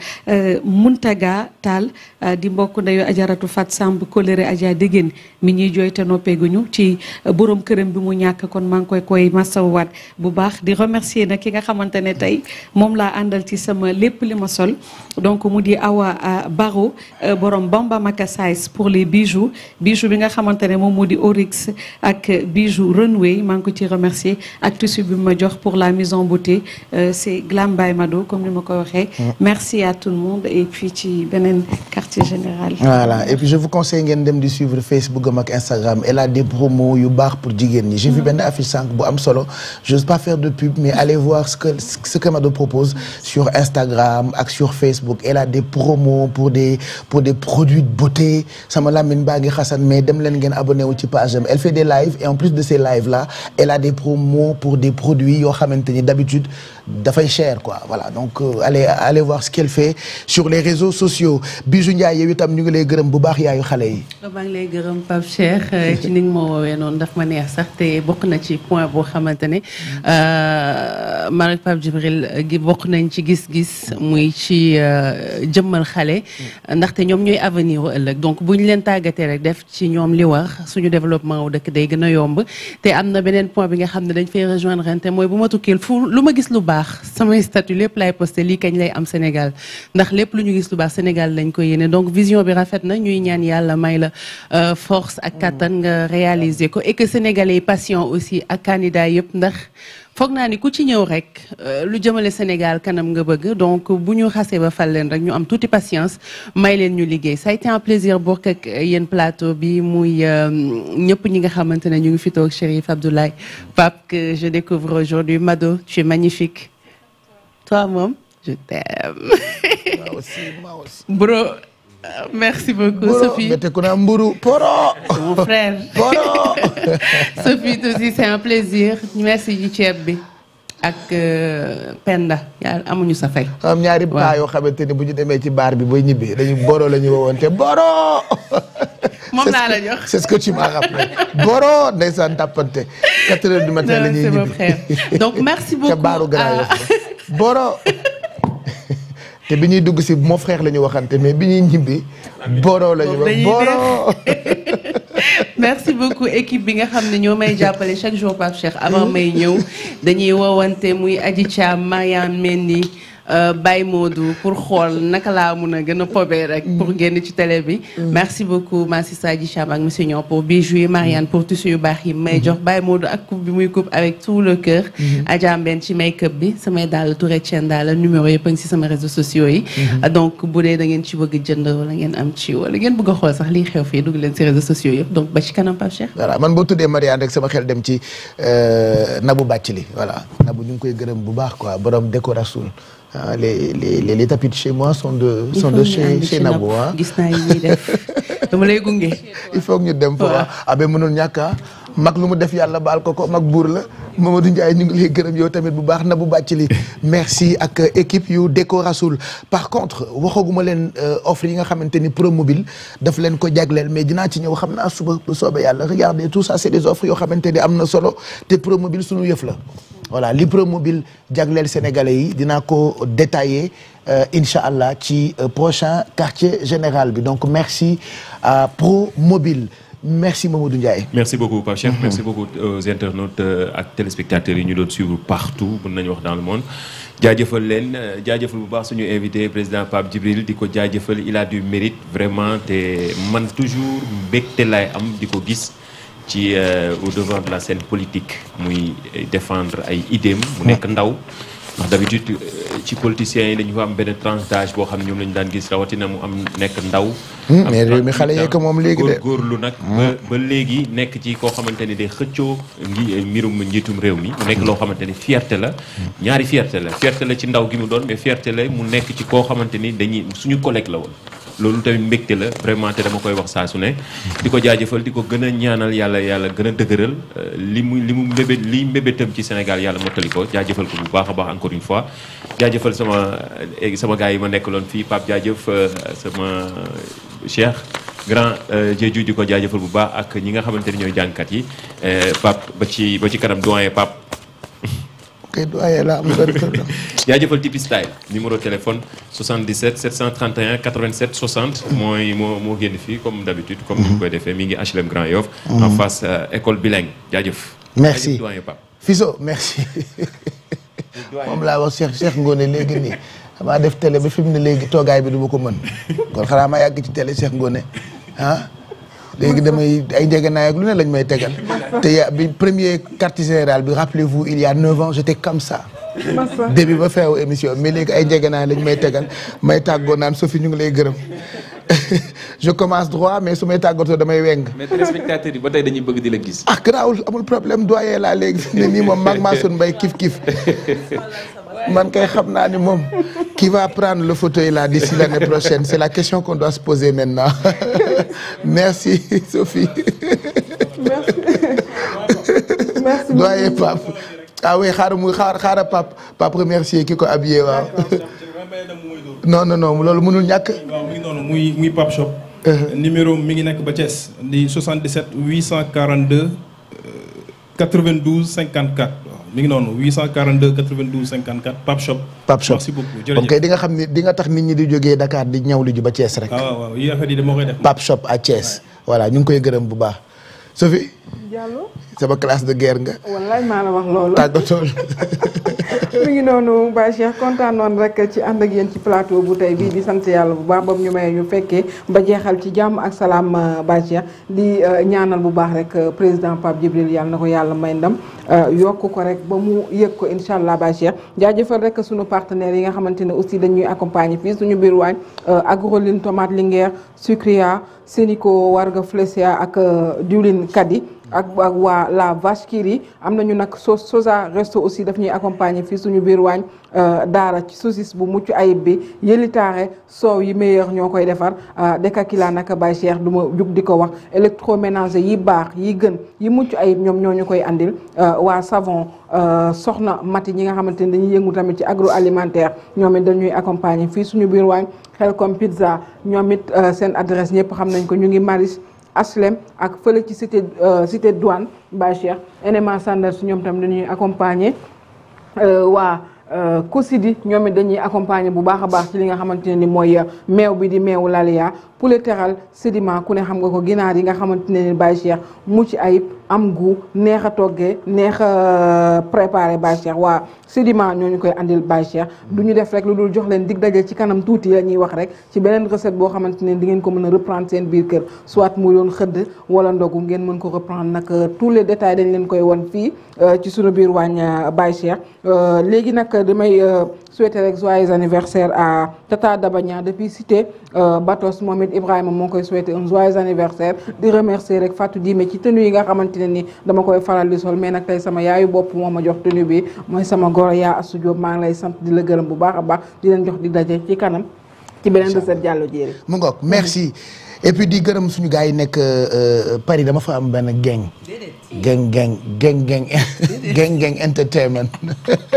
Muntaga Tall Euh, di mbokk ndeyu jaratu Fat Samb koléré aja déggéen mi ñuy jooy te noppeeguñu ci euh, borom këram bi mu ñàkk kon maa ngi koy koy masawaat bu baax di remercier nag ki nga xamante ne tey moom laa àndal ci sama lépp li ma sol donc mu di Awa euh, Baro borom Bamba Maka Size pour les bijoux bijoux bi nga xamante ne moom moo di Oryx ak bijoux Runway maa ngi ko ci remercier ak tissu bi ma jox pour la maison beauté c'est Glam by Mado comme ni ma koy waxee mm. merci à tout le ci beneen quartier général. voilà et puis je dem di suivre Facebook am ak Instagram elle a des promos yu baax pour jigéen ñi. j'ai vu benn affiche sànq bu am solo j'ose pas faire de pub mais allez voir ce que ce que Mado propose sur Instagram ak sur Facebook elle a des promos pour des pour des produits de beauté sama lamine baa ngi xasan mais dem leen ngeen abonné wu ci page am elle fait des lives et en plus de ces lives là elle a des promos pour des produits yoo xamante ni d'habitude dafay cher quoi voilà donc euh, allez allez voir ce qu'elle fait sur les réseaux sociaux Ndiaye yow itam ñu ngi lay gërëm bu baax yaayu xale yi. maa ngi lay gërëm Pape Cheikh eh, ci ni nga ma woowee noonu daf ma neex sax te bokk na ci point boo xamante ne euh, Marek Pape Djibril eh, gi bokk nañ ci gis-gis muy ci euh, jëmmal xale. ndaxte ñoom ñooy avenir u ëllëg donc bu ñu leen tàggatee rek def ci ñoom li wax suñu développement wu dëkk day gën a yomb te am na beneen point bi nga xam ne dañ fay rejoindre ren te mooy bu ma tukkee fu lu ma gis lu baax samay statut lépp lay posté lii kañ lay am Sénégal donc vision bi rafet na ñuy ñaan yàlla may la euh, force ak kattan nga réaliser ko et que sénégalais yi patient aussi ak candidat yëpp ndax foog naa ni ku ci ñëw rek euh, lu jëmale Sénégal kanam nga bëgg donc bu ñu xasee ba fal leen rek ñu am tuuti patience may leen ñu liggéey ça a été un plaisir bokk ak yéen plateau bi muy euh, ñëpp ñi nga xamante ne ñu ngi fi toog Chérif Abdoulaye Pape que je découvre aujourd'hui Mado tu es magnifique toi moom je t'aime. merci beaucoup Sophie ku na mburu poro. mon frère poro. Sophie aussi c'est un plaisir merci ci ceeb bi. ak euh, Penda ñaar amuñu sa fay. am ñaari paa yoo xamante ni bu ñu demee ci baar bi booy ñibbi dañu boro la ñu woowoon te boro. moom laa la jox c'est ce que tu m'as rappelé boro heures du matin la ñuy ñibbi donc merci beaucoup ca baaru ah. Boro. te bi ñuy dugg si mon frère la ñu waxante mais bi ñuy ñibbi. boro la ñu wax merci beaucoup équipe bi nga xam ne ñoo may jàppale chaque jour Pape Cheikh avant may ñëw dañuy wowante muy Adji Thiam Mariam Mendy. Euh, Baye Modou pour xool naka laa mun a gën a pobee rek. pour génn ci télé bi. Mm. merci beaucoup Massi Sadji Cham ak monsieur Nior pour bijoux Marianne pour tissu yu baax yi may jox Baye Modou ak coupe bi muy coupe avec tout le cœur. Mm-hmm. Adja Mbène ci make bi samay daal Touré Tchène daal numéro yëpp a ngi si sama réseaux sociaux yi. Mm-hmm. donc bu dee da ngeen ci bëgg jënd wala ngeen am ci wala ngeen bëgg a xool sax li xew fii dugg leen si réseaux sociaux yëpp donc ba ci kanam Pape Cheikh. voilà man boo tuddee Marianne rek sama xel dem ci euh, Nabou Bathily voilà ñu ngi koy gërëm bu baax quoi borom décoration ah les les les tapis de chez moi sont de. sont de chez chez Nabou ah. gis naa yi ñuy def dama lay gunge. il faut ñu dem fa abe ben mënul ñàkk ah. mag lu mu def yàlla baal ko ko mag buur la Mamadou Ndiaye ñu ngi lay gërëm yow tamit bu baax na bu Nabou Bathily merci ak équipe yu Déco Rasoul par contre waxaguma leen euh, offre yi nga xamante ni Promobile daf leen ko jagleel mais dinaa ci ñëw xam naa suba bu soobee yàlla regardez tout ça c'est des offres yoo xamante ni am na solo te Promobile suñu yëf la. voilà Lipro Mobile jagleel sénégalais yi dina ko détailler euh, incha allah ci euh, prochain quartier général bi donc merci à euh, Pro Mobile merci u Ndiaye. merci beaucoup Pape Cheikh. merci beaucoup euh, aux internautes euh, ak téléspectateurs yi ñu doon suivre partout mën nañu wax dans le monde. jaajëfal leen jaajëfal bu baax suñu invité président Pape Djibril di ko jaajëfal il a du mérite vraiment te man toujours mbégte laay am di ko gis. ci euh, au devant la scène politique muy euh, défendre ay idéem mu nekk ndaw ndax d'habitude euh, ci politiciens yi dañu fa am benn tranche boo xam ne ñoom la ñu daan gis rawatina mu am nekk ndaw. Hmm, mais réew mi xale yeeg moom léegi de lu nag. Hmm. ba ba léegi nekk ci koo xamante ni day xëccoo ngi mbirum njiitum réew mi. mu nekk loo xamante ni fierté la. Hmm. ñaari fierté la fierté la ci ndaw gi mu doon mais fierté la mu nekk ci koo xamante ni dañuy suñu collègue la woon. loolu tamit mbégte la vraiment te dama koy wax saa su ne di ko jaajëfal di ko gën a ñaanal yàlla yàlla gën a dëgëral euh, li mu li mu mbébét li mbébétam ci Sénégal yàlla mottali ko jaajëfal ko bu baax a baax encore une fois jaajëfal sama eh, sama yi ma nekk loon fii Pape jaajëf euh, sama Cheikh grand jeeju euh, di ko jaajëfal bu baax ak ñi nga xamante ni ñooy jàngkat yi eh, Pape ba ci ba ci kanam doyen Pape kay doyee laa am benn problème. Tipi Style numéro téléphone 77 731 87 60. mooy moo moo fi fii comme d'habitude. comme ni ñu koy defee mi ngi HLM Grand Yoff. en mhm. face euh, école bilingue jaajëf. merci doyen Pape. Fiso merci. moom laa wax Cheikh Cheikh Ngone léegi nii damaa def télé ba fi mu ne léegi toogaay bi du ma ko mën kon xanaa yàgg ci télé Cheikh Ngone ah. léegi damay ay njëgënaay ak lu ne lañ may tegal te ya bi premier quartier général bi rappelez-vous il y a neuf ans j'étais comme ça. début ba feew émission mais léegi ay naa lañ may tegal may tàggoo naan Sophie ñu ngi lay gërëm. je commence droit mais su may tàggatoo damay weng. mais téléspectateurs yi ba tey dañuy bëgg di la gis. ah garaawul amul problème doyee laa léegi ne nii moom mag Mansour Mbaye kif kif. man kay xam naa ni moom qui va prendre le fauteuil là d'ici l'année prochaine c'est la question qu'on doit se poser maintenant merci Sophie. merci merci ah oui xaaral muy xaar xaaral Pape Pape remercier ki ko habillé waaw. non non non loolu mënul ñàkk. waaw mi ngi noonu muy muy Pape Shop. Uh-huh. numéro mi ngi nekk ba Thiès di 77 842 92 mi ngi noonu 842 92 54 Pape Shop. Pape Shop merci beaucoup jërëjëf kon kay di nga xam ni di nga tax nit ñi di jógee Dakar di ñaw lu ji rek. Ah, waaw waaw yi affaire koy def. Pape ñu ngi koy gërëm bu baax Diallo sama classe de guerre nga. wallaay maa la wax loolu. tàggatoo mi ngi noonu Baye Cheikh kontaan noonu rek ci ànd ak yéen ci plateau bu tey bii di sant yàlla bu baax boobu ñu may ñu fekkee ba jeexal ci jàmm ak salaam euh, Baye Cheikh di euh, ñaanal bu baax rek euh, président Pape Djibril yàlla na ko yàlla may ndam yokk ko rek ba mu yëg ko incha allah Baye Cheikh jaajëfal rek suñu partenaires yi nga xamante ne aussi dañuy accompagner fii suñu biir waañ agroline tomate linguère sucria Sénico warga Flesia ak diwlin Kadi ak ak waa la vache qui rit am nañu nag so sosa resto aussi daf ñuy accompagner fii suñu biir waañ euh, daara ci saucisse bu mucc ayib bi yëlitaare soow yi meilleur ñoo koy defar euh, Dekakila naka Baye Cheikh du ma jug di ko wax électroménager yi baax yi gën yi mucc ayib ñoom ñoo ñu koy andil euh, waa savon soxna mati ñi nga xamante ni dañuy yëngu tamit ci agroalimentaire ñoom it dañuy accompagner fii suñu biir waañ xel comme pizza ñoom it seen adresse ñëpp xam nañ ko ñu ngi maris HLM ak fële ci cité euh, cité douane Baye Cheikh NMA Sanders ñoom tam dañuy accompagner euh, waa COSIDI euh, ñoom it dañuy accompagner bu baax a baax ci li nga xamante ne ni mooy meew bi di meewu Laliya poulet teral sédiment ku ne xam nga ko ginaar yi nga xamante ne ni Baye Cheikh mucc ayib. am gu neex a toggee neex a euh, préparé Baye Cheikh waa sédiment ñoo ñu koy andil Baye Cheikh du ñu def rek lu dul jox leen dig daje ci kanam tuuti la ñuy wax rek ci beneen recette boo xamante ne di ngeen ko mën a reprendre seen biir kër soit mu doon xëdd wala ndogu ngeen mën ko reprendre nag euh, tous les détails dañ leen koy won fii euh, ci sunu biir wàññ Baye Cheikh léegi nag damay souhaiter rek joyeux anniversaire à Tata Dabagna depuis cité euh, Batos moom it Ibrahima moo ngi koy souhaiter un joyeux anniversaire di remercier rek Fatou Djimé ci tenue yi nga xamante ne ni dama koy faral di sol mais nag tey sama yaayu bopp moo ma jox tenue bi mooy sama goro yaa Astou Diop maa ngi lay sant di la gërëm bu baax a baax di leen jox di daje ci kanam ci beneen recette Diallo Diéry mu ngoog merci et di gërëm suñu gars yi nekk euh, euh, Paris dama fa am benn gang. gang gang gang gang gang gang entertainment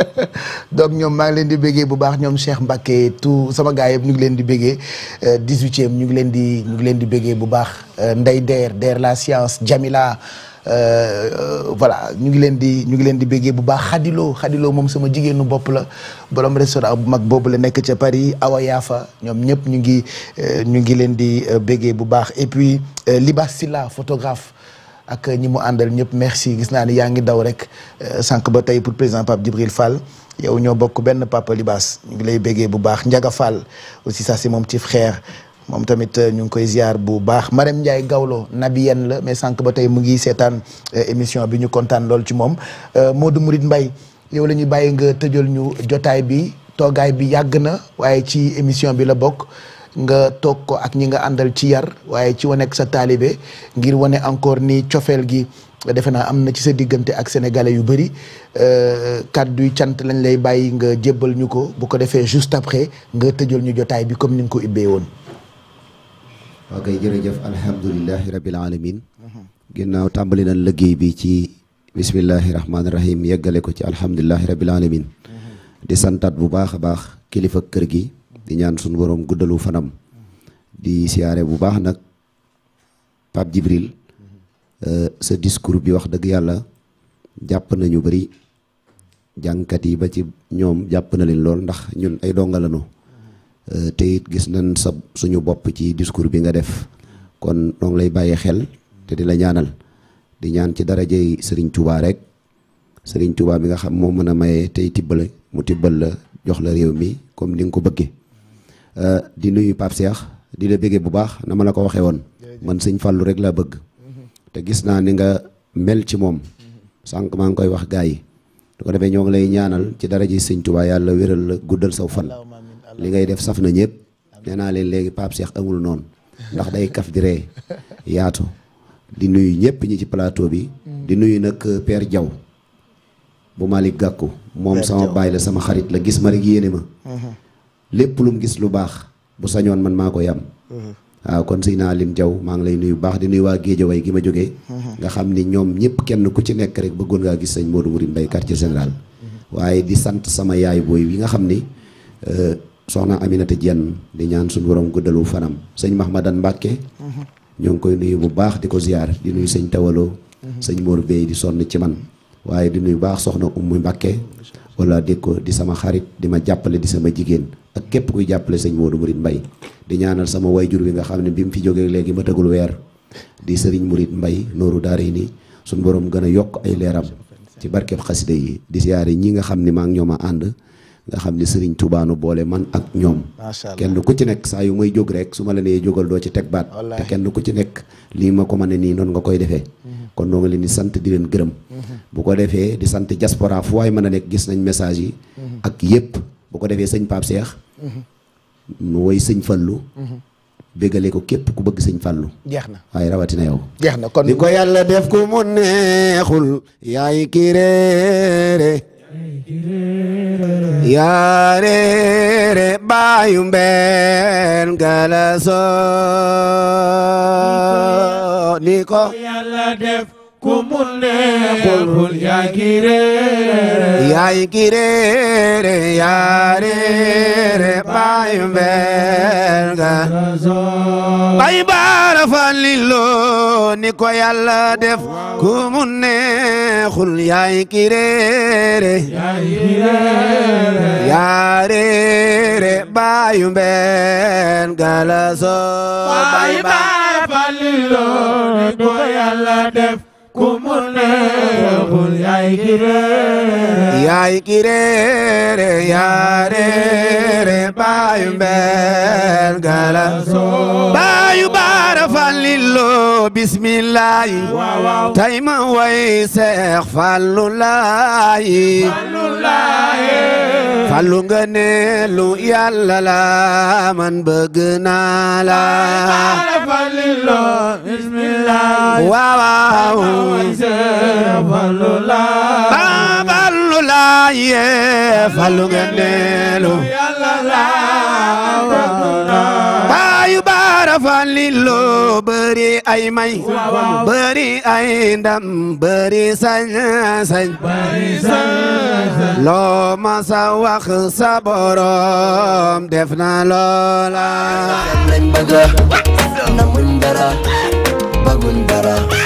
donc ñoom maa ngi leen di béggee bu baax ñoom Cheikh Mbacké tout sama gars yëpp ñu ngi leen di béggee 18e euh, ñu ngi leen di ñu ngi leen di béggee bu baax Ndey Der Der la science Jamila. Euh, euh, voilà ñu ngi leen di ñu ngi leen di béggee bu baax xadiloo xadiloo moom sama jigéenu bopp la borom restaurant bu mag boobu la nekk ca Paris Awa Yafa ñoom ñëpp ñu ngi euh, ñu ngi leen di béggee bu baax et puis Liba Silla photographe ak ñi mu àndal ñëpp merci gis naa ne yaa ngi daw rek sànq ba tey pour président Pape Djibril Fall yow ñoo bokk benn papa Libas ñu ngi lay béggee bu baax Ndiaga Fall aussi ça si moom petit frère moom tamit euh, ñu ngi koy ziar bu baax Marème Ndiaye Gawlo nabiyen la mais sànq ba tey mu ngi seetaan euh, émission bi ñu kontaan lool ci moom euh, Modou Mourid mbay yow la ñuy bàyyi nga tëjal ñu jotaay bi toogaay bi yàgg na waaye ci émission bi la bokk nga toog ko ak ñi nga àndal ci yar waaye ci wane ak sa taalibe ngir wane encore ni cofeel gi defe naa am na ci sa diggante ak sénégalais yu bëri kàdduy cant lañ lay bàyyi nga jébbal ñu ko bu ko defee juste après nga tëjal ñu jotaay bi comme ni nga ko ibbee woon. waaw kay jërëjëf alhamdulilahi rabil alamin mhm. ginnaaw tàmbali na liggéey bi ci bismillahi rahmaani rahim yeggale ko ci alhamdulilahi rabil alamin mhm. di santaat bu baax a baax kilifa kër gi di ñaan suñu boroom guddalu fanam di siyaare bu baax nag Pape Djibril mhm. euh, sa discours bi wax dëgg yàlla jàpp nañu bari jànkat yi ba ci ñoom jàpp na leen lool ndax ñun ay donga Euh, te it gis nañ sa suñu bopp ci discours bi nga def kon ñoo lay bàyyi xel te di la ñaanal di ñaan ci darajey sëriñ Touba rek sëriñ Touba bi nga xam moo mën a maye tey tibbale mu tibbal la jox la réew mi comme ni nga ko bëggee euh, di nuyu Pape Cheikh di la bëggee bu baax na ma la ko waxee woon man sëñ Fallou rek laa bëgg mhm. te gis naa ni nga mel ci moom mhm. sànq maa ngi koy wax gaa yi ko defee ñoo ngi lay ñaanal ci darajey sëñ Touba yàlla wéral la guddal saw fan. li ngay def saf na ñëpp nee naa leen léegi Pape Cheikh amul noonu ndax day kaf di ree yaatu di nuyu ñëpp ñi ci plateau bi di nuyu nag euh, Père Diaw bu Malick Gakou moom sama baay la sama xarit la gis ma rek yéene ma mhm. lépp lu mu gis lu baax bu sañoon man maa ko yam mhm. waaw kon sëñ naa lim jaw maa ngi lay nuyu baax di nuyu waa Géejawaay gi ma jógee mhm. nga xam ni ñoom ñëpp kenn ku ci nekk rek bëggoon ngaa gis sañ Modou Mouride Mbaye quartier général waaye di sant sama yaay yi nga xam ni euh, soxna Aminata Dieng di ñaan suñu borom guddalu fanam sëñ max ma Mahmadan Mbàkke ñoo ngi koy nuyu bu baax di ko ziar di nuyu sëñ Tawalo sëñ Mor Bey di sonn ci man waaye di nuyu baax soxna mu Mbàkke wala dégg ko di sama xarit di ma jàppale di sama jigéen ak képp kuy jàppale sëñ Modou Mouride mbay di ñaanal sama way jur bi nga xam ne bi mu fi jógee léegi ma tëgul weer di sëriñ Mouride mbay nooru daara yi nii suñu borom gën a yokk ay leeram ci barkeb xasida yi di ziare ñi nga xam ne maa ñoo ma ànd nga xam ni sëriñ Tuubaa boole man ak ñoom kenn ku ci nekk saa yu may jóg rek su ma la nee jógal doo ci teg baat te kenn ku ci nekk lii ma ko mën a nii noonu nga koy defee mhm. kon noo ngi leen di sant di leen gërëm mhm. bu ko defee di sant diaspora fu waay mën a nekk gis nañ message yi mhm. ak yëpp bu ko defee sëñ Pape Cheikh nu woy sëñ Fallu bégale ko képp ku bëgg sëñ Fallu jeex na waaye rawatina na kon di ko yàlla def ku mu neexul yaay ki réere yaareere baayu mbeen galaso ni ko ku mu neexul bul yaa ngi reere yaa ngi reere reere baay mbel nga baay ko yàlla def ku mu neexul la soo kumu neexul yaay ki reere yaay ki reere yaa reere baayu mbeel gala soo baayu falliloo bismillahi tay ma way seex fallu laayi fallu nga ne lu yàlla la man bëgg naa la bismillahi waaw fallu laayi eh, fallu nga ne fàllil loo bëri ay may bëri ay ndam bëri sañ-sañ loo ma wax sa def na loola namun dara bagun dara